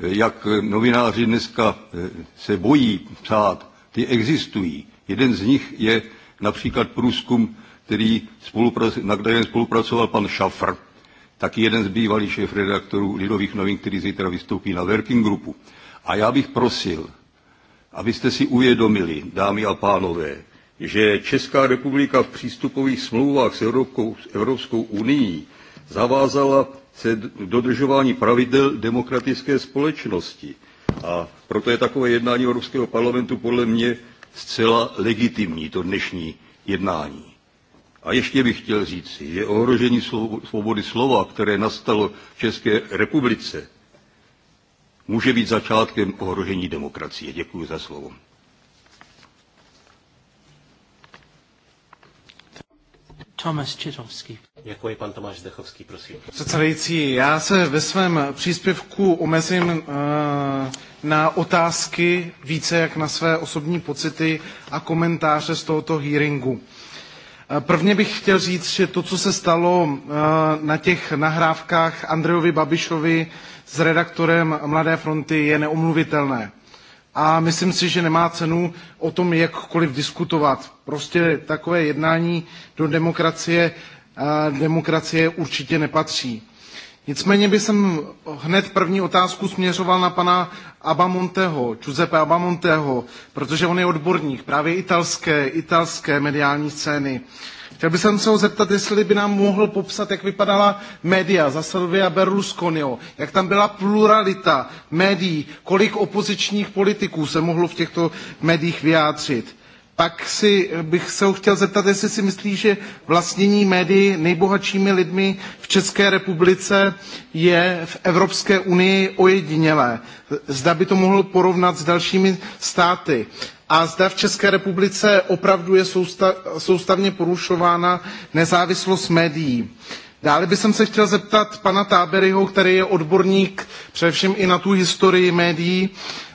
jak novináři dneska eh, se bojí psát, ty existují. Jeden z nich je například průzkum, který spolupracoval, na kterém spolupracoval pan Šafr, taky jeden z bývalých šéf-redaktorů Lidových novin, který zítra vystoupí na Working Groupu. A já bych prosil, abyste si uvědomili, dámy a pánové, že Česká republika v přístupových smlouvách s Evropskou, s Evropskou unii zavázala se dodržování pravidel demokratické společnosti. A proto je takové jednání Evropského parlamentu podle mě zcela legitimní, to dnešní jednání. A ještě bych chtěl říci, že ohrožení svobody slova, které nastalo v České republice, může být začátkem ohrožení demokracie. Děkuji za slovo. Tomáš Čidovský. Děkuji, pan Tomáš Zdechovský, prosím. Předsedající, já se ve svém příspěvku omezím uh, na otázky více jak na své osobní pocity a komentáře z tohoto hearingu. Eh, prvně bych chtěl říct, že to, co se stalo eh, na těch nahrávkách Andrejovi Babišovi s redaktorem Mladé fronty, je neomluvitelné a myslím si, že nemá cenu o tom jakkoliv diskutovat. Prostě takové jednání do demokracie, demokracie určitě nepatří. Nicméně bych jsem hned první otázku směřoval na pana Abamonteho, Giuseppe Abamonteho, protože on je odborník právě italské, italské mediální scény. Uh, Chtěl bych se ho zeptat, jestli by nám mohl popsat, jak vypadala média za Silvia Berlusconiho, jak tam byla pluralita médií, kolik opozičních politiků se mohlo v těchto médiích vyjádřit tak si, bych se ho chtěl zeptat, jestli si myslí, že vlastnění médií nejbohatšími lidmi v České republice je v Evropské unii ojedinělé. Zda by to mohl porovnat s dalšími státy. A zda v České republice opravdu je soustavně porušována nezávislost médií. Dále bych se chtěl zeptat pana Táberyho, který je odborník především i na tu historii médií,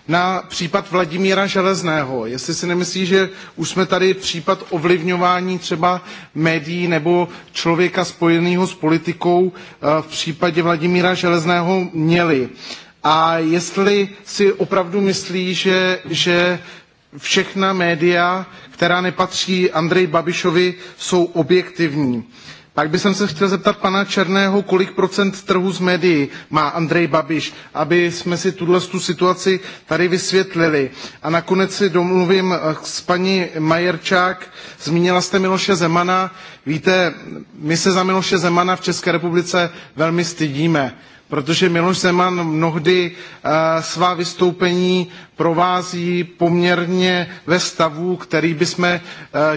na případ Vladimíra Železného. Jestli si nemyslí, že už jsme tady případ ovlivňování třeba médií nebo člověka spojeného s politikou eh, v případě Vladimíra Železného měli. A jestli si opravdu myslí, že, že všechna média, která nepatří Andreji Babišovi, jsou objektivní. Uh, pak bych se chtěl zeptat pana Černého, kolik procent trhu s médií má Andrej Babiš, aby jsme si tuhle tu situaci tady vysvětlili. A nakonec si domluvím eh, s paní Majerčák, zmínila jste Miloše Zemana. Víte, my se za Miloše Zemana v České republice velmi stydíme protože Miloš Zeman mnohdy eh, svá vystoupení provází poměrně ve stavu, který bychom eh,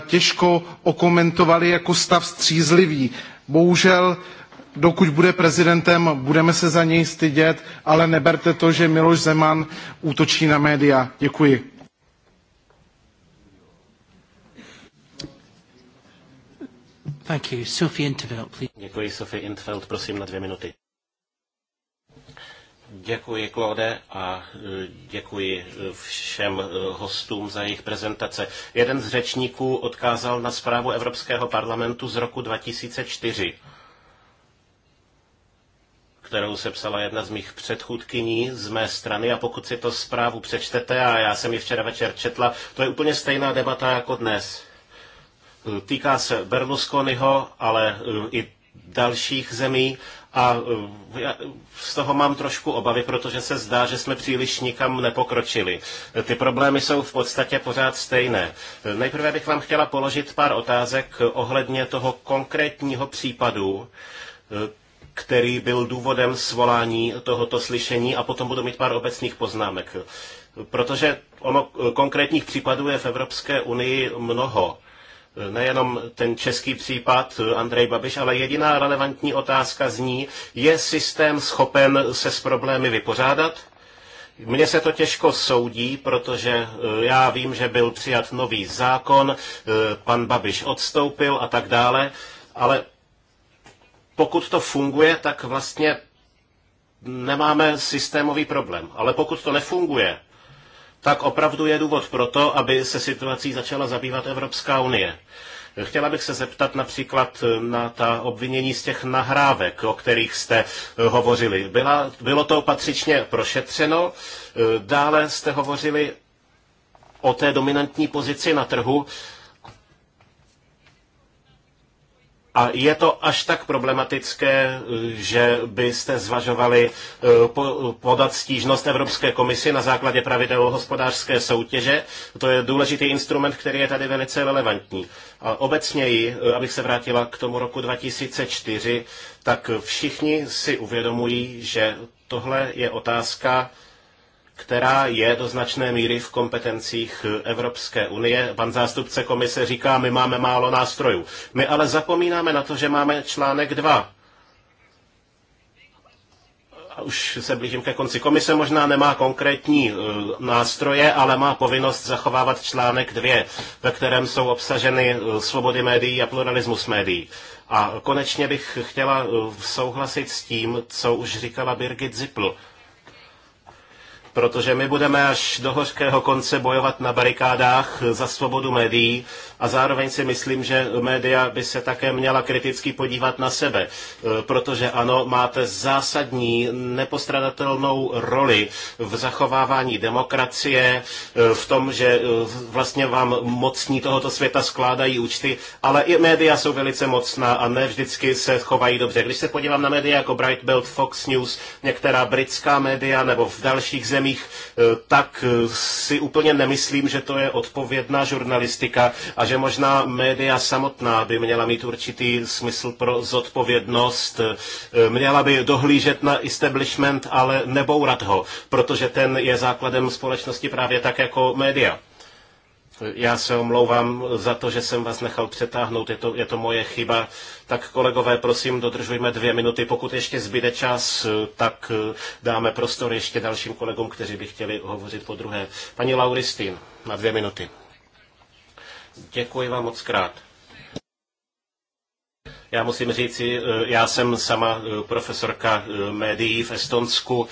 těžko okomentovali jako stav střízlivý. Bohužel dokud bude prezidentem, budeme se za něj stydět, ale neberte to, že Miloš Zeman útočí na média. Děkuji. Thank you. Sophie please. Děkuji, Sophie Intveld, prosím na dvě minuty. Děkuji, Klode, a e, děkuji e, všem e, hostům za jejich prezentace. Jeden z řečníků odkázal na zprávu Evropského parlamentu z roku 2004, kterou se psala jedna z mých předchůdkyní z mé strany a pokud si to zprávu přečtete, a já jsem ji včera večer četla, to je úplně stejná debata jako dnes. Týká se Berlusconiho, ale i dalších zemí a e, z toho mám trošku obavy, protože se zdá, že jsme příliš nikam nepokročili. Ty problémy jsou v podstatě pořád stejné. Nejprve bych vám chtěla položit pár otázek ohledně toho konkrétního případu, e, který byl důvodem svolání tohoto slyšení a potom budu mít pár obecných poznámek. Protože ono e, konkrétních případů je v Evropské unii mnoho nejenom ten český případ eh, Andrej Babiš, ale jediná relevantní otázka zní, je systém schopen se s problémy vypořádat? Mně se to těžko soudí, protože eh, já vím, že byl přijat nový zákon, eh, pan Babiš odstoupil a tak dále, ale pokud to funguje, tak vlastně nemáme systémový problém. Ale pokud to nefunguje, tak opravdu je důvod pro to, aby se situací začala zabývat Evropská unie. Chtěla bych se zeptat například eh, na ta obvinění z těch nahrávek, o kterých jste eh, hovořili. Byla, bylo to patřičně prošetřeno, eh, dále jste hovořili o té dominantní pozici na trhu, A je to až tak problematické, že byste zvažovali e, podat stížnost Evropské komisi na základě pravidel hospodářské soutěže. To je důležitý instrument, který je tady velice relevantní. A obecněji, e, abych se vrátila k tomu roku 2004, tak všichni si uvědomují, že tohle je otázka, která je do značné míry v kompetencích Evropské unie. Pan zástupce komise říká, my máme málo nástrojů. My ale zapomínáme na to, že máme článek 2 a už se blížím ke konci. Komise možná nemá konkrétní eh, nástroje, ale má povinnost zachovávat článek 2, ve kterém jsou obsaženy eh, svobody médií a pluralismus médií. A konečně bych chtěla eh, souhlasit s tím, co už říkala Birgit Zippel protože my budeme až do hořkého konce bojovat na barikádách za svobodu médií a zároveň si myslím, že média by se také měla kriticky podívat na sebe, e, protože ano, máte zásadní nepostradatelnou roli v zachovávání demokracie, e, v tom, že e, vlastně vám mocní tohoto světa skládají účty, ale i média jsou velice mocná a ne vždycky se chovají dobře. Když se podívám na média jako Bright Belt, Fox News, některá britská média nebo v dalších zemích, zemích, eh, tak eh, si úplně nemyslím, že to je odpovědná žurnalistika a že možná média samotná by měla mít určitý smysl pro zodpovědnost, eh, měla by dohlížet na establishment, ale nebourat ho, protože ten je základem společnosti právě tak jako média. Já se omlouvám za to, že jsem vás nechal přetáhnout, je to, je to moje chyba. Tak kolegové, prosím, dodržujme dvě minuty. Pokud ještě zbyde čas, tak eh, dáme prostor ještě dalším kolegům, kteří by chtěli hovořit po druhé. Paní Lauristin, na dvě minuty. Děkuji vám moc krát. Já musím říci, eh, já jsem sama eh, profesorka médií v Estonsku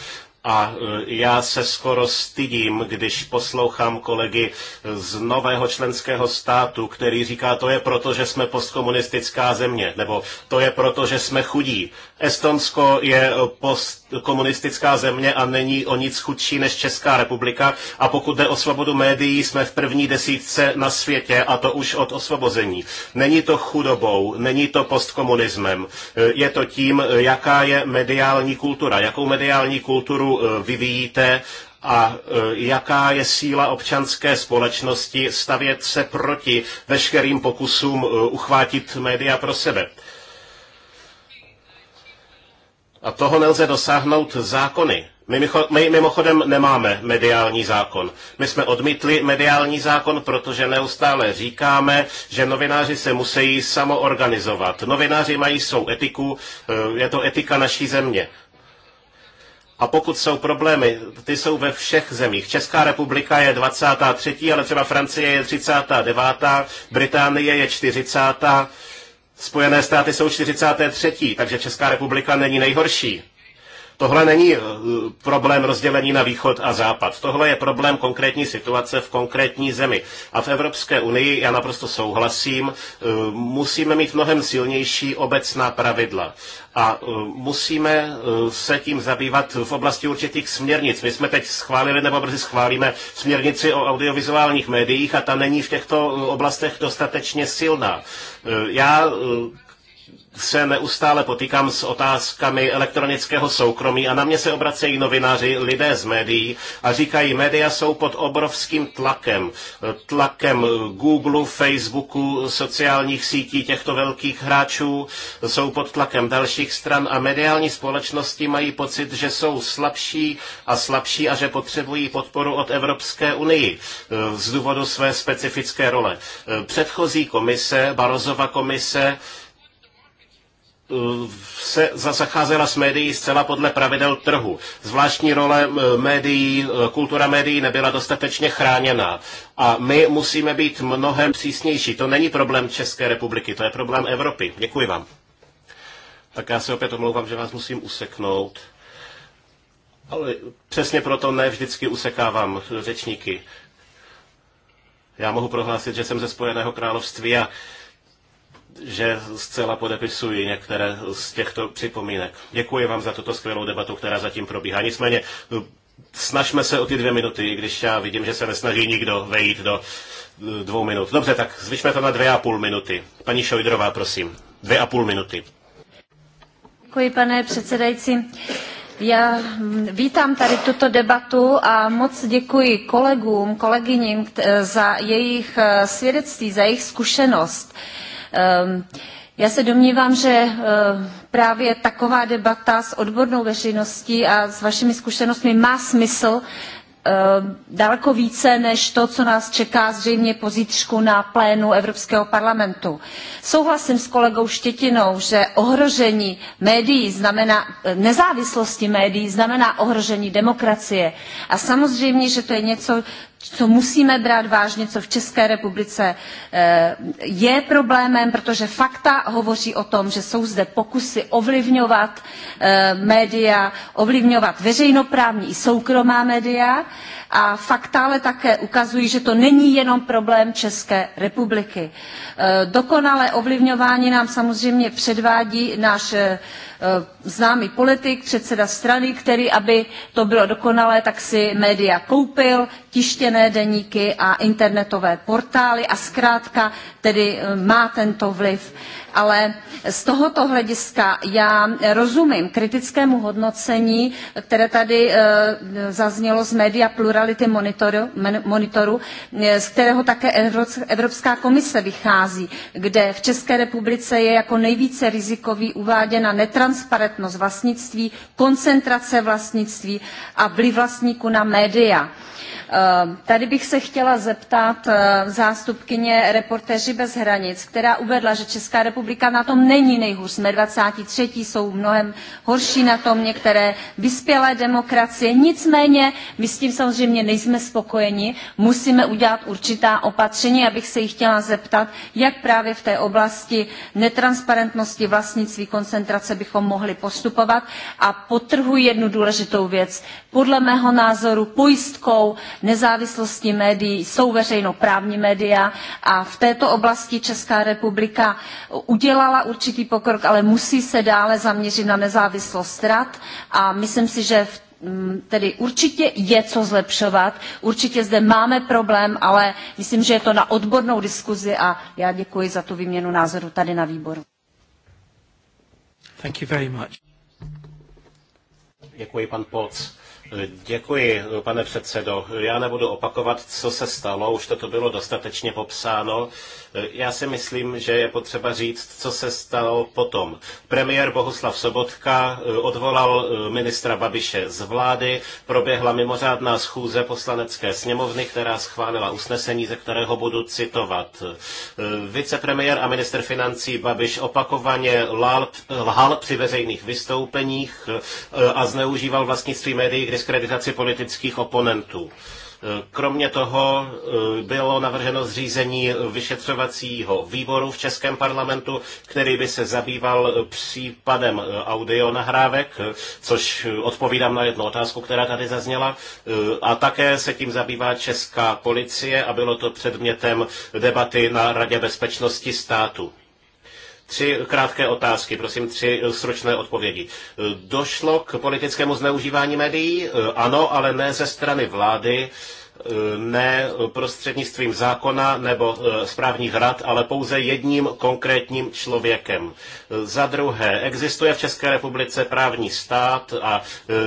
a e, já se skoro stydím, když poslouchám kolegy z nového členského státu, který říká, to je proto, že jsme postkomunistická země, nebo to je proto, že jsme chudí. Estonsko je postkomunistická země a není o nic chudší než Česká republika a pokud jde o svobodu médií, jsme v první desítce na světě a to už od osvobození. Není to chudobou, není to postkomunismem. Je to tím, jaká je mediální kultura, jakou mediální kulturu eh, vyvíjíte a eh, jaká je síla občanské společnosti stavět se proti veškerým pokusům eh, uchvátit média pro sebe. A toho nelze dosáhnout zákony. My, my mimochodem nemáme mediální zákon. My jsme odmítli mediální zákon, protože neustále říkáme, že novináři se musí samoorganizovat. Novináři mají svou etiku, eh, je to etika naší země. A pokud jsou problémy, ty jsou ve všech zemích. Česká republika je 23., ale třeba Francie je 39., Británie je 40., Spojené státy jsou 43. takže Česká republika není nejhorší. Tohle není eh, problém rozdělení na východ a západ. Tohle je problém konkrétní situace v konkrétní zemi. A v Evropské unii, já naprosto souhlasím, eh, musíme mít mnohem silnější obecná pravidla. A eh, musíme se tím zabývat v oblasti určitých směrnic. My jsme teď schválili nebo brzy schválíme směrnici o audiovizuálních médiích a ta není v těchto oblastech dostatečně silná. Já se neustále potýkám s otázkami elektronického soukromí a na mě se obracejí novináři, lidé z médií a říkají, média jsou pod obrovským tlakem. Tlakem Google, Facebooku, sociálních sítí těchto velkých hráčů, jsou pod tlakem dalších stran a mediální společnosti mají pocit, že jsou slabší a slabší a že potřebují podporu od Evropské unii z důvodu své specifické role. Předchozí komise, Barozova komise, Eh, se zacházela s médií zcela podle pravidel trhu. Zvláštní role eh, médií, eh, kultura médií nebyla dostatečně chráněná. A my musíme být mnohem přísnější. To není problém České republiky, to je problém Evropy. Děkuji vám. Tak já se opět omlouvám, že vás musím useknout. Ale přesně proto ne vždycky usekávám řečníky. Já mohu prohlásit, že jsem ze Spojeného království a že zcela podepisuji některé z těchto připomínek. Děkuji vám za tuto skvělou debatu, která zatím probíhá. Nicméně snažme se o ty dvě minuty, i když já vidím, že se nesnaží nikdo vejít do eh, dvou minut. Dobře, tak zvyšme to na dvě a půl minuty. Paní Šojdrová, prosím. Dvě a půl minuty. Děkuji, pane předsedající. Já vítám tady tuto debatu a moc děkuji kolegům, kolegyním za jejich eh, svědectví, za jejich zkušenost. Ehm, já se domnívám, že eh, právě taková debata s odbornou veřejností a s vašimi zkušenostmi má smysl, ehm, daleko více než to, co nás čeká zřejmě pozítřku na plénu Evropského parlamentu. Souhlasím s kolegou Štětinou, že ohrožení médií znamená, eh, nezávislosti médií znamená ohrožení demokracie. A samozřejmě, že to je něco, co musíme brát vážně, co v České republice eh, je problémem, protože fakta hovoří o tom, že jsou zde pokusy ovlivňovat eh, média, ovlivňovat veřejnoprávní i soukromá média a fakta ale také ukazují, že to není jenom problém České republiky. E, dokonalé ovlivňování nám samozřejmě předvádí náš e, známý politik, předseda strany, který, aby to bylo dokonalé, tak si média koupil, tištěné deníky a internetové portály a zkrátka tedy e, má tento vliv ale z tohoto hlediska já rozumím kritickému hodnocení, které tady eh, zaznělo z média Plurality Monitoru, monitoru eh, z kterého také Evropská komise vychází, kde v České republice je jako nejvíce rizikový uváděna netransparentnost vlastnictví, koncentrace vlastnictví a vliv vlastníků na média. Eh, tady bych se chtěla zeptat zástupkyně reportéři bez hranic, která uvedla, že Česká republika republika na tom není nejhůř. Jsme 23. jsou mnohem horší na tom některé vyspělé demokracie. Nicméně my s tím samozřejmě nejsme spokojeni. Musíme udělat určitá opatření, abych se jich chtěla zeptat, jak právě v té oblasti netransparentnosti vlastnictví koncentrace bychom mohli postupovat. A potrhuji jednu důležitou věc. Podle mého názoru pojistkou nezávislosti médií jsou veřejnoprávní média a v této oblasti Česká republika udělala určitý pokrok, ale musí se dále zaměřit na nezávislost rad a myslím si, že v tedy určitě je co zlepšovat, určitě zde máme problém, ale myslím, že je to na odbornou diskuzi a já děkuji za tu výměnu názoru tady na výboru. Thank you very much. Děkuji, pan Poc. Děkuji, pane předsedo. Já nebudu opakovat, co se stalo, už to bylo dostatečně popsáno. Já si myslím, že je potřeba říct, co se stalo potom. Premiér Bohuslav Sobotka eh, odvolal eh, ministra Babiše z vlády, proběhla mimořádná schůze poslanecké sněmovny, která schválila usnesení, ze kterého budu citovat. Eh, vicepremiér a minister financí Babiš opakovaně lhal, lhal při veřejných vystoupeních a zneužíval vlastnictví médií k diskreditaci politických oponentů. Kromě toho eh, bylo navrženo zřízení vyšetřovacího výboru v Českém parlamentu, který by se zabýval eh, případem eh, audio nahrávek, což odpovídám na jednu otázku, která tady zazněla. A také se tím zabývá česká policie a bylo to předmětem debaty na Radě bezpečnosti státu. Tři krátké otázky, prosím, tři eh, sročné odpovědi. Eh, došlo k politickému zneužívání médií? Eh, ano, ale ne ze strany vlády Eh, ne prostřednictvím zákona nebo eh, správních rad, ale pouze jedním konkrétním člověkem. Eh, za druhé, existuje v České republice právní stát a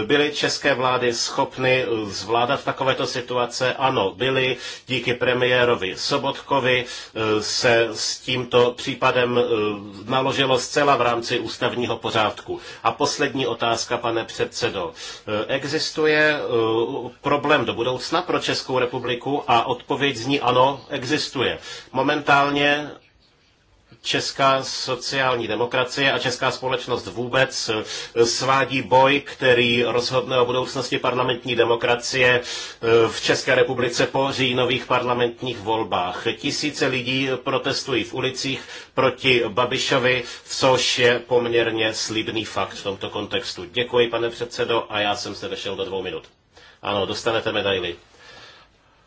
byly české vlády schopny zvládat takovéto situace? Ano, byly. Díky premiérovi Sobotkovi se s tímto případem naložilo zcela v rámci ústavního pořádku. A poslední otázka, pane předsedo. Existuje problém do budoucna pro Českou Českou republiku a odpověď zní ano, existuje. Momentálně česká sociální demokracie a česká společnost vůbec eh, svádí boj, který rozhodne o budoucnosti parlamentní demokracie eh, v České republice po říjnových parlamentních volbách. Tisíce lidí protestují v ulicích proti Babišovi, což je poměrně slibný fakt v tomto kontextu. Děkuji, pane předsedo, a já jsem se vešel do dvou minut. Ano, dostanete medaily.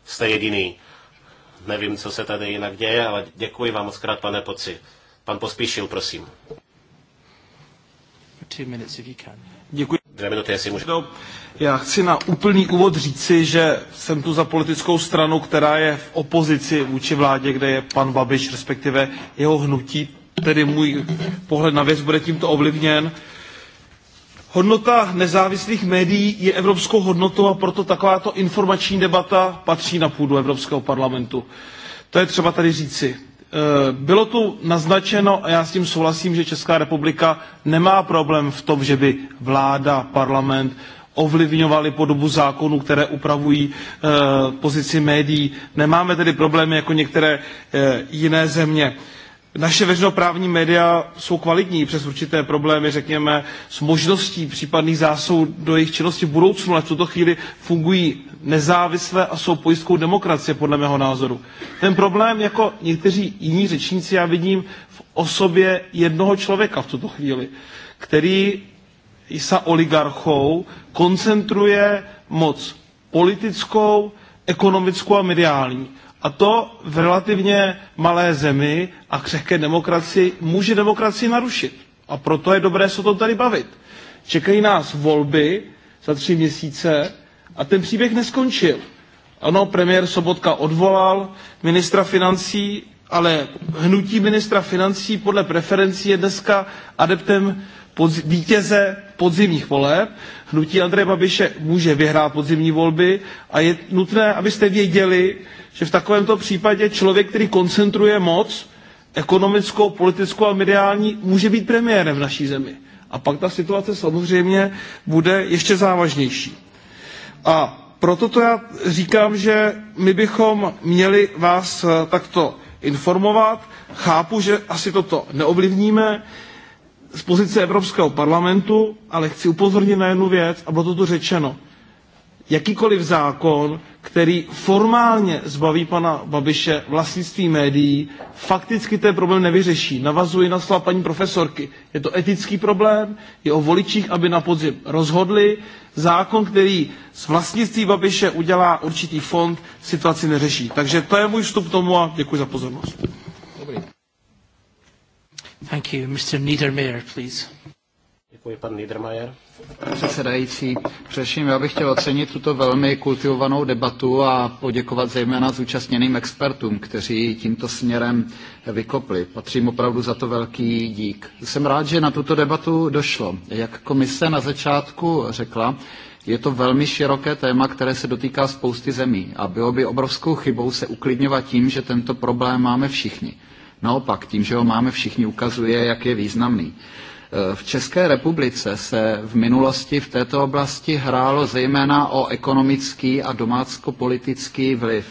Jste jediný. Nevím, co se tady jinak děje, ale děkuji vám moc krát, pane Poci. Pan Pospíšil, prosím. Děkuji. Dvě minuty, jestli můžu. No, já chci na úplný úvod říci, že jsem tu za politickou stranu, která je v opozici vůči vládě, kde je pan Babiš, respektive jeho hnutí, tedy můj pohled na věc bude tímto ovlivněn. Hodnota nezávislých médií je evropskou hodnotou a proto takováto informační debata patří na půdu Evropského parlamentu. To je třeba tady říci. E, bylo tu naznačeno, a já s tím souhlasím, že Česká republika nemá problém v tom, že by vláda, parlament ovlivňovali podobu zákonů, které upravují e, pozici médií. Nemáme tedy problémy jako některé e, jiné země naše veřejnoprávní média jsou kvalitní přes určité problémy, řekněme, s možností případných zásahů do jejich činnosti v budoucnu, ale v tuto chvíli fungují nezávisle a jsou pojistkou demokracie, podle mého názoru. Ten problém, jako někteří jiní řečníci, já vidím v osobě jednoho člověka v tuto chvíli, který sa oligarchou koncentruje moc politickou, ekonomickou a mediální a to v relativně malé zemi a křehké demokracii může demokracii narušit. A proto je dobré se o tom tady bavit. Čekají nás volby za tři měsíce a ten příběh neskončil. Ano, premiér Sobotka odvolal ministra financí, ale hnutí ministra financí podle preferencí je dneska adeptem podz- vítěze podzimních voleb. Hnutí Andreje Babiše může vyhrát podzimní volby a je nutné, abyste věděli, že v takovémto případě člověk, který koncentruje moc, ekonomickou, politickou a mediální, může být premiérem v naší zemi. A pak ta situace samozřejmě bude ještě závažnější. A proto to já říkám, že my bychom měli vás eh, takto informovat. Chápu, že asi toto neovlivníme z pozice Evropského parlamentu, ale chci upozornit na jednu věc a bylo to tu řečeno. Jakýkoliv zákon, který formálně zbaví pana Babiše vlastnictví médií, fakticky ten problém nevyřeší. Navazuji na slova paní profesorky. Je to etický problém, je o voličích, aby na podzim rozhodli. Zákon, který z vlastnictví Babiše udělá určitý fond, situaci neřeší. Takže to je můj vstup k tomu a děkuji za pozornost. Dobrý. Thank you. Mr. Niedermayer, please. Děkuji, pan Niedermayer. Předsedající, především já bych chtěl ocenit tuto velmi kultivovanou debatu a poděkovat zejména zúčastněným expertům, kteří tímto směrem vykopli. Patřím opravdu za to velký dík. Jsem rád, že na tuto debatu došlo. Jak komise na začátku řekla, je to velmi široké téma, které se dotýká spousty zemí a bylo by obrovskou chybou se uklidňovat tím, že tento problém máme všichni. Naopak, tím, že ho máme všichni, ukazuje, jak je významný. V České republice se v minulosti v této oblasti hrálo zejména o ekonomický a domácko-politický vliv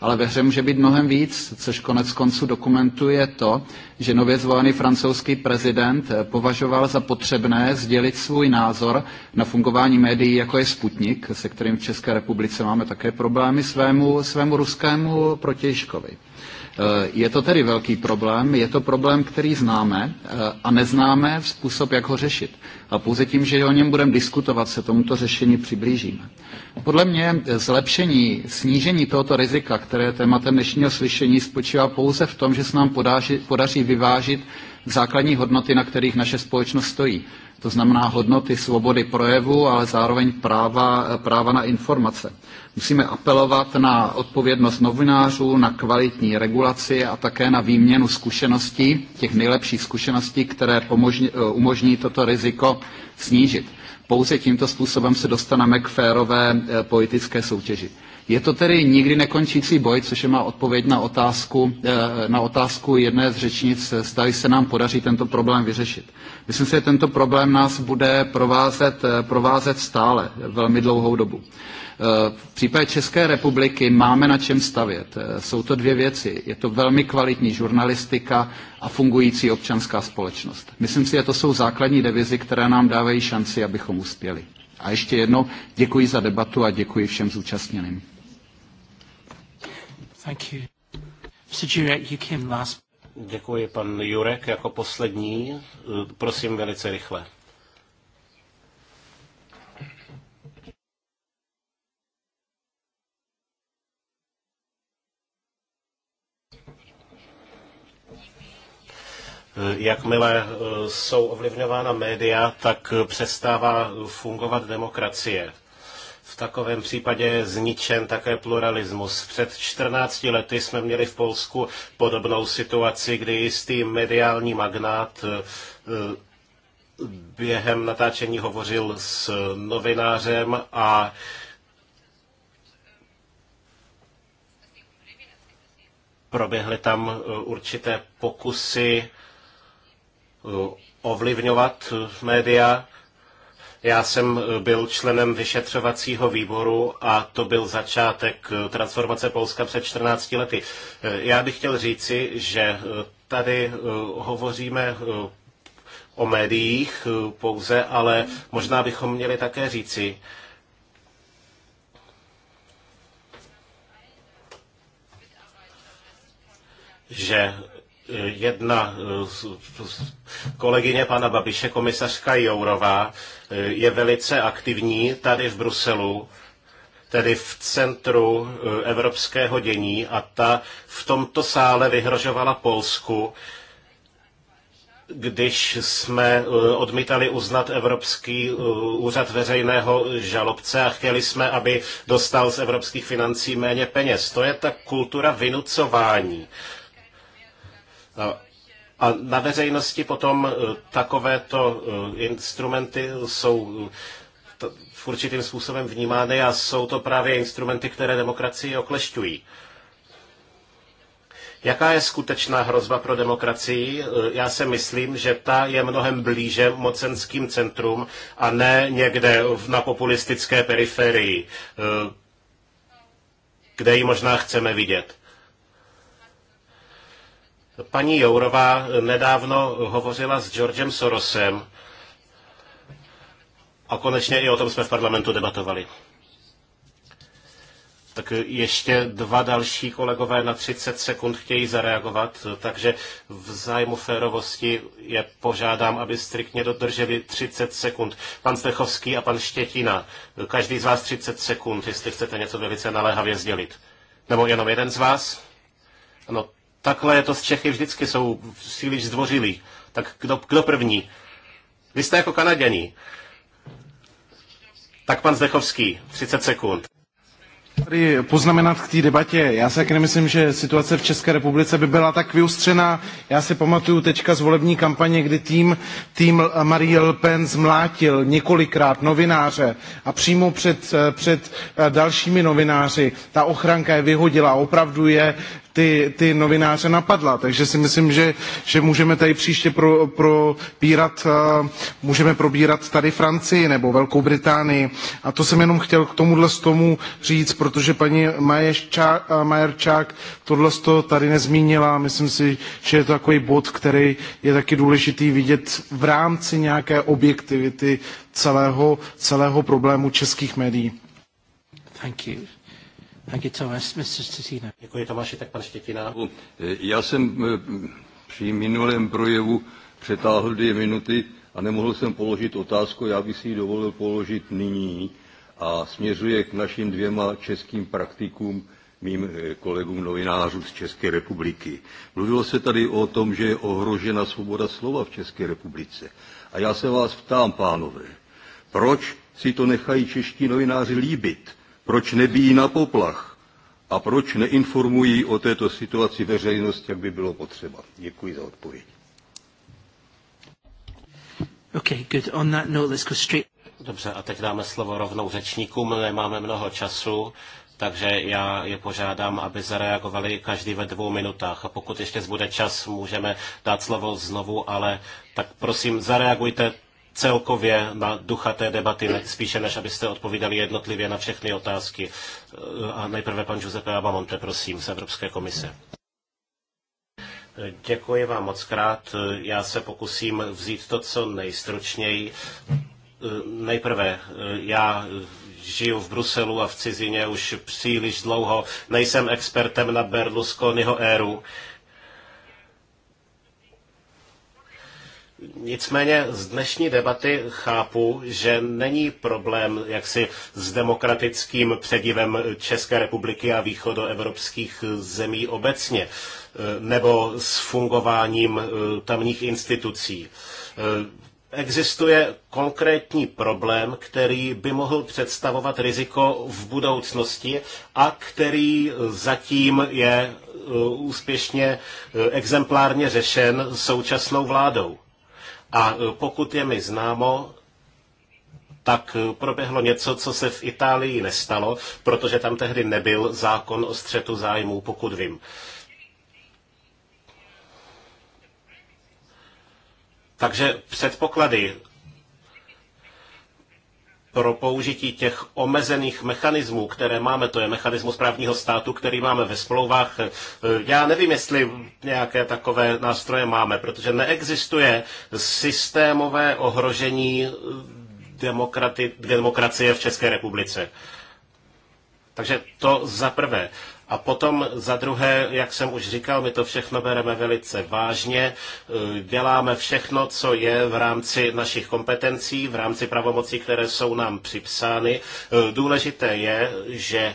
ale ve hře může být mnohem víc, což konec konců dokumentuje to, že nově zvolený francouzský prezident považoval za potřebné sdělit svůj názor na fungování médií, jako je Sputnik, se kterým v České republice máme také problémy svému, svému ruskému protěžkovi. Eh, je to tedy velký problém, je to problém, který známe eh, a neznáme způsob, jak ho řešit. A pouze tím, že o něm budeme diskutovat, se tomuto řešení přiblížíme. Podle mě eh, zlepšení, snížení tohoto rizika, které je tématem dnešního slyšení, spočívá pouze v tom, že se nám podaří, podaří vyvážit základní hodnoty, na kterých naše společnost stojí. To znamená hodnoty svobody projevu, ale zároveň práva, práva na informace. Musíme apelovat na odpovědnost novinářů, na kvalitní regulaci a také na výměnu zkušeností, těch nejlepších zkušeností, které pomožní, umožní toto riziko snížit. Pouze tímto způsobem se dostaneme k férové eh, politické soutěži. Je to tedy nikdy nekončící boj, což je má odpověď na otázku, eh, na otázku jedné z řečnic, eh, zda se nám podaří tento problém vyřešit. Myslím si, že tento problém nás bude provázet, provázet stále velmi dlouhou dobu. V případě České republiky máme na čem stavět. Eh, jsou to dvě věci. Je to velmi kvalitní žurnalistika a fungující občanská společnost. Myslím si, že to jsou základní devizy, které nám dávají šanci, abychom uspěli. A ještě jednou děkuji za debatu a děkuji všem zúčastněným. Thank you. Mr. Jurek, you came last. Děkuji, pan Jurek, jako poslední. Eh, prosím velice rychle. Eh, jakmile eh, jsou ovlivňována média, tak eh, přestává fungovat demokracie. V takovém případě je zničen také pluralismus. Před 14 lety jsme měli v Polsku podobnou situaci, kdy jistý mediální magnát během natáčení hovořil s novinářem a proběhly tam určité pokusy ovlivňovat média. Já jsem byl členem vyšetřovacího výboru a to byl začátek transformace Polska před 14 lety. Já bych chtěl říci, že tady eh, hovoříme eh, o médiích eh, pouze, ale možná bychom měli také říci, že jedna eh, kolegyně pana Babiše, komisařka Jourová, eh, je velice aktivní tady v Bruselu, tedy v centru eh, evropského dění a ta v tomto sále vyhrožovala Polsku, když jsme odmítali uznat Evropský úřad veřejného žalobce a chtěli jsme, aby dostal z evropských financí méně peněz. To je ta kultura vynucování. A na veřejnosti potom e, takovéto e, instrumenty jsou e, v určitým způsobem vnímány a jsou to právě instrumenty, které demokracii oklešťují. Jaká je skutečná hrozba pro demokracii? Já si myslím, že ta je mnohem blíže mocenským centrum a ne někde na populistické periferii, kde ji možná chceme vidět. Paní Jourová nedávno hovořila s Georgem Sorosem a konečně i o tom jsme v parlamentu debatovali. Tak ještě dva další kolegové na 30 sekund chtějí zareagovat, takže v zájmu férovosti je požádám, aby striktně dodrželi 30 sekund. Pan Stechovský a pan Štětina, každý z vás 30 sekund, jestli chcete něco velice naléhavě sdělit. Nebo jenom jeden z vás? no. Takhle je to s Čechy vždycky, jsou příliš zdvořilí. Tak kdo, kdo první? Vy jste jako Kanaděni. Tak pan Zdechovský, 30 sekund. Tady poznamenat k té debatě. Já si taky nemyslím, že situace v České republice by byla tak vyustřená. Já si pamatuju teďka z volební kampaně, kdy tým, tým Marie Le Pen zmlátil několikrát novináře a přímo před, eh, před eh, dalšími novináři ta ochranka je vyhodila. Opravdu je ty, ty novináře napadla. Takže si myslím, že, že můžeme tady příště pro, probírat, eh, můžeme probírat tady Francii nebo Velkou Británii. A to jsem jenom chtěl k tomuhle z tomu říct, protože paní eh, Majerčák tohle to tady nezmínila. Myslím si, že je to takový bod, který je taky důležitý vidět v rámci nějaké objektivity celého, celého problému českých médií. Thank you. Děkuji Tomáši, tak pan Štětina. Já jsem eh, při minulém projevu přetáhl dvě minuty a nemohl jsem položit otázku, já bych si ji dovolil položit nyní a směřuje k našim dvěma českým praktikům, mým eh, kolegům novinářům z České republiky. Mluvilo se tady o tom, že je ohrožena svoboda slova v České republice. A já se vás ptám, pánové, proč si to nechají čeští novináři líbit? Proč nebíjí na poplach? A proč neinformují o této situaci veřejnost, jak by bylo potřeba? Děkuji za odpověď. Okay, good. On that note, let's go straight. Dobře, a teď dáme slovo rovnou řečníkům, nemáme mnoho času, takže já je požádám, aby zareagovali každý ve dvou minutách. A pokud ještě zbude čas, můžeme dát slovo znovu, ale tak prosím, zareagujte celkově na ducha té debaty, spíše než abyste odpovídali jednotlivě na všechny otázky. Eh, a nejprve pan Giuseppe Abamonte, prosím, z Evropské komise. Děkuji vám moc krát. Eh, já se pokusím vzít to, co nejstručněji. Eh, nejprve, já žiju v Bruselu a v cizině už příliš dlouho. Nejsem expertem na Berlusconiho éru. Nicméně z dnešní debaty chápu, že není problém jaksi s demokratickým předivem České republiky a východoevropských zemí obecně, e, nebo s fungováním e, tamních institucí. E, existuje konkrétní problém, který by mohl představovat riziko v budoucnosti a který zatím je úspěšně exemplárně řešen současnou vládou. A e, pokud je mi známo, tak e, proběhlo něco, co se v Itálii nestalo, protože tam tehdy nebyl zákon o střetu zájmů, pokud vím. Takže předpoklady pro použití těch omezených mechanismů, které máme, to je mechanismus právního státu, který máme ve smlouvách. E, já nevím, jestli nějaké takové nástroje máme, protože neexistuje systémové ohrožení e, demokraty, demokracie v České republice. Takže to za prvé. A potom za druhé, jak jsem už říkal, my to všechno bereme velice vážně. E, děláme všechno, co je v rámci našich kompetencí, v rámci pravomocí, které jsou nám připsány. E, důležité je, že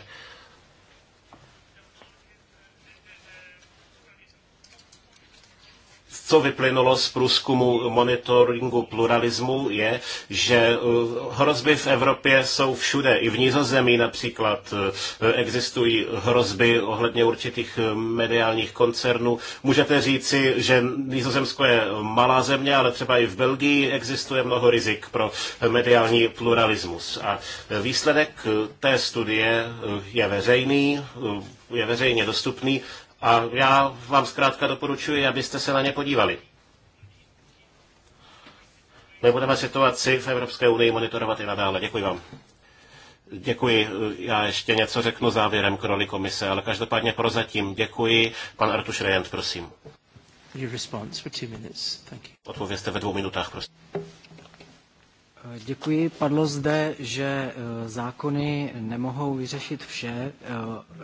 co vyplynulo z průzkumu monitoringu pluralismu, je, že eh, hrozby v Evropě jsou všude. I v Nizozemí například eh, existují hrozby ohledně určitých eh, mediálních koncernů. Můžete říci, že Nizozemsko je malá země, ale třeba i v Belgii existuje mnoho rizik pro mediální pluralismus. A výsledek té studie je veřejný, je veřejně dostupný a já vám zkrátka doporučuji, abyste se na ně podívali. My budeme situaci v Evropské unii monitorovat i nadále. Děkuji vám. Děkuji. Já ještě něco řeknu závěrem k roli komise, ale každopádně prozatím děkuji. Pan Artuš Rejent, prosím. Odpovězte ve dvou minutách, prosím. Děkuji. Padlo zde, že eh, zákony nemohou vyřešit vše. Eh,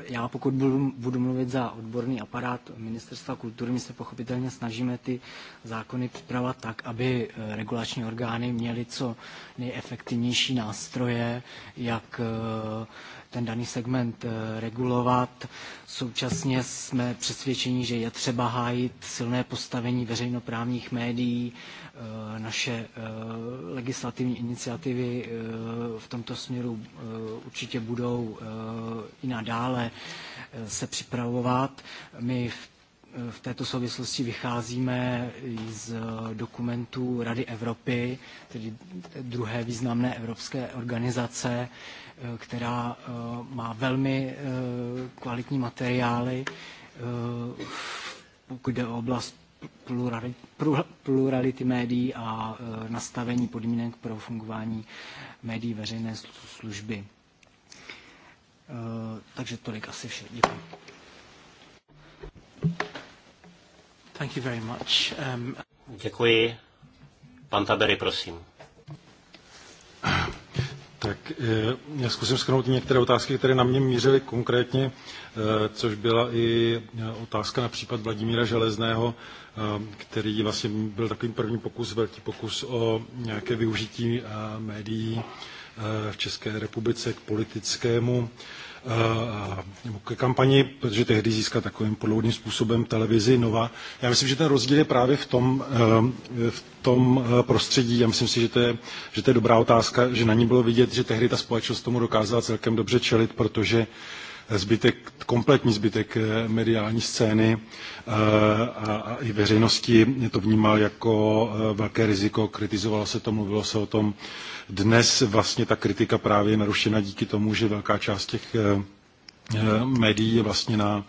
já pokud budu, budu mluvit za odborný aparát Ministerstva kultury, my se pochopitelně snažíme ty zákony připravovat tak, aby eh, regulační orgány měly co nejefektivnější nástroje, jak ten daný segment eh, regulovat. Současně jsme přesvědčeni, že je třeba hájit silné postavení veřejnoprávních médií. Eh, naše eh, legislativní iniciativy v tomto směru určitě budou i nadále se připravovat. My v v této souvislosti vycházíme z dokumentů Rady Evropy, tedy druhé významné evropské organizace, která eh, má velmi eh, kvalitní materiály, eh, pokud jde o oblast plurality, plurality médií a nastavení podmínek pro fungování médií veřejné služby. Takže tolik asi vše. Děkuji. Thank you very much. Um... Děkuji. Pan Tabery, prosím. Tak eh, já zkusím shrnout některé otázky, které na mě mířily konkrétně, eh, což byla i eh, otázka na případ Vladimíra Železného, který vlastně byl takový první pokus, velký pokus o nějaké využití médií v České republice k politickému Eh, nebo ke kampani, protože tehdy získá takovým podloudným způsobem televizi Nova. Já myslím, že ten rozdíl je právě v tom, eh, v tom eh, prostředí. Já myslím si, že to, je, že to je dobrá otázka, že na ní bylo vidět, že tehdy ta společnost tomu dokázala celkem dobře čelit, protože zbytek, kompletní zbytek mediální scény a, a i veřejnosti to vnímal jako velké riziko, kritizovalo se to, mluvilo se o tom, dnes vlastně ta kritika právě je narušena díky tomu, že velká část těch eh, eh, médií je vlastně na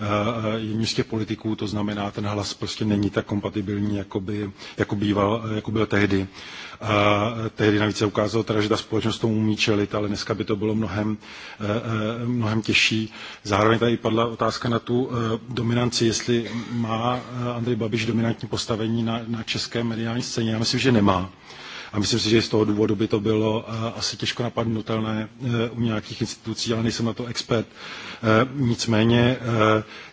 eh, jedním z těch politiků, to znamená, ten hlas prostě není tak kompatibilní, jako, by, jako, býval, jako byl tehdy. A tehdy navíc se ukázalo teda, že ta společnost tomu umí čelit, ale dneska by to bylo mnohem, mnohem těžší. Zároveň tady padla otázka na tu dominanci, jestli má Andrej Babiš dominantní postavení na, na české mediální scéně. Já myslím, že nemá a myslím si, že z toho důvodu by to bylo eh, asi těžko napadnutelné eh, u nějakých institucí, ale nejsem na to expert. Eh, nicméně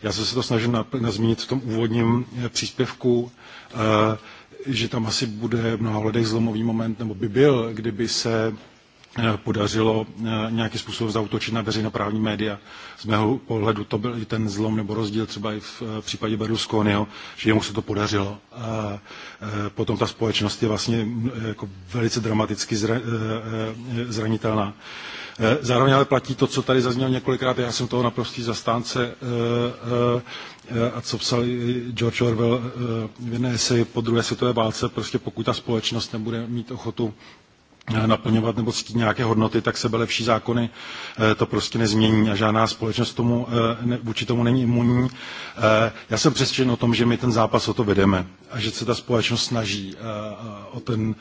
já jsem se to snažil nazmínit v tom úvodním příspěvku že tam asi bude v mnoha hledech zlomový moment, nebo by byl, kdyby se Eh, podařilo eh, nějakým způsobem zautočit na veřejnoprávní média. Z mého pohledu to byl i ten zlom nebo rozdíl třeba i v eh, případě Berlusconiho, že jemu se to podařilo. A potom ta společnost je vlastně jako velice dramaticky zranitelná. Zároveň ale platí to, co tady zaznělo několikrát, já jsem toho naprostý zastánce a co psal George Orwell v jedné po druhé světové válce, prostě pokud ta společnost nebude mít ochotu naplňovat nebo ctít nějaké hodnoty, tak sebelepší zákony eh, to prostě nezmění a žádná společnost tomu, eh, ne, vůči tomu není imunní. Eh, já jsem přesvědčen o tom, že my ten zápas o to vedeme a že se ta společnost snaží o, ten,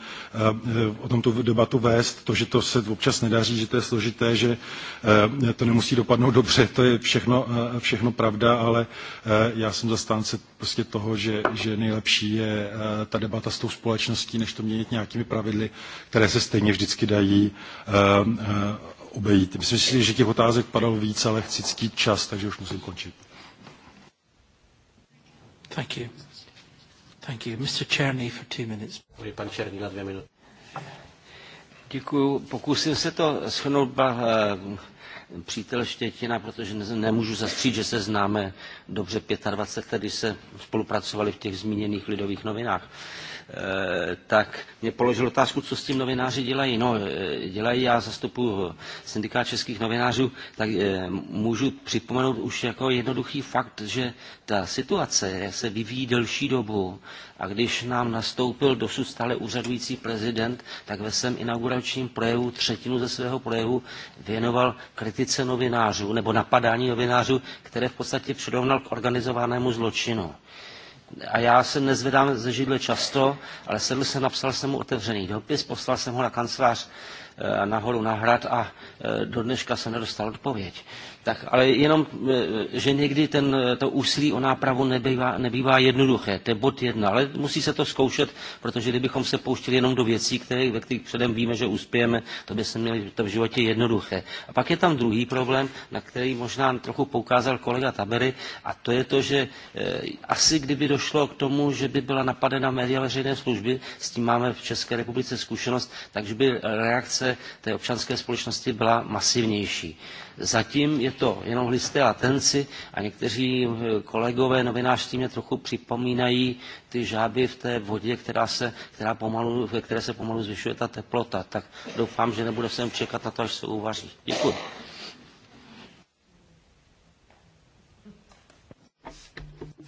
o tom tu debatu vést. To, že to se občas nedaří, že to je složité, že to nemusí dopadnout dobře, to je všechno, všechno pravda, ale já jsem zastánce prostě toho, že, že nejlepší je ta debata s tou společností, než to měnit nějakými pravidly, které se stejně stejně vždycky dají eh, eh, obejít. Myslím si, že těch otázek padalo víc, ale chci ctít čas, takže už musím končit. Thank you. Thank you. Mr. Černý for two minutes. Pan Černý na dvě minuty. Děkuju. Pokusím se to shrnout eh, přítel Štětina, protože nemůžu zastřít, že se známe dobře 25 let, když se spolupracovali v těch zmíněných lidových novinách. Eh, tak mě položil otázku, co s tím novináři dělají. No, eh, dělají, já zastupuji syndikát českých novinářů, tak eh, můžu připomenout už jako jednoduchý fakt, že ta situace se vyvíjí delší dobu a když nám nastoupil dosud stále úřadující prezident, tak ve svém inauguračním projevu třetinu ze svého projevu věnoval kritice novinářů nebo napadání novinářů, které v podstatě přirovnal k organizovanému zločinu a já se nezvedám ze židle často, ale sedl jsem, napsal jsem mu otevřený dopis, poslal jsem ho na kancelář eh, nahoru na hrad a Eh, do dneška se nedostal odpověď. Tak, ale jenom, eh, že někdy ten, eh, to úsilí o nápravu nebývá, nebývá jednoduché. To je bod jedna, ale musí se to zkoušet, protože kdybychom se pouštili jenom do věcí, které, ve kterých předem víme, že uspějeme, to by se měli to v životě jednoduché. A pak je tam druhý problém, na který možná trochu poukázal kolega Tabery, a to je to, že asi kdyby došlo k tomu, že by byla napadena média veřejné služby, s tím máme v České republice zkušenost, takže by reakce té občanské společnosti byla byla masivnější. Zatím je to jenom listé latenci a někteří eh, kolegové novinářství mě trochu připomínají ty žáby v té vodě, která se, která pomalu, ve které se pomalu zvyšuje ta teplota. Tak doufám, že nebude sem čekat na to, až se uvaří. Děkuji.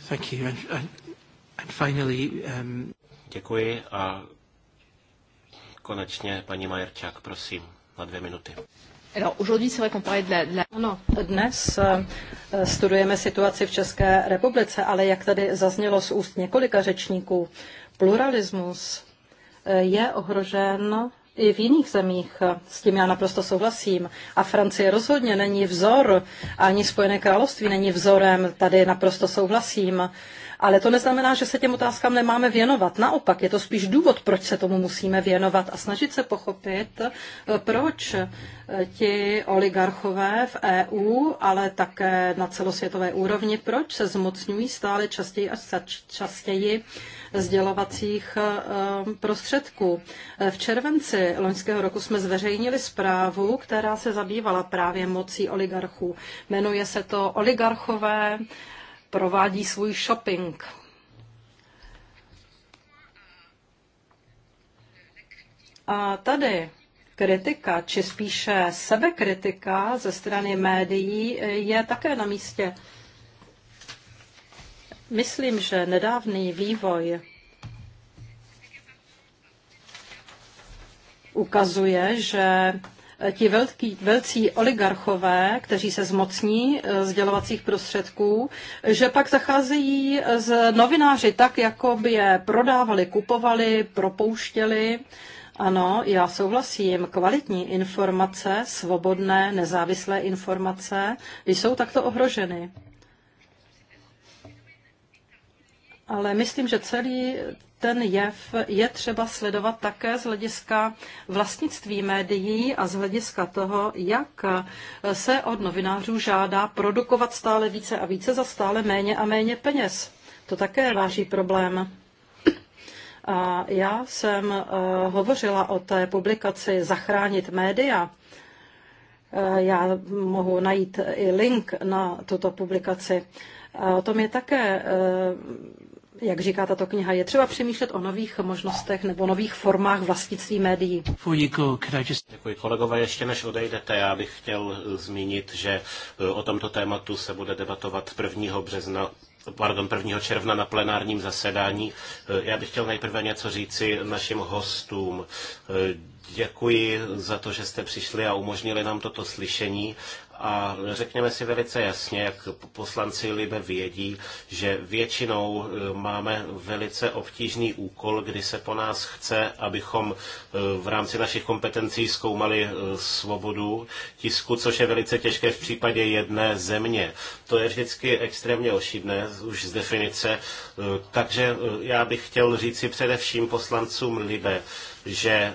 Thank you. And, and, and finally, um... Děkuji a konečně paní Majerčák, prosím, na dvě minuty dnes eh, studujeme situaci v České republice, ale jak tady zaznělo z úst několika řečníků, pluralismus eh, je ohrožen i v jiných zemích. Eh, s tím já naprosto souhlasím. A Francie rozhodně není vzor, ani Spojené království není vzorem. Tady naprosto souhlasím. Ale to neznamená, že se těm otázkám nemáme věnovat. Naopak, je to spíš důvod, proč se tomu musíme věnovat a snažit se pochopit, eh, proč eh, ti oligarchové v EU, ale také na celosvětové úrovni, proč se zmocňují stále častěji a častěji sdělovacích eh, prostředků. V červenci loňského roku jsme zveřejnili zprávu, která se zabývala právě mocí oligarchů. Jmenuje se to Oligarchové provádí svůj shopping. A tady kritika, či spíše sebekritika ze strany médií je také na místě. Myslím, že nedávný vývoj ukazuje, že ti velký, velcí oligarchové, kteří se zmocní eh, sdělovacích prostředků, že pak zacházejí z novináři tak, jako by je prodávali, kupovali, propouštěli. Ano, já souhlasím. Kvalitní informace, svobodné, nezávislé informace jsou takto ohroženy. Ale myslím, že celý ten jev je třeba sledovat také z hlediska vlastnictví médií a z hlediska toho, jak se od novinářů žádá produkovat stále více a více za stále méně a méně peněz. To také je váží problém. A já jsem eh, hovořila o té publikaci Zachránit média. Eh, já mohu najít i link na tuto publikaci. O tom je také eh, jak říká tato kniha, je třeba přemýšlet o nových možnostech nebo nových formách vlastnictví médií. Děkuji kolegové, ještě než odejdete, já bych chtěl eh, zmínit, že eh, o tomto tématu se bude debatovat 1. března pardon, 1. června na plenárním zasedání. Eh, já bych chtěl nejprve něco říci našim hostům. Děkuji za to, že jste přišli a umožnili nám toto slyšení. A řekněme si velice jasně, jak poslanci Libe vědí, že většinou e, máme velice obtížný úkol, kdy se po nás chce, abychom e, v rámci našich kompetencí zkoumali e, svobodu tisku, což je velice těžké v případě jedné země. To je vždycky extrémně ošidné, už z definice. Takže já bych chtěl říci především poslancům Libe, že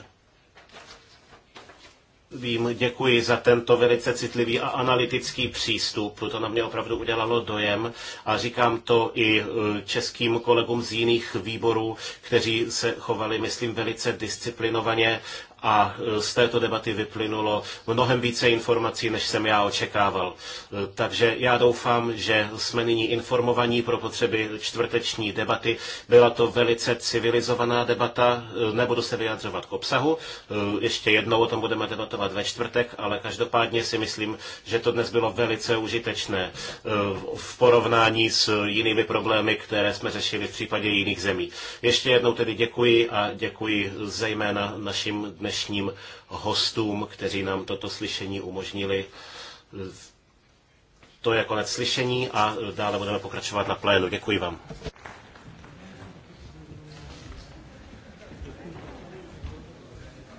Vím, děkuji za tento velice citlivý a analytický přístup. To na mě opravdu udělalo dojem a říkám to i e, českým kolegům z jiných výborů, kteří se chovali, myslím, velice disciplinovaně a e, z této debaty vyplynulo mnohem více informací, než jsem já očekával. E, takže já doufám, že jsme nyní informovaní pro potřeby čtvrteční debaty. Byla to velice civilizovaná debata, e, nebudu se vyjadřovat k obsahu, ještě jednou o tom budeme debatovat ve čtvrtek, ale každopádně si myslím, že to dnes bylo velice užitečné v porovnání s jinými problémy, které jsme řešili v případě jiných zemí. Ještě jednou tedy děkuji a děkuji zejména našim dnešním hostům, kteří nám toto slyšení umožnili. To je konec slyšení a dále budeme pokračovat na plénu. Děkuji vám.